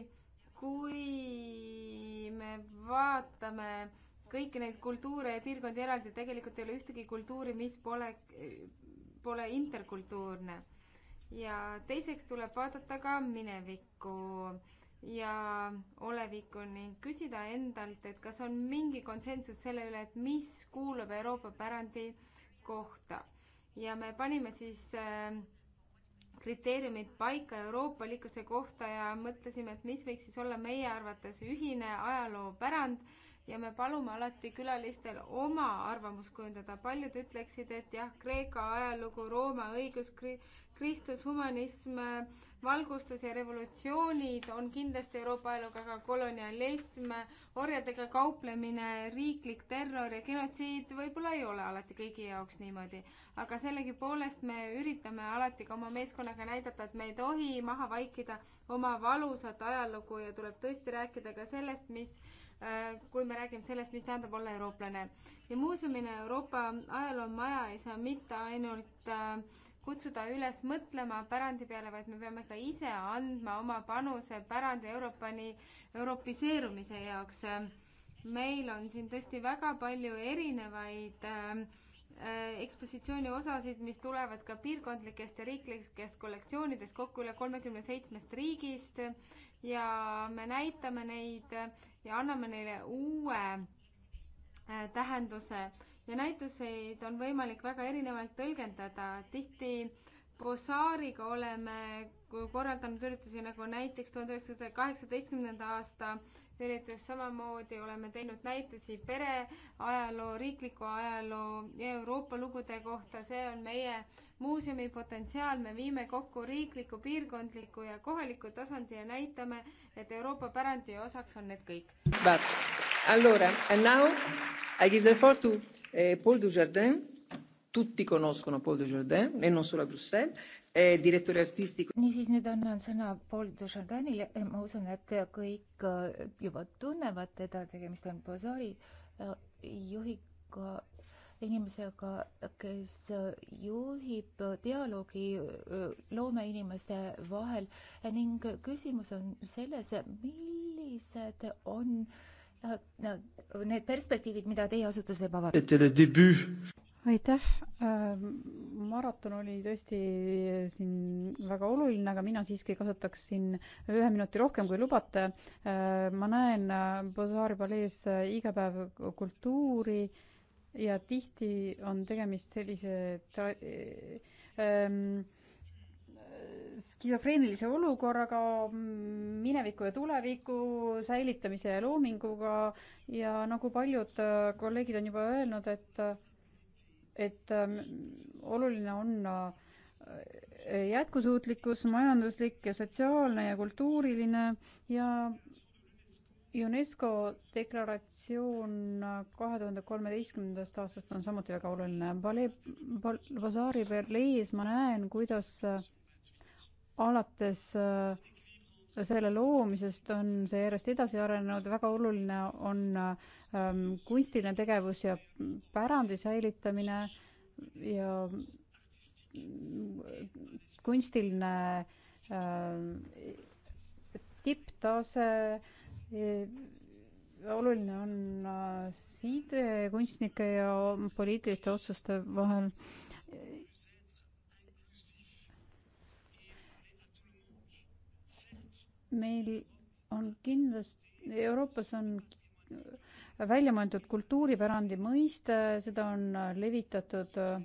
kui me vaatame äh, kõiki neid kultuure ja piirkondi eraldi, tegelikult ei ole ühtegi kultuuri, mis pole, pole interkultuurne. ja teiseks tuleb vaadata ka minevikku ja olevikku ning küsida endalt, et kas on mingi konsensus selle üle, et mis kuulub Euroopa pärandi kohta. ja me panime siis äh, kriteeriumid paika euroopalikkuse kohta ja mõtlesime, et mis võiks siis olla meie arvates ühine ajaloopärand ja me palume alati külalistel oma arvamust kujundada. paljud ütleksid, et jah, Kreeka ajalugu, Rooma õigus, Kristus, humanism, valgustus ja revolutsioonid on kindlasti Euroopa ajalugu, aga kolonialism, orjadega kauplemine, riiklik terror ja genotsiid võib-olla ei ole alati kõigi jaoks niimoodi. aga sellegipoolest me üritame alati ka oma meeskonnaga näidata, et me ei tohi maha vaikida oma valusat ajalugu ja tuleb tõesti rääkida ka sellest, mis Äh, kui me räägime sellest, mis tähendab olla eurooplane. ja muuseumina Euroopa ajaloomaja ei saa mitte ainult äh, kutsuda üles mõtlema pärandi peale, vaid me peame ka ise andma oma panuse pärandi Euroopani, europiseerumise jaoks. meil on siin tõesti väga palju erinevaid äh, äh ekspositsiooni osasid, mis tulevad ka piirkondlikest ja riiklikest kollektsioonidest kokku üle kolmekümne seitsmest riigist ja me näitame neid ja anname neile uue äh, tähenduse ja näituseid on võimalik väga erinevalt tõlgendada. tihti Bosaariga oleme korraldanud üritusi nagu näiteks tuhande üheksasaja kaheksateistkümnenda aasta üritus, samamoodi oleme teinud näitusi pereajaloo, riikliku ajaloo ja Euroopa lugude kohta, see on meie muuseumi potentsiaal, me viime kokku riikliku, piirkondliku ja kohaliku tasandi ja näitame, et Euroopa pärandi osaks on need kõik. But allora and now I give the floor to eh, Paul Dujardin. Tutti conoscono Paul Dujardin e non solo a Bruxelles E, direktori artistliku. niisiis, nüüd annan sõna Paul Duchardanile, e, ma usun, et kõik e, juba tunnevad teda, tegemist on Bazaari juhiga, inimesega, kes juhib dialoogi loomeinimeste vahel ning küsimus on selles, millised on need perspektiivid, mida teie asutus võib avada? aitäh, ähm, maraton oli tõesti äh, siin väga oluline, aga mina siiski kasutaksin ühe minuti rohkem, kui lubate. Äh, ma näen äh, Bazaari palees iga päev kultuuri ja tihti on tegemist sellise tra- ähm,, skisofreenilise olukorraga, mineviku ja tuleviku säilitamise ja loominguga ja nagu paljud kolleegid on juba öelnud, et et ähm, oluline on äh, jätkusuutlikkus, majanduslik ja sotsiaalne ja kultuuriline ja UNESCO deklaratsioon kahe tuhande kolmeteistkümnendast aastast on samuti väga oluline. Bale-, Bal-, Basaari Berliis ma näen, kuidas äh, alates äh, selle loomisest on see järjest edasi arenenud, väga oluline on ähm, kunstiline tegevus ja pärandi säilitamine ja mm, kunstiline äh, tipptase äh, oluline on äh, side äh, kunstnike ja poliitiliste otsuste vahel äh, meil on kindlasti, Euroopas on välja mõeldud kultuuripärandi mõiste, seda on levitatud äh,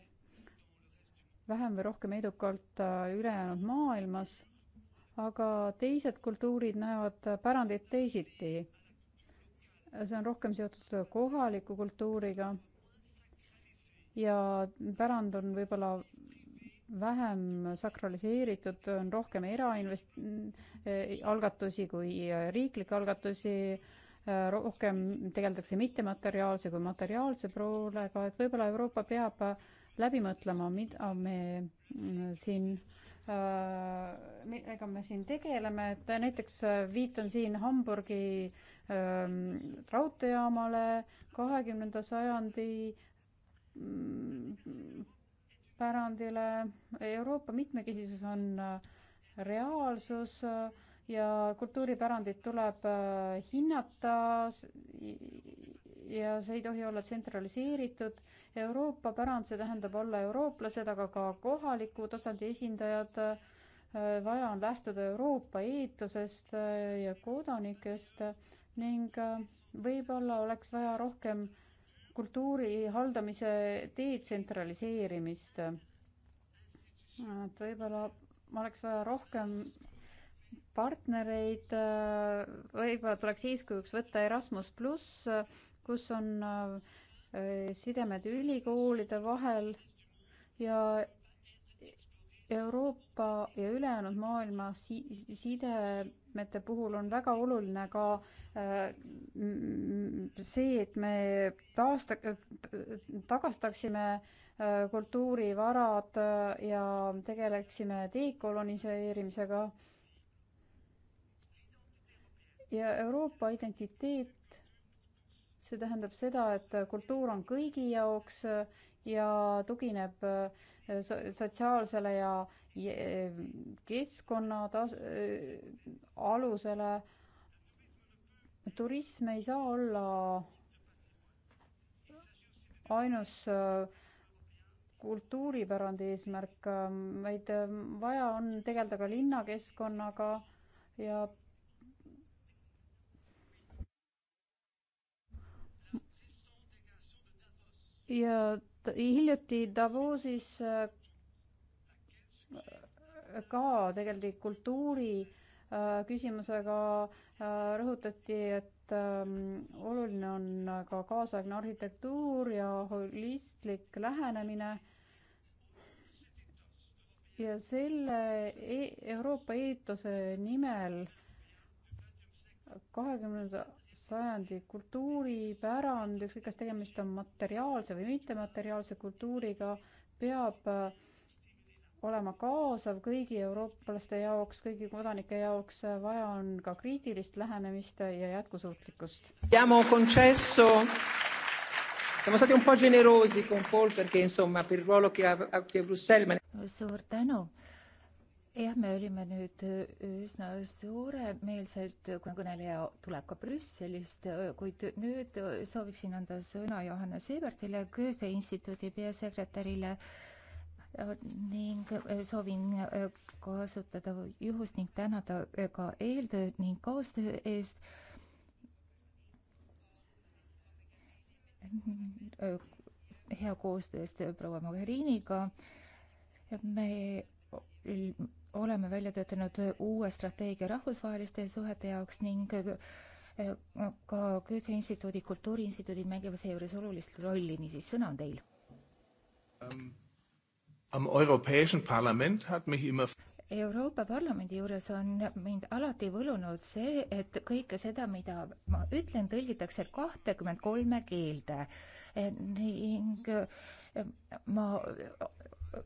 vähem või rohkem edukalt äh, ülejäänud maailmas, aga teised kultuurid näevad pärandit teisiti. see on rohkem seotud kohaliku kultuuriga ja pärand on võib-olla vähem sakraliseeritud, on rohkem erainvest-, eh, algatusi kui riiklikke algatusi, eh, rohkem tegeldakse mittemateriaalse kui materiaalse poolega, et võib-olla Euroopa peab läbi mõtlema, mida me siin eh, millega me siin tegeleme, et näiteks viitan siin Hamburgi ehm, raudteejaamale kahekümnenda sajandi mm, pärandile. Euroopa mitmekesisus on äh, reaalsus äh, ja kultuuripärandit tuleb äh, hinnata ja see ei tohi olla tsentraliseeritud. Euroopa pärand, see tähendab olla eurooplased, aga ka kohaliku tasandi esindajad. vaja on lähtuda Euroopa eetosest ja kodanikest ning võib-olla oleks vaja rohkem äh, kultuuri haldamise detsentraliseerimist. et võib-olla oleks vaja rohkem partnereid, võib-olla tuleks eeskujuks võtta Erasmus pluss, kus on äh, sidemed ülikoolide vahel ja Euroopa ja ülejäänud maailma si-, sidemete puhul on väga oluline ka äh, see, et me taasta-, tagastaksime äh, kultuurivarad äh, ja tegeleksime dekoloniseerimisega. ja Euroopa identiteet, see tähendab seda, et kultuur on kõigi jaoks ja tugineb äh, sotsiaalsele ja keskkonna tas-, alusele. turism ei saa olla ainus kultuuripärandi eesmärk, vaid vaja on tegeleda ka linnakeskkonnaga ja ja hiljuti Davosis äh, ka tegeldi kultuuri äh, küsimusega, äh, rõhutati, et ähm, oluline on ka kaasaegne arhitektuur ja holistlik lähenemine. ja selle e-, Euroopa eetose nimel kahekümnenda 20 sajandi kultuuripärand, ükskõik kas tegemist on materiaalse või mittemateriaalse kultuuriga, peab äh, olema kaasav kõigi eurooplaste jaoks, kõigi kodanike jaoks, vaja on ka kriitilist lähenemist ja jätkusuutlikkust. Siamo stati un po' generosi con Paul perché insomma per il ruolo che ha, che Bruxelles. suur tänu jah, me olime nüüd üsna suuremeelsed, kui kõneleja tuleb ka Brüsselist, kuid nüüd sooviksin anda sõna Johanna Seibertile, Goethe instituudi peasekretärile ning soovin kasutada juhust ning tänada ka eeltööd ning koostöö eest. hea koostöö eest proua Mogheriniga. me oleme välja töötanud uue strateegia rahvusvaheliste suhete jaoks ning eh, ka Goethe instituudi, Kultuuriinstituudid mängivad seejuures olulist rolli, niisiis sõna on teil um,. Immer... Euroopa Parlamendi juures on mind alati võlunud see, et kõike seda, mida ma ütlen, tõlgitakse kahtekümmend kolme keelde eh, ning eh, ma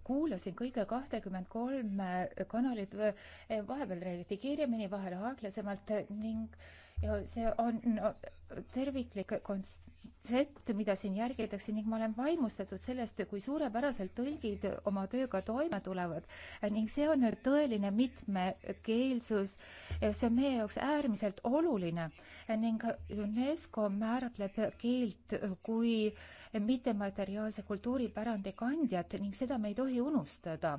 kuulasin kõige kahtekümmend kolme kanalit eh, vahepeal reageeriti kiiremini, vahel aeglasemalt eh, ning äh, see on no, terviklik kontsept, mida siin järgitakse ning ma olen vaimustatud sellest, kui suurepäraselt tõlgid oma tööga toime tulevad ning see on tõeline mitmekeelsus. see on meie jaoks äärmiselt oluline ning UNESCO määratleb keelt kui mittemateriaalse kultuuripärandi kandjat ning seda me ei tohi unustada.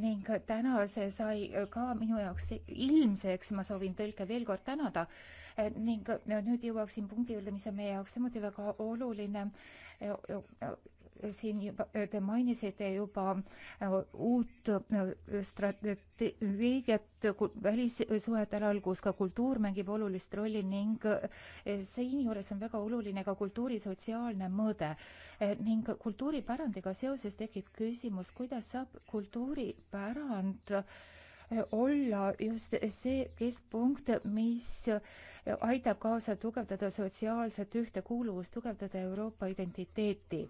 ning täna see sai ka minu jaoks ilmseks, ma soovin tõlke veel kord tänada Eh, ning eh, nüüd jõuaksin punkti juurde, mis on meie jaoks samuti väga oluline. Eh, siin juba, te mainisite juba uut strateegiat välissuhete alal, kus ka kultuur mängib olulist rolli ning siinjuures on väga oluline ka kultuuri sotsiaalne mõõde ning kultuuripärandiga seoses tekib küsimus, kuidas saab kultuuripärand olla just see keskpunkt, mis aitab kaasa tugevdada sotsiaalset ühtekuuluvust, tugevdada Euroopa identiteeti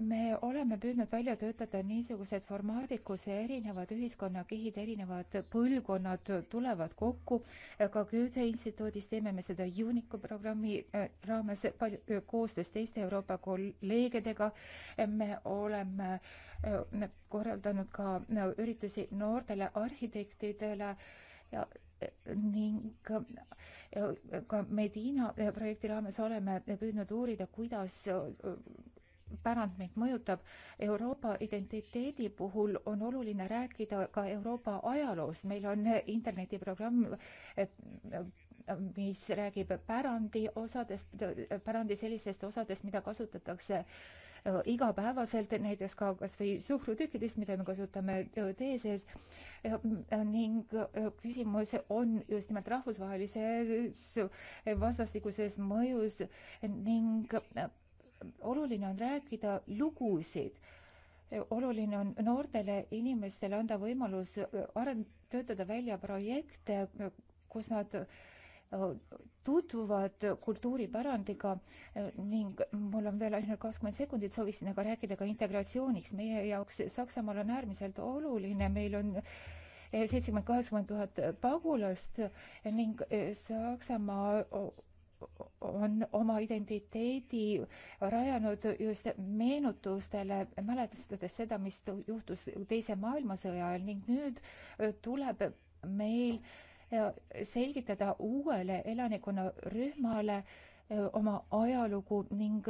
me oleme püüdnud välja töötada niisugused formaadid, kus erinevad ühiskonnakihid, erinevad põlvkonnad tulevad kokku. ka Goethe instituudis teeme me seda Unico programmi äh, raames palju äh, koostöös teiste Euroopa kolleegidega. me oleme äh, korraldanud ka üritusi noortele arhitektidele ja ning ka Medina projekti raames oleme püüdnud uurida, kuidas pärand meid mõjutab. Euroopa identiteedi puhul on oluline rääkida ka Euroopa ajaloost. meil on internetiprogramm, mis räägib pärandi osadest, pärandi sellistest osadest, mida kasutatakse äh, igapäevaselt, näiteks ka kas või suhkrutükkidest, mida me kasutame äh, tee sees. Äh, ning küsimus on just nimelt rahvusvahelises vastastikuses mõjus ning oluline on rääkida lugusid. oluline on noortele inimestele anda võimalus arend-, töötada välja projekte, kus nad äh, tutvuvad kultuuripärandiga ning mul on veel ainult kakskümmend sekundit, sooviksin aga rääkida ka integratsiooniks. meie jaoks Saksamaal on äärmiselt oluline, meil on äh, seitsekümmend, kaheksakümmend tuhat pagulast ning äh, Saksamaa on oma identiteedi rajanud just meenutustele, mäletades seda, mis juhtus Teise maailmasõja ajal ning nüüd äh, tuleb meil äh, selgitada uuele elanikkonnarühmale äh, oma ajalugu ning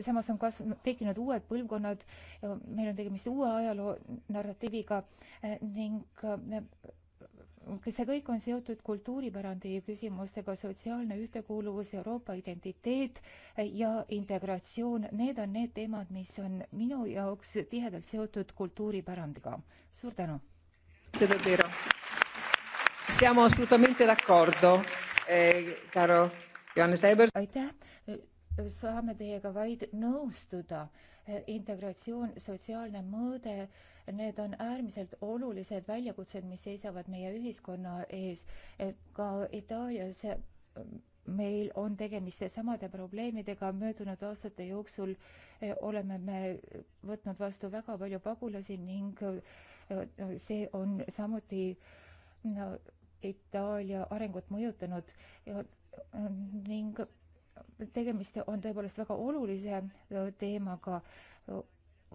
samas on kasvanud, tekkinud uued põlvkonnad, meil on tegemist uue ajaloo narratiiviga ning see kõik on seotud kultuuripärandi küsimustega, sotsiaalne ühtekuuluvus, Euroopa identiteet ja integratsioon, need on need teemad, mis on minu jaoks tihedalt seotud kultuuripärandiga. suur tänu! Eh, aitäh! saame teiega vaid nõustuda. integratsioon, sotsiaalne mõõde, need on äärmiselt olulised väljakutsed, mis seisavad meie ühiskonna ees. ka Itaalias meil on tegemist samade probleemidega, möödunud aastate jooksul oleme me võtnud vastu väga palju pagulasi ning see on samuti no, Itaalia arengut mõjutanud ning tegemist on tõepoolest väga olulise teemaga,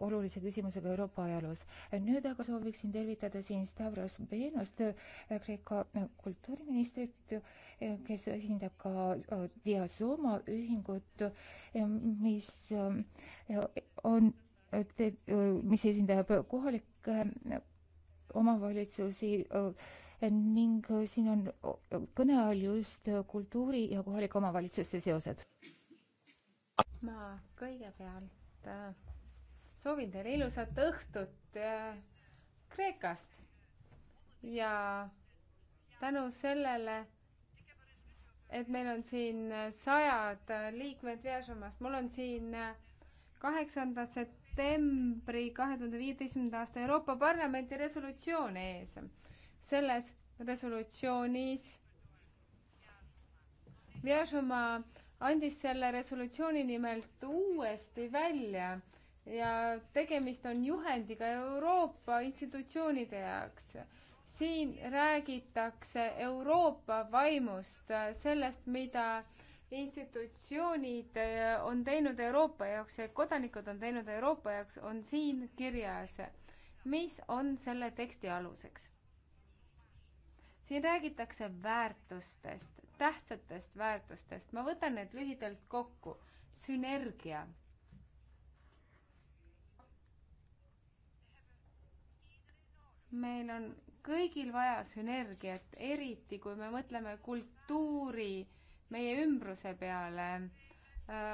olulise küsimusega Euroopa ajaloos. nüüd aga sooviksin tervitada siin Stavros Beenost, Kreeka kultuuriministrit, kes esindab ka Diasoma ühingut, mis on, mis esindab kohalikke omavalitsusi ning äh, siin on kõne all just äh, kultuuri ja kohalike omavalitsuste seosed. ma kõigepealt äh, soovin teile ilusat õhtut Kreekast ja tänu sellele, et meil on siin sajad liikmed Veasamaast, mul on siin kaheksanda septembri kahe tuhande viieteistkümnenda aasta Euroopa Parlamenti resolutsioon ees selles resolutsioonis. Vjažuma andis selle resolutsiooni nimelt uuesti välja ja tegemist on juhendiga Euroopa institutsioonide jaoks. siin räägitakse Euroopa vaimust, sellest, mida institutsioonid eh, on teinud Euroopa jaoks ja kodanikud on teinud Euroopa jaoks, on siin kirjas. mis on selle teksti aluseks? siin räägitakse väärtustest, tähtsatest väärtustest, ma võtan need lühidalt kokku. sünergia. meil on kõigil vaja sünergiat, eriti kui me mõtleme kultuuri meie ümbruse peale, äh,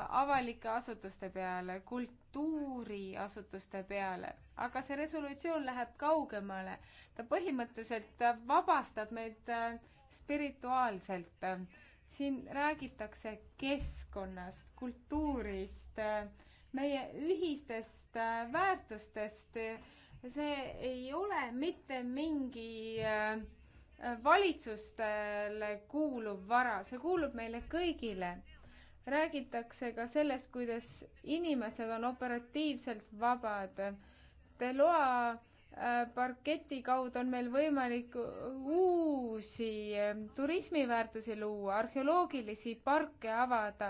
avalike asutuste peale, kultuuriasutuste peale aga see resolutsioon läheb kaugemale. ta põhimõtteliselt äh, vabastab meid äh, spirituaalselt. Äh, siin räägitakse keskkonnast, kultuurist, meie ühistest väärtustest. see ei ole mitte mingi valitsustele kuuluv vara, see kuulub meile kõigile räägitakse ka sellest, kuidas inimesed on operatiivselt vabad Deloa äh, parketi kaudu on meil võimalik uusi äh, turismiväärtusi luua, arheoloogilisi parke avada,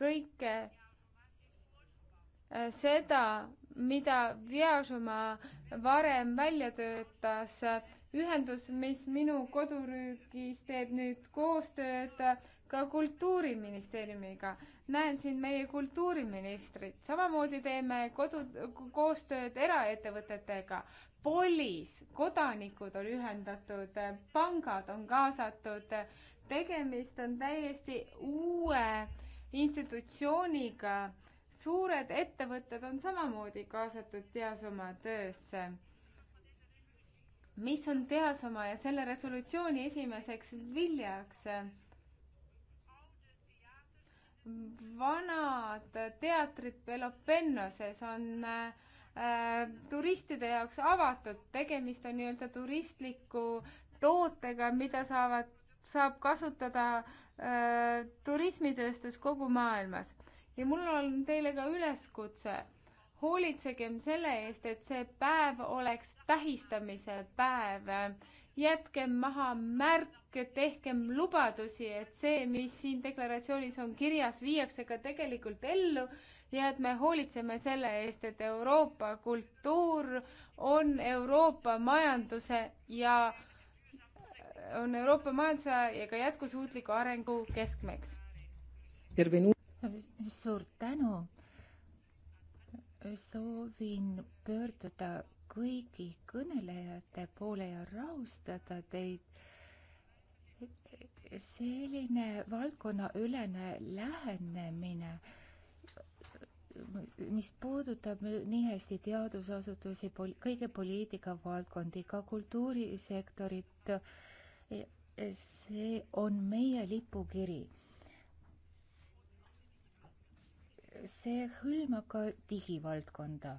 kõike äh, seda, mida Viažuma varem välja töötas, ühendus, mis minu koduriigis teeb nüüd koostööd ka Kultuuriministeeriumiga. näen siin meie kultuuriministrit, samamoodi teeme kodu, koostööd eraettevõtetega. Polis, kodanikud on ühendatud, pangad on kaasatud, tegemist on täiesti uue institutsiooniga. suured ettevõtted on samamoodi kaasatud Diasoma töösse mis on teasoma ja selle resolutsiooni esimeseks viljaks vanad teatrid Pelopennoses on äh, turistide jaoks avatud, tegemist on nii-öelda turistliku tootega, mida saavad, saab kasutada äh, turismitööstus kogu maailmas. ja mul on teile ka üleskutse, hoolitsegem selle eest, et see päev oleks tähistamise päev, jätkem maha märk, tehkem lubadusi, et see, mis siin deklaratsioonis on kirjas, viiakse ka tegelikult ellu ja et me hoolitseme selle eest, et Euroopa kultuur on Euroopa majanduse ja on Euroopa majanduse ja ka jätkusuutliku arengu keskmeks. suur tänu. soovin pöörduda kõigi kõnelejate poole ja rahustada teid selline valdkonnaülene lähenemine, mis puudutab nii hästi teadusasutusi, pol-, kõige poliitikavaldkondi, ka kultuurisektorit, see on meie lipukiri. see hõlmab ka digivaldkonda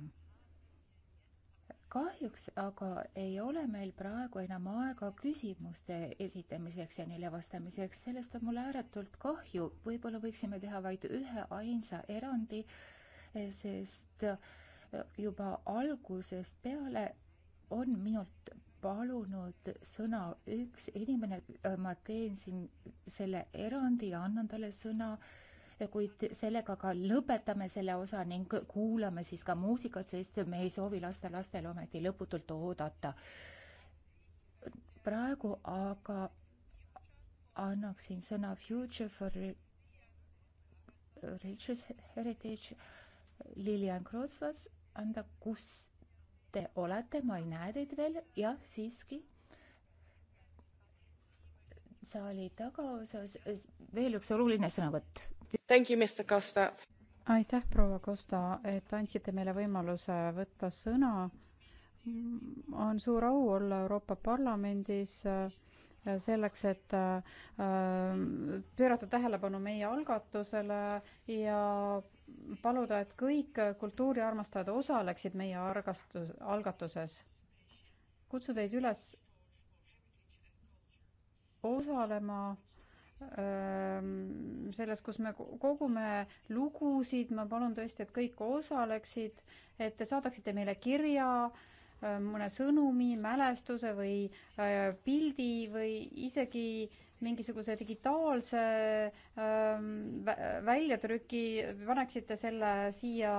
kahjuks aga ei ole meil praegu enam aega küsimuste esitamiseks ja neile vastamiseks, sellest on mul ääretult kahju, võib-olla võiksime teha vaid ühe ainsa erandi, eh, sest eh, juba algusest peale on minult palunud sõna üks inimene, ma teen siin selle erandi ja annan talle sõna kuid sellega ka lõpetame selle osa ning kuulame siis ka muusikat, sest me ei soovi lasta lastel ometi lõputult oodata. praegu aga annaksin sõna Future for Religious Heritage Lilian Krootsvats, anda, kus te olete, ma ei näe teid veel, jah, siiski saali tagaosas veel üks oluline sõnavõtt aitäh, proua Costa, et andsite meile võimaluse võtta sõna. on suur au olla Euroopa Parlamendis äh, selleks, et äh, pöörata tähelepanu meie algatusele ja paluda, et kõik kultuuriarmastajad osaleksid meie argastus, algatuses. kutsun teid üles osalema selles, kus me kogume lugusid, ma palun tõesti, et kõik osaleksid, et te saadaksite meile kirja, mõne sõnumi, mälestuse või pildi või isegi mingisuguse digitaalse väljatrüki, paneksite selle siia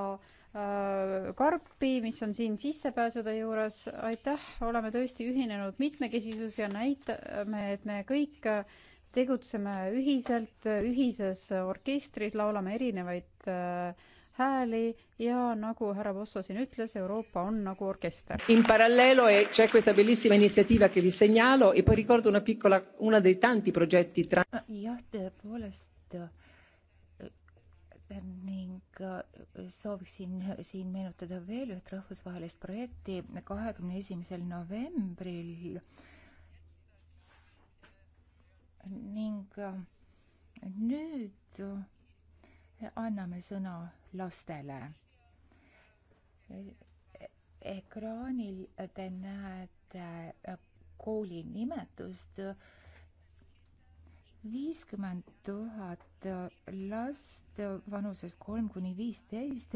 karpi, mis on siin sissepääsude juures, aitäh, oleme tõesti ühinenud mitmekesisuses ja näitame, et me kõik äh, tegutseme ühiselt, ühises orkestris, laulame erinevaid äh, hääli ja nagu härra Vosso siin ütles, Euroopa on nagu orkester. In parallelo e c'è questa bellissima iniziativa che vi segnalo e poi ricordo una piccola, una dei tanti progetti tra. jah, tõepoolest eh, ning eh, sooviksin siin meenutada veel üht rahvusvahelist projekti kahekümne esimesel novembril äh, ning äh, nüüd äh, anname sõna lastele. Äh, ekraanil te näete kooli nimetust. viiskümmend tuhat last vanuses kolm kuni viisteist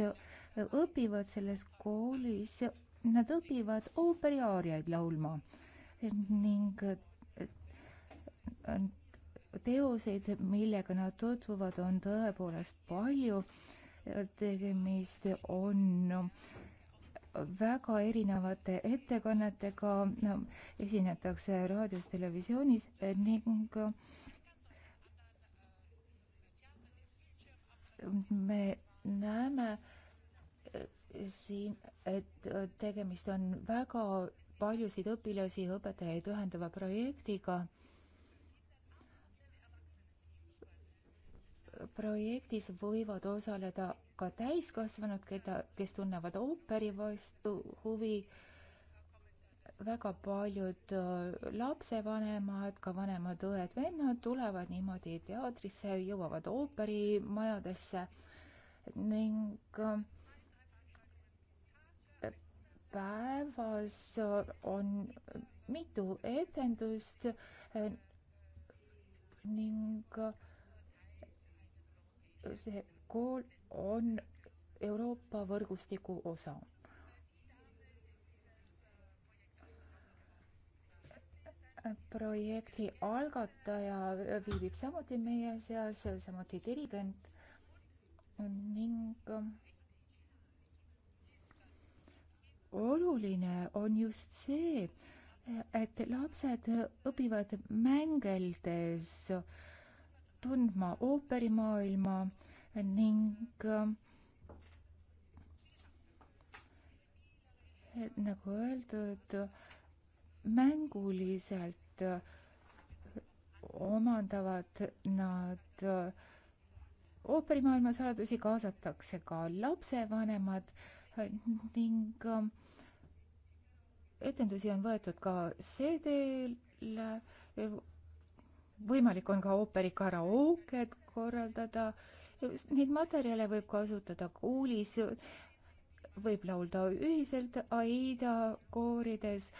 õpivad selles koolis. Nad õpivad ooperiaariaid laulma ning teoseid, millega nad tutvuvad, on tõepoolest palju. tegemist on väga erinevate ettekannetega, esinetakse raadios, televisioonis ning me näeme siin, et tegemist on väga paljusid õpilasi, õpetajaid ühendava projektiga projektis võivad osaleda ka täiskasvanud, keda, kes tunnevad ooperi vastu huvi. väga paljud äh, lapsevanemad, ka vanemad õed-vennad tulevad niimoodi teatrisse, jõuavad ooperimajadesse ning äh, päevas äh, on mitu etendust ning see kool on Euroopa võrgustiku osa. projekti algataja viibib samuti meie seas, samuti dirigent ning oluline on just see, et lapsed õpivad mängeldes äh, tundma ooperimaailma ning eh, nagu öeldud, mänguliselt eh, omandavad nad eh, ooperimaailma saladusi, kaasatakse ka lapsevanemad ning etendusi on võetud ka CD-le võimalik on ka ooperi karaoke'd korraldada. Neid materjale võib kasutada koolis, võib laulda ühiselt Aida koorides.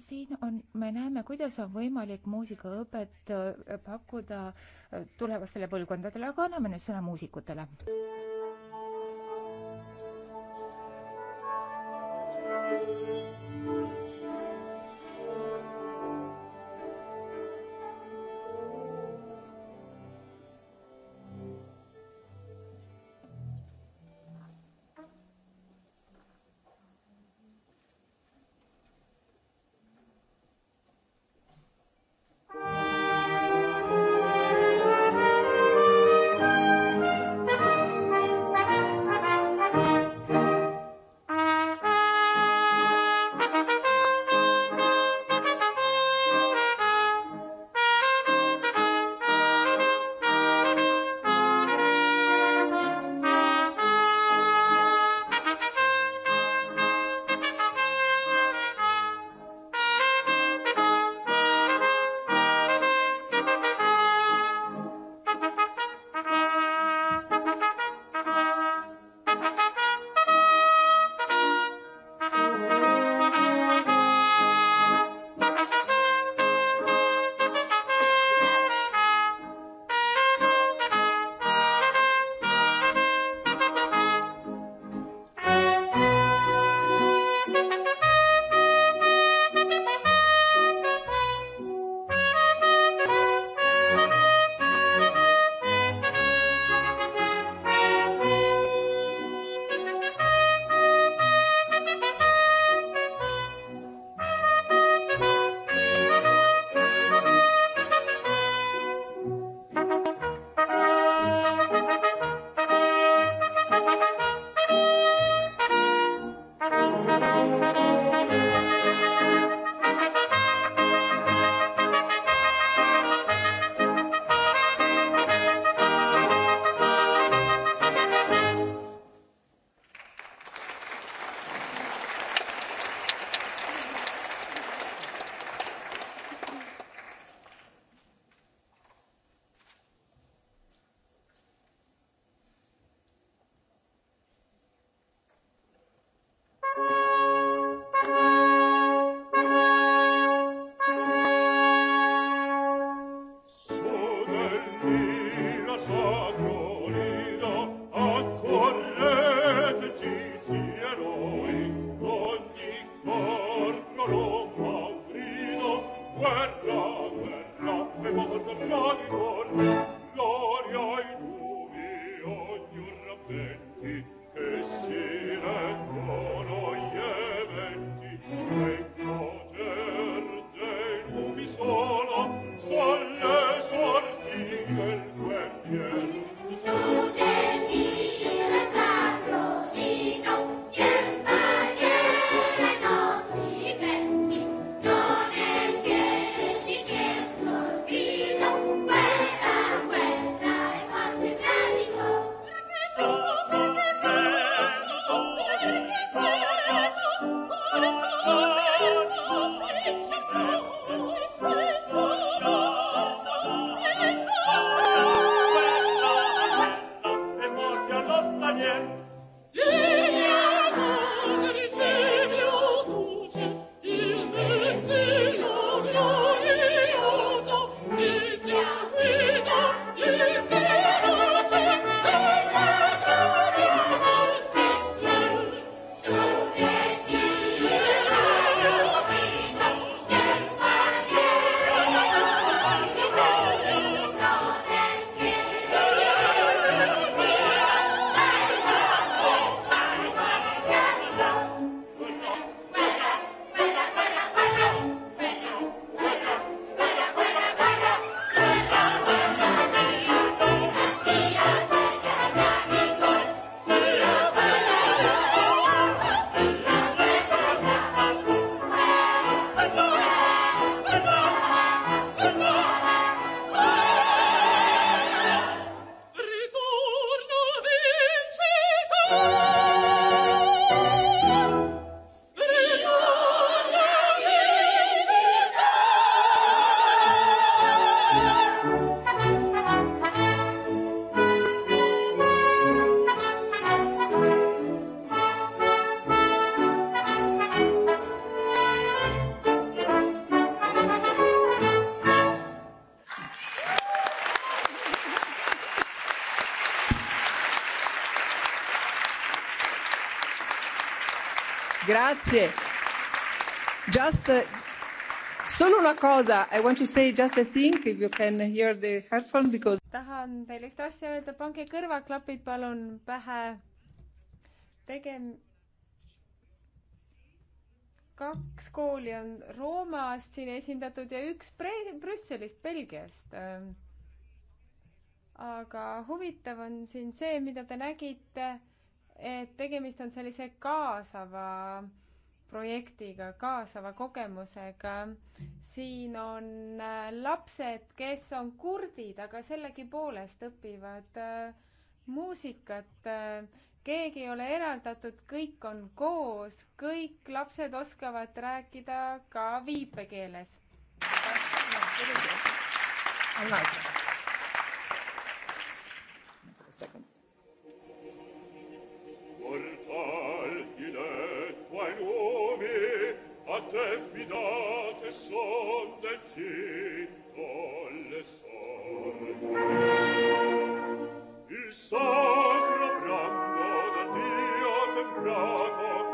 siin on, me näeme, kuidas on võimalik muusikaõpet äh, pakkuda äh, tulevastele põlvkondadele, aga anname nüüd sõna muusikutele. Grazie. Just uh, solo una cosa, I want to say just a thing, if you can hear the headphone because tahan teile ühte asja öelda, pange kõrvaklapid palun pähe. tegem-, kaks kooli on Roomast siin esindatud ja üks Bre-, Brüsselist, Belgiast. Ähm, aga huvitav on siin see, mida te nägite et tegemist on sellise kaasava projektiga, kaasava kogemusega. siin on äh, lapsed, kes on kurdid, aga sellegipoolest õpivad äh, muusikat. Äh, keegi ei ole eraldatud, kõik on koos, kõik lapsed oskavad rääkida ka viipekeeles. Second portal il tuoi nomi, a te fidate son d'Egitto le sorti. Il sacro brando del Dio temprato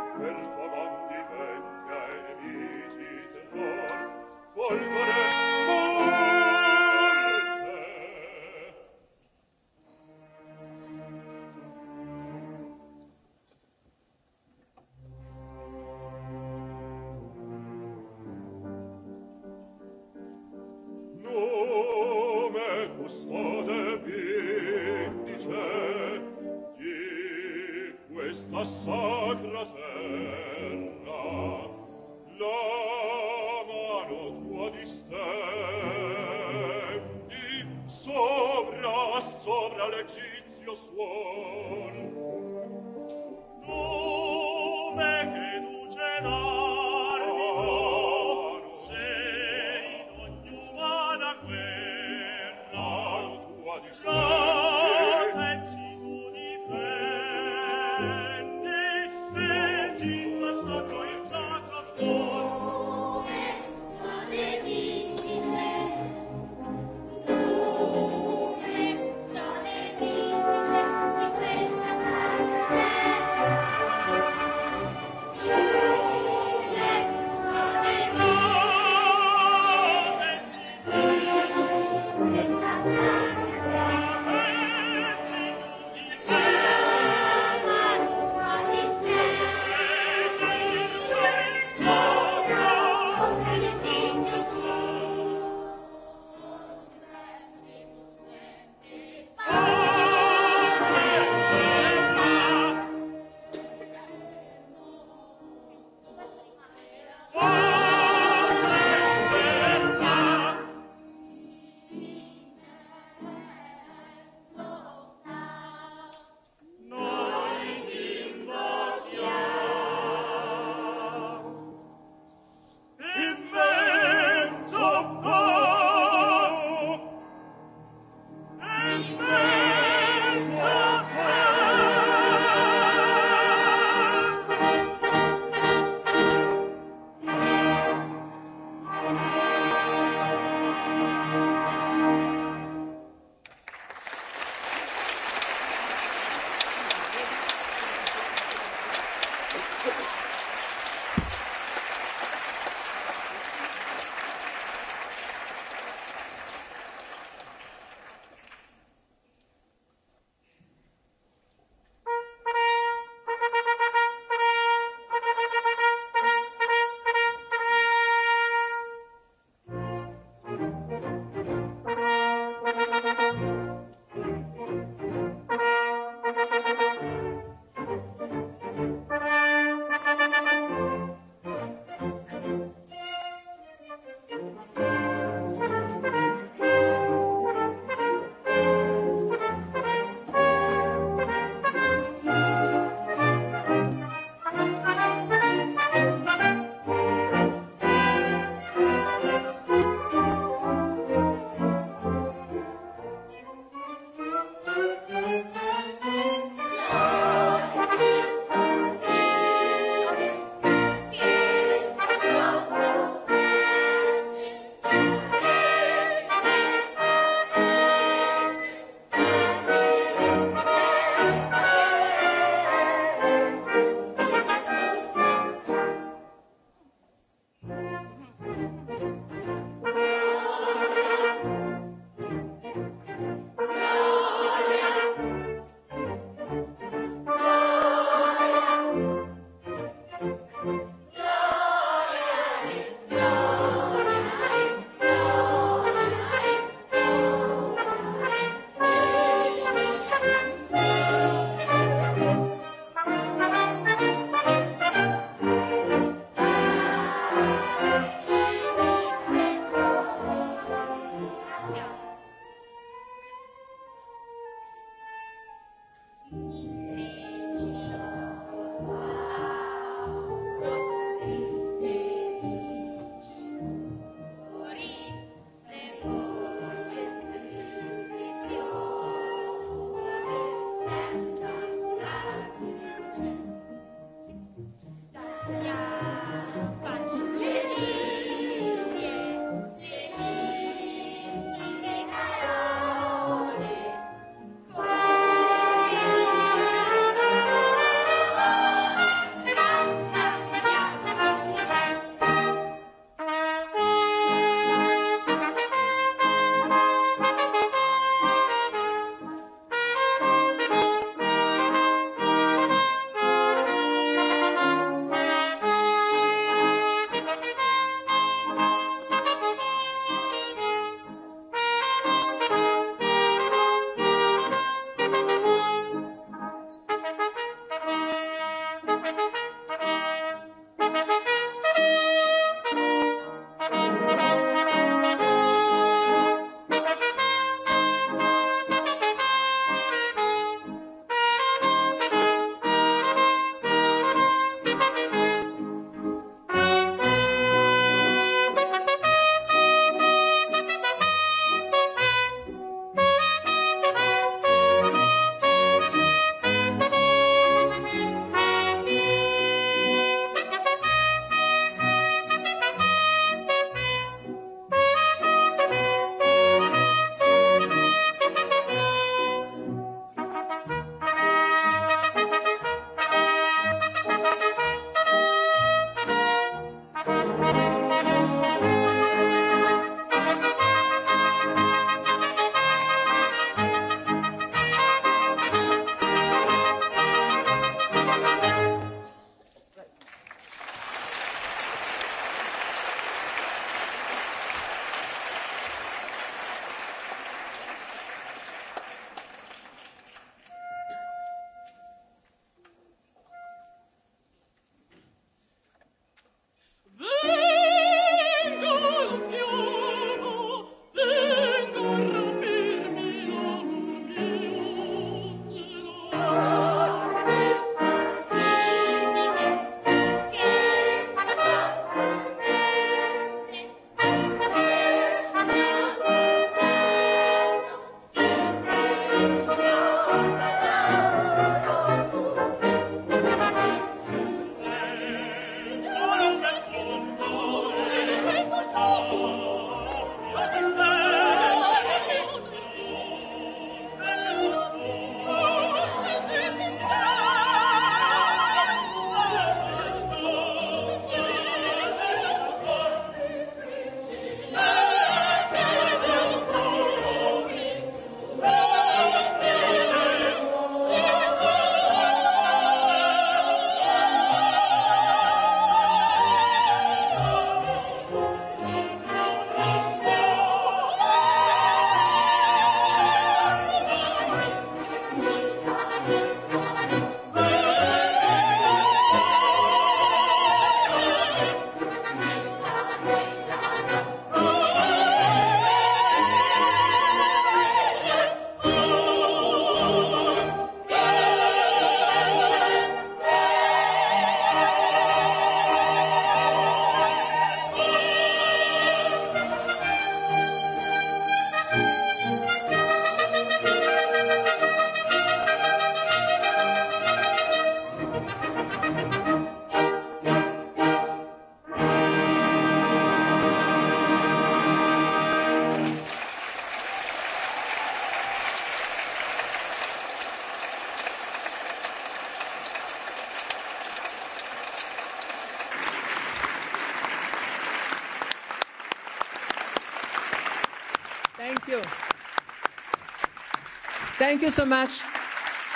Thank you so much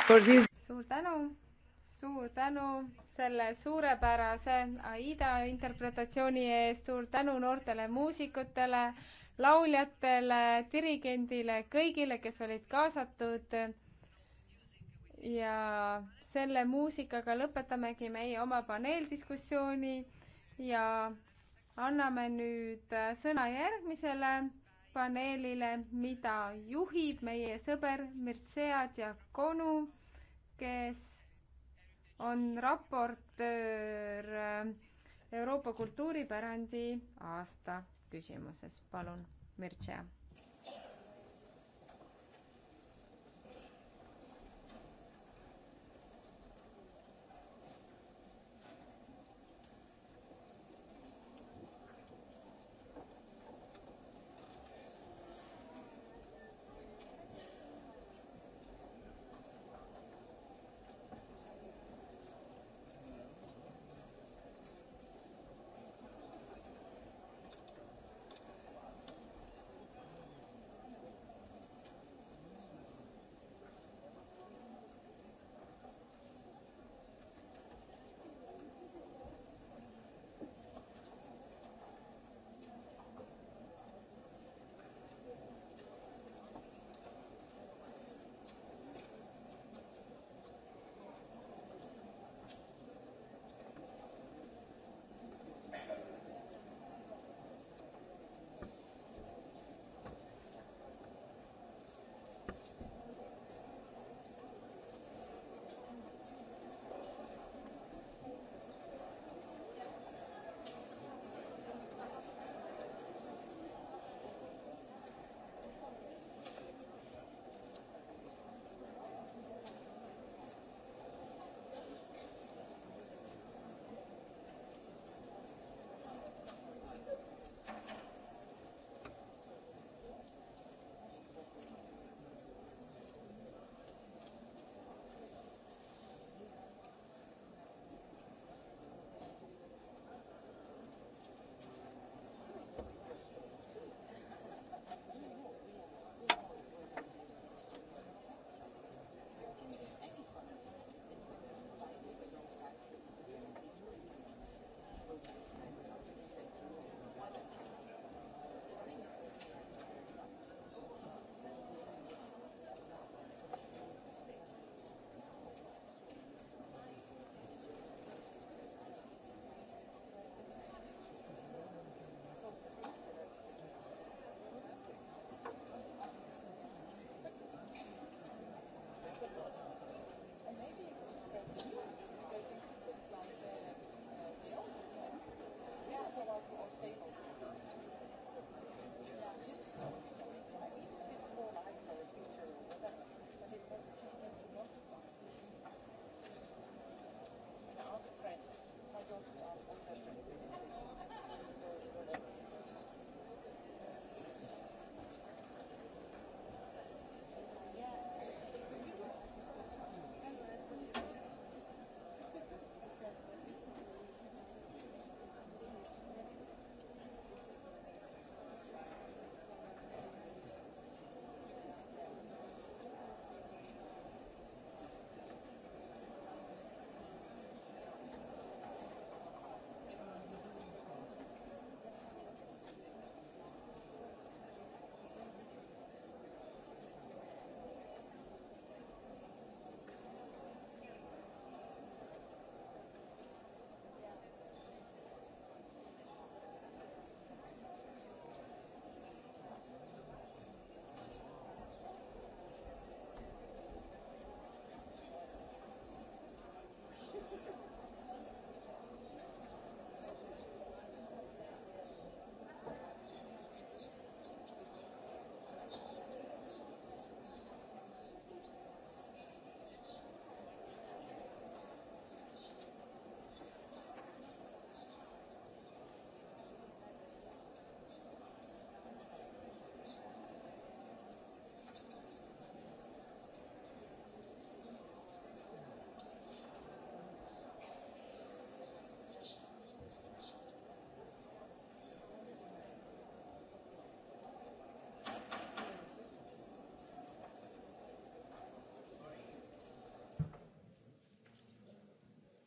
for this. suur tänu, suur tänu selle suurepärase Aida interpretatsiooni eest, suur tänu noortele muusikutele, lauljatele, dirigendile, kõigile, kes olid kaasatud. ja selle muusikaga lõpetamegi meie oma paneeldiskussiooni ja anname nüüd sõna järgmisele paneelile, mida juhib meie sõber Mircea Diaconu, kes on raportöör äh, Euroopa kultuuripärandi aasta küsimuses. palun, Mircea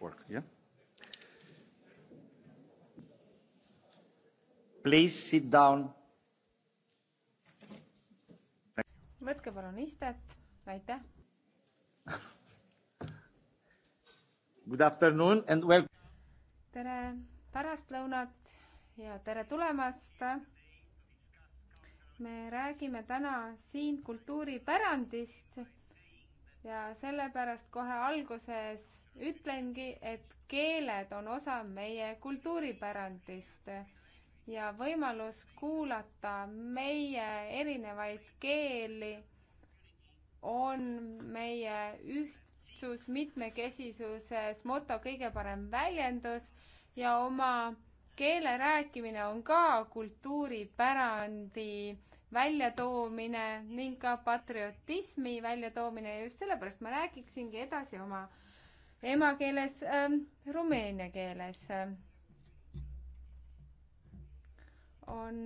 work. Yeah. Please sit down. võtke palun istet, aitäh. [LAUGHS] Good afternoon and welcome. tere pärastlõunat ja tere tulemast. me räägime täna siin kultuuripärandist ja sellepärast kohe alguses ütlengi, et keeled on osa meie kultuuripärandist ja võimalus kuulata meie erinevaid keeli on meie ühtsus mitmekesisuses moto kõige parem väljendus ja oma keele rääkimine on ka kultuuripärandi väljatoomine ning ka patriotismi väljatoomine ja just sellepärast ma räägiksingi edasi oma emakeeles ähm,, rumeenia keeles ähm,. on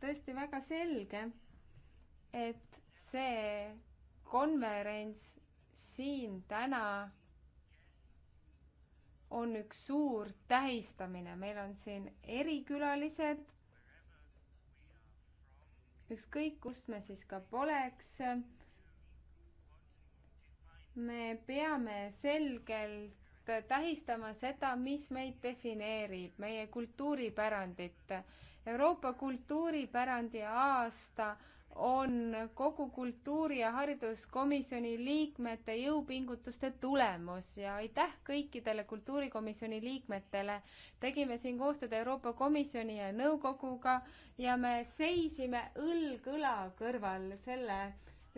tõesti väga selge, et see konverents siin täna on üks suur tähistamine, meil on siin erikülalised, ükskõik kust me siis ka poleks me peame selgelt tähistama seda, mis meid defineerib, meie kultuuripärandit. Euroopa kultuuripärandi aasta on kogu kultuuri- ja hariduskomisjoni liikmete jõupingutuste tulemus ja aitäh kõikidele kultuurikomisjoni liikmetele. tegime siin koostööd Euroopa Komisjoni ja nõukoguga ja me seisime õlg õla kõrval selle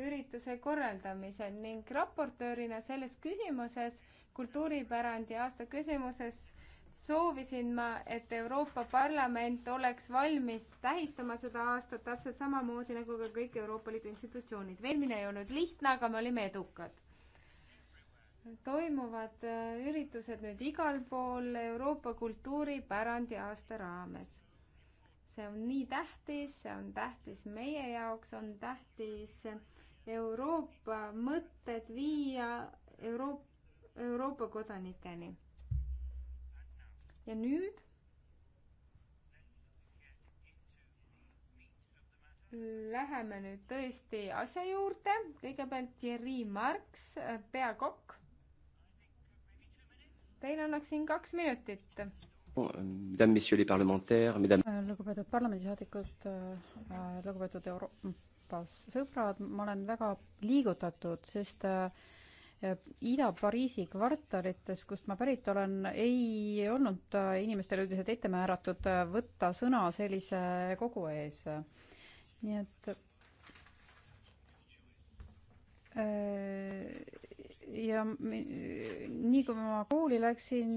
ürituse korraldamisel ning raportöörina selles küsimuses, kultuuripärandi aasta küsimuses, soovisin ma, et Euroopa Parlament oleks valmis tähistama seda aastat täpselt samamoodi nagu ka kõik Euroopa Liidu institutsioonid. veenmine ei olnud lihtne, aga me olime edukad. toimuvad äh, üritused nüüd igal pool Euroopa kultuuripärandi aasta raames see on nii tähtis, see on tähtis meie jaoks, on tähtis Euroopa mõtted viia Euroop-, Euroopa kodanikeni. ja nüüd läheme nüüd tõesti asja juurde, kõigepealt Thierry Marx, peakokk. Teile annaksin kaks minutit. Euh, lugupeetud parlamendisaadikud, euh, lugupeetud Euro-, Euroopa sõbrad, ma olen väga liigutatud, sest äh, Ida-Pariisi kvartalites, kust ma pärit olen, ei olnud äh, inimestele üldiselt ette määratud äh, võtta sõna sellise kogu ees. nii et ja nii kui ma kooli läksin,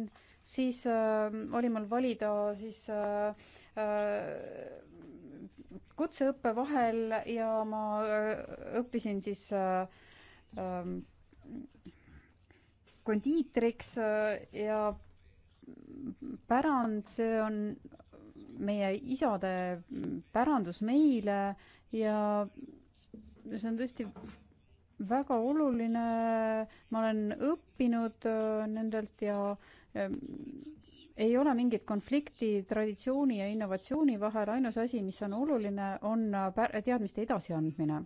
siis äh, oli mul valida siis äh, äh, kutseõppe vahel ja ma äh, õppisin siis äh, ähm, kondiitriks äh, ja pärand, see on meie isade pärandus meile ja see on tõesti väga oluline, ma olen õppinud nendelt ja ähm, ei ole mingit konflikti traditsiooni ja innovatsiooni vahel, ainus asi, mis on oluline, on teadmiste edasiandmine.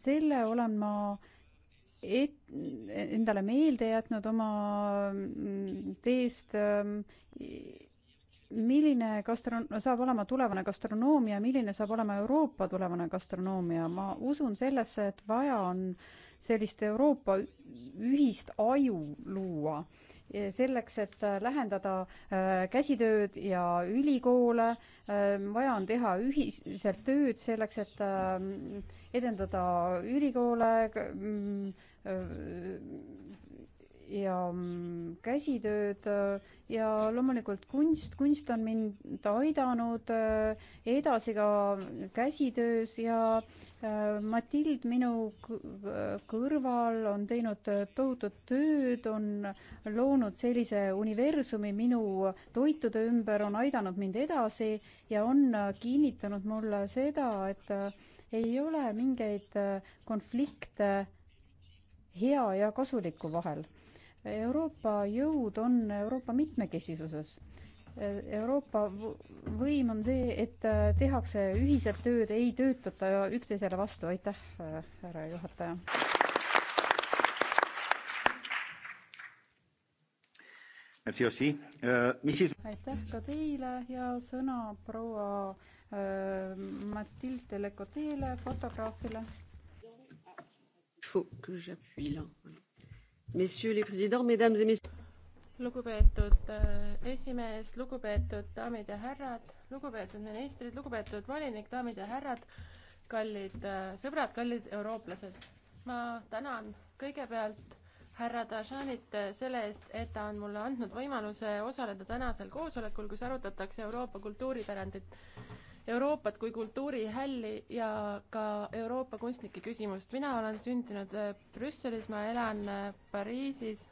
selle olen ma et, endale meelde jätnud oma mm, teest, ähm, milline gastron-, saab olema tulevane gastronoomia, milline saab olema Euroopa tulevane gastronoomia, ma usun sellesse, et vaja on sellist Euroopa ühist aju luua selleks, et äh, lähendada äh, käsitööd ja ülikoole, äh, vaja on teha ühiselt tööd selleks, et edendada ülikoole mm, ja mm, käsitööd ja loomulikult kunst, kunst on mind aidanud edasi ka käsitöös ja Matild minu kõrval on teinud tohutut tööd, on loonud sellise universumi minu toitude ümber, on aidanud mind edasi ja on kinnitanud mulle seda, et ei ole mingeid konflikte hea ja kasuliku vahel. Euroopa jõud on Euroopa mitmekesisuses Euroopa võim on see, et äh, tehakse ühiselt tööd, ei töötata üksteisele vastu. aitäh, äh, härra juhataja. Euh, aitäh ka teile ja sõna proua äh, Matilde Lekoteele, fotograafile. Faut que j'appuie là. Messieurs les présidents, mesdames et messieurs lugupeetud äh, esimees, lugupeetud daamid ja härrad, lugupeetud ministrid, lugupeetud volinik, daamid ja härrad, kallid äh, sõbrad, kallid eurooplased. ma tänan kõigepealt härra Dažanit selle eest, et ta on mulle andnud võimaluse osaleda tänasel koosolekul, kus arutatakse Euroopa kultuuripärandit, Euroopat kui kultuurihälli ja ka Euroopa kunstnike küsimust. mina olen sündinud äh, Brüsselis, ma elan Pariisis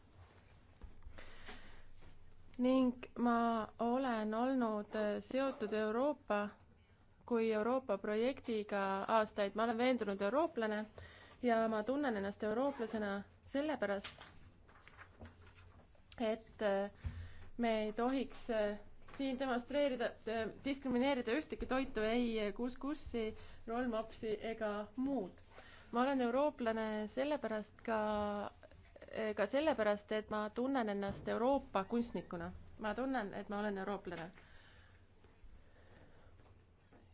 ning ma olen olnud äh, seotud Euroopa kui Euroopa projektiga aastaid, ma olen veendunud eurooplane ja ma tunnen ennast eurooplasena sellepärast, et äh, me ei tohiks äh, siin demonstreerida, diskrimineerida ühtegi toitu, ei kuskussi, rollmopsi ega muud. ma olen eurooplane sellepärast ka, ka sellepärast, et ma tunnen ennast Euroopa kunstnikuna. ma tunnen, et ma olen eurooplane.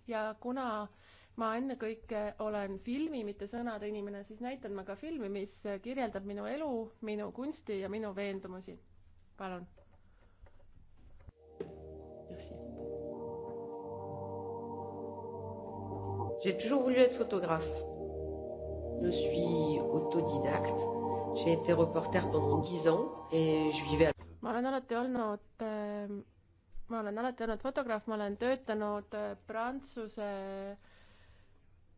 ja kuna ma ennekõike olen filmi, mitte sõnade inimene, siis näitan ma ka filmi, mis kirjeldab minu elu, minu kunsti ja minu veendumusi. palun. J'ai toujours voulu être photographe. Je suis autodidacte ma olen alati olnud, ähm, ma olen alati olnud fotograaf, ma olen töötanud äh, Prantsuse,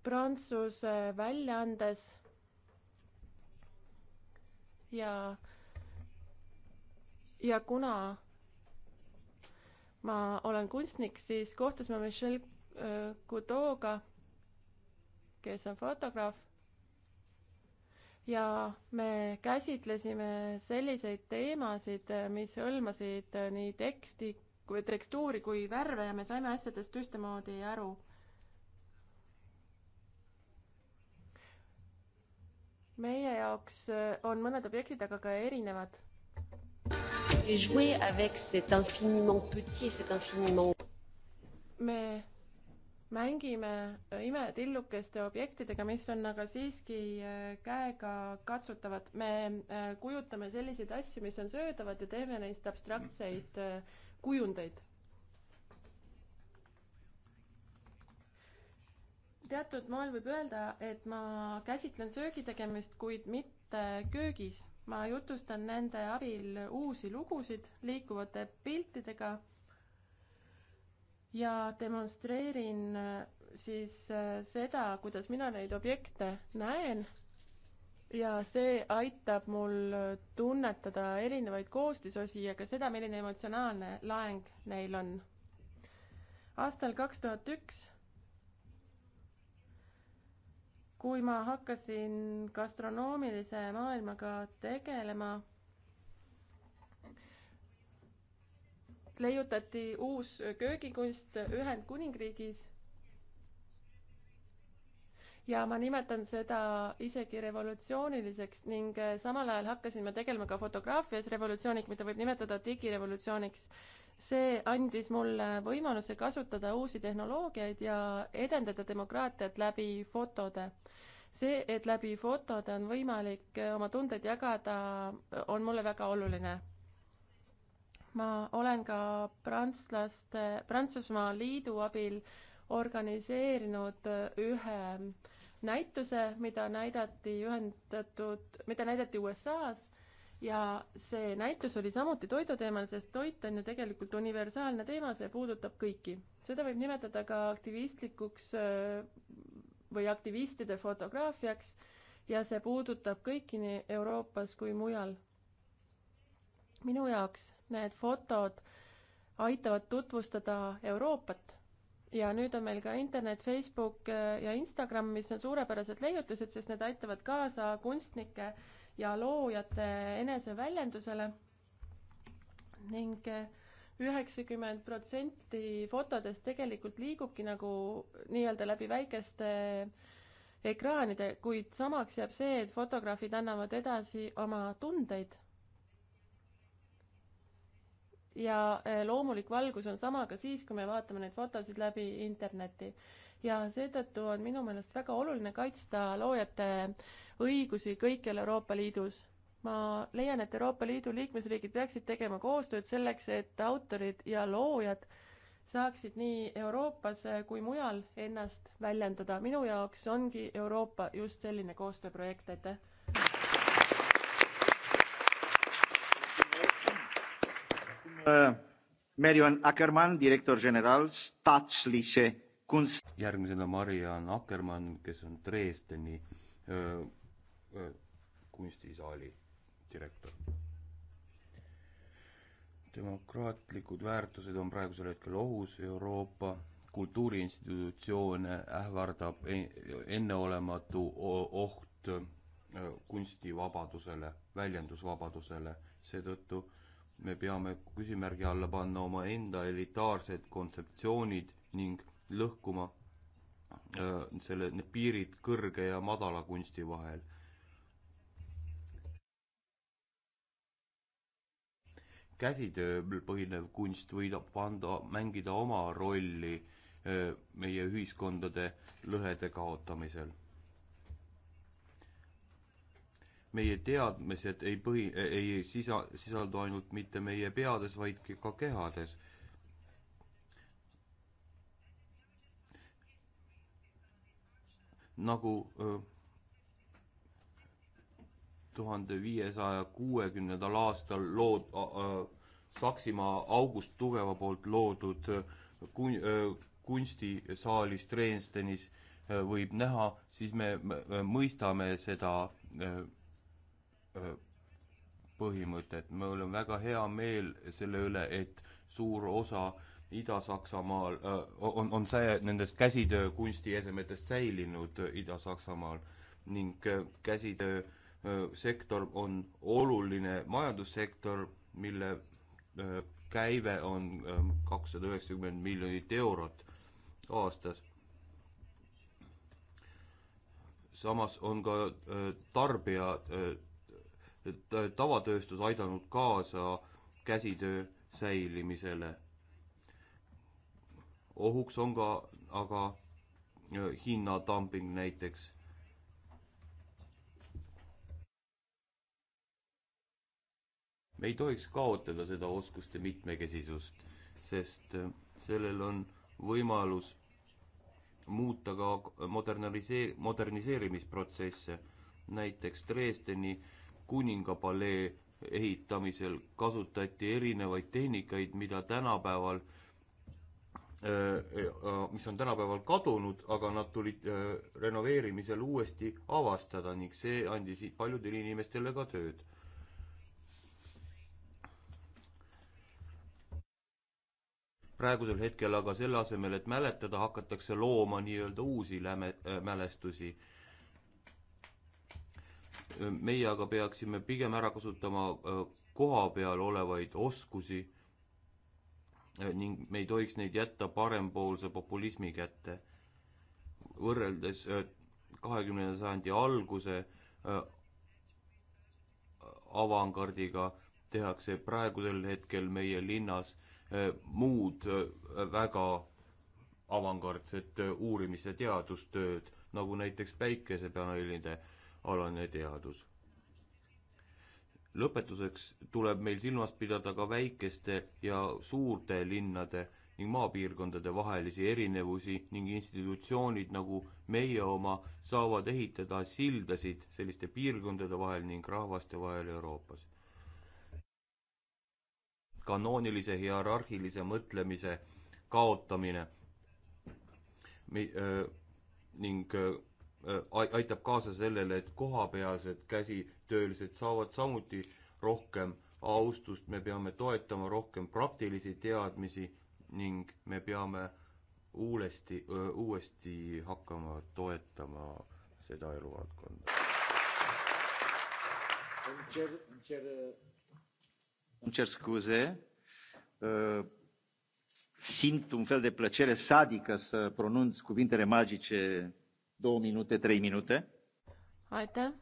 Prantsuse väljaandes ja, ja kuna ma olen kunstnik, siis kohtusime Michel äh, Coudeau'ga, kes on fotograaf ja me käsitlesime selliseid teemasid, mis hõlmasid nii teksti, tekstuuri kui värve ja me saime asjadest ühtemoodi aru. meie jaoks on mõned objektid aga ka erinevad. me mängime äh, imetillukeste objektidega, mis on aga siiski äh, käega katsutavad. me äh, kujutame selliseid asju, mis on söödavad ja teeme neist abstraktseid kujundeid. teatud moel võib öelda, et ma käsitlen söögi tegemist, kuid mitte köögis. ma jutustan nende abil uusi lugusid liikuvate piltidega ja demonstreerin äh, siis äh, seda, kuidas mina neid objekte näen. ja see aitab mul äh, tunnetada erinevaid koostisosi ja ka seda, milline emotsionaalne laeng neil on. aastal kaks tuhat üks kui ma hakkasin gastronoomilise maailmaga tegelema leiutati uus köögikunst Ühendkuningriigis. ja ma nimetan seda isegi revolutsiooniliseks ning äh, samal ajal hakkasin ma tegelema ka fotograafias revolutsiooniga, mida võib nimetada digirevolutsiooniks. see andis mulle võimaluse kasutada uusi tehnoloogiaid ja edendada demokraatiat läbi fotode see, et läbi fotode on võimalik äh, oma tundeid jagada, on mulle väga oluline ma olen ka prantslaste, Prantsusmaa liidu abil organiseerinud äh, ühe näituse, mida näidati ühendatud, mida näidati USA-s ja see näitus oli samuti toidu teemal, sest toit on ju tegelikult universaalne teema, see puudutab kõiki. seda võib nimetada ka aktivistlikuks äh, või aktivistide fotograafiaks ja see puudutab kõiki nii Euroopas kui mujal minu jaoks need fotod aitavad tutvustada Euroopat ja nüüd on meil ka internet, Facebook äh, ja Instagram, mis on suurepärased leiutised, sest need aitavad kaasa kunstnike ja loojate eneseväljendusele ning äh, üheksakümmend protsenti fotodest tegelikult liigubki nagu nii-öelda läbi väikeste ekraanide, kuid samaks jääb see, et fotograafid annavad edasi oma tundeid ja eh, loomulik valgus on sama ka siis, kui me vaatame neid fotosid läbi interneti. ja seetõttu on minu meelest väga oluline kaitsta loojate õigusi kõikjal Euroopa Liidus. ma leian, et Euroopa Liidu liikmesriigid peaksid tegema koostööd selleks, et autorid ja loojad saaksid nii Euroopas eh, kui mujal ennast väljendada. minu jaoks ongi Euroopa just selline koostööprojekt, aitäh! Uh, Marion Akkermann, direktor general, Staatslise kunst. järgmisena Marian Akkermann, kes on Dresdeni öö, uh, öö, uh, kunstisaali direktor. demokraatlikud väärtused on praegusel hetkel ohus, Euroopa kultuuriinstitutsioone ähvardab e, enneolematu oht kunstivabadusele, väljendusvabadusele, seetõttu me peame küsimärgi alla panna omaenda elitaarsed kontseptsioonid ning lõhkuma öö, selle, need piirid kõrge ja madala kunsti vahel. käsitööl põhinev kunst võidab anda, mängida oma rolli öö, meie ühiskondade lõhede kaotamisel meie teadmised ei põhi, ei sisa, sisaldu ainult mitte meie peades, vaid ka kehades. nagu tuhande viiesaja kuuekümnendal aastal lood äh,, Saksimaa August Tugeva poolt loodud kun- äh,, kunstisaalis Dresdenis võib näha, siis me mõistame seda äh, põhimõtet. mul on väga hea meel selle üle, et suur osa Ida-Saksamaal on, on see, nendest käsitöökunsti esemetest säilinud Ida-Saksamaal ning käsitöösektor on oluline majandussektor, mille käive on kakssada üheksakümmend miljonit eurot aastas. samas on ka tarbijad Äh, tavatööstus aidanud kaasa käsitöö säilimisele. ohuks on ka aga äh, hinnadumping näiteks. me ei tohiks kaotada seda oskuste mitmekesisust, sest äh, sellel on võimalus muuta ka moderniseer-, moderniseerimisprotsesse, näiteks Dresdeni äh, kuningapalee ehitamisel kasutati erinevaid tehnikaid, mida tänapäeval, äh, äh, mis on tänapäeval kadunud, aga nad tulid äh, renoveerimisel uuesti avastada ning see andis paljudele inimestele ka tööd. praegusel hetkel aga selle asemel, et mäletada, hakatakse looma nii-öelda uusi läme-, mälestusi meie aga peaksime pigem ära kasutama äh, kohapeal olevaid oskusi äh, ning me ei tohiks neid jätta parempoolse populismi kätte. võrreldes äh, kahekümnenda sajandi alguse avangardiga tehakse praegusel hetkel meie linnas muud väga avangardset uurimis- ja teadustööd, nagu näiteks päikesepaneelide alane teadus. lõpetuseks tuleb meil silmas pidada ka väikeste ja suurte linnade ning maapiirkondade vahelisi erinevusi ning institutsioonid nagu meie oma saavad ehitada sildasid selliste piirkondade vahel ning rahvaste vahel Euroopas. kanoonilise hierarhilise mõtlemise kaotamine mi-, öö, ning öö, aitab kaasa sellele, et kohapealsed käsitöölised saavad samuti rohkem austust, me peame toetama rohkem praktilisi teadmisi ning me peame uulesti, uuesti hakkama toetama seda eluvaldkonda. Simt un fel de plăcere sadică să pronunț cuvintele magice Două minute, trei minute. aitäh!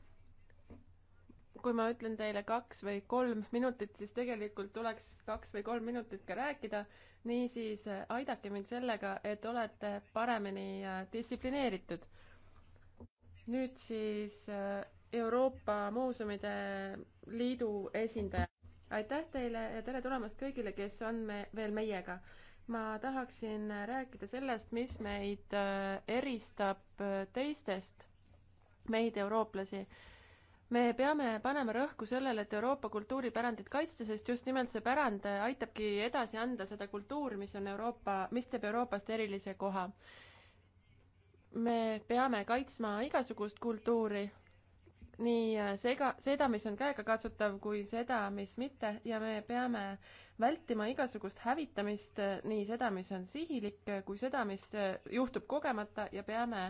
kui ma ütlen teile kaks või kolm minutit, siis tegelikult tuleks kaks või kolm minutit ka rääkida. niisiis aidake mind sellega, et olete paremini äh, distsiplineeritud. nüüd siis äh, Euroopa Muuseumide Liidu esindaja. aitäh teile ja tere tulemast kõigile, kes on me veel meiega ma tahaksin rääkida sellest, mis meid äh, eristab äh, teistest, meid, eurooplasi. me peame panema rõhku sellele, et Euroopa kultuuripärandit kaitsta, sest just nimelt see pärand aitabki edasi anda seda kultuuri, mis on Euroopa, mis teeb Euroopast erilise koha. me peame kaitsma igasugust kultuuri, nii äh, sega, seda, mis on käegakatsutav, kui seda, mis mitte ja me peame vältima igasugust hävitamist, äh, nii seda, mis on sihilik, äh, kui seda, mis juhtub kogemata ja peame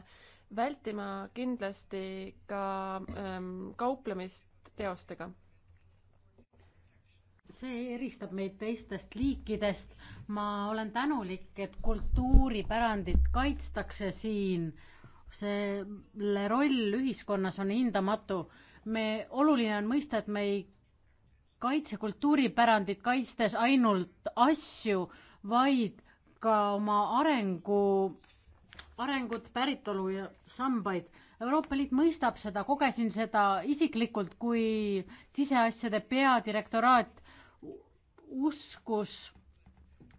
vältima kindlasti ka ähm, kauplemist teostega. see eristab meid teistest liikidest. ma olen tänulik, et kultuuripärandit kaitstakse siin äh, selle roll ühiskonnas on hindamatu. me, oluline on mõista, et me ei kaitse kultuuripärandit kaitstes ainult asju, vaid ka oma arengu, arengut, päritolu ja sambaid. Euroopa Liit mõistab seda, kogesin seda isiklikult, kui siseasjade peadirektoraat uskus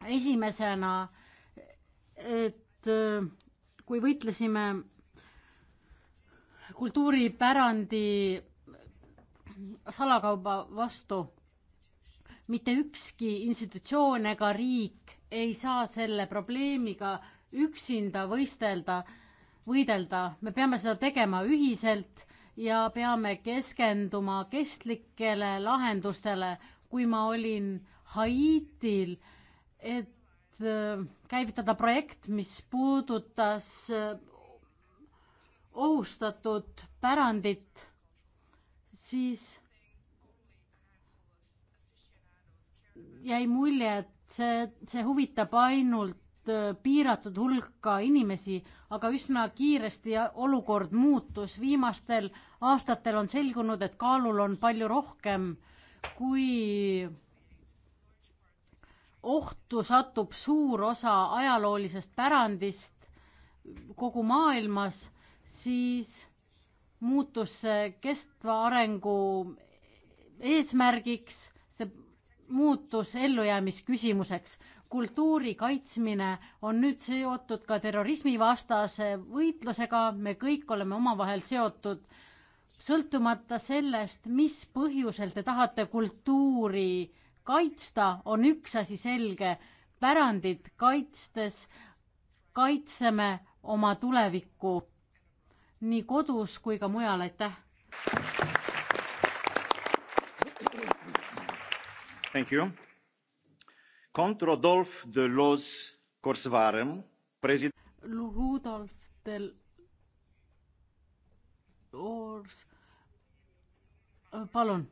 esimesena, et kui võitlesime kultuuripärandi salakauba vastu. mitte ükski institutsioon ega riik ei saa selle probleemiga üksinda võistelda, võidelda, me peame seda tegema ühiselt ja peame keskenduma kestlikele lahendustele. kui ma olin Haitil, et äh, käivitada projekt, mis puudutas äh, ohustatud pärandit, siis jäi mulje, et see, see huvitab ainult äh, piiratud hulka inimesi, aga üsna kiiresti olukord muutus. viimastel aastatel on selgunud, et kaalul on palju rohkem, kui ohtu satub suur osa ajaloolisest pärandist kogu maailmas siis muutus see kestva arengu eesmärgiks, see muutus ellujäämisküsimuseks. kultuuri kaitsmine on nüüd seotud ka terrorismivastase võitlusega, me kõik oleme omavahel seotud, sõltumata sellest, mis põhjusel te tahate kultuuri kaitsta, on üks asi selge, pärandit kaitstes kaitseme oma tulevikku nii kodus kui ka mujal, aitäh! Thank you. Kont Rodolf de Loz Korsvarem, president. Rudolf del Ors palun.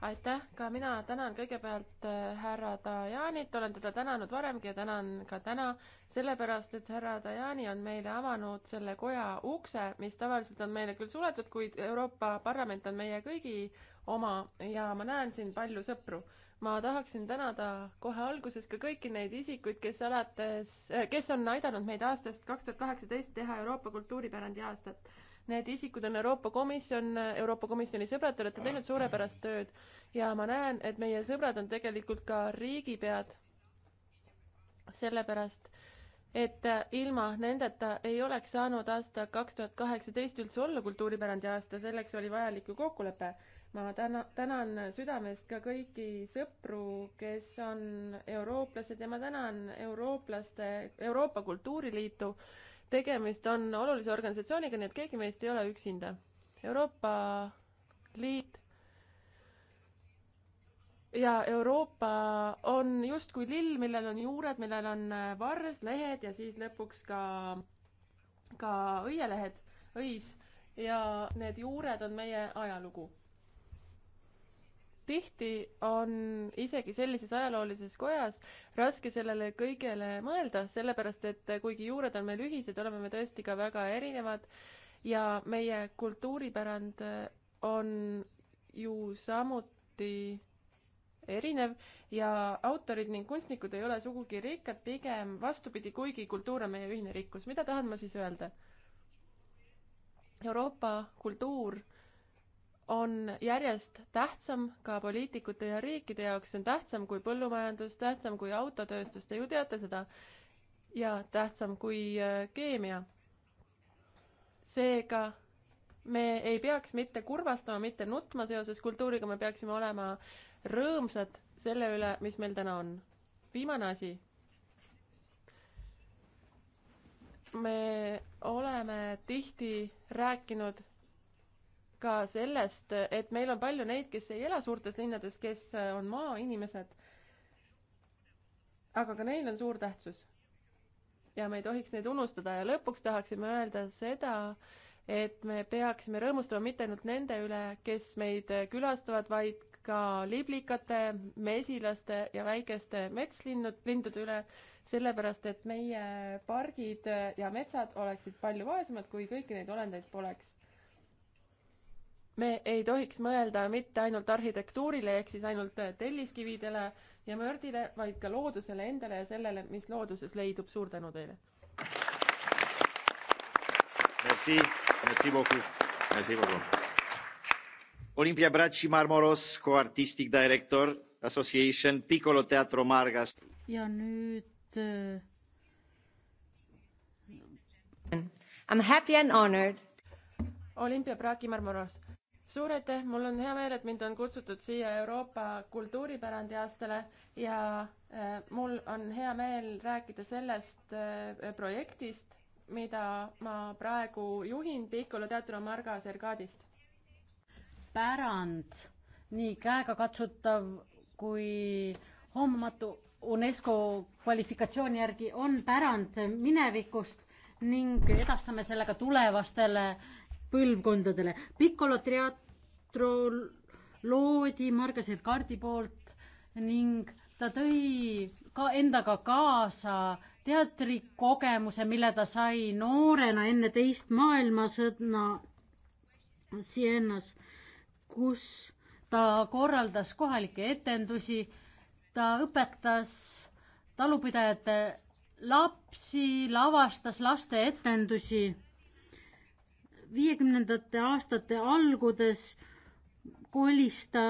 aitäh, ka mina tänan kõigepealt äh, härra Dajanit, olen teda tänanud varemgi ja tänan ka täna, sellepärast et härra Dajani on meile avanud selle koja ukse, mis tavaliselt on meile küll suletud, kuid Euroopa Parlament on meie kõigi oma ja ma näen siin palju sõpru. ma tahaksin tänada kohe alguses ka kõiki neid isikuid, kes alates, äh, kes on aidanud meid aastast kaks tuhat kaheksateist teha Euroopa kultuuripärandi aastat Need isikud on Euroopa Komisjon, Euroopa Komisjoni sõbrad, te olete teinud suurepärast tööd ja ma näen, et meie sõbrad on tegelikult ka riigipead. sellepärast, et ilma nendeta ei oleks saanud aasta kaks tuhat kaheksateist üldse olla kultuuripärandi aasta, selleks oli vajalik ju kokkulepe ma täna, tänan südamest ka kõiki sõpru, kes on eurooplased ja ma tänan eurooplaste, Euroopa Kultuuriliitu, tegemist on olulise organisatsiooniga, nii et keegi meist ei ole üksinda. Euroopa Liit ja Euroopa on justkui lill, millel on juured, millel on äh, varres, lehed ja siis lõpuks ka, ka õielehed, õis. ja need juured on meie ajalugu tihti on isegi sellises ajaloolises kojas raske sellele kõigele mõelda, sellepärast et eh, kuigi juured on meil ühised, oleme me tõesti ka väga erinevad ja meie kultuuripärand eh, on ju samuti erinev ja autorid ning kunstnikud ei ole sugugi rikkad, pigem vastupidi, kuigi kultuur on meie ühine rikkus. mida tahan ma siis öelda? Euroopa kultuur on järjest tähtsam ka poliitikute ja riikide jaoks, see on tähtsam kui põllumajandus, tähtsam kui autotööstus, te ju teate seda, ja tähtsam kui äh, keemia. seega me ei peaks mitte kurvastama, mitte nutma seoses kultuuriga, me peaksime olema rõõmsad selle üle, mis meil täna on. viimane asi. me oleme tihti rääkinud ka sellest, et meil on palju neid, kes ei ela suurtes linnades, kes äh, on maainimesed. aga ka neil on suur tähtsus. ja me ei tohiks neid unustada ja lõpuks tahaksime öelda seda, et me peaksime rõõmustama mitte ainult nende üle, kes meid külastavad, vaid ka liblikate, mesilaste ja väikeste metslinnud, lindude üle, sellepärast et meie pargid ja metsad oleksid palju vaesemad, kui kõiki neid olendeid poleks me ei tohiks mõelda mitte ainult arhitektuurile ehk siis ainult telliskividele ja mördile, vaid ka loodusele endale ja sellele, mis looduses leidub. suur tänu teile. Merci, merci beaucoup, merci beaucoup. Olimpia Bracci Marmoros, co-artistic director, association Piccolo Teatro Margas. ja nüüd äh.... I am happy and honored. Olimpia Bracci Marmoros suur aitäh, mul on hea meel, et mind on kutsutud siia Euroopa kultuuripärandi aastale ja äh, mul on hea meel rääkida sellest äh, projektist, mida ma praegu juhin Pihkula teatri Marga Sergadist. pärand, nii käegakatsutav kui hoomamatu UNESCO kvalifikatsiooni järgi on pärand minevikust ning edastame selle ka tulevastele äh, põlvkondadele. Piccolo teatro loodi Margus Elgardi poolt ning ta tõi ka endaga kaasa teatrikogemuse, mille ta sai noorena enne teist maailmasõda Sienas, kus ta korraldas kohalikke etendusi, ta õpetas talupidajate lapsi, lavastas lasteetendusi viiekümnendate aastate algudes kolis ta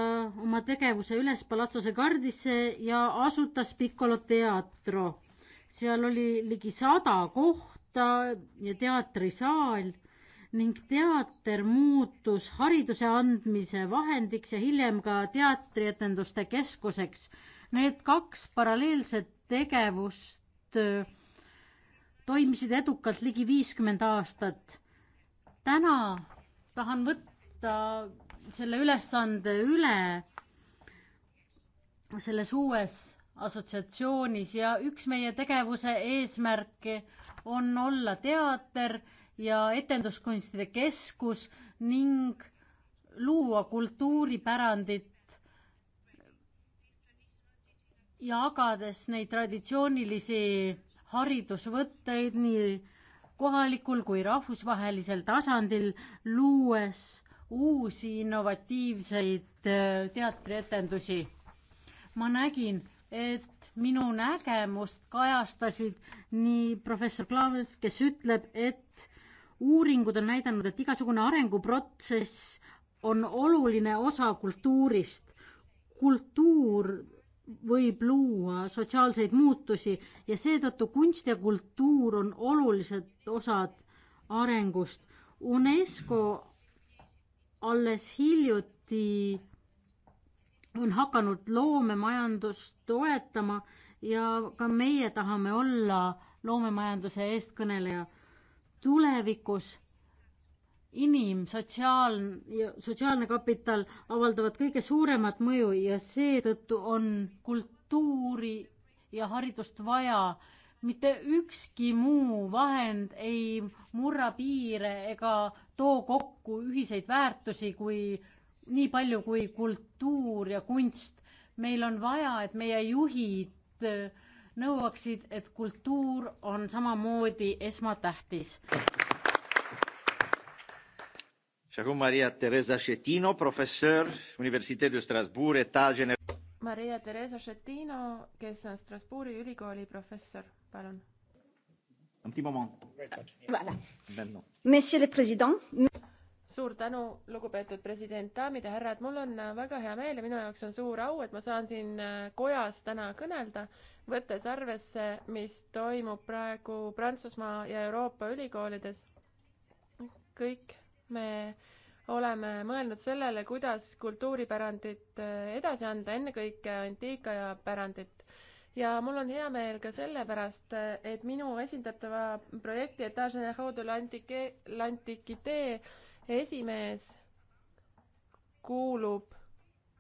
oma tegevuse üles Palazzo Segardisse ja asutas Piccolo teatro. seal oli ligi sada kohta ja teatrisaal ning teater muutus hariduse andmise vahendiks ja hiljem ka teatrietenduste keskuseks. Need kaks paralleelset tegevust äh, toimisid edukalt ligi viiskümmend aastat täna tahan võtta selle ülesande üle selles uues assotsiatsioonis ja üks meie tegevuse eesmärke on olla teater ja etenduskunstide keskus ning luua kultuuripärandit, jagades neid traditsioonilisi haridusvõtteid nii kohalikul kui rahvusvahelisel tasandil, luues uusi innovatiivseid äh, teatrietendusi. ma nägin, et minu nägemust kajastasid nii professor Klaavens, kes ütleb, et uuringud on näidanud, et igasugune arenguprotsess on oluline osa kultuurist. kultuur võib luua sotsiaalseid muutusi ja seetõttu kunst ja kultuur on olulised osad arengust. UNESCO alles hiljuti on hakanud loomemajandust toetama ja ka meie tahame olla loomemajanduse eestkõneleja tulevikus inim-, sotsiaal- ja sotsiaalne kapital avaldavad kõige suuremat mõju ja seetõttu on kultuuri ja haridust vaja. mitte ükski muu vahend ei murra piire ega too kokku ühiseid väärtusi, kui nii palju kui kultuur ja kunst. meil on vaja, et meie juhid äh, nõuaksid, et kultuur on samamoodi esmatähtis Și acum Maria Tereza Șetino, profesor, Universitate de Strasbourg, etaj general. Maria Teresa Šetino, kes on Strasbourgi ülikooli professor, palun. suur tänu, lugupeetud president, daamid ja härrad, mul on äh, väga hea meel ja minu jaoks on suur au, et ma saan siin äh, kojas täna kõnelda, võttes arvesse, mis toimub praegu Prantsusmaa ja Euroopa ülikoolides. kõik me oleme mõelnud sellele, kuidas kultuuripärandit äh, edasi anda, ennekõike antiikaja pärandit. ja mul on hea meel ka sellepärast, äh, et minu esindatava projekti Etage de l'Antique, l'Antiquité esimees kuulub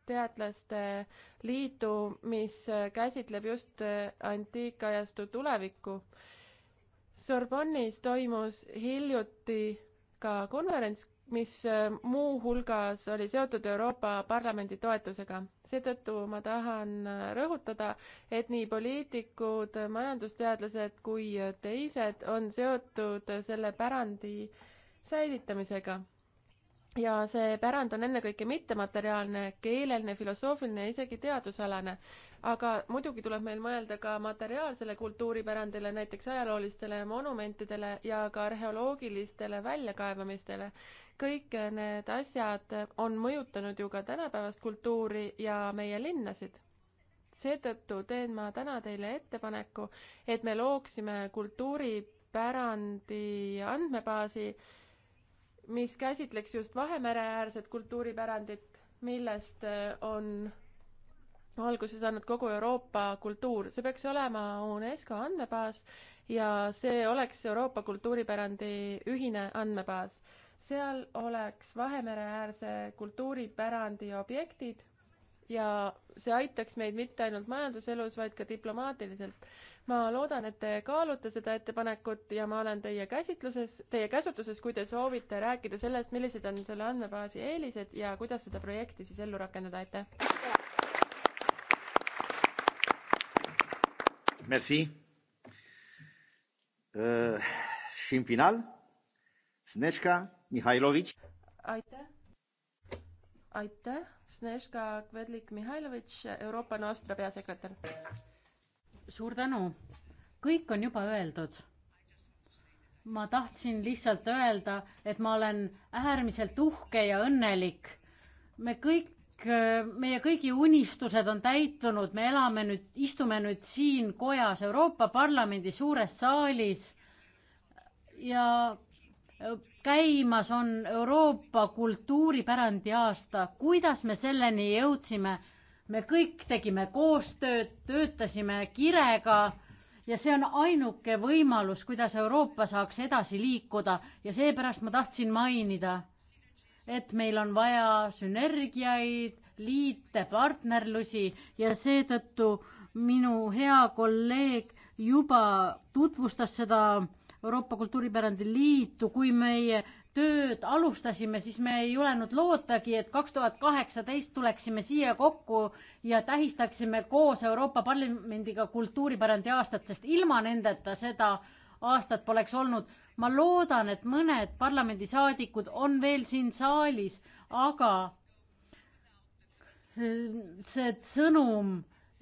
teadlaste liitu, mis äh, käsitleb just antiikajastu tulevikku. Sorbonnis toimus hiljuti ka konverents, mis äh, muuhulgas oli seotud Euroopa Parlamendi toetusega. seetõttu ma tahan äh, rõhutada, et nii poliitikud, majandusteadlased kui teised on seotud selle pärandi säilitamisega ja see pärand on ennekõike mittemateriaalne, keeleline, filosoofiline ja isegi teadusalane aga muidugi tuleb meil mõelda ka materiaalsele kultuuripärandile, näiteks ajaloolistele monumentidele ja ka arheoloogilistele väljakaevamistele. kõik need asjad on mõjutanud ju ka tänapäevast kultuuri ja meie linnasid. seetõttu teen ma täna teile ettepaneku, et me looksime kultuuripärandi andmebaasi, mis käsitleks just Vahemere-äärset kultuuripärandit, millest on alguse saanud kogu Euroopa kultuur, see peaks olema UNESCO andmebaas ja see oleks Euroopa kultuuripärandi ühine andmebaas. seal oleks Vahemereäärse kultuuripärandi objektid ja see aitaks meid mitte ainult majanduselus, vaid ka diplomaatiliselt. ma loodan, et te kaalute seda ettepanekut ja ma olen teie käsitluses, teie käsutuses, kui te soovite rääkida sellest, millised on selle andmebaasi eelised ja kuidas seda projekti siis ellu rakendada, aitäh! Merci. Eh, și în final, Snežka Mihhailović. aitäh. aitäh, Snežka Kvedlik-Mihhailovitš, Euroopa Nostra peasekretär. suur tänu. kõik on juba öeldud ma tahtsin lihtsalt öelda, et ma olen äärmiselt uhke ja õnnelik. me kõik meie kõigi unistused on täitunud, me elame nüüd, istume nüüd siin kojas, Euroopa Parlamendi suures saalis ja käimas on Euroopa kultuuripärandi aasta. kuidas me selleni jõudsime? me kõik tegime koostööd, töötasime kirega ja see on ainuke võimalus, kuidas Euroopa saaks edasi liikuda ja seepärast ma tahtsin mainida et meil on vaja sünergiaid, liite, partnerlusi ja seetõttu minu hea kolleeg juba tutvustas seda Euroopa Kultuuripärandi Liitu, kui meie tööd alustasime, siis me ei julenud lootagi, et kaks tuhat kaheksateist tuleksime siia kokku ja tähistaksime koos Euroopa Parlamendiga kultuuripärandi aastat, sest ilma nendeta seda aastat poleks olnud ma loodan, et mõned parlamendisaadikud on veel siin saalis, aga e, see sõnum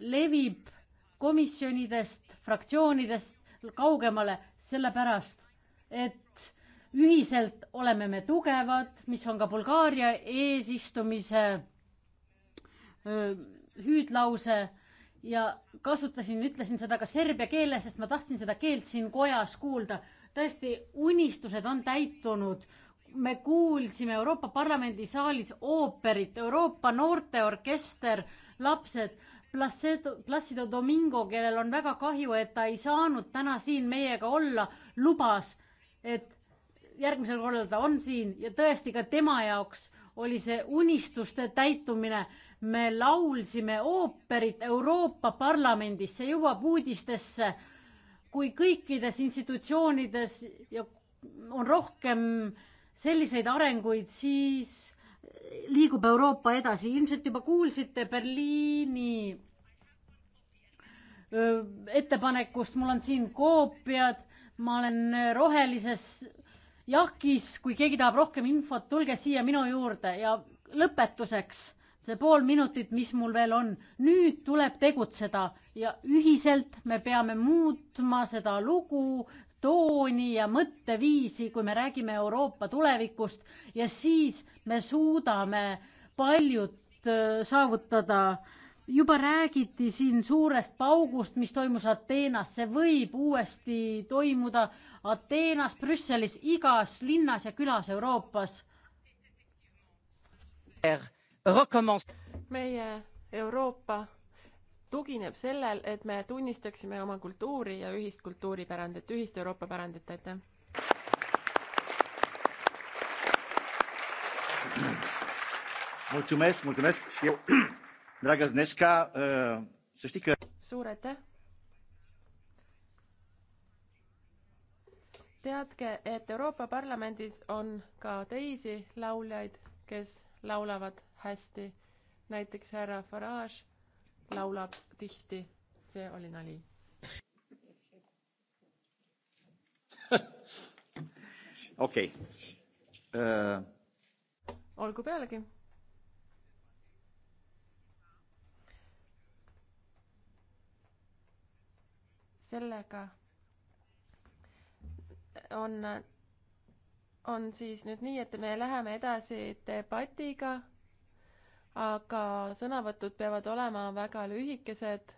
levib komisjonidest, fraktsioonidest kaugemale, sellepärast et ühiselt oleme me tugevad, mis on ka Bulgaaria eesistumise e, hüüdlause ja kasutasin, ütlesin seda ka serbia keeles, sest ma tahtsin seda keelt siin kojas kuulda tõesti, unistused on täitunud. me kuulsime Euroopa Parlamendi saalis ooperit, Euroopa noorteorkester, lapsed, Placido, Placido Domingo, kellel on väga kahju, et ta ei saanud täna siin meiega olla, lubas, et järgmisel korral ta on siin ja tõesti ka tema jaoks oli see unistuste täitumine. me laulsime ooperit Euroopa Parlamendis, see jõuab uudistesse kui kõikides institutsioonides ja on rohkem selliseid arenguid, siis liigub Euroopa edasi. ilmselt juba kuulsite Berliini ettepanekust, mul on siin koopiad, ma olen rohelises jahkis, kui keegi tahab rohkem infot, tulge siia minu juurde ja lõpetuseks see pool minutit, mis mul veel on, nüüd tuleb tegutseda ja ühiselt me peame muutma seda lugu, tooni ja mõtteviisi, kui me räägime Euroopa tulevikust ja siis me suudame paljut äh, saavutada. juba räägiti siin suurest paugust, mis toimus Ateenas, see võib uuesti toimuda Ateenas, Brüsselis, igas linnas ja külas Euroopas recommence. meie Euroopa tugineb sellel, et me tunnistaksime oma kultuuri ja ühist kultuuripärandit, ühist Euroopa pärandit, aitäh. mulțumesc, mulțumesc și eu, [CLEARS THROAT] dragă Znesca, să știi că... Suur aitäh! teadke, et Euroopa Parlamendis on ka teisi lauljaid, kes laulavad hästi. näiteks härra Farage laulab tihti, see oli nali. [LAUGHS] okei. Äh. olgu pealegi. sellega on, on siis nüüd nii, et me läheme edasi debatiga aga sõnavõtud peavad olema väga lühikesed,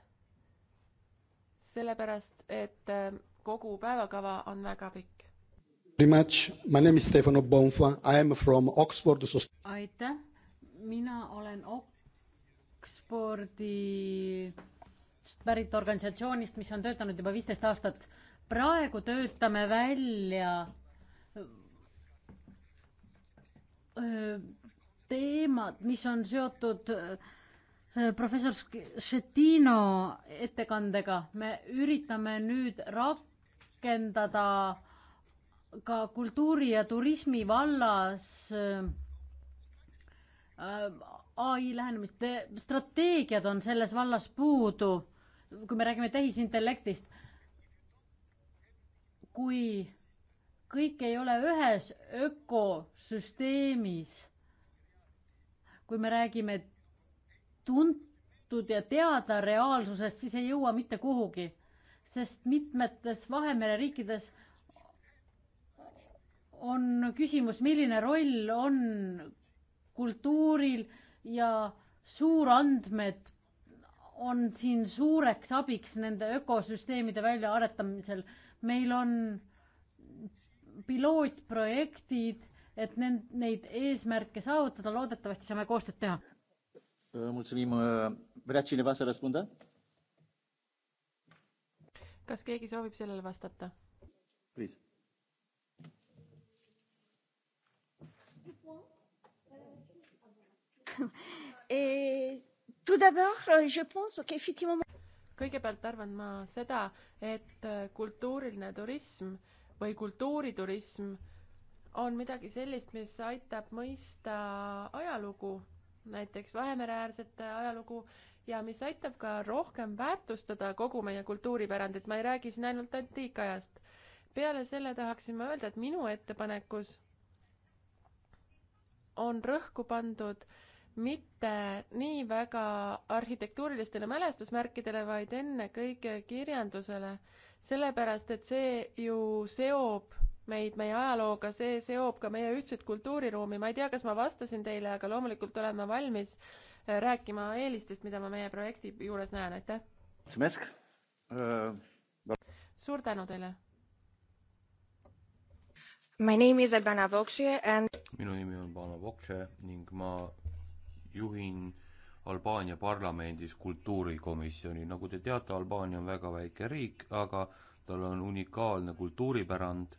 sellepärast et eh, kogu päevakava on väga pikk. aitäh, mina olen Oxfordist pärit organisatsioonist, mis on töötanud juba viisteist aastat. praegu töötame välja öö, teemad, mis on seotud äh, professor Schettino ettekandega. me üritame nüüd rakendada ka kultuuri ja turismi vallas äh, ai lähenemist, strateegiad on selles vallas puudu, kui me räägime tehisintellektist. kui kõik ei ole ühes ökosüsteemis, kui me räägime tuntud ja teada reaalsusest, siis ei jõua mitte kuhugi, sest mitmetes Vahemere riikides on küsimus, milline roll on kultuuril ja suurandmed on siin suureks abiks nende ökosüsteemide väljaaretamisel. meil on pilootprojektid et nend-, neid eesmärke saavutada, loodetavasti saame koostööd teha. Äh, äh, kas keegi soovib sellele vastata? Please. [LAUGHS] Euh, kõigepealt arvan ma seda, et äh, kultuuriline turism või kultuuriturism on midagi sellist, mis aitab mõista ajalugu, näiteks Vahemereäärsete ajalugu, ja mis aitab ka rohkem väärtustada kogu meie kultuuripärandit, ma ei räägi siin ainult antiikajast. peale selle tahaksin ma öelda, et minu ettepanekus on rõhku pandud mitte nii väga arhitektuurilistele mälestusmärkidele, vaid ennekõike kirjandusele, sellepärast et see ju seob meid meie ajalooga, see seob ka meie ühtset kultuuriruumi. ma ei tea, kas ma vastasin teile, aga loomulikult olen ma valmis äh, rääkima eelistest, mida ma meie projekti juures näen, aitäh! suur tänu teile! My name is Albana Vokše and minu nimi on Albana Vokše ning ma juhin Albaania parlamendis kultuurikomisjoni. nagu te teate, Albaania on väga väike riik, aga tal on unikaalne kultuuripärand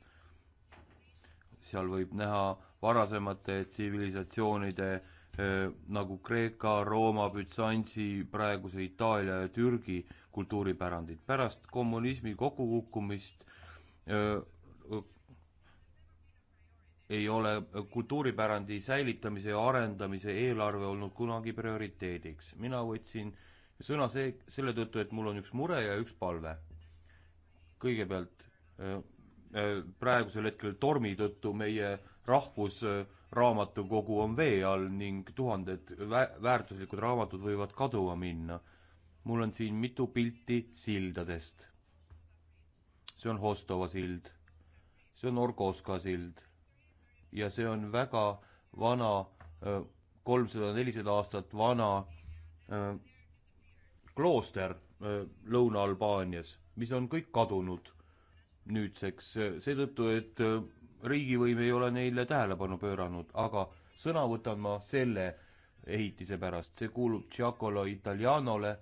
seal võib näha varasemate tsivilisatsioonide eh, nagu Kreeka, Rooma, Bütsansi, praeguse Itaalia ja Türgi kultuuripärandit. pärast kommunismi kokkukukkumist eh, eh, ei ole kultuuripärandi säilitamise ja arendamise eelarve olnud kunagi prioriteediks. mina võtsin sõna see, selle tõttu, et mul on üks mure ja üks palve. kõigepealt Äh, praegusel hetkel tormi tõttu meie rahvusraamatukogu on vee all ning tuhanded vä-, väärtuslikud raamatud võivad kaduma minna. mul on siin mitu pilti sildadest. see on Hostova sild, see on Orgoska sild ja see on väga vana, äh, kolmsada-nelisada aastat vana äh, klooster Lõuna-Albaanias, mis on kõik kadunud nüüdseks seetõttu, et äh, riigivõim ei ole neile tähelepanu pööranud, aga sõna võtan ma selle ehitise pärast, see kuulub Giacolo Italianole.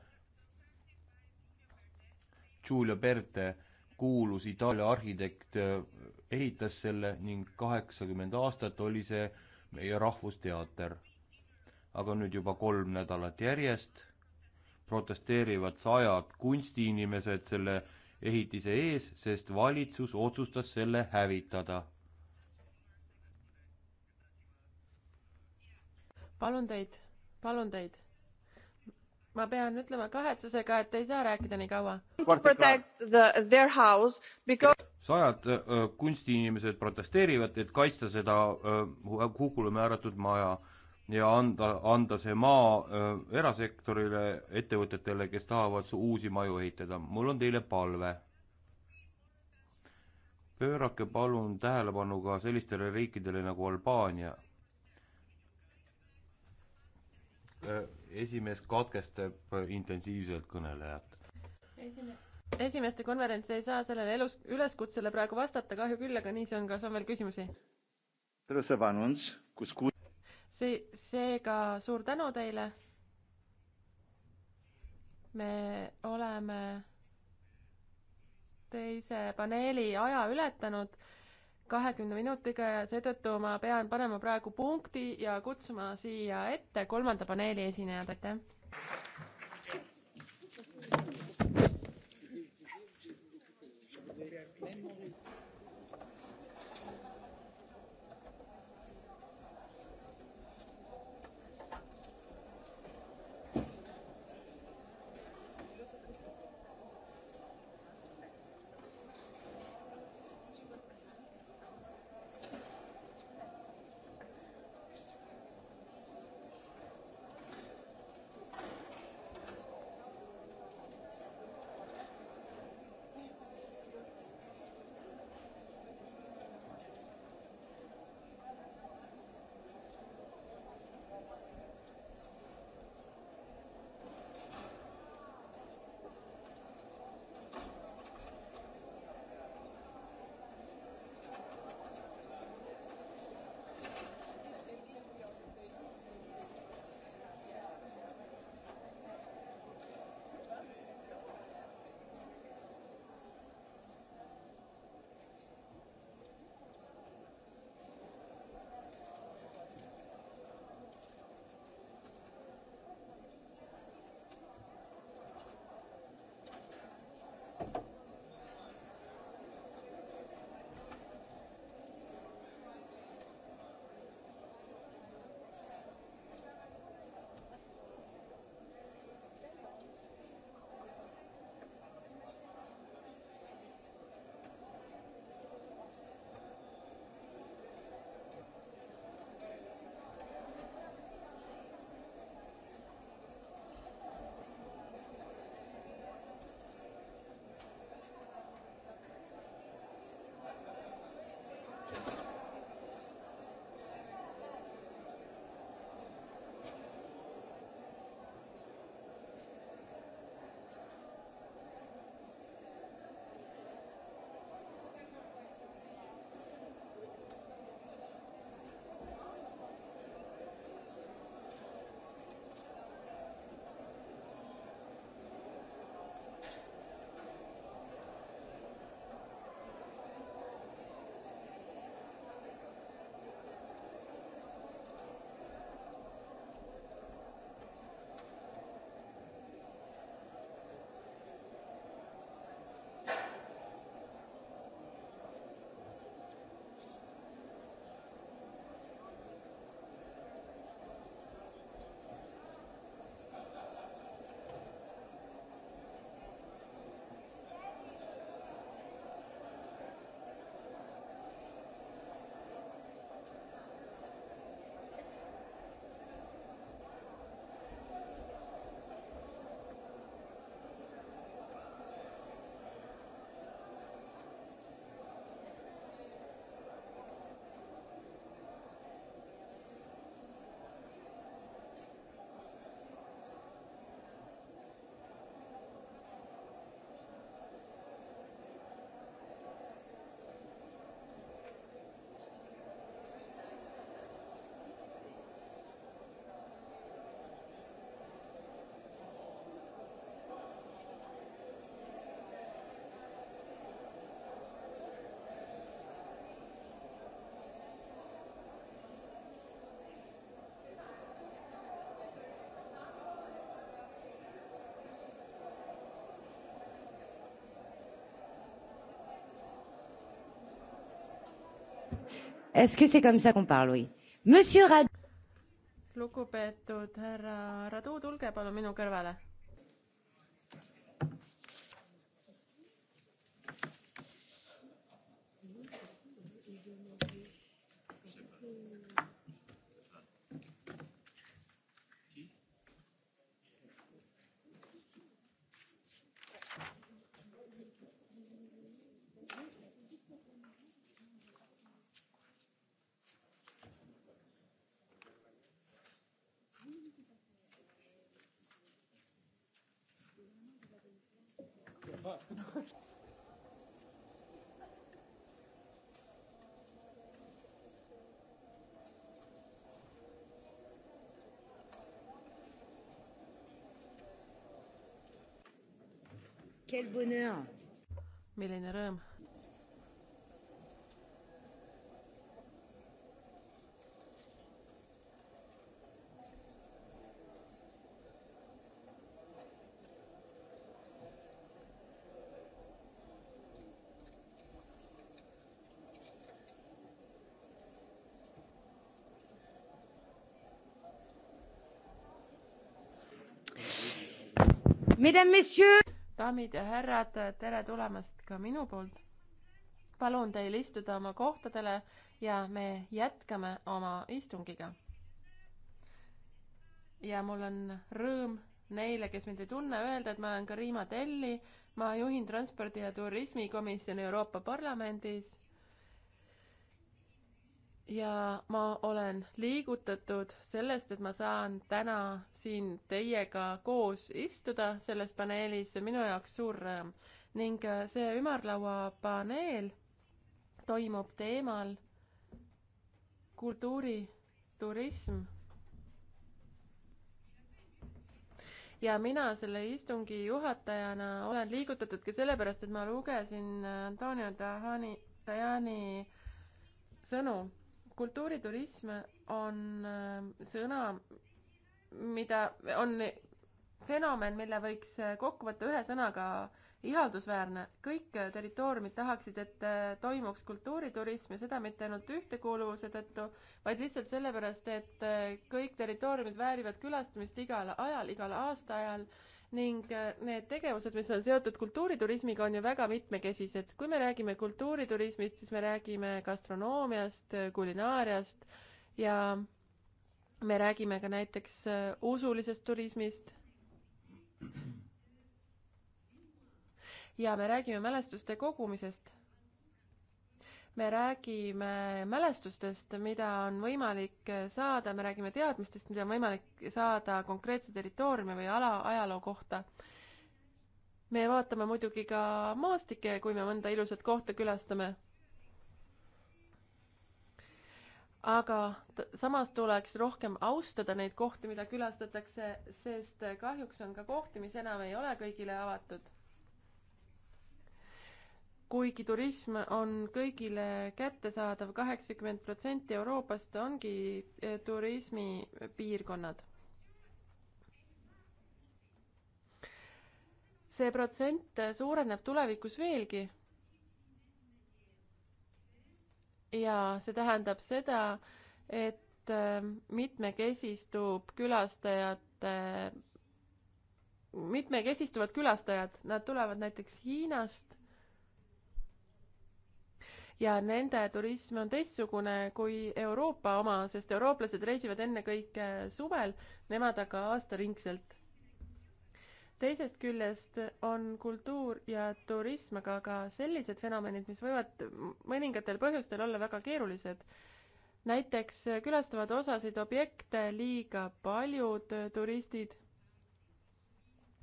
Giulio Berte, kuulus Itaalia arhitekt, äh, ehitas selle ning kaheksakümmend aastat oli see meie rahvusteater. aga nüüd juba kolm nädalat järjest protesteerivad sajad kunstiinimesed selle ehitise ees, sest valitsus otsustas selle hävitada. palun teid, palun teid. ma pean ütlema kahetsusega, et ei saa rääkida nii kaua. Because... sajad äh, kunstiinimesed protesteerivad, et kaitsta seda äh, hukule määratud maja ja anda, anda see maa erasektorile, ettevõtetele, kes tahavad uusi maju ehitada. mul on teile palve. pöörake palun tähelepanu ka sellistele riikidele nagu Albaania. esimees katkestab intensiivselt kõnelejat. esimees esimeste konverents ei saa sellele elus, üleskutsele praegu vastata, kahju küll, aga nii see on, kas on veel küsimusi? see, seega suur tänu teile. me oleme teise paneeli aja ületanud kahekümne minutiga ja seetõttu ma pean panema praegu punkti ja kutsuma siia ette kolmanda paneeli esinejad, aitäh! Est-ce que c'est comme ça qu'on parle, oui? Monsieur Rad-. lugupeetud härra Radu, tulge palun minu kõrvale. Quel bonheur! milline rõõm! Mesdames, Messieurs, daamid ja härrad, tere tulemast ka minu poolt. palun teil istuda oma kohtadele ja me jätkame oma istungiga. ja mul on rõõm neile, kes mind ei tunne, öelda, et ma olen Karima Telli, ma juhin Transpordi- ja Turismikomisjoni Euroopa Parlamendis ja ma olen liigutatud sellest, et ma saan täna siin teiega koos istuda selles paneelis, see on minu jaoks suur rõõm. ning see ümarlaua paneel toimub teemal kultuuriturism. ja mina selle istungi juhatajana olen liigutatud ka sellepärast, et ma lugesin Antonio Tajani, Tajani sõnu kultuuriturism on äh, sõna, mida on fenomen, mille võiks äh, kokku võtta ühe sõnaga ihaldusväärne. kõik äh, territooriumid tahaksid, et toimuks kultuuriturism ja seda mitte ainult ühtekuuluvuse tõttu, vaid lihtsalt sellepärast, et kõik territooriumid väärivad külastamist igal ajal, igal aastaajal ning äh, need tegevused, mis on seotud kultuuriturismiga, on ju väga mitmekesised. kui me räägime kultuuriturismist, siis me räägime gastronoomiast, äh, kulinaariast ja me räägime ka näiteks äh, usulisest turismist. ja me räägime mälestuste kogumisest me räägime mälestustest, mida on võimalik saada, me räägime teadmistest, mida on võimalik saada konkreetse territooriumi või ala, ajaloo kohta. me vaatame muidugi ka maastikke, kui me mõnda ilusat kohta külastame aga samas tuleks rohkem austada neid kohti, mida külastatakse, sest kahjuks on ka kohti, mis enam ei ole kõigile avatud kuigi turism on kõigile kättesaadav, kaheksakümmend protsenti Euroopast ongi eh, turismipiirkonnad. see protsent suureneb tulevikus veelgi. ja see tähendab seda, et eh, mitmekesistub külastajate mitmekesistuvad külastajad, nad tulevad näiteks Hiinast ja nende turism on teistsugune kui Euroopa oma, sest eurooplased reisivad ennekõike suvel, nemad aga aastaringselt. teisest küljest on kultuur ja turism aga ka sellised fenomenid, mis võivad mõningatel põhjustel olla väga keerulised näiteks külastavad osasid objekte liiga paljud turistid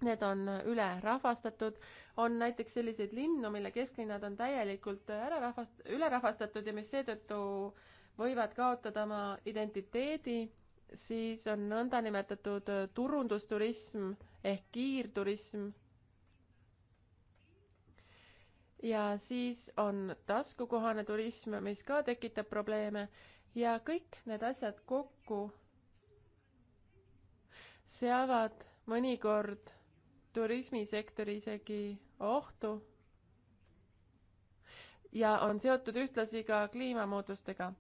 Need on ülerahvastatud, on näiteks selliseid linnu, mille kesklinnad on täielikult ära rahvast-, ülerahvastatud ja mis seetõttu võivad kaotada oma identiteedi, siis on nõndanimetatud turundusturism ehk kiirturism. ja siis on taskukohane turism, mis ka tekitab probleeme ja kõik need asjad kokku seavad mõnikord turismisektori isegi ohtu ja on seotud ühtlasi ka kliimamuutustega.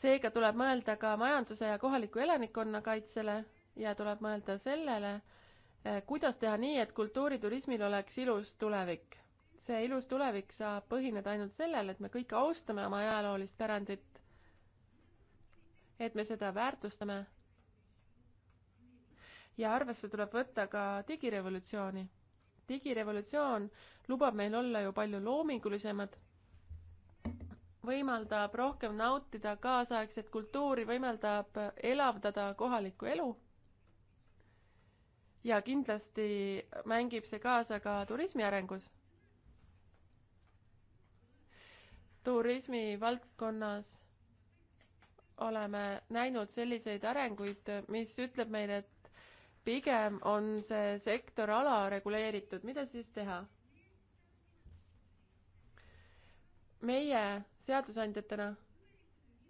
seega tuleb mõelda ka majanduse ja kohaliku elanikkonna kaitsele ja tuleb mõelda sellele, eh, kuidas teha nii, et kultuuriturismil oleks ilus tulevik. see ilus tulevik saab põhineda ainult sellel, et me kõik austame oma ajaloolist pärandit, et me seda väärtustame ja arvesse tuleb võtta ka digirevolutsiooni. digirevolutsioon lubab meil olla ju palju loomingulisemad, võimaldab rohkem nautida kaasaegset kultuuri, võimaldab elavdada kohalikku elu ja kindlasti mängib see kaasa ka turismi arengus. turismi valdkonnas oleme näinud selliseid arenguid, mis ütleb meile, et pigem on see sektor alareguleeritud, mida siis teha? meie seadusandjatena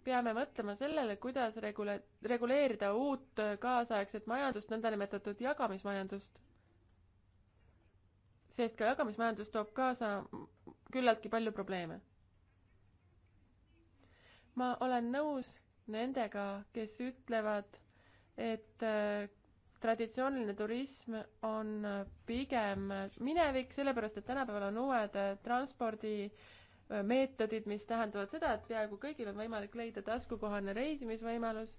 peame mõtlema sellele, kuidas regule-, reguleerida uut kaasaegset majandust, nõndanimetatud jagamismajandust. sest ka jagamismajandus toob kaasa küllaltki palju probleeme. ma olen nõus nendega, kes ütlevad, et traditsiooniline turism on pigem minevik, sellepärast et tänapäeval on uued äh, transpordimeetodid, äh, mis tähendavad seda, et peaaegu kõigil on võimalik leida taskukohane reisimisvõimalus.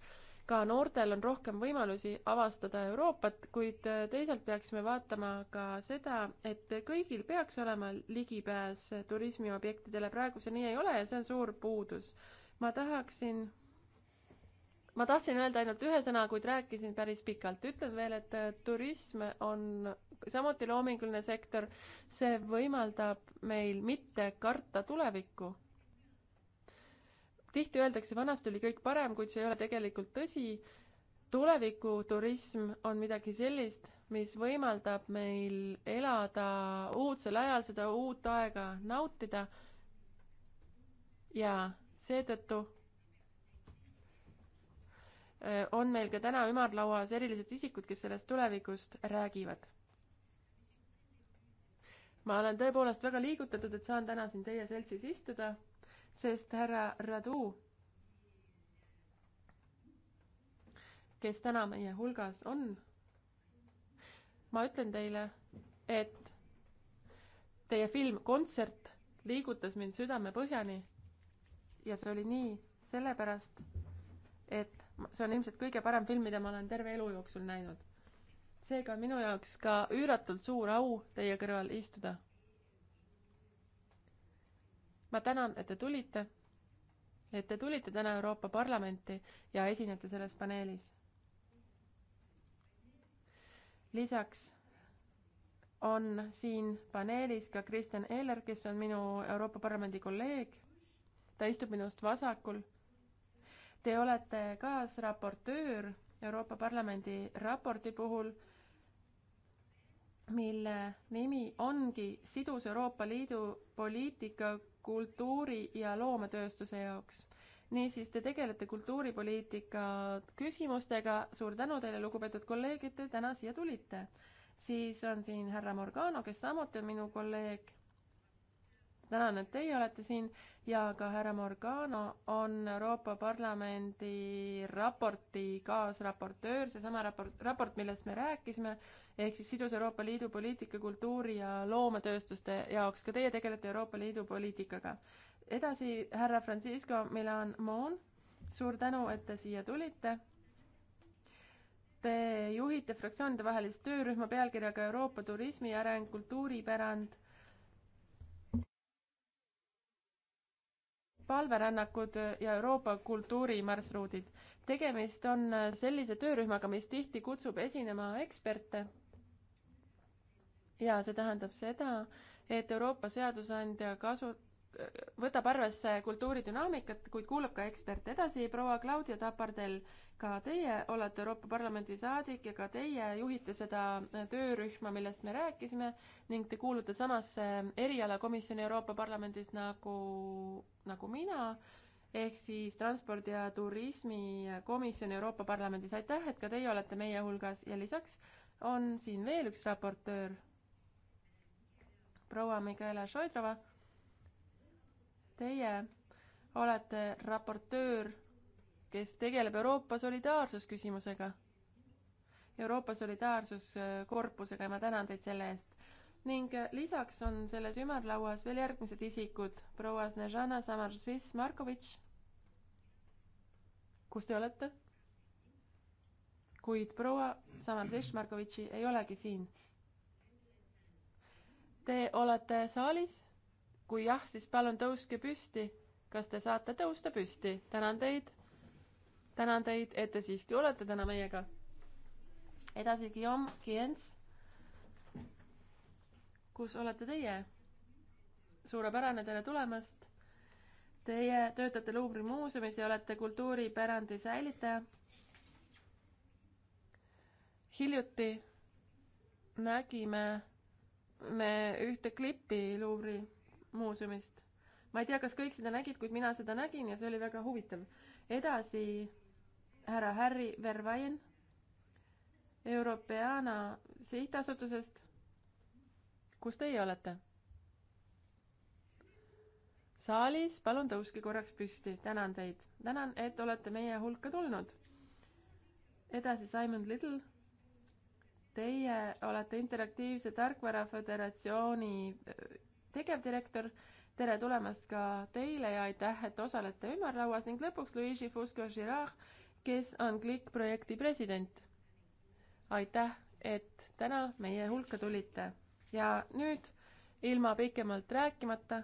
ka noortel on rohkem võimalusi avastada Euroopat, kuid äh, teisalt peaksime vaatama ka seda, et kõigil peaks olema ligipääs turismiobjektidele. praegu see nii ei ole ja see on suur puudus. ma tahaksin ma tahtsin öelda ainult ühe sõna, kuid rääkisin päris pikalt. ütlen veel, et äh, turism on samuti loominguline sektor. see võimaldab meil mitte karta tulevikku. tihti öeldakse, vanasti oli kõik parem, kuid see ei ole tegelikult tõsi. tulevikuturism on midagi sellist, mis võimaldab meil elada uudsel ajal, seda uut aega nautida. ja seetõttu Äh, on meil ka täna ümarlauas erilised isikud, kes sellest tulevikust räägivad. ma olen tõepoolest väga liigutatud, et saan täna siin teie seltsis istuda, sest härra Radu, kes täna meie hulgas on, ma ütlen teile, et teie film Kontsert liigutas mind südame põhjani ja see oli nii sellepärast, et see on ilmselt kõige parem film, mida ma olen terve elu jooksul näinud. seega on minu jaoks ka üüratult suur au teie kõrval istuda. ma tänan, et te tulite, et te tulite täna Euroopa Parlamenti ja esinete selles paneelis. lisaks on siin paneelis ka Kristjan Ehler, kes on minu Euroopa Parlamendi kolleeg. ta istub minust vasakul Te olete kaasraportöör Euroopa Parlamendi raporti puhul, mille nimi ongi Sidus Euroopa Liidu poliitika kultuuri- ja loometööstuse jaoks. niisiis, te tegelete kultuuripoliitika küsimustega, suur tänu teile, lugupeetud kolleegid, te täna siia tulite. siis on siin härra Morgano, kes samuti on minu kolleeg tänan, et teie olete siin ja ka härra Morgano on Euroopa Parlamendi raporti kaasraportöör, seesama raport, raport, millest me rääkisime, ehk siis sidus Euroopa Liidu poliitika, kultuuri ja loometööstuste jaoks, ka teie tegelete Euroopa Liidu poliitikaga. edasi härra Francisco Milan Moon, suur tänu, et te siia tulite Te juhite fraktsioonide vahelist töörühma pealkirjaga Euroopa turismi areng, kultuuripärand palverännakud ja Euroopa kultuurimarsruudid. tegemist on sellise töörühmaga, mis tihti kutsub esinema eksperte. ja see tähendab seda, et Euroopa seadusandja kasu-, võtab arvesse kultuuridünaamikat, kuid kuulab ka eksperte. edasi proua Claudia Tapardel ka teie olete Euroopa Parlamendi saadik ja ka teie juhite seda töörühma, millest me rääkisime ning te kuulute samasse erialakomisjoni Euroopa Parlamendis nagu, nagu mina, ehk siis Transpordi- ja Turismikomisjon Euroopa Parlamendis. aitäh, et ka teie olete meie hulgas ja lisaks on siin veel üks raportöör, proua Mikaela Šoidrova. Teie olete raportöör kes tegeleb Euroopa solidaarsusküsimusega. Euroopa Solidaarsuskorpusega ja ma tänan teid selle eest. ning äh, lisaks on selles ümarlauas veel järgmised isikud, proua Snežana Samaržis Markovitš. kus te olete? kuid proua Samaržis Markovitši ei olegi siin. Te olete saalis? kui jah, siis palun tõuske püsti. kas te saate tõusta püsti? tänan teid tänan teid, et te siiski olete täna meiega. edasi Guillaume Kients. kus olete teie? suurepärane, tere tulemast. Teie töötate Luuvri muuseumis ja olete kultuuripärandi säilitaja. hiljuti nägime me ühte klippi Luuvri muuseumist. ma ei tea, kas kõik seda nägid, kuid mina seda nägin ja see oli väga huvitav. edasi härra Harry Vervaien Europeana sihtasutusest. kus teie olete? saalis, palun tõuske korraks püsti, tänan teid, tänan, et olete meie hulka tulnud. edasi Simon Little. Teie olete Interaktiivse Tarkvara Föderatsiooni äh, tegevdirektor. tere tulemast ka teile ja aitäh, et osalete ümarlauas ning lõpuks Luigi Fusco Girard kes on Klikk projekti president. aitäh, et täna meie hulka tulite ja nüüd ilma pikemalt rääkimata,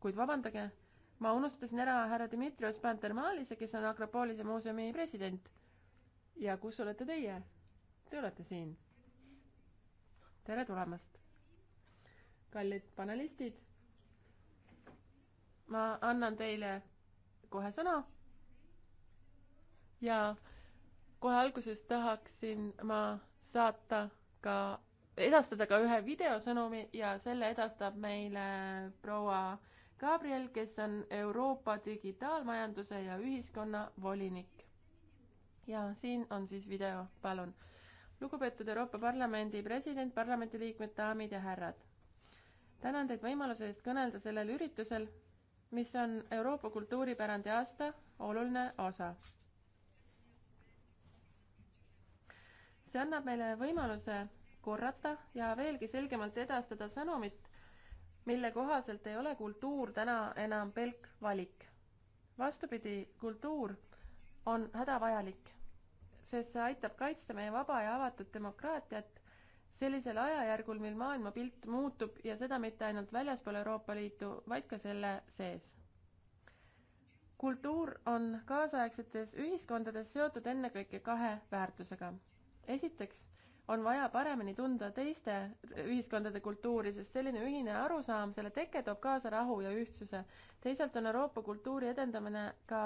kuid vabandage, ma unustasin ära härra Dmitrios Pantermaalise, kes on Akropoolise muuseumi president. ja kus olete teie? Te olete siin. tere tulemast. kallid panelistid, ma annan teile kohe sõna ja kohe alguses tahaksin ma saata ka, edastada ka ühe videosõnumi ja selle edastab meile proua Gabriel, kes on Euroopa digitaalmajanduse ja ühiskonna volinik. ja siin on siis video, palun. lugupeetud Euroopa Parlamendi president, parlamendiliikmed, daamid ja härrad. tänan teid võimaluse eest kõnelda sellel üritusel, mis on Euroopa kultuuripärandi aasta oluline osa see annab meile võimaluse korrata ja veelgi selgemalt edastada sõnumit, mille kohaselt ei ole kultuur täna enam pelk valik. vastupidi, kultuur on hädavajalik, sest see aitab kaitsta meie vaba ja avatud demokraatiat sellisel ajajärgul, mil maailmapilt muutub ja seda mitte ainult väljaspool Euroopa Liitu, vaid ka selle sees. kultuur on kaasaegsetes ühiskondades seotud ennekõike kahe väärtusega esiteks on vaja paremini tunda teiste ühiskondade kultuuri, sest selline ühine arusaam, selle teke toob kaasa rahu ja ühtsuse. teisalt on Euroopa kultuuri edendamine ka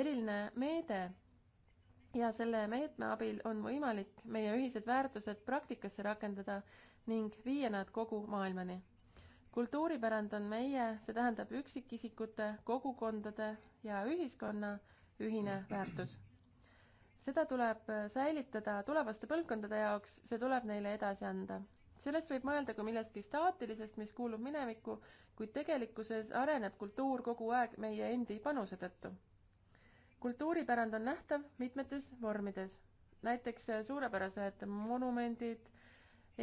eriline meede ja selle meetme abil on võimalik meie ühised väärtused praktikasse rakendada ning viia nad kogu maailmani. kultuuripärand on meie, see tähendab üksikisikute, kogukondade ja ühiskonna ühine väärtus seda tuleb äh, säilitada tulevaste põlvkondade jaoks, see tuleb neile edasi anda. sellest võib mõelda ka millestki staatilisest, mis kuulub minevikku, kuid tegelikkuses areneb kultuur kogu aeg meie endi panuse tõttu. kultuuripärand on nähtav mitmetes vormides, näiteks äh, suurepärased monumendid,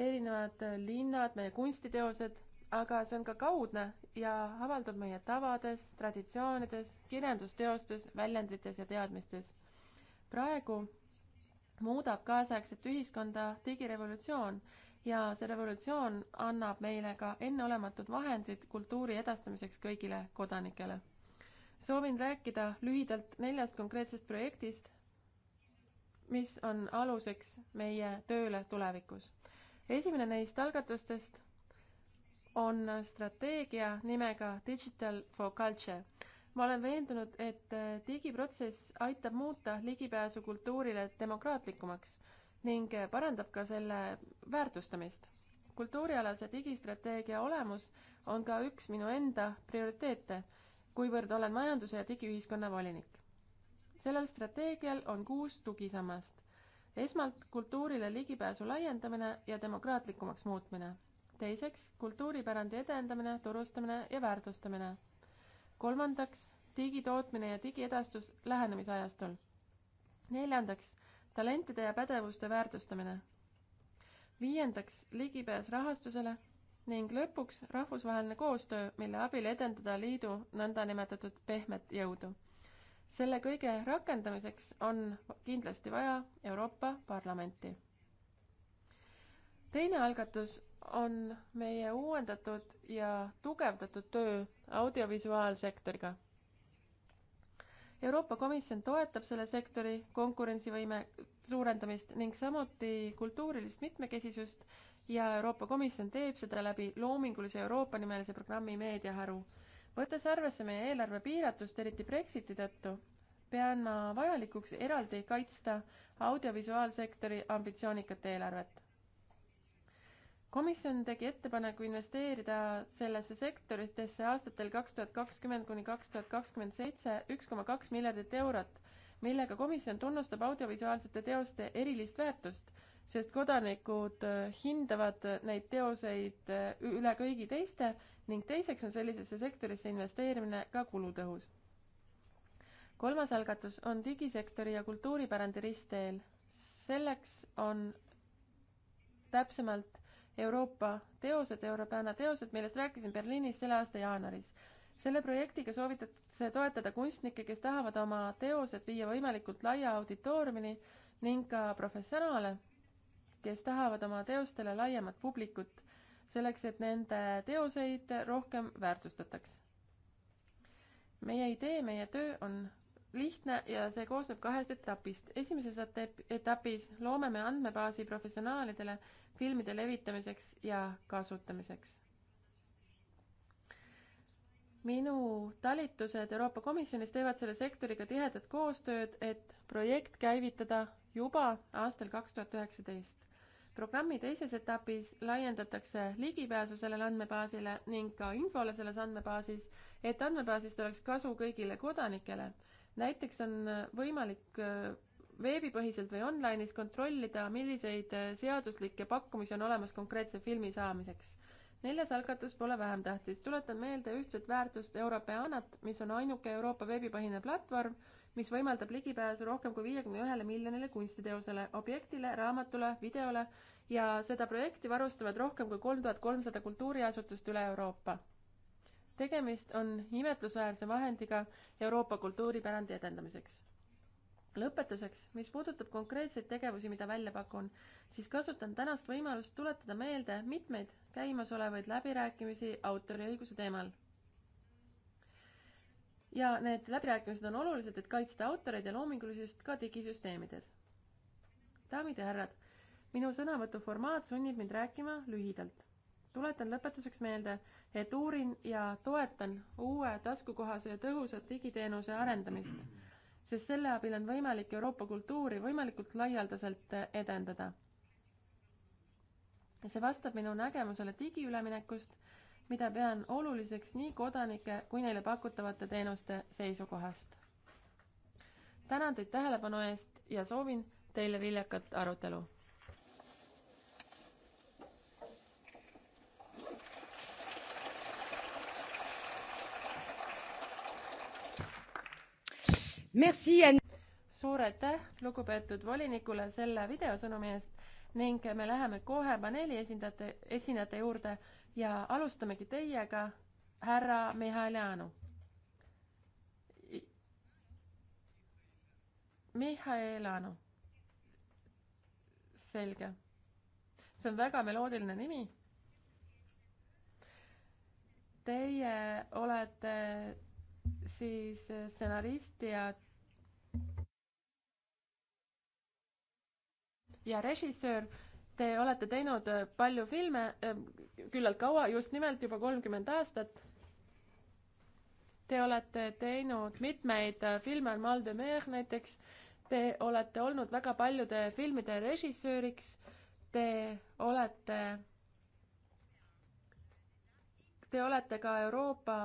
erinevad äh, linnad, meie kunstiteosed, aga see on ka kaudne ja avaldub meie tavades, traditsioonides, kirjandusteostes, väljendites ja teadmistes praegu muudab kaasaegset ühiskonda digirevolutsioon ja see revolutsioon annab meile ka enneolematud vahendid kultuuri edastamiseks kõigile kodanikele. soovin rääkida lühidalt neljast konkreetsest projektist, mis on aluseks meie tööle tulevikus. esimene neist algatustest on strateegia nimega Digital for Culture ma olen veendunud, et äh, digiprotsess aitab muuta ligipääsu kultuurile demokraatlikumaks ning parandab ka selle väärtustamist. kultuurialase digistrateegia olemus on ka üks minu enda prioriteete, kuivõrd olen majanduse ja digiühiskonna volinik. sellel strateegial on kuus tugisammast. esmalt kultuurile ligipääsu laiendamine ja demokraatlikumaks muutmine. teiseks, kultuuripärandi edendamine, turustamine ja väärtustamine kolmandaks, digitootmine ja digiedastus lähenemisajastul. neljandaks, talentide ja pädevuste väärtustamine. viiendaks, ligipääs rahastusele ning lõpuks rahvusvaheline koostöö, mille abil edendada liidu nõndanimetatud pehmet jõudu. selle kõige rakendamiseks on kindlasti vaja Euroopa Parlamenti. teine algatus on meie uuendatud ja tugevdatud töö audiovisuaalsektoriga. Euroopa Komisjon toetab selle sektori konkurentsivõime suurendamist ning samuti kultuurilist mitmekesisust ja Euroopa Komisjon teeb seda läbi loomingulise Euroopa nimelise programmi meediaharu. võttes arvesse meie eelarve piiratust, eriti Brexiti tõttu, pean ma vajalikuks eraldi kaitsta audiovisuaalsektori ambitsioonikat eelarvet komisjon tegi ettepaneku investeerida sellesse sektoritesse aastatel kaks tuhat kakskümmend kuni kaks tuhat kakskümmend seitse üks koma kaks miljardit eurot, millega komisjon tunnustab audiovisuaalsete teoste erilist väärtust, sest kodanikud äh, hindavad neid teoseid äh, üle kõigi teiste ning teiseks on sellisesse sektorisse investeerimine ka kulutõhus. kolmas algatus on digisektori ja kultuuripärandi ristteel. selleks on täpsemalt Euroopa teosed, Europeana teosed, millest rääkisin Berliinis selle aasta jaanuaris. selle projektiga soovitatakse toetada kunstnikke, kes tahavad oma teosed viia võimalikult laia auditooriumini ning ka professionaale, kes tahavad oma teostele laiemat publikut, selleks et nende teoseid rohkem väärtustataks. meie idee, meie töö on lihtne ja see koosneb kahest etapist. esimeses etapis loome me andmebaasi professionaalidele filmide levitamiseks ja kasutamiseks. minu talitused Euroopa Komisjonis teevad selle sektoriga tihedat koostööd, et projekt käivitada juba aastal kaks tuhat üheksateist. programmi teises etapis laiendatakse ligipääsu sellele andmebaasile ning ka infole selles andmebaasis, et andmebaasist oleks kasu kõigile kodanikele näiteks on äh, võimalik äh, veebipõhiselt või online'is kontrollida, milliseid äh, seaduslikke pakkumisi on olemas konkreetse filmi saamiseks. neljas algatus pole vähem tähtis, tuletan meelde ühtset väärtust Europeanat, mis on ainuke Euroopa veebipõhine platvorm, mis võimaldab ligipääsu rohkem kui viiekümne ühele miljonile kunstiteosele, objektile, raamatule, videole ja seda projekti varustavad rohkem kui kolm tuhat kolmsada kultuuriasutust üle Euroopa tegemist on imetlusväärse vahendiga Euroopa kultuuripärandi edendamiseks. lõpetuseks, mis puudutab konkreetseid tegevusi, mida välja pakun, siis kasutan tänast võimalust tuletada meelde mitmeid käimasolevaid läbirääkimisi autoriõiguse teemal. ja need läbirääkimised on olulised, et kaitsta autoreid ja loomingulisust ka digisüsteemides. daamid ja härrad, minu sõnavõtu formaat sunnib mind rääkima lühidalt tuletan lõpetuseks meelde, et uurin ja toetan uue taskukohase ja tõhusa digiteenuse arendamist, sest selle abil on võimalik Euroopa kultuuri võimalikult laialdaselt edendada. see vastab minu nägemusele digiüleminekust, mida pean oluliseks nii kodanike kui neile pakutavate teenuste seisukohast. tänan teid tähelepanu eest ja soovin teile viljakat arutelu! suur aitäh lugupeetud volinikule selle videosõnumi eest ning me läheme kohe paneeli esindajate, esinejate juurde ja alustamegi teiega, härra Mihhailianu. Mihhailanu. selge. see on väga meloodiline nimi. Teie olete siis eh, stsenarist ja ja režissöör, te olete teinud eh, palju filme, eh, küllalt kaua, just nimelt juba kolmkümmend aastat. Te olete teinud mitmeid filme, Mal de Mer näiteks. Te olete olnud väga paljude filmide režissööriks. Te olete, te olete ka Euroopa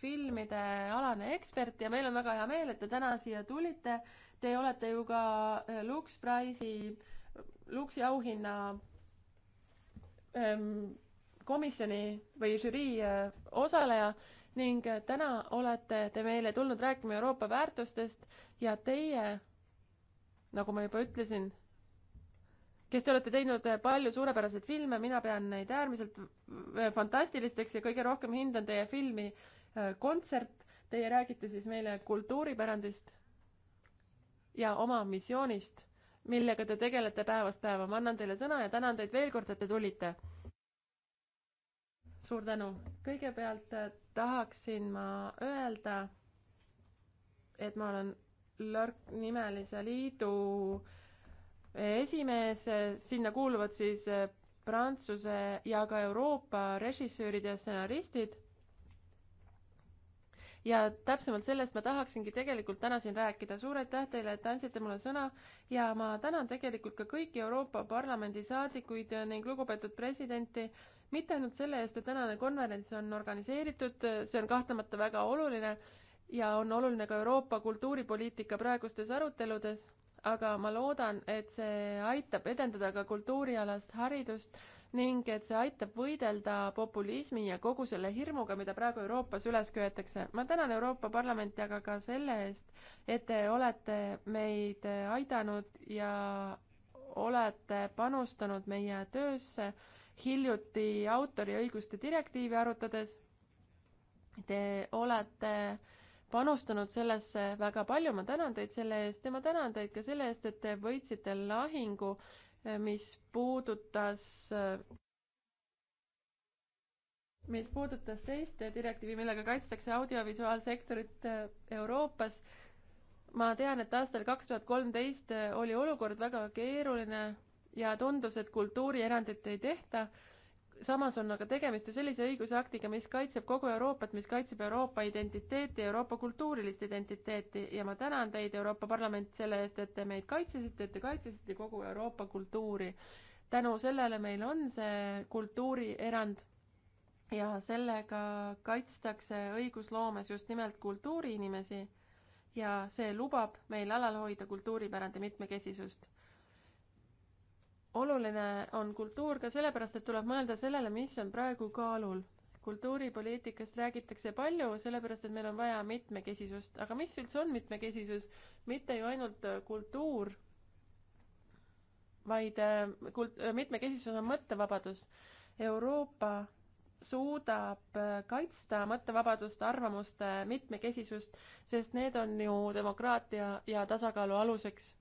filmide alane ekspert ja meil on väga hea meel, et te täna siia tulite. Te olete ju ka äh, Lux Prize'i, Luxi auhinna ähm, komisjoni või žürii äh, osaleja ning äh, täna olete te meile tulnud rääkima Euroopa väärtustest ja teie, nagu ma juba ütlesin, kes te olete teinud palju suurepäraseid filme, mina pean neid äärmiselt fantastilisteks ja kõige rohkem hindan teie filmi Äh, kontsert, teie räägite siis meile kultuuripärandist ja oma missioonist, millega te tegelete päevast päeva. ma annan teile sõna ja tänan teid veel kord, et te tulite. suur tänu. kõigepealt äh, tahaksin ma öelda, et ma olen LÖRK nimelise liidu esimees, sinna kuuluvad siis äh, Prantsuse ja ka Euroopa režissöörid ja stsenaristid ja täpsemalt sellest ma tahaksingi tegelikult täna siin rääkida. suur aitäh teile, et andsite mulle sõna ja ma tänan tegelikult ka kõiki Euroopa Parlamendi saadikuid ning lugupeetud presidenti, mitte ainult selle eest, et tänane konverents on organiseeritud, see on kahtlemata väga oluline ja on oluline ka Euroopa kultuuripoliitika praegustes aruteludes, aga ma loodan, et see aitab edendada ka kultuurialast haridust ning et see aitab võidelda populismi ja kogu selle hirmuga, mida praegu Euroopas üles köetakse. ma tänan Euroopa Parlamenti aga ka selle eest, et te olete meid aidanud ja olete panustanud meie töösse hiljuti autoriõiguste direktiivi arutades. Te olete panustanud sellesse väga palju, ma tänan teid selle eest ja ma tänan teid ka selle eest, et te võitsite lahingu mis puudutas mis puudutas teist direktiivi, millega kaitstakse audiovisuaalsektorit äh, Euroopas. ma tean, et aastal kaks tuhat kolmteist äh, oli olukord väga keeruline ja tundus, et kultuurierandit ei tehta samas on aga tegemist ju sellise õigusaktiga, mis kaitseb kogu Euroopat, mis kaitseb Euroopa identiteeti, Euroopa kultuurilist identiteeti ja ma tänan teid, Euroopa Parlament, selle eest, et te meid kaitsesite, et te kaitsesite kogu Euroopa kultuuri. tänu sellele meil on see kultuurierand ja sellega kaitstakse õigusloomes just nimelt kultuuriinimesi ja see lubab meil alal hoida kultuuripärandi mitmekesisust oluline on kultuur ka sellepärast, et tuleb mõelda sellele, mis on praegu kaalul. kultuuripoliitikast räägitakse palju, sellepärast et meil on vaja mitmekesisust, aga mis üldse on mitmekesisus? mitte ju ainult äh, kultuur, vaid äh, kult-, äh, mitmekesisus on mõttevabadus. Euroopa suudab kaitsta mõttevabadust, arvamuste mitmekesisust, sest need on ju demokraatia ja tasakaalu aluseks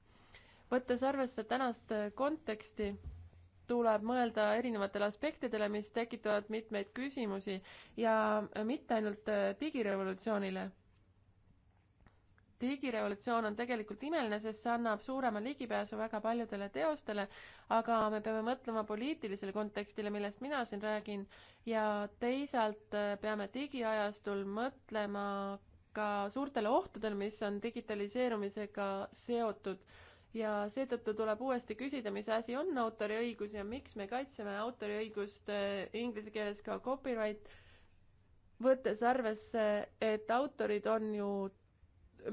võttes arvesse tänast konteksti, tuleb mõelda erinevatele aspektidele, mis tekitavad mitmeid küsimusi ja mitte ainult äh, digirevolutsioonile. digirevolutsioon on tegelikult imeline, sest see annab suurema ligipääsu väga paljudele teostele, aga me peame mõtlema poliitilisele kontekstile, millest mina siin räägin, ja teisalt äh, peame digiajastul mõtlema ka suurtele ohtudele, mis on digitaliseerumisega seotud ja seetõttu tuleb uuesti küsida, mis asi on autoriõigus ja miks me kaitseme autoriõigust äh, inglise keeles ka copyright, võttes arvesse, et autorid on ju,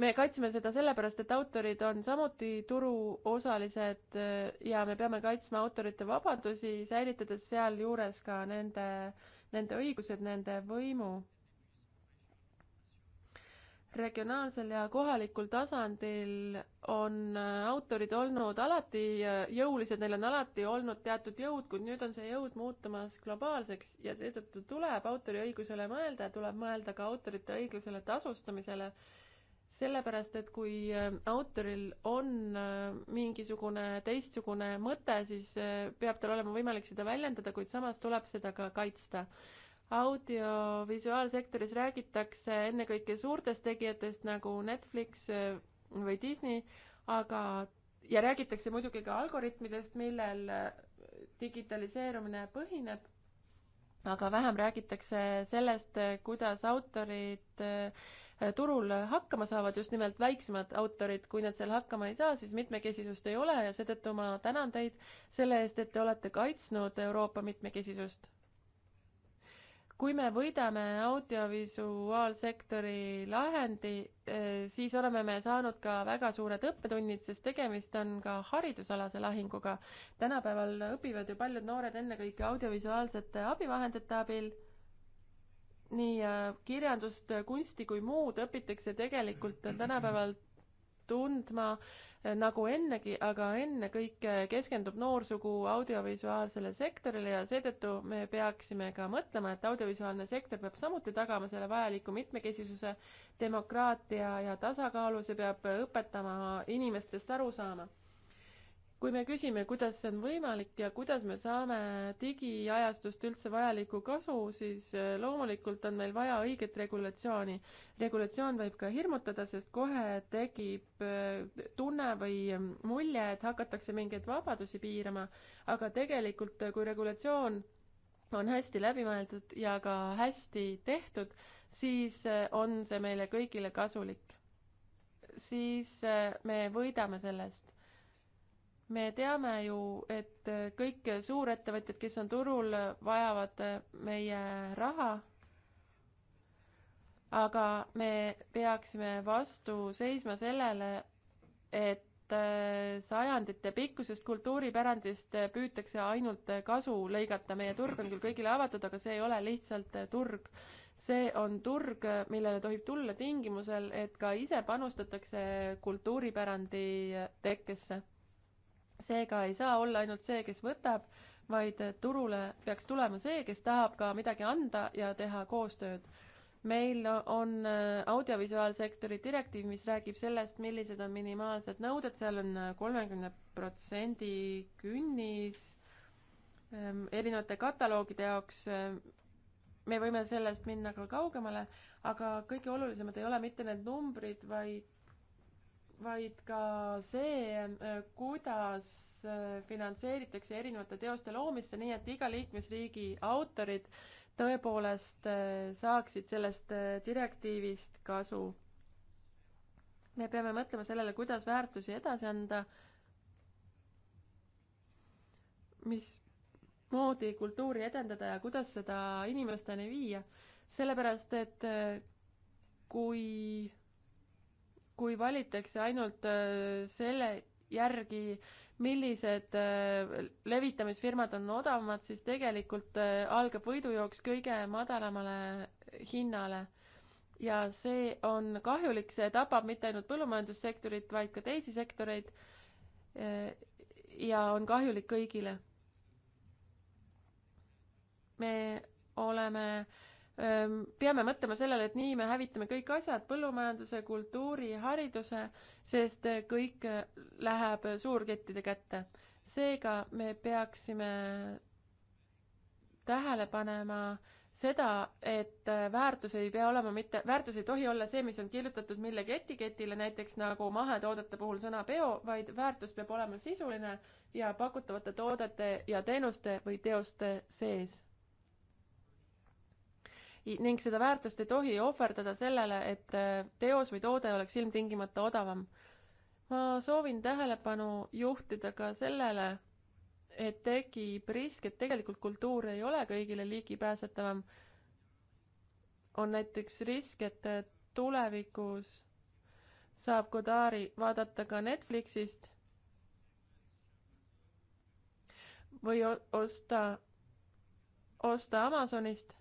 me kaitseme seda sellepärast, et autorid on samuti turuosalised äh, ja me peame kaitsma autorite vabadusi, säilitades sealjuures ka nende, nende õigused, nende võimu regionaalsel ja kohalikul tasandil on äh, autorid olnud alati äh, jõulised, neil on alati olnud teatud jõud, kuid nüüd on see jõud muutumas globaalseks ja seetõttu tuleb autoriõigusele mõelda, tuleb mõelda ka autorite õiglasele tasustamisele, sellepärast et kui äh, autoril on mingisugune teistsugune mõte, siis peab tal olema võimalik seda väljendada, kuid samas tuleb seda ka kaitsta audiovisuaalsektoris räägitakse ennekõike suurtest tegijatest nagu Netflix eh, või Disney, aga, ja räägitakse muidugi ka algoritmidest, millel eh, digitaliseerumine põhineb, aga vähem räägitakse sellest, eh, kuidas autorid turul hakkama saavad, just nimelt väiksemad autorid, kui nad seal hakkama ei saa, siis mitmekesisust ei ole ja seetõttu ma tänan teid selle eest, et te olete kaitsnud Euroopa mitmekesisust kui me võidame audiovisuaalsektori lahendi, eh, siis oleme me saanud ka väga suured õppetunnid, sest tegemist on ka haridusalase lahinguga. tänapäeval õpivad ju paljud noored ennekõike audiovisuaalsete abivahendite abil. nii kirjandust, kunsti kui muud õpitakse tegelikult tänapäeval tundma nagu ennegi, aga ennekõike keskendub noorsugu audiovisuaalsele sektorile ja seetõttu me peaksime ka mõtlema, et audiovisuaalne sektor peab samuti tagama selle vajaliku mitmekesisuse, demokraatia ja tasakaalu, see peab õpetama inimestest aru saama kui me küsime, kuidas see on võimalik ja kuidas me saame digiajastust üldse vajalikku kasu, siis äh, loomulikult on meil vaja õiget regulatsiooni. regulatsioon võib ka hirmutada, sest kohe tekib äh, tunne või ähm, mulje, et hakatakse mingeid vabadusi piirama, aga tegelikult, äh, kui regulatsioon on hästi läbi mõeldud ja ka hästi tehtud, siis on see meile kõigile kasulik. siis me võidame sellest me teame ju, et kõik suurettevõtjad, kes on turul, vajavad meie raha, aga me peaksime vastu seisma sellele, et sajandite pikkusest kultuuripärandist püütakse ainult kasu lõigata. meie turg on küll kõigile avatud, aga see ei ole lihtsalt turg. see on turg, millele tohib tulla tingimusel, et ka ise panustatakse kultuuripärandi tekkesse seega ei saa olla ainult see, kes võtab, vaid turule peaks tulema see, kes tahab ka midagi anda ja teha koostööd. meil on äh, audiovisuaalsektori direktiiv, mis räägib sellest, millised on minimaalsed nõuded, seal on äh, kolmekümne protsendi künnis ähm, erinevate kataloogide jaoks äh, me võime sellest minna ka kaugemale, aga kõige olulisemad ei ole mitte need numbrid, vaid vaid ka see, äh, kuidas äh, finantseeritakse erinevate teoste loomisse, nii et iga liikmesriigi autorid tõepoolest äh, saaksid sellest direktiivist kasu. me peame mõtlema sellele, kuidas väärtusi edasi anda, mismoodi kultuuri edendada ja kuidas seda inimesteni viia, sellepärast et kui kui valitakse ainult äh, selle järgi, millised äh, levitamisfirmad on odavamad, siis tegelikult äh, algab võidujooks kõige madalamale hinnale. ja see on kahjulik, see tapab mitte ainult põllumajandussektorit, vaid ka teisi sektoreid ja on kahjulik kõigile. me oleme äh, peame mõtlema sellele, et nii me hävitame kõik asjad, põllumajanduse, kultuuri, hariduse, sest kõik läheb suurkettide kätte. seega me peaksime tähele panema seda, et väärtus ei pea olema mitte, väärtus ei tohi olla see, mis on kirjutatud millegi etiketile, näiteks nagu mahetoodete puhul sõna bio, vaid väärtus peab olema sisuline ja pakutavate toodete ja teenuste või teoste sees ning seda väärtust ei tohi ohverdada sellele, et äh, teos või toode oleks ilmtingimata odavam. ma soovin tähelepanu juhtida ka sellele, et tekib risk, et tegelikult kultuur ei ole kõigile ligipääsetavam. on näiteks risk, et äh, tulevikus saab Godari vaadata ka Netflixist või osta, osta Amazonist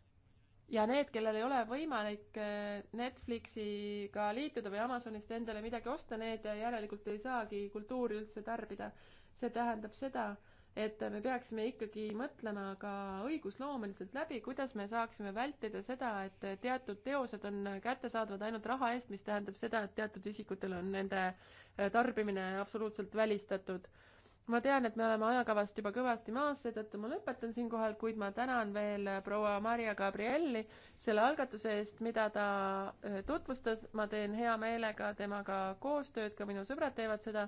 ja need, kellel ei ole võimalik äh, Netflixiga liituda või Amazonist endale midagi osta, need järelikult ei saagi kultuuri üldse tarbida. see tähendab seda, et me peaksime ikkagi mõtlema ka õigusloomeliselt läbi, kuidas me saaksime vältida seda, et teatud teosed on kättesaadavad ainult raha eest, mis tähendab seda, et teatud isikutel on nende tarbimine absoluutselt välistatud ma tean, et me oleme ajakavast juba kõvasti maas, seetõttu ma lõpetan siinkohal, kuid ma tänan veel proua Maria Gabrielli selle algatuse eest, mida ta äh, tutvustas. ma teen hea meelega temaga koostööd, ka minu sõbrad teevad seda.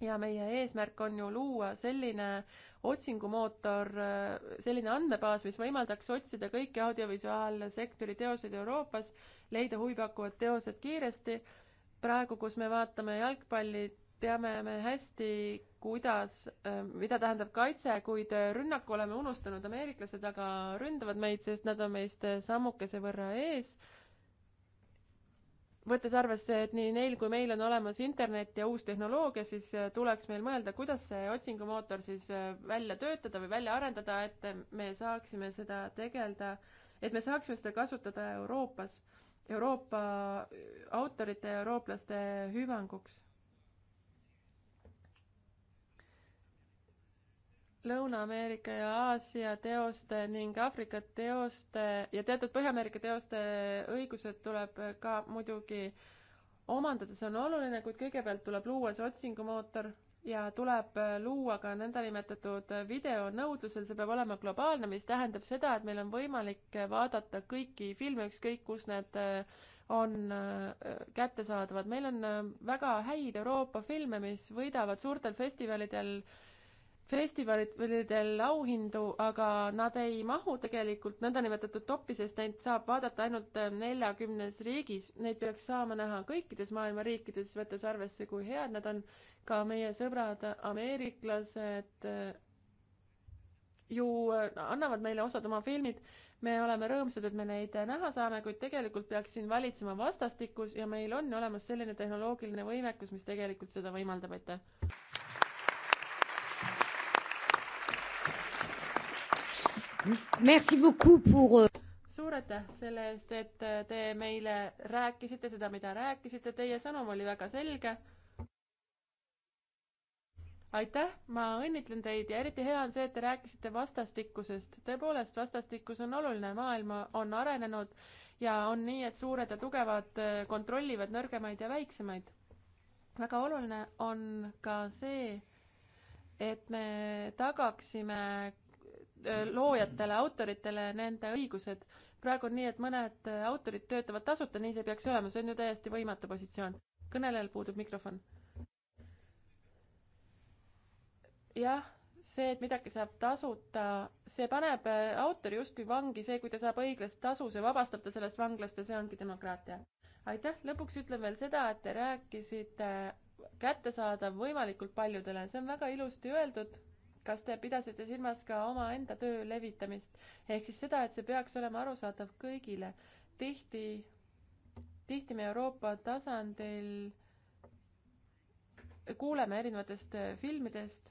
ja meie eesmärk on ju luua selline otsingumootor, äh, selline andmebaas, mis võimaldaks otsida kõiki audiovisuaalsektori teoseid Euroopas, leida huvipakkuvad teosed kiiresti. praegu, kus me vaatame jalgpalli, teame me hästi, kuidas, mida tähendab kaitse, kuid rünnaku oleme unustanud, ameeriklased aga ründavad meid, sest nad on meist sammukese võrra ees. võttes arvesse, et nii neil kui meil on olemas internet ja uus tehnoloogia, siis tuleks meil mõelda, kuidas see otsingumootor siis välja töötada või välja arendada, et me saaksime seda tegeleda, et me saaksime seda kasutada Euroopas, Euroopa autorite ja eurooplaste hüvanguks Lõuna-Ameerika ja Aasia teoste ning Aafrika teoste ja teatud Põhja-Ameerika teoste õigused tuleb ka muidugi omandada, see on oluline, kuid kõigepealt tuleb luua see otsingumootor ja tuleb luua ka nõndanimetatud videonõudlusel, see peab olema globaalne, mis tähendab seda, et meil on võimalik vaadata kõiki filme, ükskõik kus need on kättesaadavad. meil on väga häid Euroopa filme, mis võidavad suurtel festivalidel äh, festivalidel auhindu, aga nad ei mahu tegelikult nõndanimetatud toppi, sest neid saab vaadata ainult äh, neljakümnes riigis. Neid peaks saama näha kõikides maailma riikides, võttes arvesse, kui head nad on. ka meie sõbrad äh, ameeriklased äh, ju annavad meile osad oma filmid. me oleme rõõmsad, et me neid näha saame, kuid tegelikult peaks siin valitsema vastastikus ja meil on olemas selline tehnoloogiline võimekus, mis tegelikult seda võimaldab, aitäh. Euh, suur aitäh selle eest, et äh, te meile rääkisite seda, mida rääkisite, teie sõnum oli väga selge. aitäh, ma õnnitlen teid ja eriti hea on see, et te rääkisite vastastikusest. tõepoolest, vastastikus on oluline, maailm on arenenud ja on nii, et suured ja tugevad äh, kontrollivad nõrgemaid ja väiksemaid. väga oluline on ka see, et me tagaksime Äh, loojatele, autoritele nende õigused. praegu on nii, et mõned äh, autorid töötavad tasuta, nii see peaks olema, see on ju täiesti võimatu positsioon. kõnelejal puudub mikrofon. jah, see, et midagi saab tasuta, see paneb äh, autori justkui vangi, see, kui ta saab õiglast tasu, see vabastab ta sellest vanglast ja see ongi demokraatia. aitäh, lõpuks ütlen veel seda, et te rääkisite kättesaadav võimalikult paljudele, see on väga ilusti öeldud kas te pidasite silmas ka omaenda töö levitamist? ehk siis seda, et see peaks olema arusaadav kõigile. tihti, tihti me Euroopa tasandil kuuleme erinevatest äh, filmidest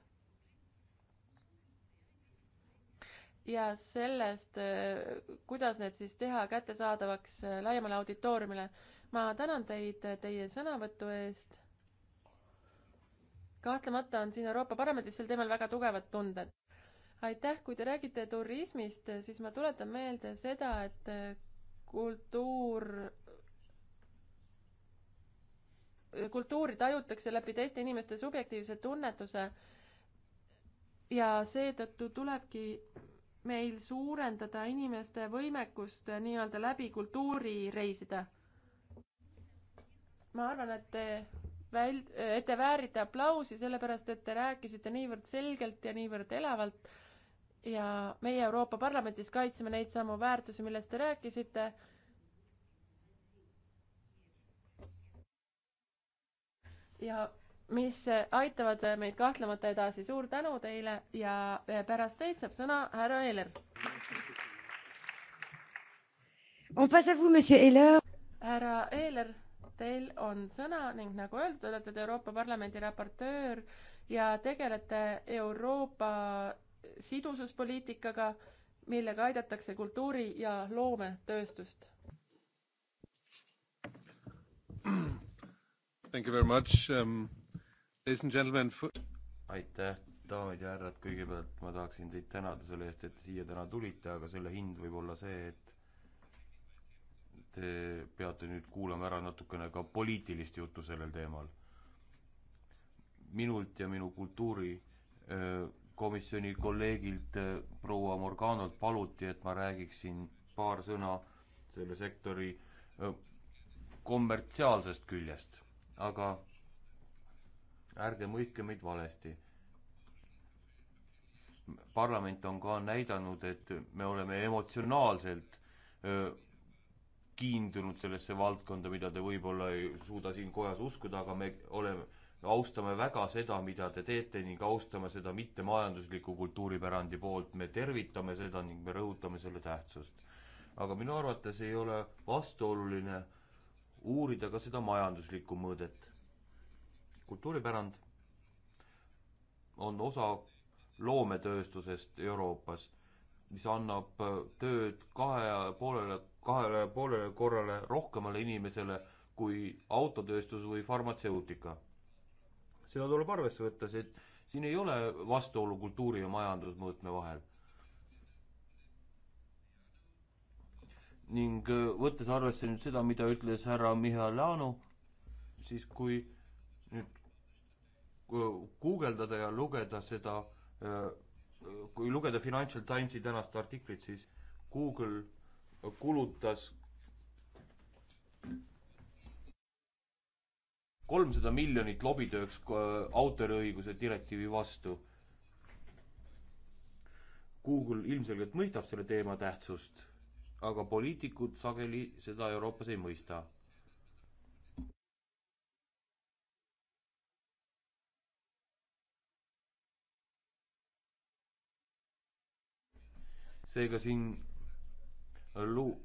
ja sellest, äh, kuidas need siis teha kättesaadavaks äh, laiemale auditooriumile. ma tänan teid teie sõnavõtu eest kahtlemata on siin Euroopa Parlamendis sel teemal väga tugevad tunded. aitäh, kui te räägite turismist, siis ma tuletan meelde seda, et kultuur, kultuuri tajutakse läbi teiste inimeste subjektiivse tunnetuse ja seetõttu tulebki meil suurendada inimeste võimekust nii-öelda läbi kultuuri reisida. ma arvan, et te väl-, et te väärite aplausi, sellepärast et te rääkisite niivõrd selgelt ja niivõrd elavalt ja meie Euroopa Parlamendis kaitseme neid samu väärtusi, millest te rääkisite. ja mis aitavad meid kahtlemata edasi. suur tänu teile ja pärast teid saab sõna härra Eiler. härra Eiler teil on sõna ning nagu öeldud, olete te Euroopa Parlamendi raportöör ja tegelete Euroopa sidususpoliitikaga, millega aidatakse kultuuri- ja loometööstust. Thank you very much um,, ladies and gentlemen. aitäh, daamid ja härrad, kõigepealt ma tahaksin teid tänada selle eest, et siia täna tulite, aga selle hind võib olla see, et Te peate nüüd kuulama ära natukene ka poliitilist juttu sellel teemal. minult ja minu kultuurikomisjoni äh, kolleegilt äh, proua Morganolt paluti, et ma räägiksin paar sõna selle sektori äh, kommertsiaalsest küljest, aga ärge mõistke meid valesti. parlament on ka näidanud, et me oleme emotsionaalselt öö, kiindunud sellesse valdkonda, mida te võib-olla ei suuda siin kojas uskuda, aga me oleme, austame väga seda, mida te teete ning austame seda mittemajandusliku kultuuripärandi poolt, me tervitame seda ning me rõhutame selle tähtsust. aga minu arvates ei ole vastuoluline uurida ka seda majanduslikku mõõdet. kultuuripärand on osa loometööstusest Euroopas, mis annab äh, tööd kahe ja poolele kahele ja poolele korrale rohkemale inimesele kui autotööstus või farmatseutika. seda tuleb arvesse võtta, see, et siin ei ole vastuolu kultuuri ja majandusmõõtme vahel. ning äh, võttes arvesse nüüd seda, mida ütles härra Mihhailanu, siis kui nüüd äh, guugeldada ja lugeda seda, äh, kui lugeda Financial Timesi tänast artiklit, siis Google kulutas kolmsada miljonit lobitööks äh, autoriõiguse direktiivi vastu. Google ilmselgelt mõistab selle teema tähtsust, aga poliitikud sageli seda Euroopas ei mõista. seega siin lu-,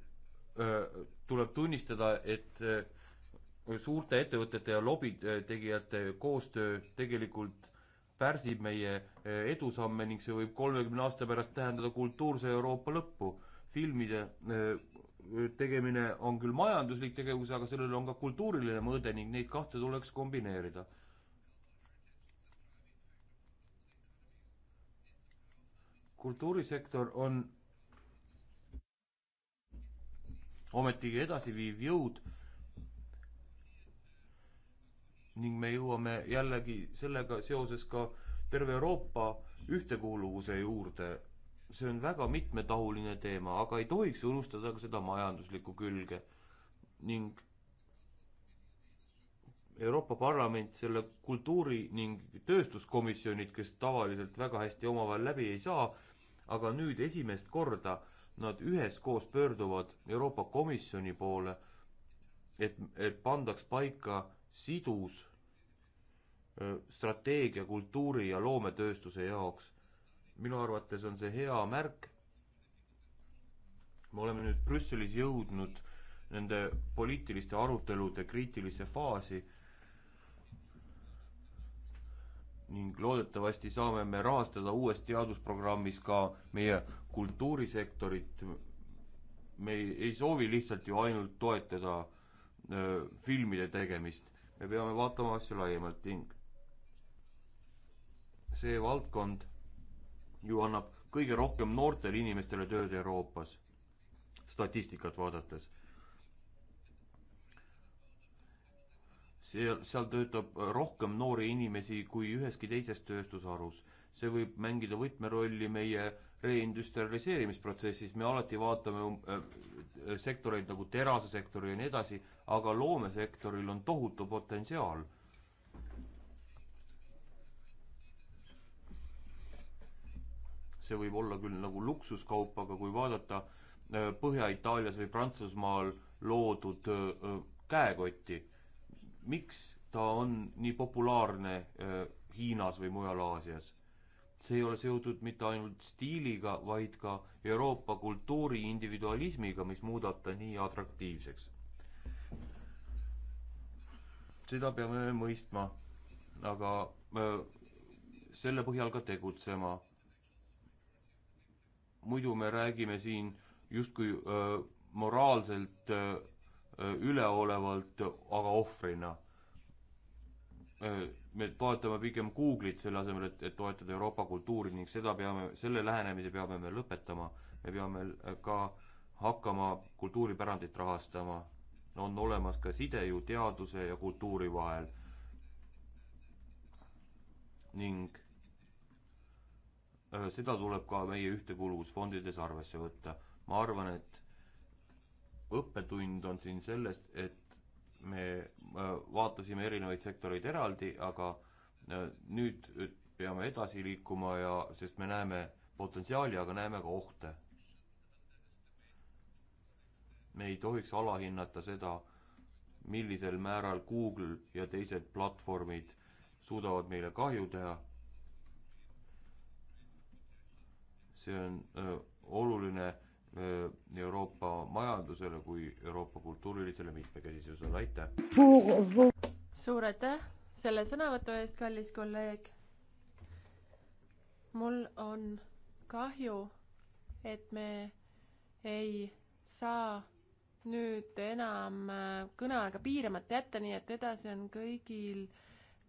tuleb tunnistada, et suurte ettevõtete ja lobitegijate koostöö tegelikult pärsib meie edusamme ning see võib kolmekümne aasta pärast tähendada kultuurse Euroopa lõppu. filmide tegemine on küll majanduslik tegevus, aga sellel on ka kultuuriline mõõde ning neid kahte tuleks kombineerida. kultuurisektor on ometigi edasiviiv jõud. ning me jõuame jällegi sellega seoses ka terve Euroopa ühtekuuluvuse juurde. see on väga mitmetahuline teema, aga ei tohiks unustada ka seda majanduslikku külge ning Euroopa Parlament, selle kultuuri- ning tööstuskomisjonid, kes tavaliselt väga hästi omavahel läbi ei saa, aga nüüd esimest korda nad üheskoos pöörduvad Euroopa Komisjoni poole, et, et pandaks paika sidus strateegia kultuuri ja loometööstuse jaoks. minu arvates on see hea märk. me oleme nüüd Brüsselis jõudnud nende poliitiliste arutelude kriitilisse faasi ning loodetavasti saame me rahastada uues teadusprogrammis ka meie kultuurisektorit. me ei, ei soovi lihtsalt ju ainult toetada öö, filmide tegemist, me peame vaatama asju laiemalt ning see valdkond ju annab kõige rohkem noortele inimestele tööd Euroopas, statistikat vaadates seal, seal töötab rohkem noori inimesi kui üheski teises tööstusharus. see võib mängida võtmerolli meie reindustrialiseerimisprotsessis, me alati vaatame äh, sektoreid nagu terasesektori ja nii edasi, aga loomesektoril on tohutu potentsiaal. see võib olla küll nagu luksuskaup, aga kui vaadata äh, Põhja-Itaalias või Prantsusmaal loodud äh, käekotti miks ta on nii populaarne äh, Hiinas või mujal Aasias? see ei ole seotud mitte ainult stiiliga, vaid ka Euroopa kultuuri individualismiga, mis muudab ta nii atraktiivseks. seda peame mõistma, aga äh, selle põhjal ka tegutsema. muidu me räägime siin justkui äh, moraalselt öö, üleolevalt, aga ohvrina. me toetame pigem Google'it selle asemel, et, et toetada Euroopa kultuuri ning seda peame, selle lähenemise peame me lõpetama. me peame äh, ka hakkama kultuuripärandit rahastama. on olemas ka side ju teaduse ja kultuuri vahel. ning äh, seda tuleb ka meie ühtekuuluvusfondides arvesse võtta. ma arvan, et õppetund on siin sellest, et me äh, vaatasime erinevaid sektoreid eraldi, aga äh, nüüd peame edasi liikuma ja, sest me näeme potentsiaali, aga näeme ka ohte. me ei tohiks alahinnata seda, millisel määral Google ja teised platvormid suudavad meile kahju teha. see on öö, äh, oluline Äh, Euroopa majandusele kui Euroopa kultuurilisele mitmekesisusele, aitäh! suur aitäh selle sõnavõtu eest, kallis kolleeg! mul on kahju, et me ei saa nüüd enam äh, kõneaega piiramata jätta, nii et edasi on kõigil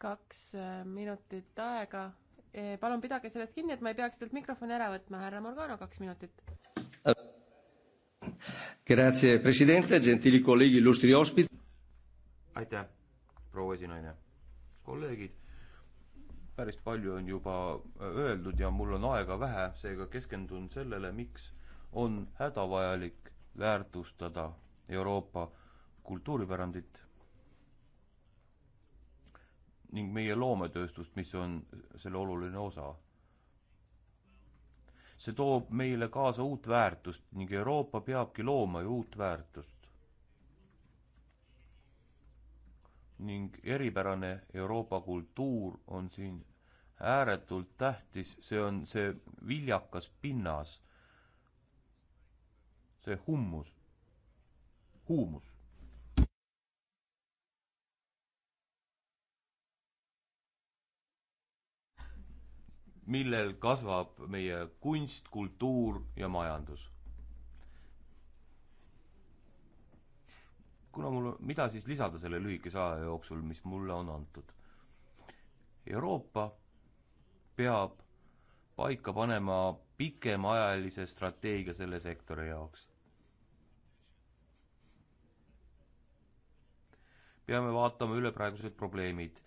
kaks äh, minutit aega. palun pidage sellest kinni, et ma ei peaks teilt mikrofoni ära võtma, härra Morgano, kaks minutit uh Grazie, president, gentili kolleegid, illustri ospid. aitäh, proua esinaine. kolleegid, päris palju on juba äh, öeldud ja mul on aega vähe, seega keskendun sellele, miks on hädavajalik väärtustada Euroopa kultuuripärandit ning meie loometööstust, mis on selle oluline osa see toob meile kaasa uut väärtust ning Euroopa peabki looma ju uut väärtust. ning eripärane Euroopa kultuur on siin ääretult tähtis, see on see viljakas pinnas, see hummus, huumus. millel kasvab meie kunst, kultuur ja majandus. kuna mul, mida siis lisada selle lühikese aja jooksul, mis mulle on antud? Euroopa peab paika panema pikemaajalise strateegia selle sektori jaoks. peame vaatama üle praegused probleemid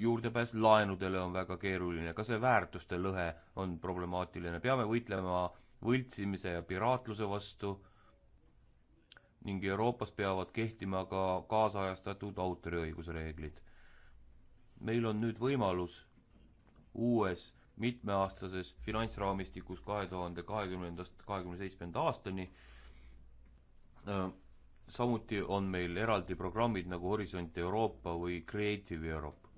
juurdepääs laenudele on väga keeruline, ka see väärtuste lõhe on problemaatiline, peame võitlema võltsimise ja piraatluse vastu ning Euroopas peavad kehtima ka kaasajastatud autoriõiguse reeglid. meil on nüüd võimalus uues mitmeaastases finantsraamistikus kahe tuhande kahekümnendast kahekümne seitsmenda aastani äh, samuti on meil eraldi programmid nagu Horisont Euroopa või Creative Europe.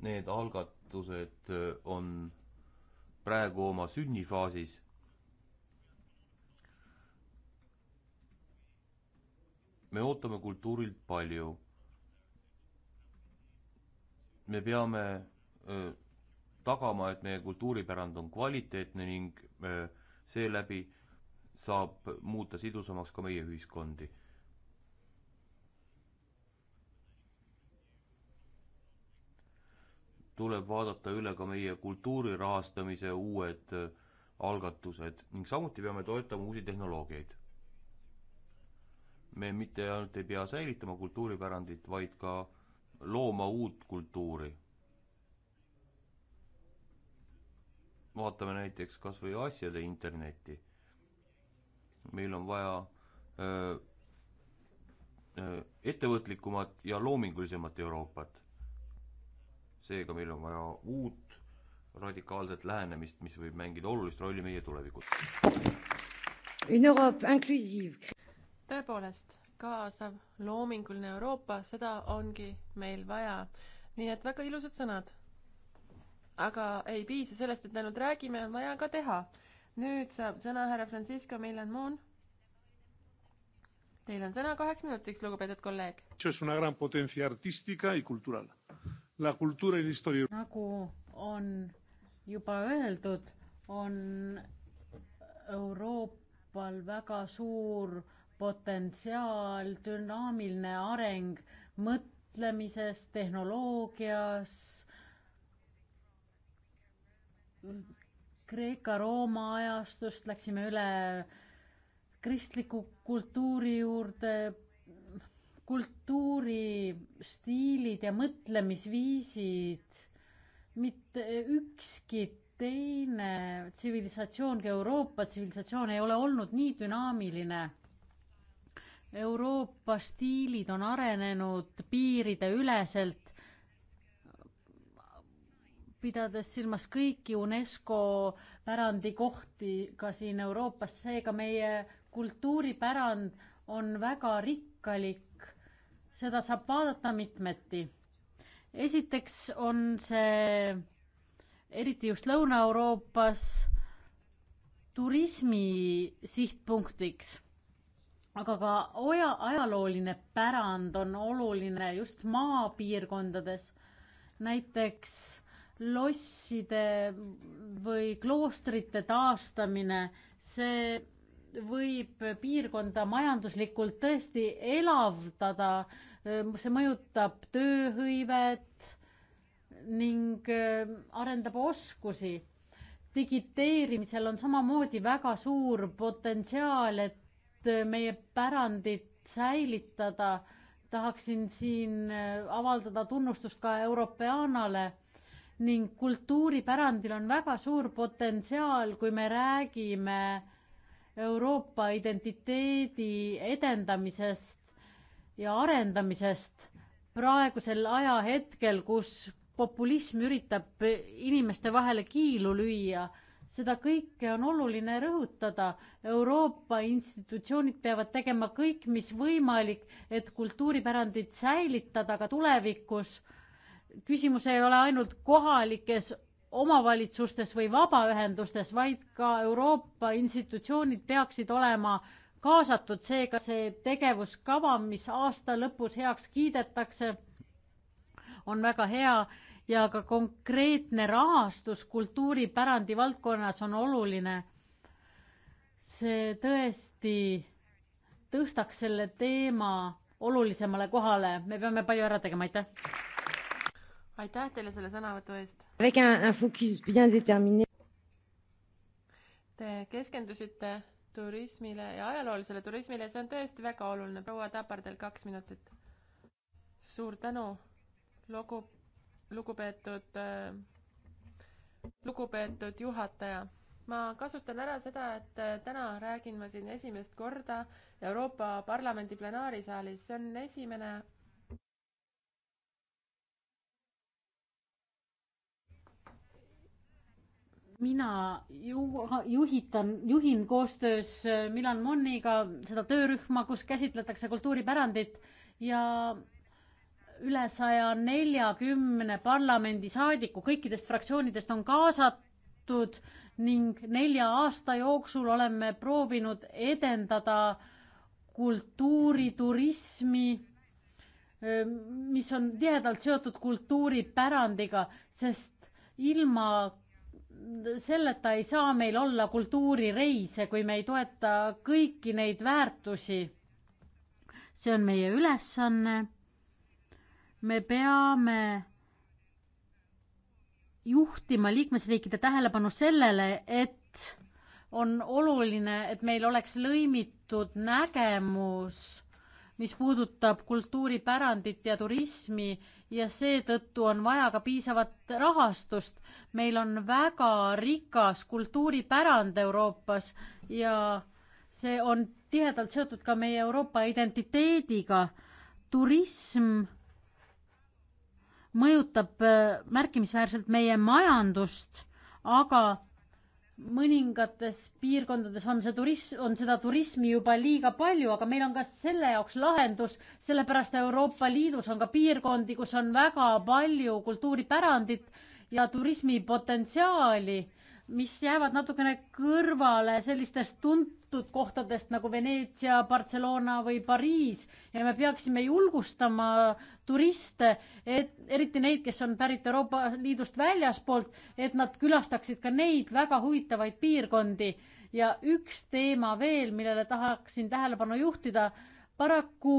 Need algatused äh, on praegu oma sünnifaasis. me ootame kultuurilt palju. me peame öö, äh, tagama, et meie kultuuripärand on kvaliteetne ning öö, äh, seeläbi saab muuta sidusamaks ka meie ühiskondi tuleb vaadata üle ka meie kultuuri rahastamise uued äh, algatused ning samuti peame toetama uusi tehnoloogiaid. me mitte ainult ei pea säilitama kultuuripärandit, vaid ka looma uut kultuuri. vaatame näiteks kas või asjade internetti. meil on vaja öö, äh, öö, äh, ettevõtlikumat ja loomingulisemat Euroopat seega meil on vaja uut radikaalset lähenemist, mis võib mängida olulist rolli meie tulevikus. tõepoolest, kaasav loominguline Euroopa, seda ongi meil vaja. nii et väga ilusad sõnad. aga ei piisa sellest, et ainult räägime, on vaja ka teha. nüüd saab sõna härra Francisco Millan-Moon. Teil on sõna kaheks minutiks, lugupeetud kolleeg nagu on juba öeldud, on Euroopal väga suur potentsiaal, dünaamiline areng mõtlemises, tehnoloogias. Kreeka-Rooma ajastust läksime üle kristliku kultuuri juurde kultuuristiilid ja mõtlemisviisid, mitte ükski teine tsivilisatsioon, ka Euroopa tsivilisatsioon ei ole olnud nii dünaamiline. Euroopa stiilid on arenenud piirideüleselt, pidades silmas kõiki UNESCO pärandikohti ka siin Euroopas, seega meie kultuuripärand on väga rikkalik seda saab vaadata mitmeti. esiteks on see eriti just Lõuna-Euroopas turismi sihtpunktiks, aga ka oja, ajalooline pärand on oluline just maapiirkondades, näiteks losside või kloostrite taastamine, see võib piirkonda majanduslikult tõesti elavdada. see mõjutab tööhõivet ning ähm, arendab oskusi. digiteerimisel on samamoodi väga suur potentsiaal, et äh, meie pärandit säilitada. tahaksin siin äh, avaldada tunnustust ka Europeanale ning kultuuripärandil on väga suur potentsiaal, kui me räägime Euroopa identiteedi edendamisest ja arendamisest praegusel ajahetkel, kus populism üritab inimeste vahele kiilu lüüa, seda kõike on oluline rõhutada. Euroopa institutsioonid peavad tegema kõik, mis võimalik, et kultuuripärandit säilitada ka tulevikus. küsimus ei ole ainult kohalikes omavalitsustes või vabaühendustes, vaid ka Euroopa institutsioonid peaksid olema kaasatud, seega see tegevuskava, mis aasta lõpus heaks kiidetakse, on väga hea ja ka konkreetne rahastus kultuuripärandi valdkonnas on oluline. see tõesti tõstaks selle teema olulisemale kohale, me peame palju ära tegema, aitäh! aitäh teile selle sõnavõtu eest. Te keskendusite turismile ja ajaloolisele turismile, see on tõesti väga oluline. proua Tapardel kaks minutit. suur tänu, lugu, lugupeetud, äh, lugupeetud juhataja. ma kasutan ära seda, et äh, täna räägin ma siin esimest korda Euroopa Parlamendi plenaarisaalis. see on esimene mina ju-, juhitan, juhin koostöös äh, Milan Monniga seda töörühma, kus käsitletakse kultuuripärandit ja üle saja neljakümne parlamendisaadiku kõikidest fraktsioonidest on kaasatud ning nelja aasta jooksul oleme proovinud edendada kultuuriturismi, äh, mis on tihedalt seotud kultuuripärandiga, sest ilma selleta ei saa meil olla kultuurireise, kui me ei toeta kõiki neid väärtusi. see on meie ülesanne. me peame juhtima liikmesriikide tähelepanu sellele, et on oluline, et meil oleks lõimitud nägemus mis puudutab kultuuripärandit ja turismi ja seetõttu on vaja ka piisavat rahastust. meil on väga rikas kultuuripärand Euroopas ja see on tihedalt seotud ka meie Euroopa identiteediga. turism mõjutab äh, märkimisväärselt meie majandust, aga mõningates piirkondades on see turism, on seda turismi juba liiga palju, aga meil on ka selle jaoks lahendus, sellepärast Euroopa Liidus on ka piirkondi, kus on väga palju kultuuripärandit ja turismipotentsiaali, mis jäävad natukene kõrvale sellistest tunt-, tuntud kohtadest nagu Veneetsia, Barcelona või Pariis ja me peaksime julgustama turiste, et eriti neid, kes on pärit Euroopa Liidust väljaspoolt, et nad külastaksid ka neid väga huvitavaid piirkondi. ja üks teema veel, millele tahaksin tähelepanu juhtida, paraku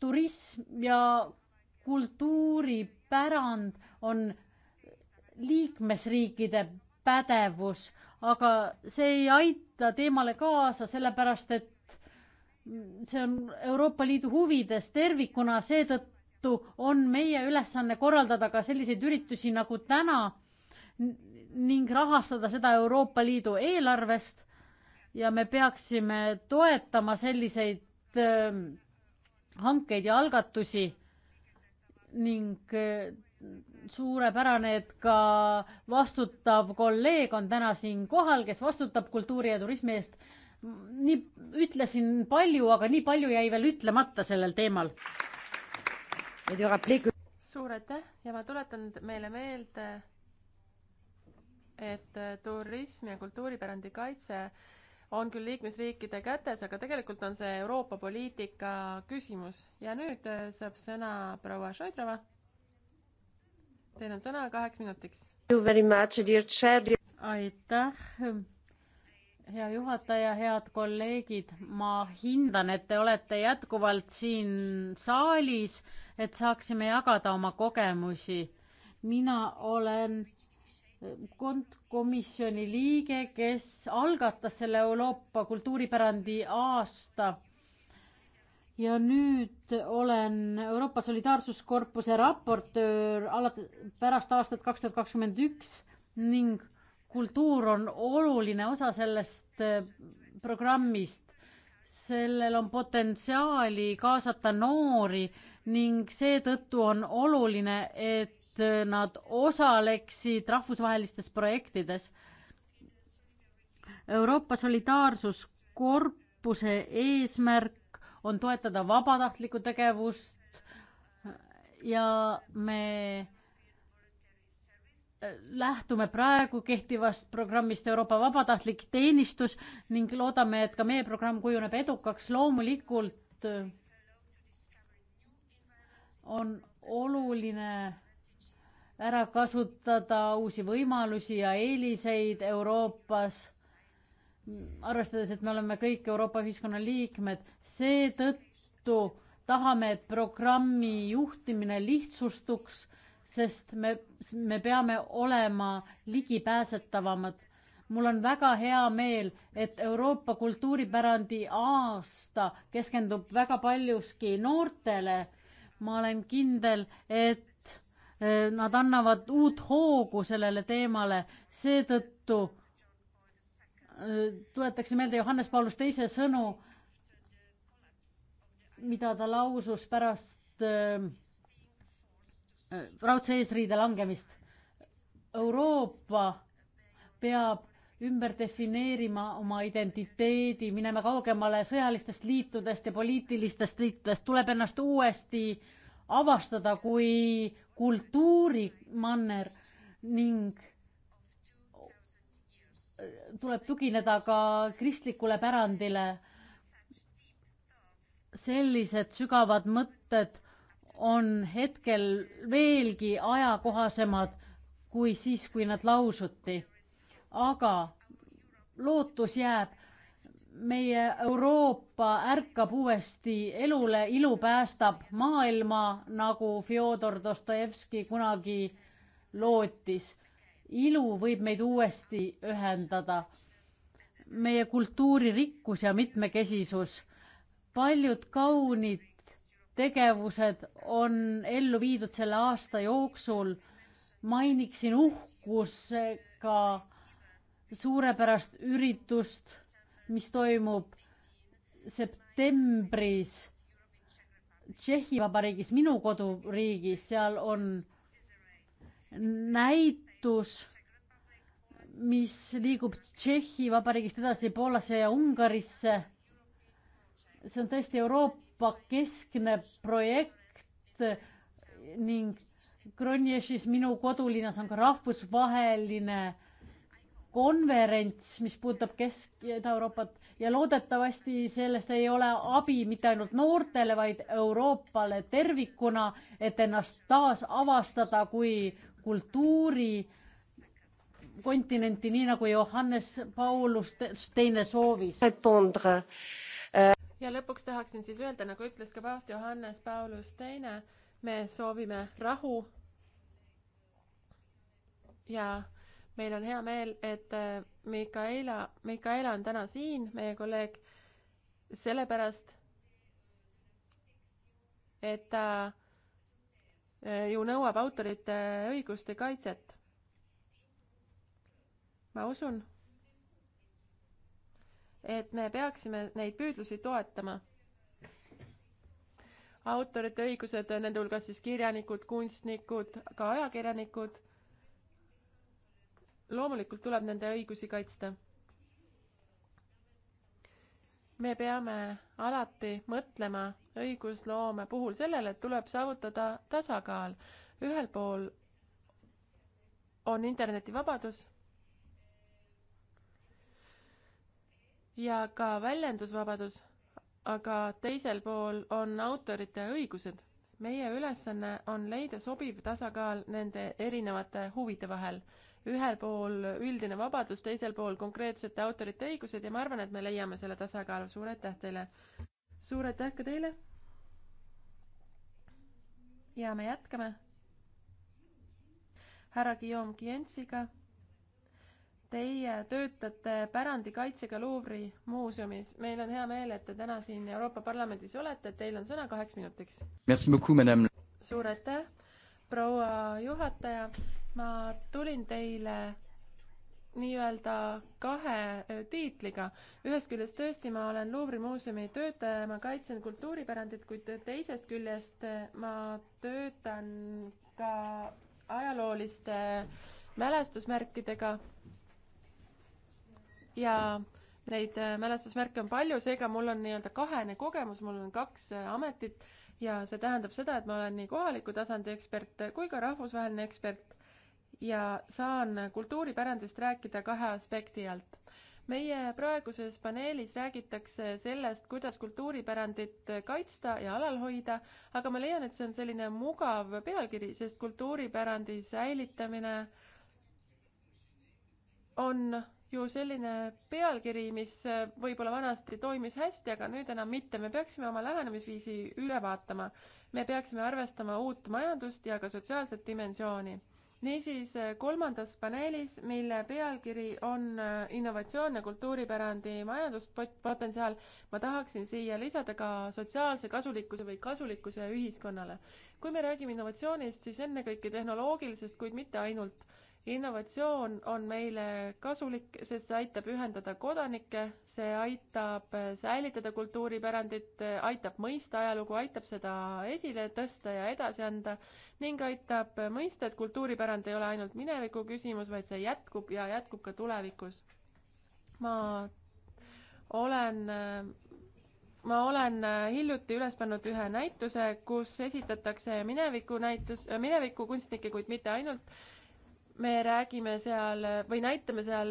turism ja kultuuripärand on liikmesriikide pädevus, aga see ei aita teemale kaasa, sellepärast et see on Euroopa Liidu huvides tervikuna, seetõttu on meie ülesanne korraldada ka selliseid üritusi nagu täna ning rahastada seda Euroopa Liidu eelarvest ja me peaksime toetama selliseid äh, hankeid ja algatusi ning äh, suurepärane, et ka vastutav kolleeg on täna siin kohal, kes vastutab kultuuri ja turismi eest. nii ütlesin palju, aga nii palju jäi veel ütlemata sellel teemal. suur aitäh ja ma tuletan meile meelde, et turism ja kultuuripärandi kaitse on küll liikmesriikide kätes, aga tegelikult on see Euroopa poliitika küsimus ja nüüd saab sõna proua Šoidrova Teil on sõna kaheks minutiks. aitäh, hea juhataja, head kolleegid, ma hindan, et te olete jätkuvalt siin saalis, et saaksime jagada oma kogemusi. mina olen komisjoni liige, kes algatas selle Euroopa kultuuripärandi aasta ja nüüd olen Euroopa Solidaarsuskorpuse raportöör alates, pärast aastat kaks tuhat kakskümmend üks ning kultuur on oluline osa sellest äh, programmist. sellel on potentsiaali kaasata noori ning seetõttu on oluline, et äh, nad osaleksid rahvusvahelistes projektides. Euroopa Solidaarsuskorpuse eesmärk on toetada vabatahtlikku tegevust ja me lähtume praegu kehtivast programmist Euroopa Vabatahtlik Teenistus ning loodame, et ka meie programm kujuneb edukaks. loomulikult on oluline ära kasutada uusi võimalusi ja eeliseid Euroopas arvestades, et me oleme kõik Euroopa ühiskonna liikmed, seetõttu tahame, et programmi juhtimine lihtsustuks, sest me, me peame olema ligipääsetavamad. mul on väga hea meel, et Euroopa kultuuripärandi aasta keskendub väga paljuski noortele. ma olen kindel, et eh, nad annavad uut hoogu sellele teemale, seetõttu tuletaksin meelde Johannes Paulus teise sõnu, mida ta lausus pärast äh, raudse eesriide langemist. Euroopa peab ümber defineerima oma identiteedi, minema kaugemale sõjalistest liitudest ja poliitilistest liitudest, tuleb ennast uuesti avastada kui kultuurimanner ning tuleb tugineda ka kristlikule pärandile. sellised sügavad mõtted on hetkel veelgi ajakohasemad kui siis, kui nad lausuti. aga lootus jääb. meie Euroopa ärkab uuesti elule, ilu päästab maailma, nagu Fjodor Dostojevski kunagi lootis ilu võib meid uuesti ühendada, meie kultuuririkkus ja mitmekesisus. paljud kaunid tegevused on ellu viidud selle aasta jooksul. mainiksin uhkusega suurepärast üritust, mis toimub septembris Tšehhi Vabariigis, minu koduriigis, seal on näit-, kütus, mis liigub Tšehhi Vabariigist edasi Poolasse ja Ungarisse. see on tõesti Euroopa keskne projekt ning Grönjesis, minu kodulinnas, on ka rahvusvaheline konverents, mis puudutab Kesk- ja Ida-Euroopat ja loodetavasti sellest ei ole abi mitte ainult noortele, vaid Euroopale tervikuna, et ennast taasavastada kui kultuuri kontinenti, nii nagu Johannes Paulus teine soovis. Euh, ja lõpuks tahaksin siis öelda, nagu ütles ka paavst Johannes Paulus teine, me soovime rahu. ja meil on hea meel, et äh, Mikaela, Mikaela on täna siin, meie kolleeg, sellepärast et ta ju nõuab autorite õiguste kaitset. ma usun, et me peaksime neid püüdlusi toetama. autorite õigused, nende hulgas siis kirjanikud, kunstnikud, ka ajakirjanikud. loomulikult tuleb nende õigusi kaitsta me peame alati mõtlema õigusloome puhul sellele, et tuleb saavutada tasakaal. ühel pool on internetivabadus ja ka väljendusvabadus, aga teisel pool on autorite õigused. meie ülesanne on leida sobiv tasakaal nende erinevate huvide vahel ühel pool üldine vabadus, teisel pool konkreetsete autorite õigused ja ma arvan, et me leiame selle tasakaalu. suur aitäh teile! suur aitäh ka teile! ja me jätkame härra Guillaume Kientsiga. Teie töötate pärandikaitsega Luuvri muuseumis. meil on hea meel, et te täna siin Euroopa Parlamendis olete, teil on sõna kaheks minutiks. suur aitäh, proua juhataja ma tulin teile nii-öelda kahe tiitliga. ühest küljest tõesti, ma olen Luuvri muuseumi töötaja ja ma kaitsen kultuuripärandit, kuid teisest küljest ma töötan ka ajalooliste mälestusmärkidega. ja neid mälestusmärke on palju, seega mul on nii-öelda kahene kogemus, mul on kaks ametit ja see tähendab seda, et ma olen nii kohaliku tasandi ekspert kui ka rahvusvaheline ekspert ja saan kultuuripärandist rääkida kahe aspekti alt. meie praeguses paneelis räägitakse sellest, kuidas kultuuripärandit kaitsta ja alal hoida, aga ma leian, et see on selline mugav pealkiri, sest kultuuripärandi säilitamine on ju selline pealkiri, mis võib-olla vanasti toimis hästi, aga nüüd enam mitte. me peaksime oma lähenemisviisi üle vaatama. me peaksime arvestama uut majandust ja ka sotsiaalset dimensiooni niisiis, äh, kolmandas paneelis, mille pealkiri on äh, innovatsioon ja kultuuripärandi majanduspotentsiaal, ma tahaksin siia lisada ka sotsiaalse kasulikkuse või kasulikkuse ühiskonnale. kui me räägime innovatsioonist, siis ennekõike tehnoloogilisest, kuid mitte ainult innovatsioon on meile kasulik, sest see aitab ühendada kodanikke, see aitab äh, säilitada kultuuripärandit, äh, aitab mõista ajalugu, aitab seda esile tõsta ja edasi anda ning aitab mõista, et kultuuripärand ei ole ainult mineviku küsimus, vaid see jätkub ja jätkub ka tulevikus. ma olen äh, ma olen hiljuti üles pannud ühe näituse, kus esitatakse mineviku näitus, mineviku kunstnikke, kuid mitte ainult me räägime seal või näitame seal,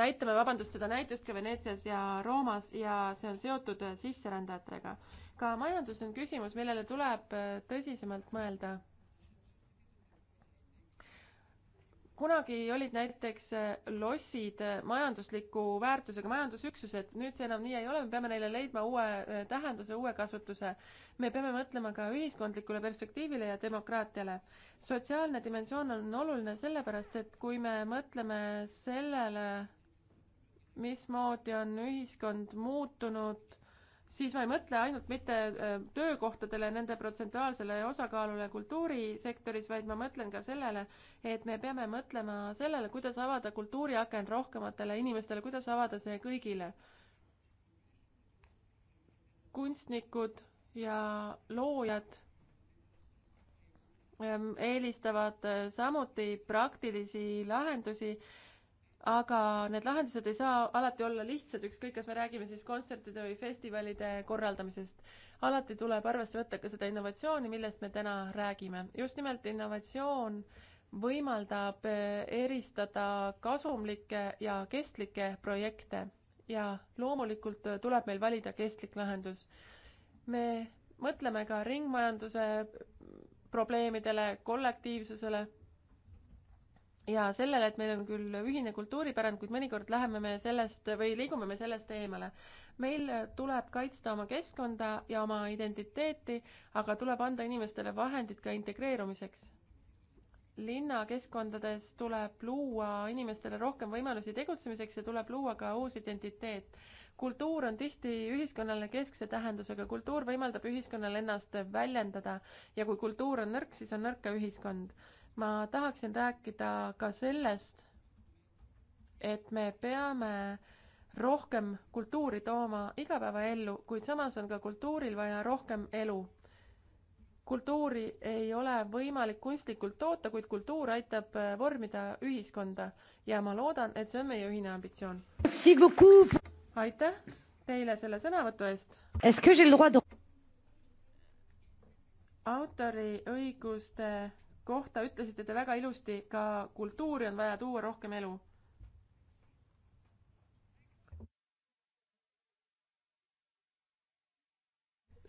näitame, vabandust, seda näitust ka Veneetsias ja Roomas ja see on seotud sisserändajatega. ka majandus on küsimus, millele tuleb tõsisemalt mõelda kunagi olid näiteks äh, lossid äh, majandusliku väärtusega majandusüksused, nüüd see enam nii ei ole, me peame neile leidma uue äh, tähenduse, uue kasutuse. me peame mõtlema ka ühiskondlikule perspektiivile ja demokraatiale. sotsiaalne dimensioon on oluline sellepärast, et kui me mõtleme sellele, mismoodi on ühiskond muutunud siis ma ei mõtle ainult mitte äh, töökohtadele, nende protsentuaalsele osakaalule kultuurisektoris, vaid ma mõtlen ka sellele, et me peame mõtlema sellele, kuidas avada kultuuriaken rohkematele inimestele, kuidas avada see kõigile. kunstnikud ja loojad ähm, eelistavad äh, samuti praktilisi lahendusi aga need lahendused ei saa alati olla lihtsad, ükskõik, kas me räägime siis kontsertide või festivalide korraldamisest. alati tuleb arvesse võtta ka seda innovatsiooni, millest me täna räägime. just nimelt innovatsioon võimaldab eh, eristada kasumlikke ja kestlikke projekte ja loomulikult eh, tuleb meil valida kestlik lahendus. me mõtleme ka ringmajanduse probleemidele, kollektiivsusele ja sellele, et meil on küll ühine kultuuripärand, kuid mõnikord läheme me sellest või liigume me sellest eemale. meil tuleb kaitsta oma keskkonda ja oma identiteeti, aga tuleb anda inimestele vahendid ka integreerumiseks. linnakeskkondades tuleb luua inimestele rohkem võimalusi tegutsemiseks ja tuleb luua ka uus identiteet. kultuur on tihti ühiskonnale keskse tähendusega, kultuur võimaldab ühiskonnal ennast väljendada ja kui kultuur on nõrk, siis on nõrk ka ühiskond ma tahaksin rääkida ka sellest, et me peame rohkem kultuuri tooma igapäevaellu, kuid samas on ka kultuuril vaja rohkem elu. kultuuri ei ole võimalik kunstlikult toota, kuid kultuur aitab äh, vormida ühiskonda ja ma loodan, et see on meie ühine ambitsioon. aitäh teile selle sõnavõtu eest. autoriõiguste kohta ütlesite te väga ilusti, ka kultuuri on vaja tuua rohkem elu.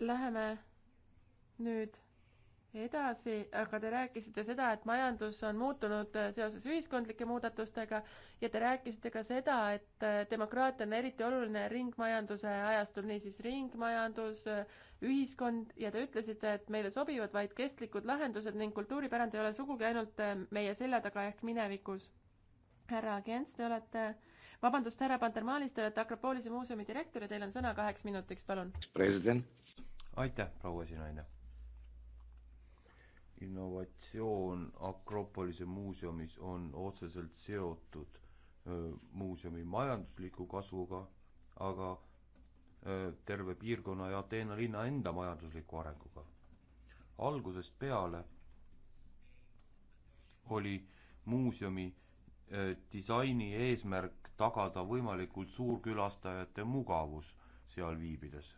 Läheme nüüd edasi, aga te rääkisite seda, et majandus on muutunud seoses ühiskondlike muudatustega ja te rääkisite ka seda, et eh, demokraatia on eriti oluline ringmajanduse ajastul, niisiis ringmajandus, eh, ühiskond ja te ütlesite, et meile sobivad vaid kestlikud lahendused ning kultuuripärand ei ole sugugi ainult eh, meie selja taga ehk minevikus. härra Gents, te olete, vabandust, härra Pantermaalis, te olete Akropoolise muuseumi direktor ja teil on sõna kaheks minutiks, palun. president. aitäh, proua esinaine innovatsioon Akropolise muuseumis on otseselt seotud öö, muuseumi majandusliku kasvuga, aga öö, terve piirkonna ja Ateena linna enda majandusliku arenguga. algusest peale oli muuseumi öö, disaini eesmärk tagada võimalikult suurkülastajate mugavus seal viibides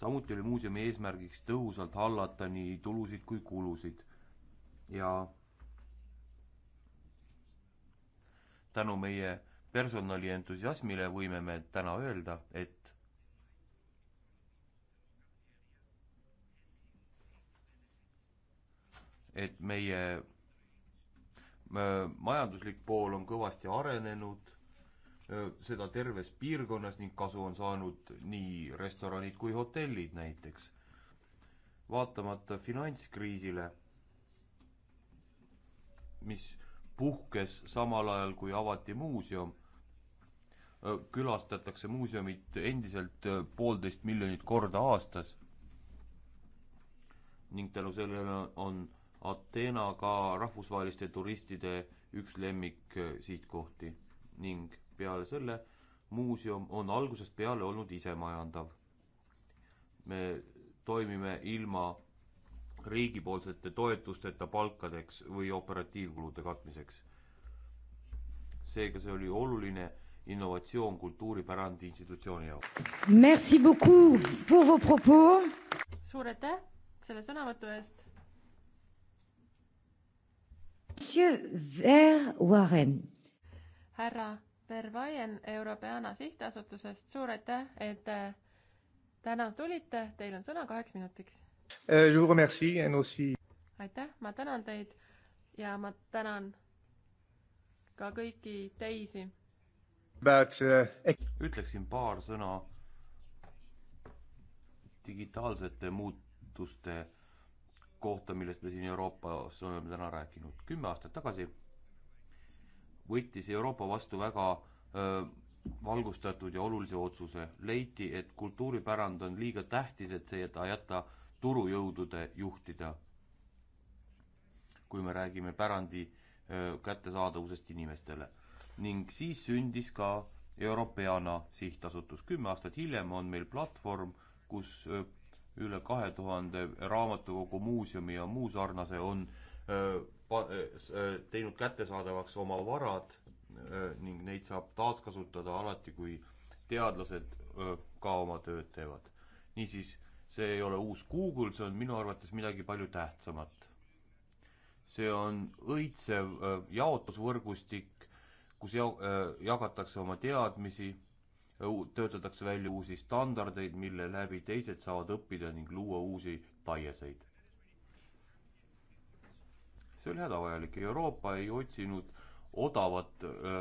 samuti oli muuseumi eesmärgiks tõhusalt hallata nii tulusid kui kulusid ja tänu meie personali entusiasmile võime me täna öelda, et et meie äh, majanduslik pool on kõvasti arenenud seda terves piirkonnas ning kasu on saanud nii restoranid kui hotellid näiteks. vaatamata finantskriisile, mis puhkes samal ajal, kui avati muuseum, külastatakse muuseumit endiselt poolteist miljonit korda aastas. ning tänu sellele on Ateena ka rahvusvaheliste turistide üks lemmik sihtkohti ning peale selle muuseum on algusest peale olnud isemajandav. me toimime ilma riigipoolsete toetusteta palkadeks või operatiivkulude katmiseks. seega see oli oluline innovatsioon kultuuripärandi institutsiooni jaoks. Merci beaucoup pour vos propos. suur aitäh selle sõnavõtu eest. Monsieur Ver Warren. härra Vervaien Europeana sihtasutusest, suur aitäh, et äh, täna tulite, teil on sõna kaheks minutiks. Euh, aitäh, ma tänan teid ja ma tänan ka kõiki teisi. Äh, ütleksin paar sõna digitaalsete muutuste kohta, millest me siin Euroopas oleme täna rääkinud. kümme aastat tagasi võttis Euroopa vastu väga öö, valgustatud ja olulise otsuse. leiti, et kultuuripärand on liiga tähtis, et seda jätta turujõudude juhtida. kui me räägime pärandi öö, kättesaadavusest inimestele. ning siis sündis ka Europeana sihtasutus. kümme aastat hiljem on meil platvorm, kus öö, üle kahe tuhande raamatukogu, muuseumi ja muu sarnase on öö, Äh, äh, teinud kättesaadavaks oma varad äh, ning neid saab taaskasutada alati, kui teadlased ka oma tööd teevad. niisiis, see ei ole uus Google, see on minu arvates midagi palju tähtsamat. see on õitsev jaotusvõrgustik, kus ja-, jagatakse oma teadmisi, töötatakse välja uusi standardeid, mille läbi teised saavad õppida ning luua uusi taieseid see oli hädavajalik ja Euroopa ei otsinud odavat öö,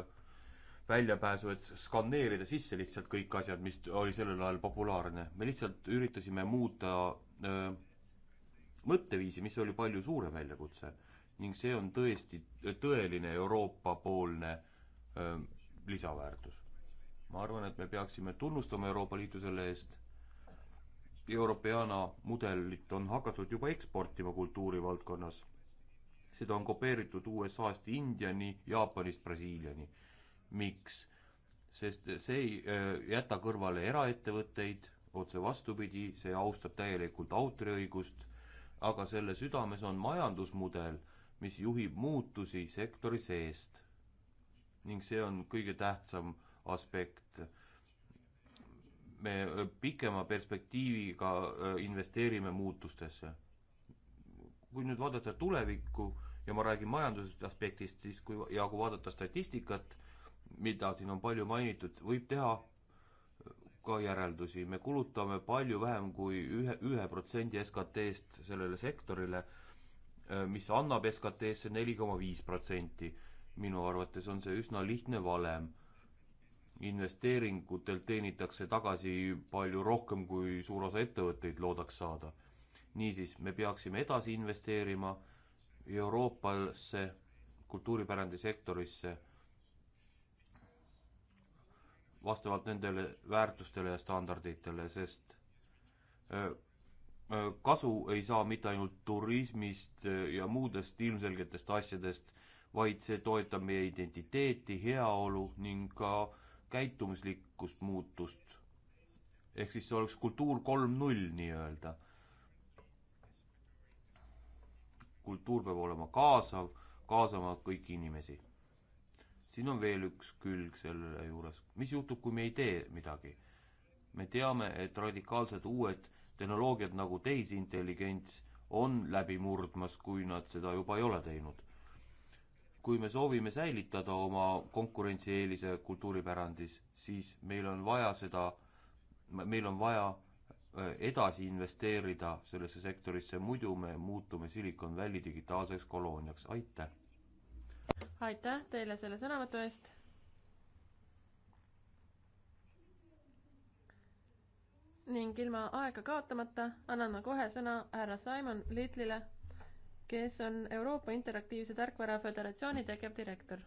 väljapääsu, et skaneerida sisse lihtsalt kõik asjad, mis oli sellel ajal populaarne. me lihtsalt üritasime muuta öö, mõtteviisi, mis oli palju suurem väljakutse. ning see on tõesti tõeline Euroopa-poolne öö, lisaväärtus. ma arvan, et me peaksime tunnustama Euroopa Liitu selle eest. Europeana mudelit on hakatud juba eksportima kultuurivaldkonnas seda on kopeeritud USA-st Indiani, Jaapanist Brasiiliani. miks? sest see ei äh, jäta kõrvale eraettevõtteid, otse vastupidi, see austab täielikult autoriõigust, aga selle südames on majandusmudel, mis juhib muutusi sektori seest. ning see on kõige tähtsam aspekt. me äh, pikema perspektiiviga äh, investeerime muutustesse. kui nüüd vaadata tulevikku, ja ma räägin majandusest aspektist, siis kui ja kui vaadata statistikat, mida siin on palju mainitud, võib teha ka järeldusi, me kulutame palju vähem kui ühe, ühe protsendi SKT-st sellele sektorile, äh, mis annab SKT-sse neli koma viis protsenti. minu arvates on see üsna lihtne valem. investeeringutelt teenitakse tagasi palju rohkem, kui suur osa ettevõtteid loodaks saada. niisiis, me peaksime edasi investeerima Euroopasse kultuuripärandisektorisse vastavalt nendele väärtustele ja standarditele, sest kasu ei saa mitte ainult turismist ja muudest ilmselgetest asjadest, vaid see toetab meie identiteeti, heaolu ning ka käitumuslikkust muutust. ehk siis see oleks kultuur kolm null nii-öelda kultuur peab olema kaasav, kaasama kõiki inimesi. siin on veel üks külg selle juures, mis juhtub, kui me ei tee midagi? me teame, et radikaalsed uued tehnoloogiad nagu tehisintelligents on läbi murdmas, kui nad seda juba ei ole teinud. kui me soovime säilitada oma konkurentsieelise kultuuripärandis, siis meil on vaja seda, meil on vaja Äh, edasi investeerida sellesse sektorisse, muidu me muutume Silicon Valley digitaalseks kolooniaks, aitäh! aitäh teile selle sõnavõtu eest! ning ilma aega kaotamata annan ma kohe sõna härra Simon Littlile, kes on Euroopa Interaktiivse Tarkvara Föderatsiooni tegevdirektor.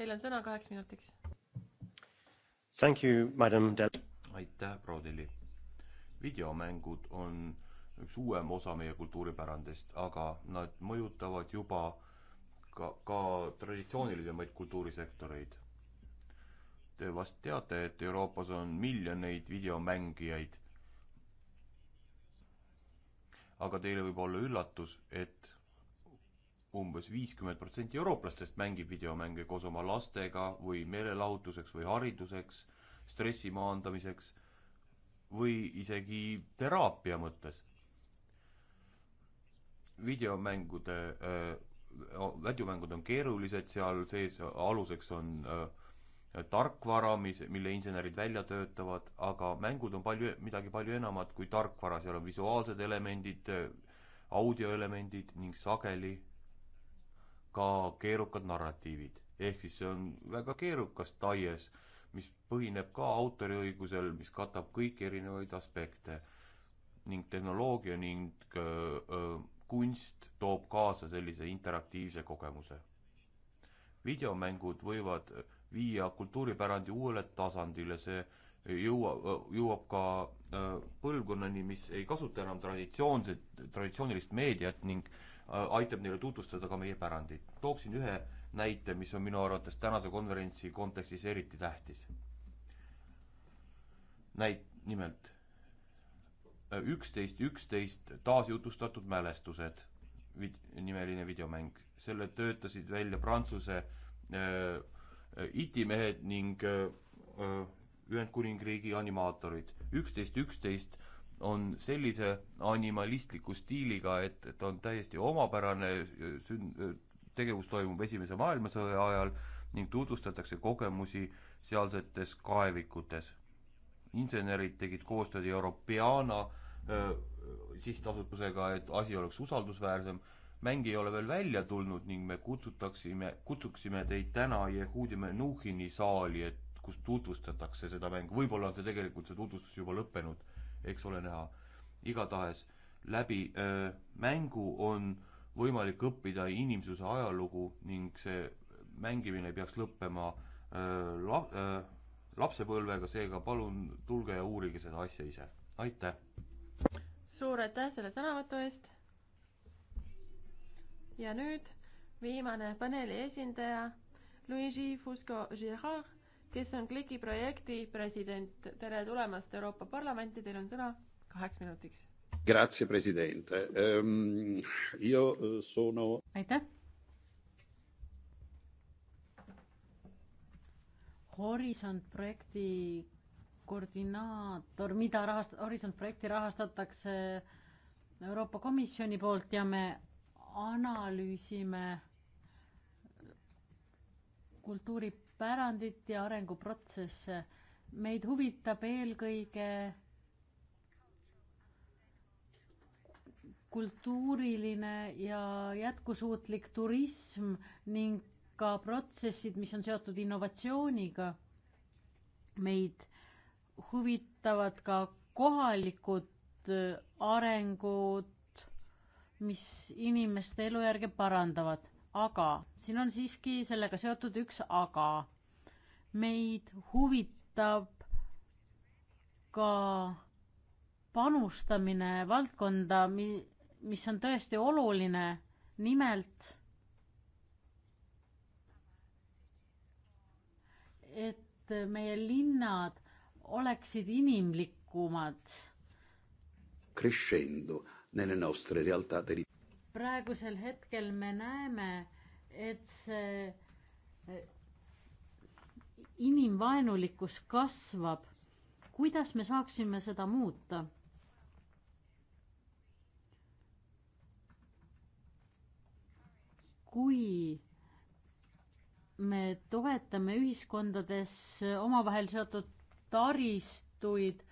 Teil on sõna kaheks minutiks Thank you, madam Del-. aitäh, proua Telli. videomängud on üks uuem osa meie kultuuripärandist, aga nad mõjutavad juba ka, ka traditsioonilisemaid kultuurisektoreid. Te vast teate, et Euroopas on miljoneid videomängijaid. aga teile võib olla üllatus, et umbes viiskümmend protsenti eurooplastest mängib videomänge koos oma lastega või meelelahutuseks või hariduseks, stressi maandamiseks või isegi teraapia mõttes. videomängude, videomängud on keerulised, seal sees aluseks on öö, tarkvara, mis, mille insenerid välja töötavad, aga mängud on palju, midagi palju enamat kui tarkvara, seal on visuaalsed elemendid, audioelemendid ning sageli ka keerukad narratiivid. ehk siis see on väga keerukas taies, mis põhineb ka autoriõigusel, mis katab kõiki erinevaid aspekte ning tehnoloogia ning öö, äh, öö, äh, kunst toob kaasa sellise interaktiivse kogemuse. videomängud võivad viia kultuuripärandi uuele tasandile, see jõua, jõuab ka äh, põlvkonnani, mis ei kasuta enam traditsioonset, traditsioonilist meediat ning äh, Äh, aitab neile tutvustada ka meie pärandit. tooksin ühe näite, mis on minu arvates tänase konverentsi kontekstis eriti tähtis. näit-, nimelt äh, üksteist, üksteist taasjutustatud mälestused, vid-, nimeline videomäng. selle töötasid välja Prantsuse äh, äh itimehed ning äh, Ühendkuningriigi animaatorid. üksteist, üksteist äh, on sellise animalistliku stiiliga, et, et on täiesti omapärane, sün-, tegevus toimub Esimese maailmasõja ajal ning tutvustatakse kogemusi sealsetes kaevikutes. insenerid tegid koostööd Europeana öö, sihtasutusega, et asi oleks usaldusväärsem, mäng ei ole veel välja tulnud ning me kutsutaksime, kutsuksime teid täna Yehudi Menuhini saali, et kus tutvustatakse seda mängu, võib-olla on see tegelikult, see tutvustus juba lõppenud eks ole näha. igatahes läbi öö, mängu on võimalik õppida inimsuse ajalugu ning see mängimine peaks lõppema öö, la-, öö, lapsepõlvega, seega palun tulge ja uurige seda asja ise. aitäh! suur aitäh selle sõnavõtu eest! ja nüüd viimane paneeli esindaja Luigi Fusco Girard kes on Kliki projekti president. tere tulemast Euroopa Parlamenti, teil on sõna kaheks minutiks. Grazie, president um,. Ehm, io eh, sono. aitäh. Horisont projekti koordinaator, mida rahast-, Horisont projekti rahastatakse Euroopa Komisjoni poolt ja me analüüsime kultuuri pärandit ja arenguprotsesse. meid huvitab eelkõige kultuuriline ja jätkusuutlik turism ning ka protsessid, mis on seotud innovatsiooniga. meid huvitavad ka kohalikud äh, arengud, mis inimeste elujärge parandavad, aga siin on siiski sellega seotud üks aga meid huvitab ka panustamine valdkonda, mis on tõesti oluline, nimelt et meie linnad oleksid inimlikumad. Crescendo nelle nostre realtà teri-. praegusel hetkel me näeme, et see inimvaenulikkus kasvab. kuidas me saaksime seda muuta? kui me toetame ühiskondades omavahel seotud taristuid,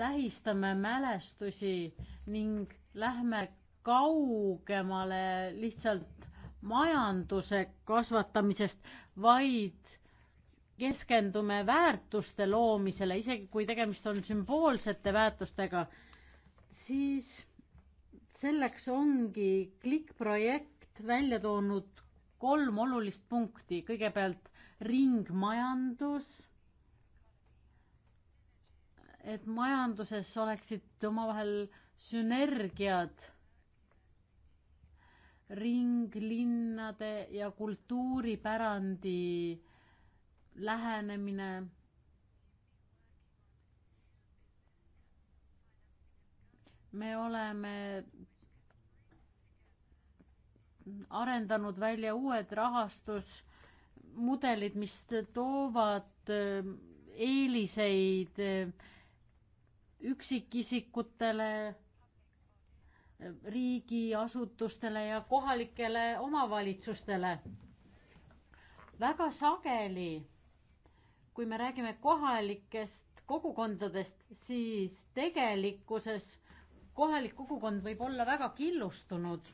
tähistame mälestusi ning lähme kaugemale lihtsalt majanduse kasvatamisest, vaid keskendume väärtuste loomisele, isegi kui tegemist on sümboolsete väärtustega, siis selleks ongi klikkprojekt välja toonud kolm olulist punkti. kõigepealt ringmajandus, et majanduses oleksid omavahel sünergiad ringlinnade ja kultuuripärandi lähenemine. me oleme arendanud välja uued rahastusmudelid, mis toovad äh, eeliseid äh, üksikisikutele, äh, riigiasutustele ja kohalikele omavalitsustele. väga sageli kui me räägime kohalikest kogukondadest, siis tegelikkuses kohalik kogukond võib olla väga killustunud.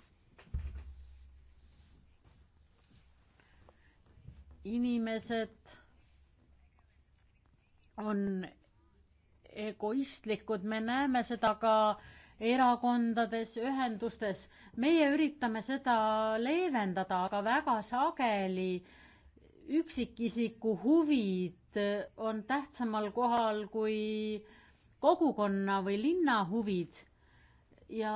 inimesed on egoistlikud, me näeme seda ka erakondades, ühendustes. meie üritame seda leevendada, aga väga sageli äh, üksikisiku huvid on tähtsamal kohal kui kogukonna või linna huvid. ja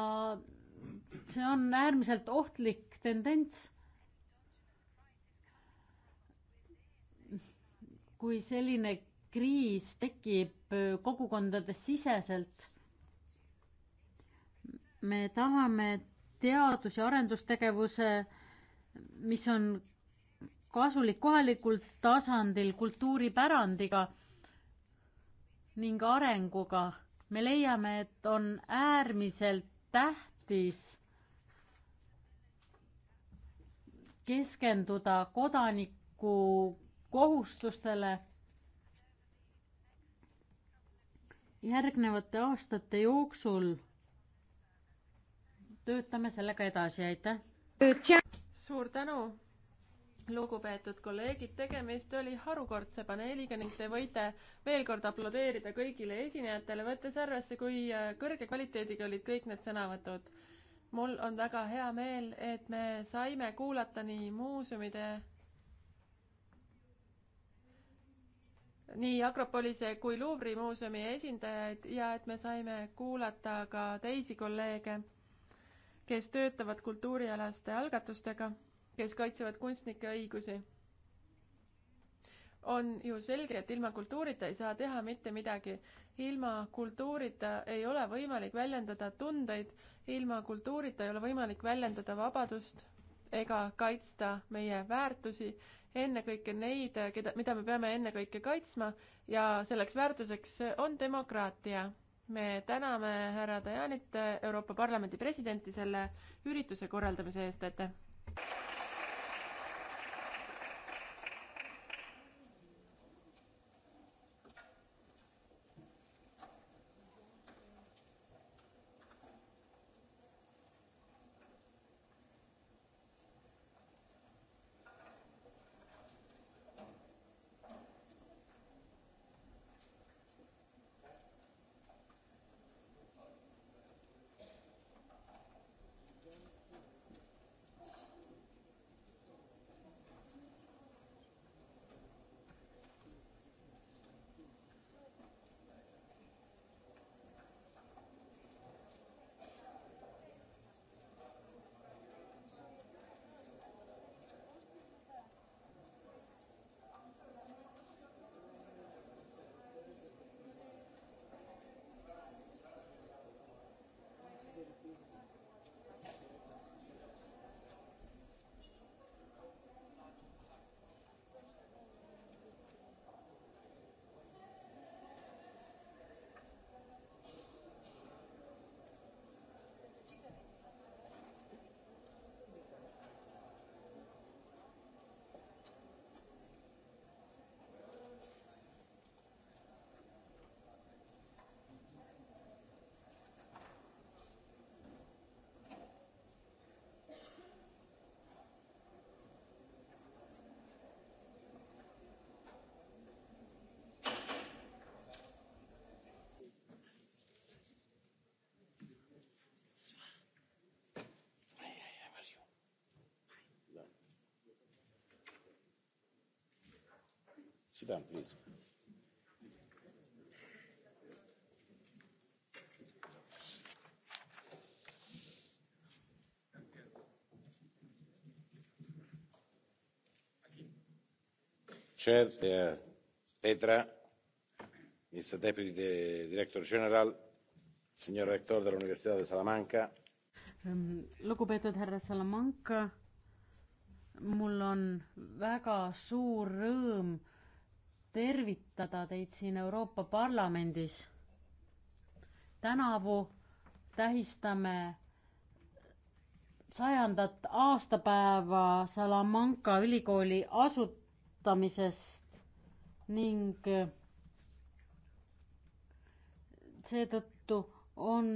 see on äärmiselt ohtlik tendents. kui selline kriis tekib kogukondade siseselt, me tahame teadus- ja arendustegevuse, mis on kasulik kohalikul tasandil kultuuripärandiga ning arenguga, me leiame, et on äärmiselt tähtis keskenduda kodaniku kohustustele järgnevate aastate jooksul töötame sellega edasi, aitäh! suur tänu! lugupeetud kolleegid, tegemist oli harukordse paneeliga ning te võite veel kord aplodeerida kõigile esinejatele, võttes arvesse, kui äh, kõrge kvaliteediga olid kõik need sõnavõtud. mul on väga hea meel, et me saime kuulata nii muuseumide, nii Akropolise kui Luuvri muuseumi esindajaid ja et me saime kuulata ka teisi kolleege, kes töötavad kultuurialaste algatustega kes kaitsevad kunstnike õigusi. on ju selge, et ilma kultuurita ei saa teha mitte midagi. ilma kultuurita ei ole võimalik väljendada tundeid, ilma kultuurita ei ole võimalik väljendada vabadust ega kaitsta meie väärtusi, ennekõike neid, keda, mida me peame ennekõike kaitsma ja selleks väärtuseks on demokraatia me täname härra Dajanit, Euroopa Parlamendi presidenti, selle ürituse korraldamise eest, aitäh! Sit down, please. Chair uh, Petra, is the Deputy Director General, signor Rector de la Universidad de Salamanca. Ähm, lugupeetud härra Salamanca, mul on väga suur rõõm tervitada teid siin Euroopa Parlamendis. tänavu tähistame sajandat aastapäeva Salamanca ülikooli asutamisest ning seetõttu on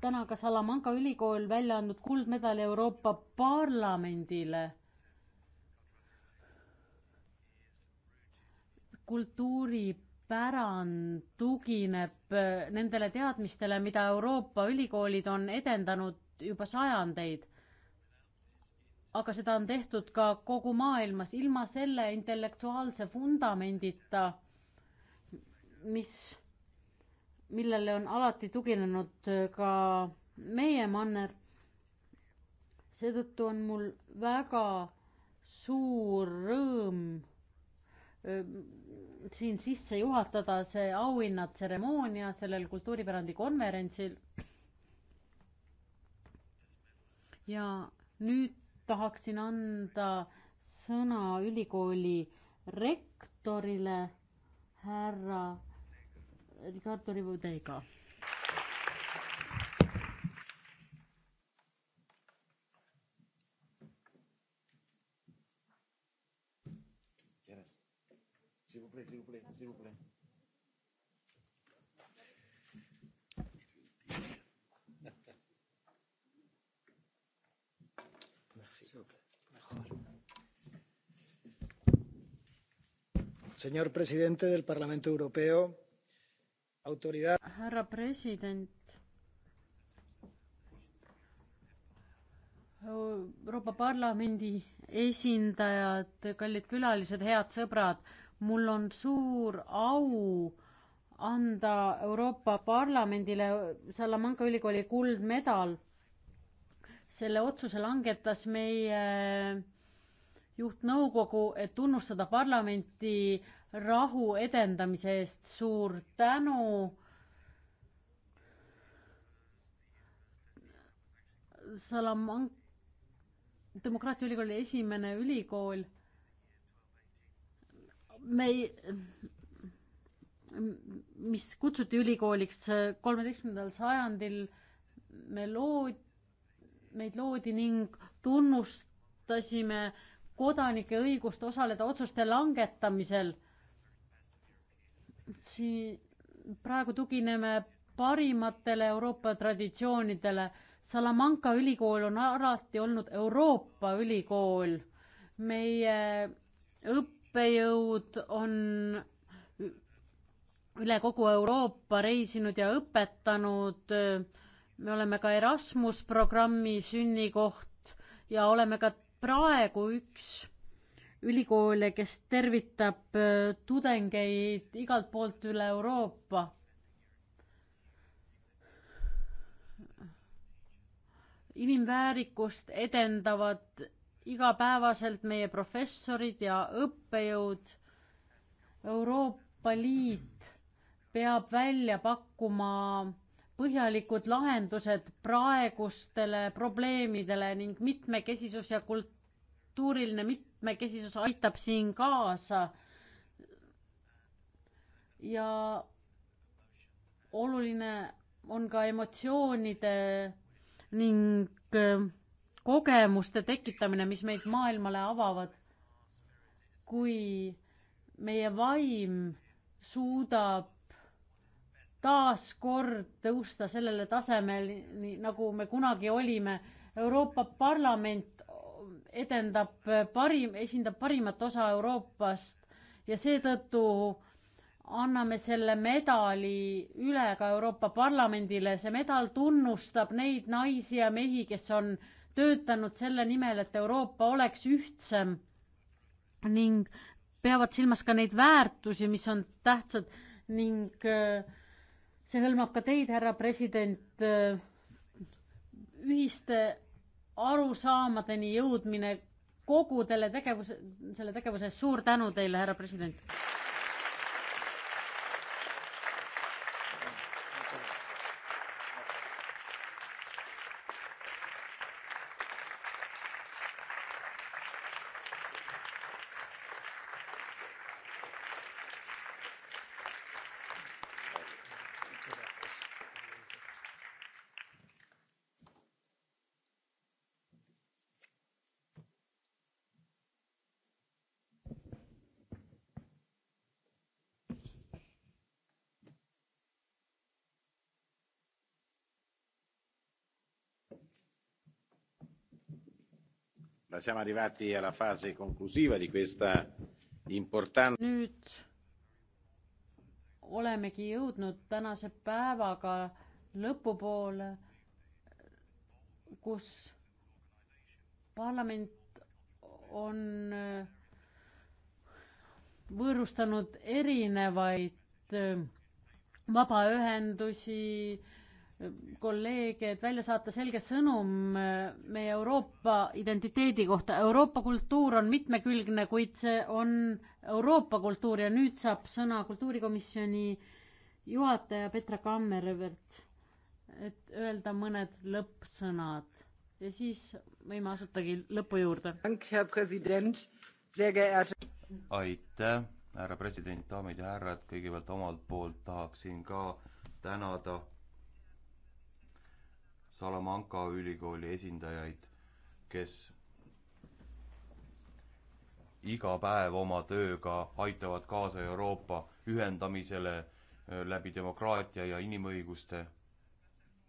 täna ka Salamanca ülikool välja andnud kuldmedali Euroopa Parlamendile kultuuripärand tugineb äh, nendele teadmistele, mida Euroopa ülikoolid on edendanud juba sajandeid. aga seda on tehtud ka kogu maailmas ilma selle intellektuaalse vundamendita, mis, millele on alati tuginenud äh, ka meie manner. seetõttu on mul väga suur rõõm äh, siin sisse juhatada see auhinnatseremoonia sellel kultuuripärandi konverentsil. ja nüüd tahaksin anda sõna ülikooli rektorile härra Ricardo Rivudega S'il vous plaît, s'il vous plaît, s'il vous plaît. Merci. S'il vous plaît. Merci. Señor presidente del Parlamento Europeo, autoridad. Härra president, Euroopa Parlamendi esindajad, kallid külalised, head sõbrad mul on suur au anda Euroopa Parlamendile Salamanca ülikooli kuldmedal. selle otsuse langetas meie juhtnõukogu, et tunnustada parlamenti rahu edendamise eest. suur tänu. Salamanca, demokraatia ülikooli esimene ülikool me ei, mis kutsuti ülikooliks kolmeteistkümnendal sajandil, me lood-, meid loodi ning tunnustasime kodanike õigust osaleda otsuste langetamisel. siin praegu tugineme parimatele Euroopa traditsioonidele. Salamanca ülikool on alati olnud Euroopa ülikool. meie õpp-, õppejõud on üle kogu Euroopa reisinud ja õpetanud. me oleme ka Erasmus programmi sünnikoht ja oleme ka praegu üks ülikoole, kes tervitab äh, tudengeid igalt poolt üle Euroopa. inimväärikust edendavad igapäevaselt meie professorid ja õppejõud. Euroopa Liit peab välja pakkuma põhjalikud lahendused praegustele probleemidele ning mitmekesisus ja kultuuriline mitmekesisus aitab siin kaasa. ja oluline on ka emotsioonide ning kogemuste tekitamine, mis meid maailmale avavad. kui meie vaim suudab taaskord tõusta sellele tasemele, nagu me kunagi olime. Euroopa Parlament edendab parim, esindab parimat osa Euroopast ja seetõttu anname selle medali üle ka Euroopa Parlamendile. see medal tunnustab neid naisi ja mehi, kes on äh, töötanud selle nimel, et Euroopa oleks ühtsem ning peavad silmas ka neid väärtusi, mis on tähtsad ning äh, see hõlmab ka teid, härra president, äh, ühiste arusaamadeni jõudmine kogu selle tegevuse, selle tegevuse eest, suur tänu teile, härra president! siamo arrivati alla fase conclusiva di questa importante. nüüd olemegi jõudnud tänase päevaga lõpupoole, kus parlament on äh, võõrustanud erinevaid äh, vabaühendusi, kolleege, et välja saata selge sõnum äh, meie Euroopa identiteedi kohta. Euroopa kultuur on mitmekülgne, kuid see on Euroopa kultuur ja nüüd saab sõna kultuurikomisjoni juhataja Petra Kammervert, et öelda mõned lõppsõnad ja siis võime asutagi lõpu juurde. aitäh, härra president, daamid ja härrad, kõigepealt omalt poolt tahaksin ka tänada Salamanca ülikooli esindajaid, kes iga päev oma tööga aitavad kaasa Euroopa ühendamisele läbi demokraatia ja inimõiguste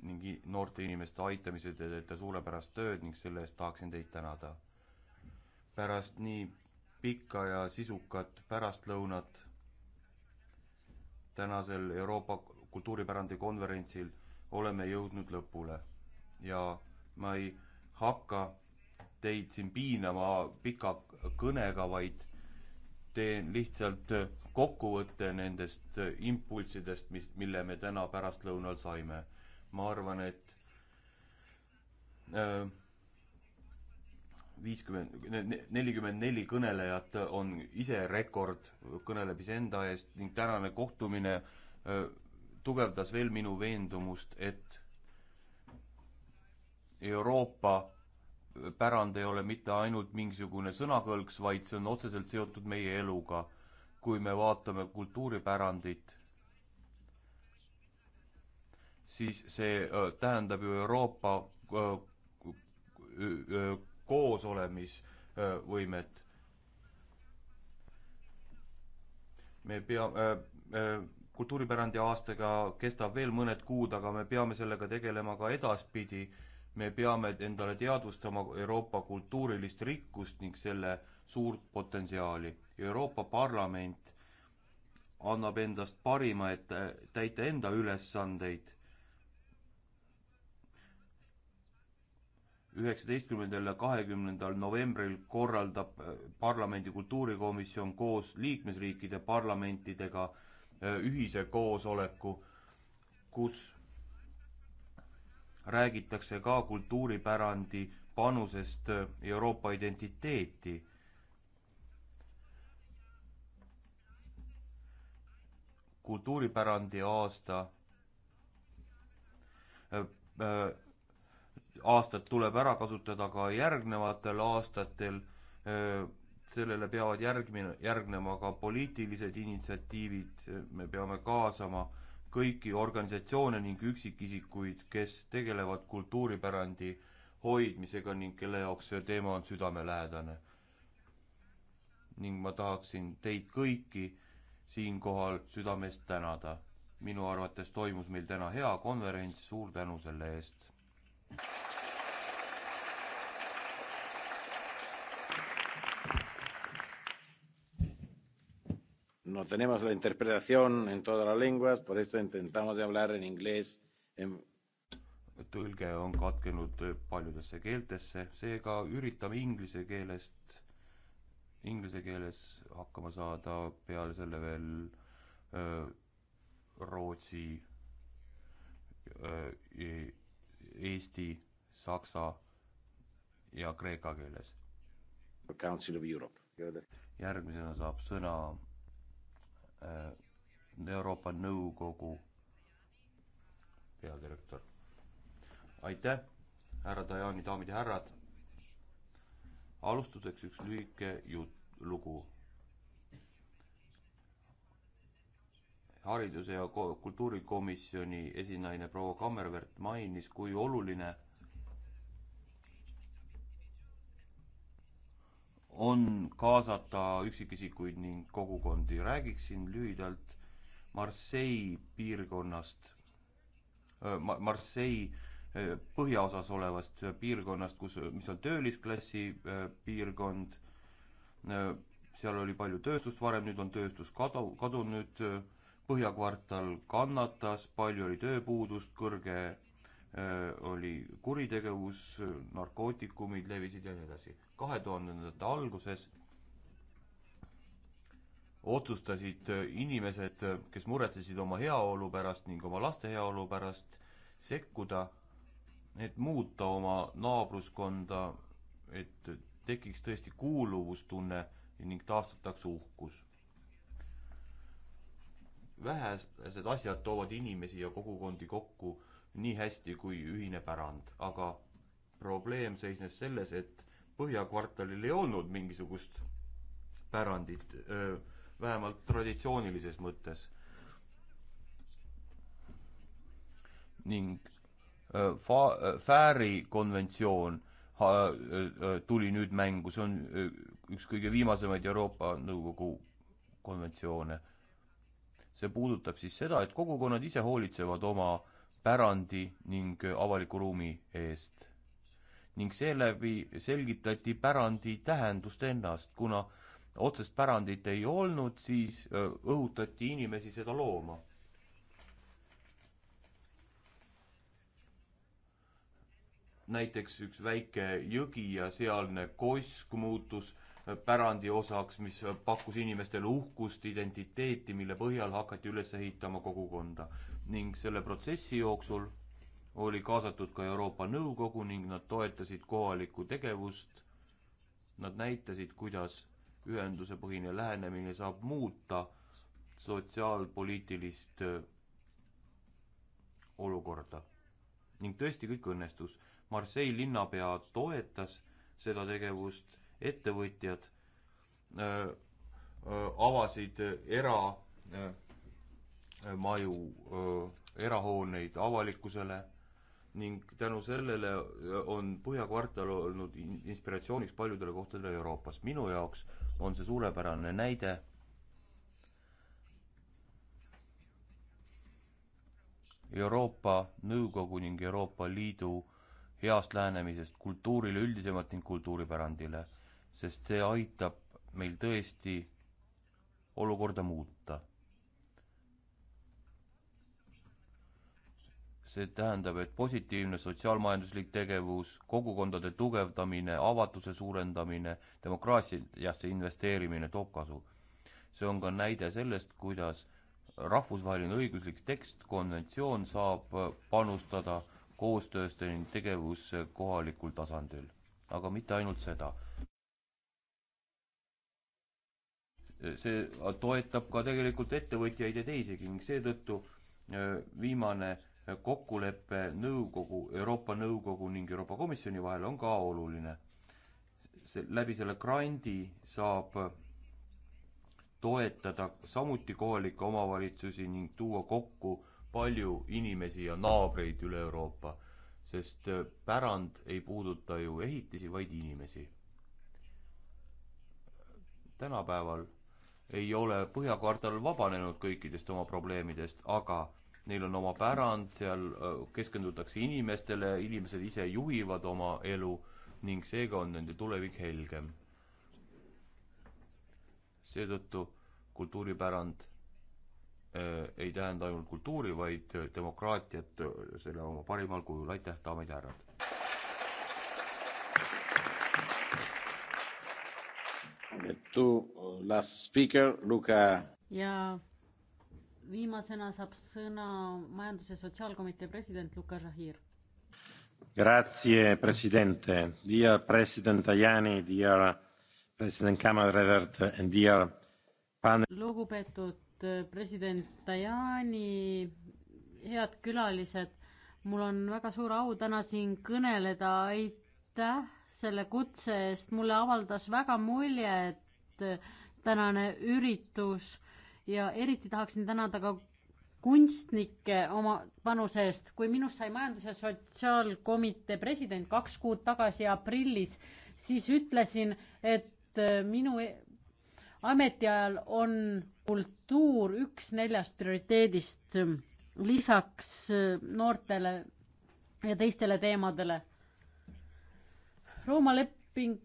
ning noorte inimeste aitamise, te teete suurepärast tööd ning selle eest tahaksin teid tänada. pärast nii pikka ja sisukat pärastlõunat tänasel Euroopa kultuuripärandi konverentsil oleme jõudnud lõpule ja ma ei hakka teid siin piinama pika kõnega, vaid teen lihtsalt kokkuvõtte nendest impulssidest, mis, mille me täna pärastlõunal saime. ma arvan, et äh, viiskümmend, nelikümmend neli kõnelejat on ise rekord, kõneleb iseenda eest ning tänane kohtumine öö, äh, tugevdas veel minu veendumust, et Euroopa pärand ei ole mitte ainult mingisugune sõnakõlks, vaid see on otseselt seotud meie eluga. kui me vaatame kultuuripärandit, siis see äh, tähendab ju Euroopa äh, äh, koosolemisvõimet. me pea- äh,, kultuuripärandi aastaga kestab veel mõned kuud, aga me peame sellega tegelema ka edaspidi me peame endale teadvustama Euroopa kultuurilist rikkust ning selle suurt potentsiaali. Euroopa Parlament annab endast parima, et täita enda ülesandeid. üheksateistkümnendal ja kahekümnendal novembril korraldab äh, parlamendi kultuurikomisjon koos liikmesriikide parlamentidega äh, ühise koosoleku, kus räägitakse ka kultuuripärandi panusest Euroopa identiteeti. kultuuripärandi aasta äh, äh, aastat tuleb ära kasutada ka järgnevatel aastatel, äh, sellele peavad järgmine, järgnema ka poliitilised initsiatiivid, me peame kaasama kõiki organisatsioone ning üksikisikuid, kes tegelevad kultuuripärandi hoidmisega ning kelle jaoks see teema on südamelähedane. ning ma tahaksin teid kõiki siinkohal südamest tänada. minu arvates toimus meil täna hea konverents, suur tänu selle eest! no tenemos la interpretación en todas las lenguas, por eso intentamos hablar en inglés en.... tõlge on katkenud paljudesse keeltesse, seega üritame inglise keelest, inglise keeles hakkama saada, peale selle veel öö, äh, rootsi, äh, e-, eesti, saksa ja kreeka keeles. Council of Europe. järgmisena saab sõna Äh, Euroopa Nõukogu peadirektor. aitäh, härra Dajani, daamid ja härrad. alustuseks üks lühike jutt, lugu. hariduse ja kultuurikomisjoni esinaine proua Kammervert mainis, kui oluline on kaasata üksikisikuid ning kogukondi. räägiksin lühidalt Marseille piirkonnast, Marseille põhjaosas olevast piirkonnast, kus, mis on töölisklassi piirkond, seal oli palju tööstust varem, nüüd on tööstus kadu, kadunud, põhjakvartal kannatas, palju oli tööpuudust, kõrge Äh, oli kuritegevus, narkootikumid levisid ja nii edasi. kahe tuhandendate alguses otsustasid äh, inimesed, äh, kes muretsesid oma heaolu pärast ning oma laste heaolu pärast, sekkuda, et muuta oma naabruskonda, et tekiks tõesti kuuluvustunne ning taastataks uhkus. vähesed asjad toovad inimesi ja kogukondi kokku nii hästi kui ühine pärand, aga probleem seisnes selles, et Põhjakvartalil ei olnud mingisugust pärandit, vähemalt traditsioonilises mõttes. ning fa-, Fääri konventsioon ha-, tuli nüüd mängu, see on üks kõige viimasemaid Euroopa Nõukogu konventsioone. see puudutab siis seda, et kogukonnad ise hoolitsevad oma äh, pärandi ning avaliku ruumi eest ning seeläbi selgitati pärandi tähendust ennast, kuna otsest pärandit ei olnud, siis õhutati inimesi seda looma. näiteks üks väike jõgi ja sealne kosk muutus pärandi osaks, mis pakkus inimestele uhkust, identiteeti, mille põhjal hakati üles ehitama kogukonda ning selle protsessi jooksul oli kaasatud ka Euroopa Nõukogu ning nad toetasid kohalikku tegevust. Nad näitasid, kuidas ühendusepõhine lähenemine saab muuta sotsiaalpoliitilist äh, olukorda. ning tõesti kõik õnnestus. Marseille linnapea toetas seda tegevust, ettevõtjad öö, äh, öö, äh, avasid era öö, maju, erahooneid avalikkusele ning tänu sellele on Põhja kvartal olnud inspiratsiooniks paljudele kohtadele Euroopas. minu jaoks on see suurepärane näide Euroopa Nõukogu ning Euroopa Liidu heast lähenemisest kultuurile üldisemalt ning kultuuripärandile, sest see aitab meil tõesti olukorda muuta. see tähendab, et positiivne sotsiaalmajanduslik tegevus, kogukondade tugevdamine, avatuse suurendamine, demokraatiasse investeerimine toob kasu. see on ka näide sellest, kuidas rahvusvaheline õiguslik tekst, konventsioon saab panustada koostöösse ning tegevusse kohalikul tasandil, aga mitte ainult seda. see toetab ka tegelikult ettevõtjaid ja teisigi ning seetõttu äh, viimane kokkulepe nõukogu, Euroopa Nõukogu ning Euroopa Komisjoni vahel on ka oluline. see, läbi selle grandi saab toetada samuti kohalikke omavalitsusi ning tuua kokku palju inimesi ja naabreid üle Euroopa, sest äh, pärand ei puuduta ju ehitisi, vaid inimesi. tänapäeval ei ole Põhjakvartal vabanenud kõikidest oma probleemidest, aga neil on oma pärand, seal äh, keskendutakse inimestele, inimesed ise juhivad oma elu ning seega on nende tulevik helgem. seetõttu kultuuripärand äh, ei tähenda ainult kultuuri, vaid demokraatiat äh, selle oma parimal kujul. aitäh, daamid ja härrad! Uh, ja viimasena saab sõna Majandus- ja Sotsiaalkomitee president Luka Žahir. Grazie, president, dear president Tajani, dear president Kammerevert and dear panel. lugupeetud äh, president Tajani, head külalised, mul on väga suur au täna siin kõneleda, aitäh selle kutse eest, mulle avaldas väga mulje, et äh, tänane üritus ja eriti tahaksin tänada ka kunstnikke oma panuse eest. kui minust sai majandus- ja sotsiaalkomitee president kaks kuud tagasi aprillis, siis ütlesin, et äh, minu e-, ametiajal on kultuur üks neljast prioriteedist äh, lisaks äh, noortele ja teistele teemadele. Rooma leping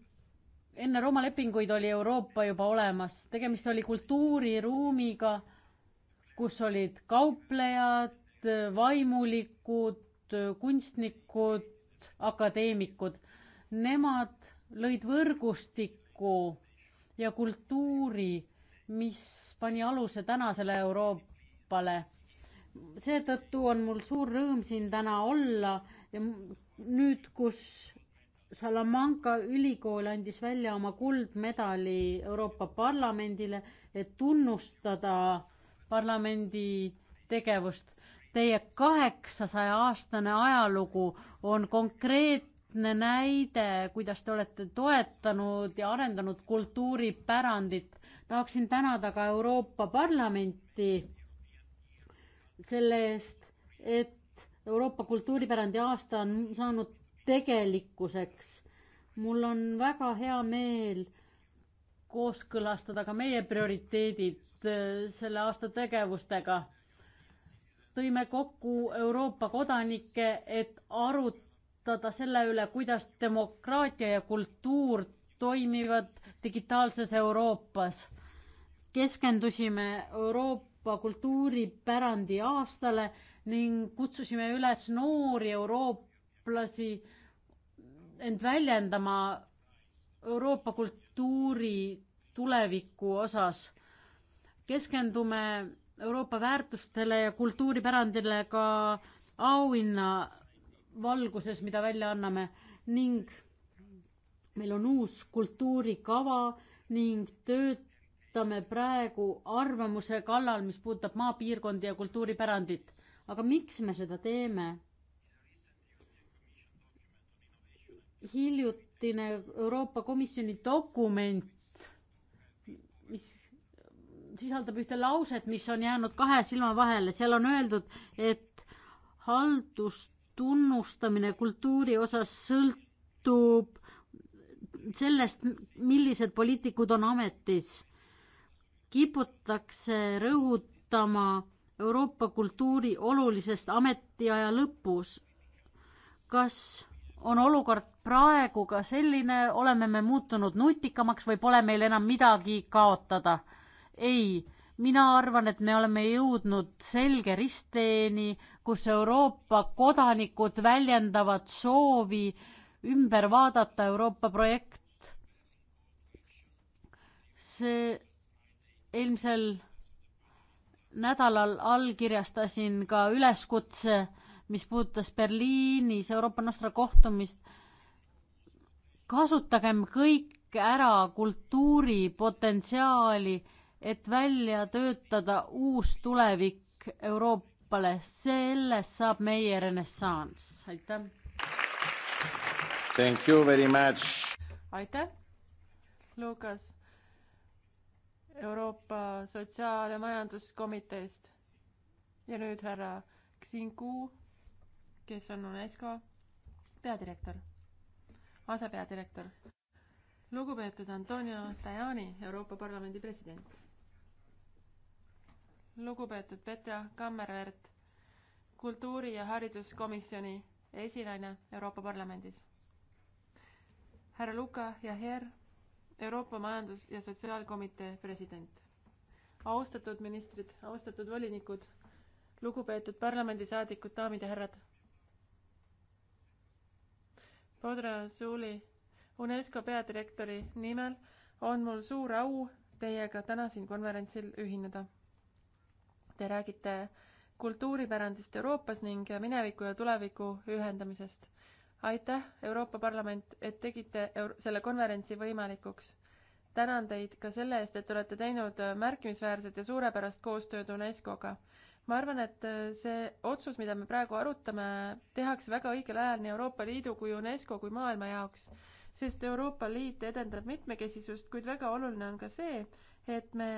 enne Rooma lepinguid oli Euroopa juba olemas, tegemist oli kultuuriruumiga, kus olid kauplejad, vaimulikud, kunstnikud, akadeemikud. Nemad lõid võrgustiku ja kultuuri, mis pani aluse tänasele Euroopale. seetõttu on mul suur rõõm siin täna olla ja nüüd, kus Salamanca ülikool andis välja oma kuldmedali Euroopa Parlamendile, et tunnustada parlamendi tegevust. Teie kaheksasaja aastane ajalugu on konkreetne näide, kuidas te olete toetanud ja arendanud kultuuripärandit. tahaksin tänada ka Euroopa Parlamenti selle eest, et Euroopa kultuuripärandi aasta on saanud tegelikkuseks. mul on väga hea meel kooskõlastada ka meie prioriteedid äh, selle aasta tegevustega. tõime kokku Euroopa kodanikke, et arutada selle üle, kuidas demokraatia ja kultuur toimivad digitaalses Euroopas. keskendusime Euroopa kultuuripärandi aastale ning kutsusime üles noori Euroopa eurooplasi end väljendama Euroopa kultuuri tuleviku osas. keskendume Euroopa väärtustele ja kultuuripärandile ka auhinna valguses, mida välja anname ning meil on uus kultuurikava ning töötame praegu arvamuse kallal, mis puudutab maapiirkondi ja kultuuripärandit. aga miks me seda teeme? hiljutine Euroopa Komisjoni dokument, mis sisaldab ühte lauset, mis on jäänud kahe silma vahele, seal on öeldud, et haldustunnustamine kultuuri osas sõltub sellest, millised poliitikud on ametis. kiputakse rõhutama Euroopa kultuuri olulisest ametiaja lõpus. kas on olukord praegu ka selline, oleme me muutunud nutikamaks või pole meil enam midagi kaotada? ei, mina arvan, et me oleme jõudnud selge ristteeni, kus Euroopa kodanikud väljendavad soovi ümber vaadata Euroopa projekt. see eelmisel nädalal allkirjastasin ka üleskutse mis puudutas Berliinis Euroopa Nostra kohtumist. kasutagem kõik ära kultuuri potentsiaali, et välja töötada uus tulevik Euroopale, sellest saab meie renessanss, aitäh. Thank you very much. aitäh, Lukas. Euroopa Sotsiaal- ja Majanduskomiteest. ja nüüd härra Xingu kes on UNESCO peadirektor, asepeadirektor. lugupeetud Antonio Tajani, Euroopa Parlamendi president. lugupeetud Petra Kammerväärt, kultuuri- ja hariduskomisjoni esinaine Euroopa Parlamendis. härra Luka Jaher, Euroopa Majandus- ja Sotsiaalkomitee president. austatud ministrid, austatud volinikud, lugupeetud parlamendisaadikud, daamid ja härrad Podra Zuli UNESCO peadirektori nimel on mul suur au teiega täna siin konverentsil ühineda. Te räägite kultuuripärandist Euroopas ning mineviku ja tuleviku ühendamisest. aitäh, Euroopa Parlament, et tegite Euro selle konverentsi võimalikuks. tänan teid ka selle eest, et olete teinud märkimisväärset ja suurepärast koostööd UNESCO-ga ma arvan, et äh, see otsus, mida me praegu arutame, tehakse väga õigel ajal nii Euroopa Liidu kui UNESCO kui maailma jaoks, sest Euroopa Liit edendab mitmekesisust, kuid väga oluline on ka see, et me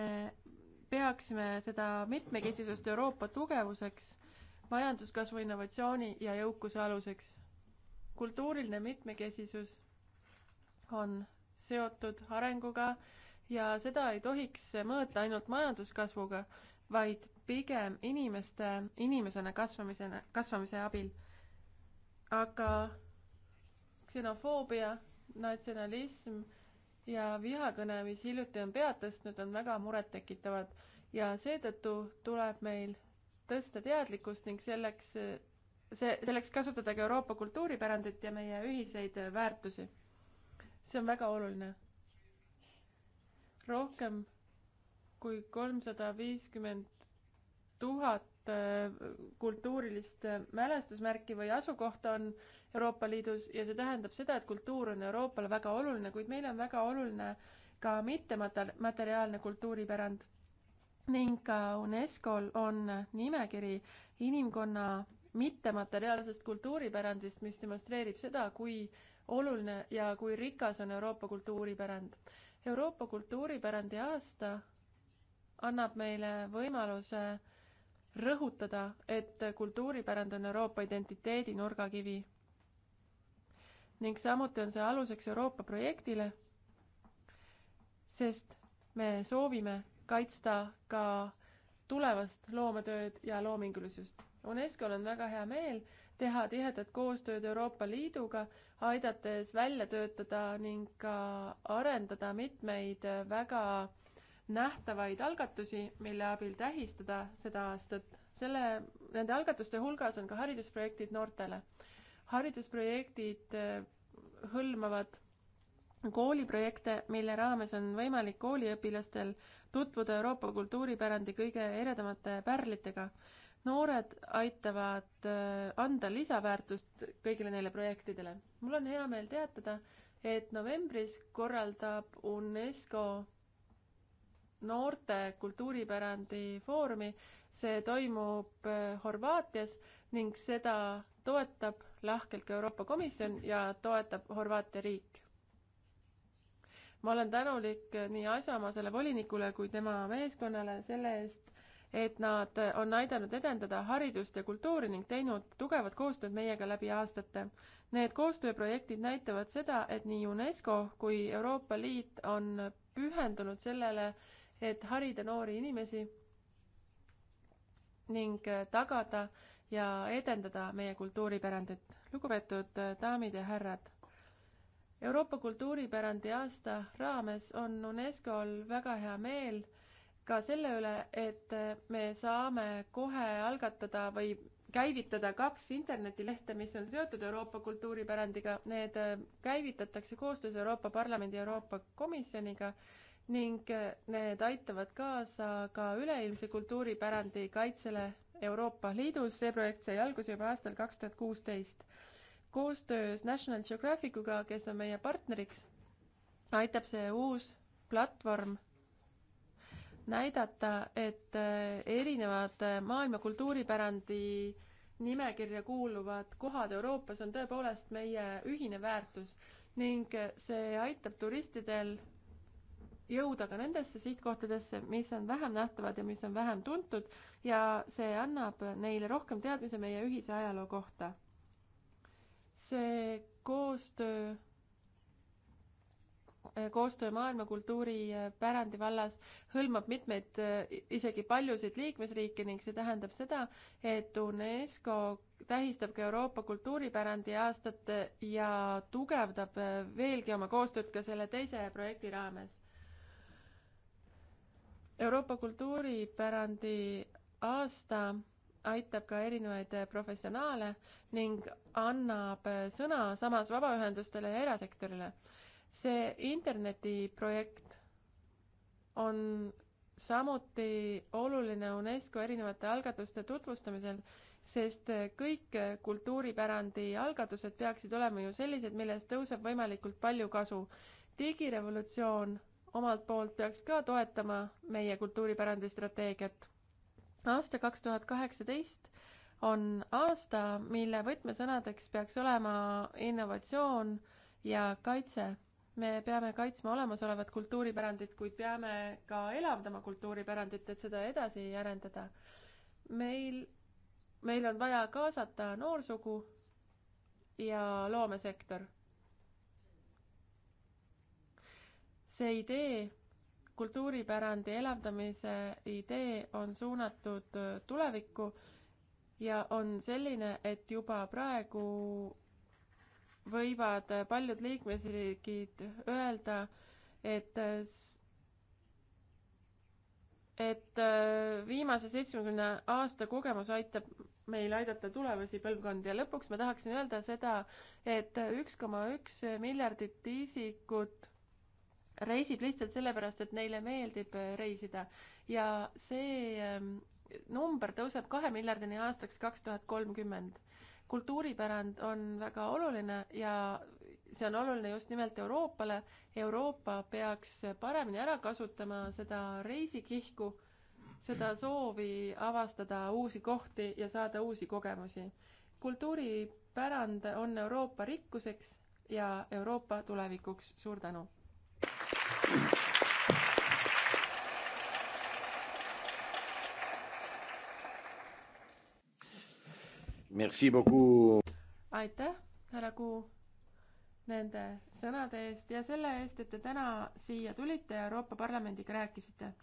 peaksime seda mitmekesisust Euroopa tugevuseks, majanduskasvu, innovatsiooni ja jõukuse aluseks. kultuuriline mitmekesisus on seotud arenguga ja seda ei tohiks mõõta ainult majanduskasvuga, vaid pigem inimeste, inimesena kasvamisena, kasvamise abil. aga ksenofoobia, natsionalism ja vihakõne, mis hiljuti on pead tõstnud, on väga murettekitavad ja seetõttu tuleb meil tõsta teadlikkust ning selleks, see, selleks kasutada ka Euroopa kultuuripärandit ja meie ühiseid väärtusi. see on väga oluline. rohkem kui kolmsada viiskümmend tuhat eh, kultuurilist eh, mälestusmärki või asukohta on Euroopa Liidus ja see tähendab seda, et kultuur on Euroopale väga oluline, kuid meile on väga oluline ka mittemateriaalne kultuuripärand ning ka UNESCO-l on nimekiri inimkonna mittemateriaalsest kultuuripärandist, mis demonstreerib seda, kui oluline ja kui rikas on Euroopa kultuuripärand. Euroopa kultuuripärandi aasta annab meile võimaluse rõhutada, et kultuuripärand on Euroopa identiteedi nurgakivi. ning samuti on see aluseks Euroopa projektile, sest me soovime kaitsta ka tulevast loometööd ja loomingulisust. UNESCO-l on väga hea meel teha tihedat koostööd Euroopa Liiduga, aidates välja töötada ning ka arendada mitmeid väga äh, nähtavaid algatusi, mille abil tähistada seda aastat. selle, nende algatuste hulgas on ka haridusprojektid noortele. haridusprojektid eh, hõlmavad kooliprojekte, mille raames on võimalik kooliõpilastel tutvuda Euroopa kultuuripärandi kõige eredamate pärlitega. noored aitavad eh, anda lisaväärtust kõigile neile projektidele. mul on hea meel teatada, et novembris korraldab UNESCO noorte kultuuripärandi foorumi. see toimub äh, Horvaatias ning seda toetab lahkelt ka Euroopa Komisjon ja toetab Horvaatia riik. ma olen tänulik äh, nii asjaomasele volinikule kui tema meeskonnale selle eest, et nad äh, on aidanud edendada haridust ja kultuuri ning teinud tugevat koostööd meiega läbi aastate. Need koostööprojektid näitavad seda, et nii UNESCO kui Euroopa Liit on pühendunud sellele, et harida noori inimesi ning äh, tagada ja edendada meie kultuuripärandit. lugupeetud äh, daamid ja härrad, Euroopa kultuuripärandi aasta raames on UNESCO-l väga hea meel ka selle üle, et äh, me saame kohe algatada või käivitada kaks internetilehte, mis on seotud Euroopa kultuuripärandiga. Need käivitatakse koostöös Euroopa Parlamendi ja Euroopa Komisjoniga ning äh, need aitavad kaasa ka üleilmse kultuuripärandi kaitsele Euroopa Liidus. see projekt sai alguse juba aastal kaks tuhat kuusteist. koostöös National Geographicuga, kes on meie partneriks, aitab see uus platvorm näidata, et äh, erinevad äh, maailma kultuuripärandi nimekirja kuuluvad kohad Euroopas on tõepoolest meie ühine väärtus ning see aitab turistidel jõuda ka nendesse sihtkohtadesse, mis on vähem nähtavad ja mis on vähem tuntud ja see annab neile rohkem teadmise meie ühise ajaloo kohta. see koostöö, eh, koostöö maailmakultuuri eh, pärandi vallas hõlmab mitmeid, eh, isegi paljusid liikmesriike ning see tähendab seda, et UNESCO tähistab ka Euroopa kultuuripärandi aastat ja tugevdab veelgi oma koostööd ka selle teise projekti raames Euroopa kultuuripärandi aasta aitab ka erinevaid professionaale ning annab sõna samas vabaühendustele ja erasektorile. see internetiprojekt on samuti oluline UNESCO erinevate algatuste tutvustamisel, sest kõik kultuuripärandi algatused peaksid olema ju sellised, millest tõuseb võimalikult palju kasu. digirevolutsioon omalt poolt peaks ka toetama meie kultuuripärandi strateegiat. aasta kaks tuhat kaheksateist on aasta, mille võtmesõnadeks peaks olema innovatsioon ja kaitse. me peame kaitsma olemasolevat kultuuripärandit, kuid peame ka elavdama kultuuripärandit, et seda edasi arendada. meil, meil on vaja kaasata noorsugu ja loomesektor see idee, kultuuripärandi elavdamise idee on suunatud äh, tulevikku ja on selline, et juba praegu võivad äh, paljud liikmesriigid öelda, et, äh, et viimase seitsmekümne aasta kogemus aitab meil aidata tulevasi põlvkondi ja lõpuks ma tahaksin öelda seda, et üks koma üks miljardit isikut reisib lihtsalt sellepärast, et neile meeldib äh, reisida ja see ähm, number tõuseb kahe miljardini aastaks kaks tuhat kolmkümmend. kultuuripärand on väga oluline ja see on oluline just nimelt Euroopale. Euroopa peaks paremini ära kasutama seda reisikihku, seda soovi avastada uusi kohti ja saada uusi kogemusi. kultuuripärand on Euroopa rikkuseks ja Euroopa tulevikuks. suur tänu! aitäh, härra Kuu, nende sõnade eest ja selle eest, et te täna siia tulite ja Euroopa Parlamendiga rääkisite.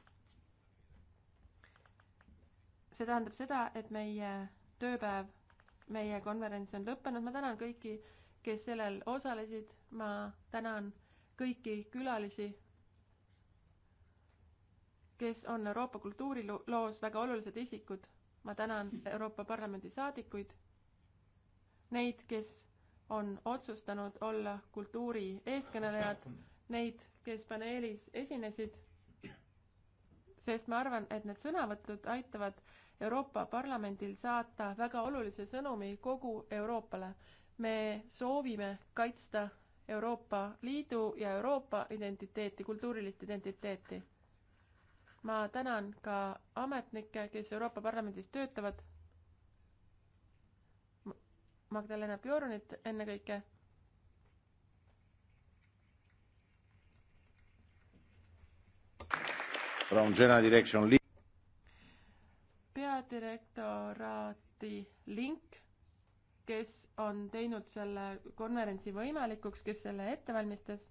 see tähendab seda, et meie tööpäev, meie konverents on lõppenud, ma tänan kõiki, kes sellel osalesid, ma tänan kõiki külalisi kes on Euroopa kultuuriloos väga olulised isikud. ma tänan Euroopa Parlamendi saadikuid, neid, kes on otsustanud olla kultuuri eestkõnelejad, neid, kes paneelis esinesid, sest ma arvan, et need sõnavõtud aitavad Euroopa Parlamendil saata väga olulise sõnumi kogu Euroopale. me soovime kaitsta Euroopa Liidu ja Euroopa identiteeti, kultuurilist identiteeti ma tänan ka ametnikke, kes Euroopa Parlamendis töötavad. Magdalena Bjornit ennekõike. peadirektoraati link, kes on teinud selle konverentsi võimalikuks, kes selle ette valmistas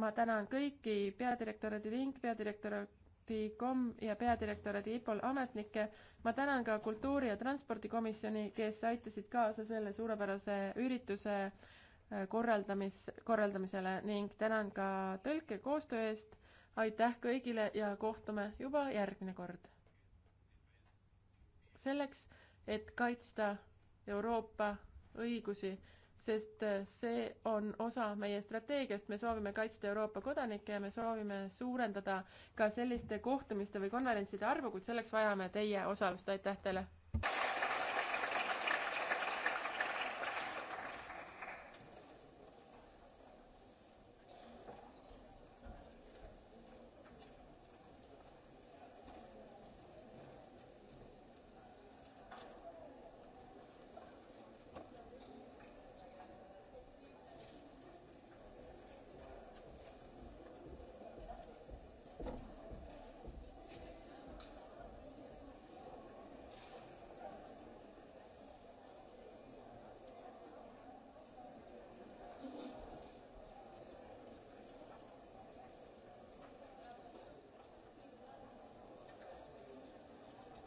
ma tänan kõiki peadirektoraadi Link, peadirektoraadi KOM ja peadirektoraadi IPOL ametnikke. ma tänan ka Kultuuri- ja Transpordikomisjoni, kes aitasid kaasa selle suurepärase ürituse äh, korraldamis, korraldamisele ning tänan ka tõlke koostöö eest. aitäh kõigile ja kohtume juba järgmine kord. selleks, et kaitsta Euroopa õigusi sest äh, see on osa meie strateegiast, me soovime kaitsta Euroopa kodanikke ja me soovime suurendada ka selliste kohtumiste või konverentside arvu, kuid selleks vajame teie osalust, aitäh teile!